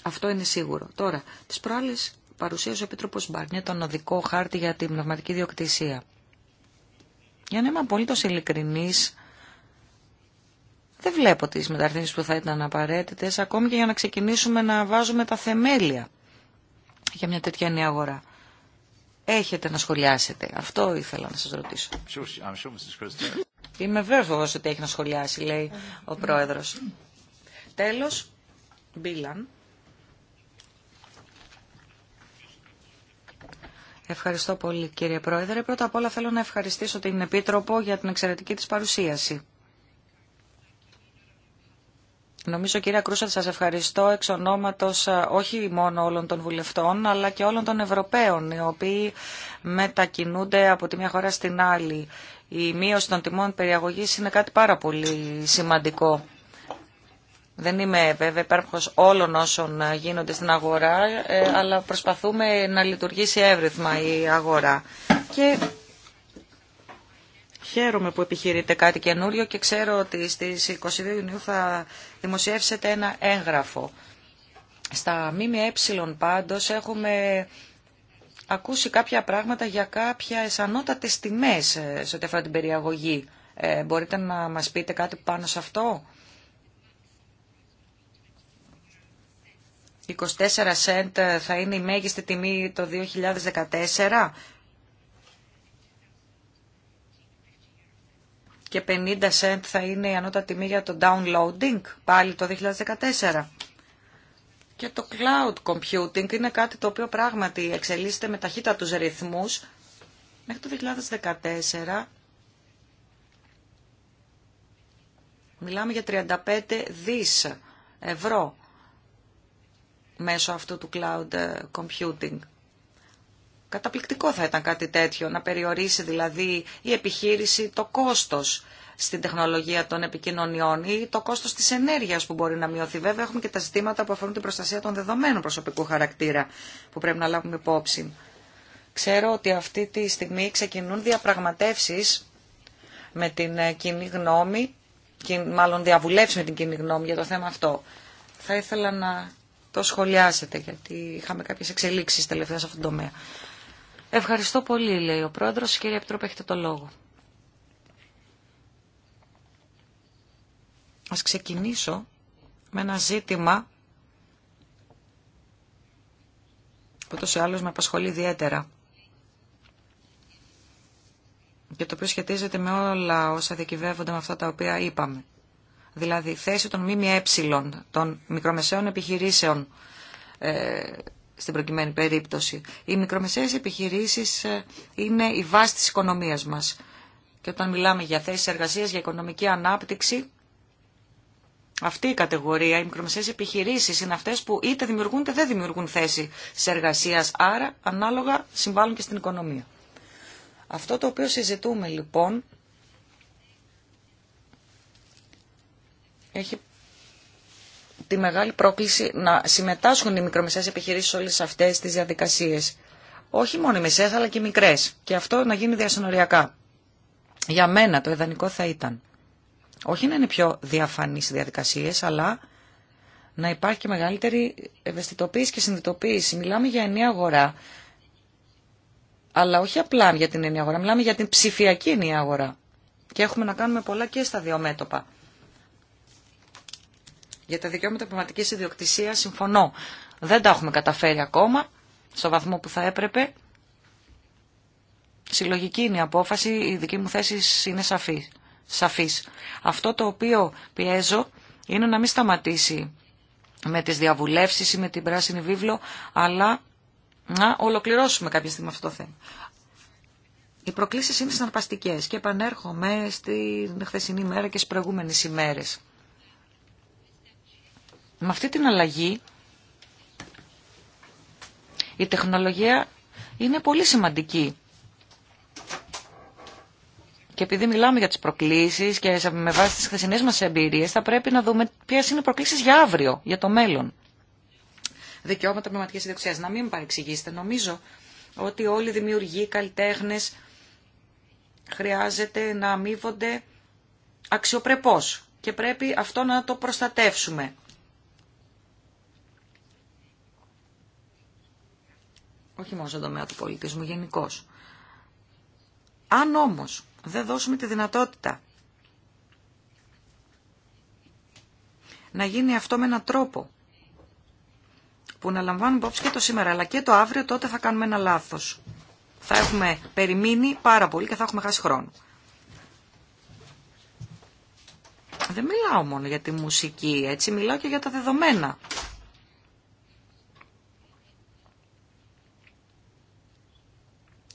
Αυτό είναι σίγουρο. Τώρα, τις προάλλες παρουσίασε ο Επίτροπος Μπαρνιέ τον οδικό χάρτη για την πνευματική διοκτησία. Για να είμαι απολύτω ειλικρινή, δεν βλέπω τις μεταρρυθμίσεις που θα ήταν απαραίτητε, ακόμη και για να ξεκινήσουμε να βάζουμε τα θεμέλια για μια τέτοια νέα αγορά. Έχετε να σχολιάσετε. Αυτό ήθελα να σας ρωτήσω. Είμαι βέβαιο ότι έχει να σχολιάσει, λέει ο πρόεδρος. Τέλος, Μπίλαν. Ευχαριστώ πολύ κύριε Πρόεδρε. Πρώτα απ' όλα θέλω να ευχαριστήσω την Επίτροπο για την εξαιρετική της παρουσίαση. Νομίζω κύριε Κρούσα σας ευχαριστώ εξ ονόματος όχι μόνο όλων των βουλευτών αλλά και όλων των Ευρωπαίων οι οποίοι μετακινούνται από τη μια χώρα στην άλλη. Η μείωση των τιμών περιαγωγής είναι κάτι πάρα πολύ σημαντικό δεν είμαι βέβαια υπέρμαχος όλων όσων γίνονται στην αγορά, ε, αλλά προσπαθούμε να λειτουργήσει εύρυθμα η αγορά. Και χαίρομαι που επιχειρείτε κάτι καινούριο και ξέρω ότι στις 22 Ιουνίου θα δημοσιεύσετε ένα έγγραφο. Στα ΜΜΕ πάντως έχουμε ακούσει κάποια πράγματα για κάποια εσανότατες τιμές ε, σε ό,τι αφορά την περιαγωγή. Ε, μπορείτε να μας πείτε κάτι πάνω σε αυτό. 24 cent θα είναι η μέγιστη τιμή το 2014 και 50 cent θα είναι η ανώτατη τιμή για το downloading πάλι το 2014. Και το cloud computing είναι κάτι το οποίο πράγματι εξελίσσεται με ταχύτητα τους ρυθμούς μέχρι το 2014. Μιλάμε για 35 δις ευρώ μέσω αυτού του cloud ε, computing. Καταπληκτικό θα ήταν κάτι τέτοιο, να περιορίσει δηλαδή η επιχείρηση το κόστος στην τεχνολογία των επικοινωνιών ή το κόστος της ενέργειας που μπορεί να μειωθεί. Βέβαια έχουμε και τα ζητήματα που αφορούν την προστασία των δεδομένων προσωπικού χαρακτήρα που πρέπει να λάβουμε υπόψη. Ξέρω ότι αυτή τη στιγμή ξεκινούν διαπραγματεύσεις με την ε, κοινή γνώμη, μάλλον διαβουλεύσεις με την κοινή γνώμη για το θέμα αυτό. Θα ήθελα να το σχολιάσετε, γιατί είχαμε κάποιες εξελίξεις τελευταία σε αυτόν τον τομέα. Ευχαριστώ πολύ, λέει ο Πρόεδρος. Κύριε Επιτρόπε, έχετε το λόγο. Ας ξεκινήσω με ένα ζήτημα που τόσο άλλος με απασχολεί ιδιαίτερα και το οποίο σχετίζεται με όλα όσα διακυβεύονται με αυτά τα οποία είπαμε δηλαδή θέση των ΜΜΕ, των μικρομεσαίων επιχειρήσεων ε, στην προκειμένη περίπτωση. Οι μικρομεσαίες επιχειρήσεις ε, είναι η βάση της οικονομίας μας. Και όταν μιλάμε για θέσεις εργασίας, για οικονομική ανάπτυξη, αυτή η κατηγορία, οι μικρομεσαίες επιχειρήσεις είναι αυτές που είτε δημιουργούν είτε δεν δημιουργούν θέση άρα ανάλογα συμβάλλουν και στην οικονομία. Αυτό το οποίο συζητούμε λοιπόν έχει τη μεγάλη πρόκληση να συμμετάσχουν οι μικρομεσαίες επιχειρήσεις σε όλες αυτές τις διαδικασίες. Όχι μόνο οι μεσαίες αλλά και οι μικρές. Και αυτό να γίνει διασυνοριακά. Για μένα το ιδανικό θα ήταν όχι να είναι πιο διαφανείς οι διαδικασίες, αλλά να υπάρχει και μεγαλύτερη ευαισθητοποίηση και συνειδητοποίηση. Μιλάμε για ενιαία αγορά, αλλά όχι απλά για την ενιαία αγορά, μιλάμε για την ψηφιακή ενιαία αγορά. Και έχουμε να κάνουμε πολλά και στα δύο μέτωπα. Για τα δικαιώματα πνευματική ιδιοκτησία συμφωνώ. Δεν τα έχουμε καταφέρει ακόμα στο βαθμό που θα έπρεπε. Συλλογική είναι η απόφαση, η δική μου θέση είναι σαφή. Σαφής. Αυτό το οποίο πιέζω είναι να μην σταματήσει με τις διαβουλεύσεις ή με την πράσινη βίβλο, αλλά να ολοκληρώσουμε κάποια στιγμή αυτό το θέμα. Οι προκλήσεις είναι συναρπαστικέ και επανέρχομαι στην χθεσινή μέρα και στι προηγούμενε ημέρε. Με αυτή την αλλαγή η τεχνολογία είναι πολύ σημαντική. Και επειδή μιλάμε για τις προκλήσεις και με βάση τις χθεσινές μας εμπειρίες θα πρέπει να δούμε ποιε είναι οι προκλήσεις για αύριο, για το μέλλον. Δικαιώματα πνευματικής ιδιοξίας. Να μην παρεξηγήσετε. Νομίζω ότι όλοι οι δημιουργοί, οι καλλιτέχνες χρειάζεται να αμείβονται αξιοπρεπώς και πρέπει αυτό να το προστατεύσουμε. όχι μόνο στον τομέα του πολιτισμού γενικώ. Αν όμως δεν δώσουμε τη δυνατότητα να γίνει αυτό με έναν τρόπο που να λαμβάνουμε υπόψη και το σήμερα αλλά και το αύριο, τότε θα κάνουμε ένα λάθος. Θα έχουμε περιμείνει πάρα πολύ και θα έχουμε χάσει χρόνο. Δεν μιλάω μόνο για τη μουσική, έτσι μιλάω και για τα δεδομένα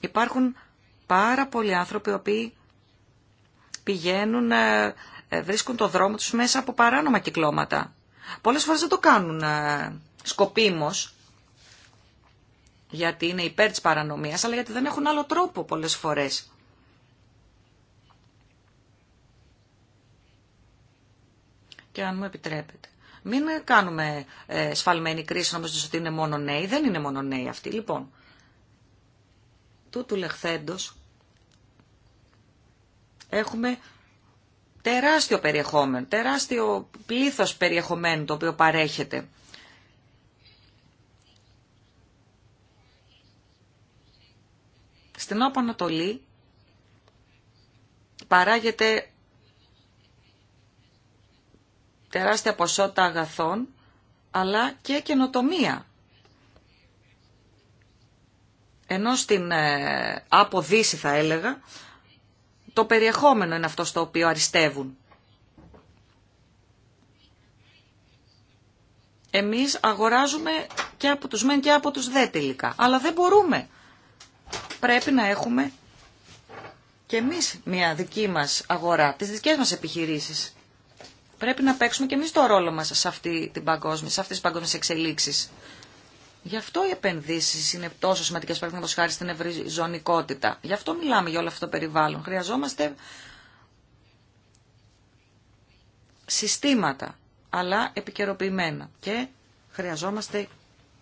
Υπάρχουν πάρα πολλοί άνθρωποι οι οποίοι πηγαίνουν, ε, ε, βρίσκουν το δρόμο τους μέσα από παράνομα κυκλώματα. Πολλές φορές δεν το κάνουν ε, σκοπίμως, γιατί είναι υπέρ της παρανομίας, αλλά γιατί δεν έχουν άλλο τρόπο πολλές φορές. Και αν μου επιτρέπετε. Μην κάνουμε σφαλμένη κρίση όμως ότι είναι μόνο νέοι. Δεν είναι μόνο νέοι αυτοί. Λοιπόν, Τούτου λεχθέντος έχουμε τεράστιο περιεχόμενο, τεράστιο πλήθος περιεχομένου το οποίο παρέχεται. Στην Όπο Ανατολή παράγεται τεράστια ποσότητα αγαθών, αλλά και καινοτομία ενώ στην ε, αποδύση θα έλεγα, το περιεχόμενο είναι αυτό στο οποίο αριστεύουν. Εμείς αγοράζουμε και από τους μεν και από τους δε τελικά. Αλλά δεν μπορούμε. Πρέπει να έχουμε και εμείς μια δική μας αγορά, τις δικές μας επιχειρήσεις. Πρέπει να παίξουμε και εμείς το ρόλο μας σε, αυτή την παγκόσμια, σε αυτές τις παγκόσμιες εξελίξεις. Γι' αυτό οι επενδύσει είναι τόσο σημαντικέ, παραδείγματο χάρη στην ευρυζωνικότητα. Γι' αυτό μιλάμε για όλο αυτό το περιβάλλον. Χρειαζόμαστε συστήματα, αλλά επικαιροποιημένα. Και χρειαζόμαστε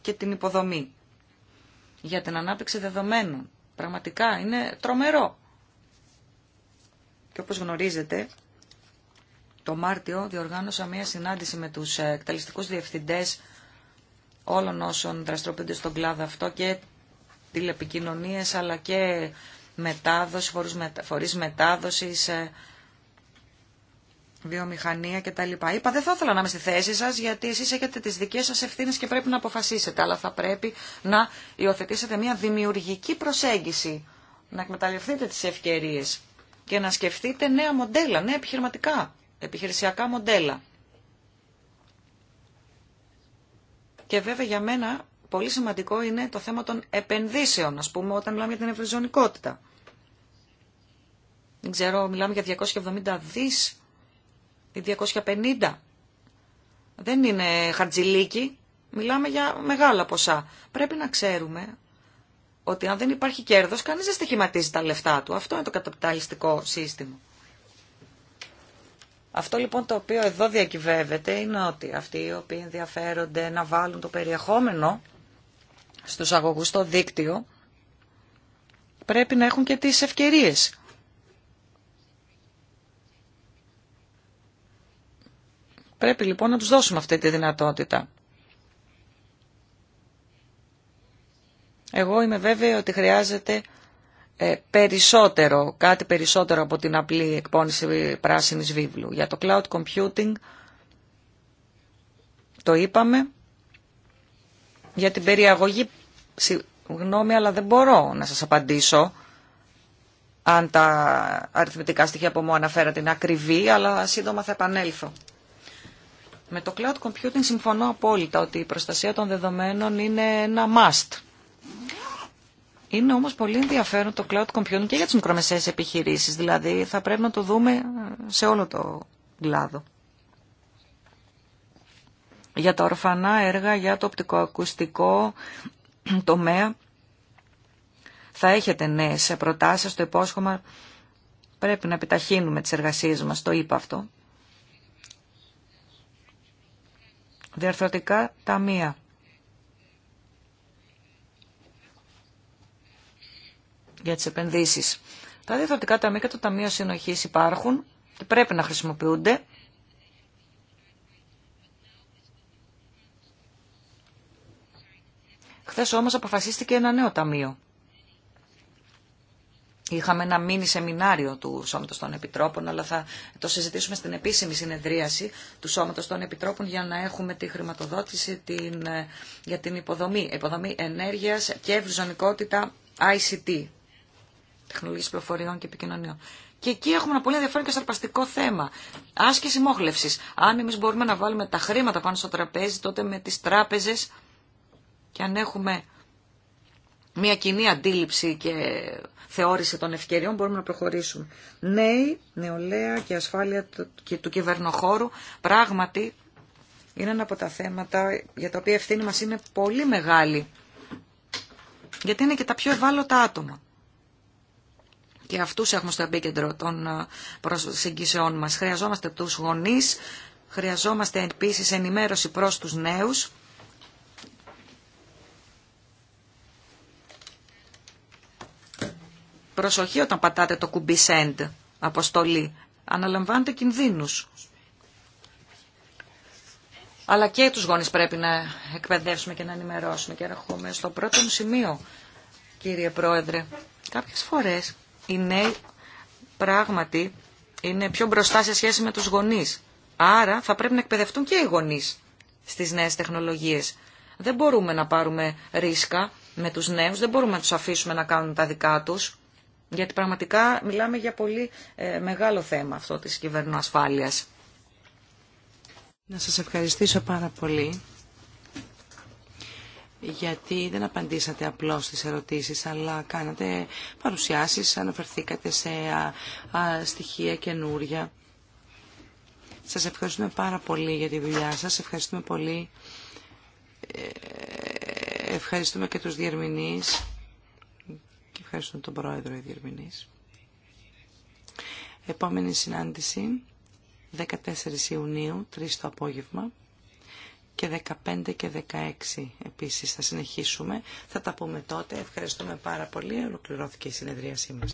και την υποδομή για την ανάπτυξη δεδομένων. Πραγματικά είναι τρομερό. Και όπως γνωρίζετε, το Μάρτιο διοργάνωσα μία συνάντηση με τους ε, εκτελεστικούς διευθυντές όλων όσων δραστηριοποιούνται στον κλάδο αυτό και τηλεπικοινωνίες αλλά και μετάδοση, φορείς μετάδοσης, ε, βιομηχανία κτλ. Είπα δεν θα ήθελα να είμαι στη θέση σας γιατί εσείς έχετε τις δικές σας ευθύνες και πρέπει να αποφασίσετε αλλά θα πρέπει να υιοθετήσετε μια δημιουργική προσέγγιση να εκμεταλλευτείτε τις ευκαιρίες και να σκεφτείτε νέα μοντέλα, νέα επιχειρηματικά, επιχειρησιακά μοντέλα. Και βέβαια για μένα πολύ σημαντικό είναι το θέμα των επενδύσεων, ας πούμε, όταν μιλάμε για την ευρυζωνικότητα. Δεν ξέρω, μιλάμε για 270 δις ή 250. Δεν είναι χαρτζηλίκι, μιλάμε για μεγάλα ποσά. Πρέπει να ξέρουμε ότι αν δεν υπάρχει κέρδος, κανείς δεν στοιχηματίζει τα λεφτά του. Αυτό είναι το καταπιταλιστικό σύστημα. Αυτό λοιπόν το οποίο εδώ διακυβεύεται είναι ότι αυτοί οι οποίοι ενδιαφέρονται να βάλουν το περιεχόμενο στους αγωγούς στο δίκτυο πρέπει να έχουν και τις ευκαιρίες. Πρέπει λοιπόν να τους δώσουμε αυτή τη δυνατότητα. Εγώ είμαι βέβαιη ότι χρειάζεται ε, περισσότερο, κάτι περισσότερο από την απλή εκπόνηση πράσινης βίβλου. Για το cloud computing το είπαμε. Για την περιαγωγή, συγγνώμη, αλλά δεν μπορώ να σας απαντήσω αν τα αριθμητικά στοιχεία που μου αναφέρατε είναι ακριβή, αλλά σύντομα θα επανέλθω. Με το cloud computing συμφωνώ απόλυτα ότι η προστασία των δεδομένων είναι ένα must. Είναι όμως πολύ ενδιαφέρον το cloud computing και για τις μικρομεσαίες επιχειρήσεις, δηλαδή θα πρέπει να το δούμε ε, σε όλο το κλάδο. Για τα ορφανά έργα, για το οπτικοακουστικό τομέα, θα έχετε νέες προτάσεις, το υπόσχομα πρέπει να επιταχύνουμε τις εργασίες μας, το είπα αυτό. Διαρθρωτικά ταμεία. για τις επενδύσεις. Τα διεθντικά ταμεία και το Ταμείο Συνοχής υπάρχουν και πρέπει να χρησιμοποιούνται. Χθε όμως αποφασίστηκε ένα νέο ταμείο. Είχαμε ένα μίνι σεμινάριο του Σώματος των Επιτρόπων, αλλά θα το συζητήσουμε στην επίσημη συνεδρίαση του Σώματος των Επιτρόπων για να έχουμε τη χρηματοδότηση ε, για την υποδομή, υποδομή ενέργειας και ευρυζωνικότητα ICT τεχνολογίε πληροφοριών και επικοινωνιών. Και εκεί έχουμε ένα πολύ ενδιαφέρον και σαρπαστικό θέμα. Άσκηση μόχλευσης. Αν εμεί μπορούμε να βάλουμε τα χρήματα πάνω στο τραπέζι, τότε με τις τράπεζες και αν έχουμε μια κοινή αντίληψη και θεώρηση των ευκαιριών μπορούμε να προχωρήσουμε. Νέοι, νεολαία και ασφάλεια του κυβερνοχώρου πράγματι είναι ένα από τα θέματα για τα οποία η ευθύνη μας είναι πολύ μεγάλη. Γιατί είναι και τα πιο ευάλωτα άτομα και αυτούς έχουμε στο επίκεντρο των ε, προσεγγίσεών μας. Χρειαζόμαστε τους γονείς, χρειαζόμαστε επίσης ενημέρωση προς τους νέους. Προσοχή όταν πατάτε το κουμπί send, αποστολή. Αναλαμβάνετε κινδύνους. Αλλά και τους γονείς πρέπει να εκπαιδεύσουμε και να ενημερώσουμε. Και έρχομαι στο πρώτο μου σημείο, κύριε Πρόεδρε. Κάποιες φορές οι νέοι πράγματι είναι πιο μπροστά σε σχέση με τους γονείς. Άρα θα πρέπει να εκπαιδευτούν και οι γονείς στις νέες τεχνολογίες. Δεν μπορούμε να πάρουμε ρίσκα με τους νέους, δεν μπορούμε να τους αφήσουμε να κάνουν τα δικά τους, γιατί πραγματικά μιλάμε για πολύ ε, μεγάλο θέμα αυτό της κυβερνοασφάλειας.
Να σας ευχαριστήσω πάρα πολύ γιατί δεν απαντήσατε απλώς στις ερωτήσεις, αλλά κάνατε παρουσιάσεις, αναφερθήκατε σε στοιχεία καινούρια. Σας ευχαριστούμε πάρα πολύ για τη δουλειά σας, ευχαριστούμε πολύ, ε, ευχαριστούμε και τους διερμηνείς και ευχαριστούμε τον πρόεδρο οι διερμηνείς. Επόμενη συνάντηση, 14 Ιουνίου, 3 το απόγευμα και 15 και 16 επίσης θα συνεχίσουμε. Θα τα πούμε τότε. Ευχαριστούμε πάρα πολύ. Ολοκληρώθηκε η συνεδρίασή μας.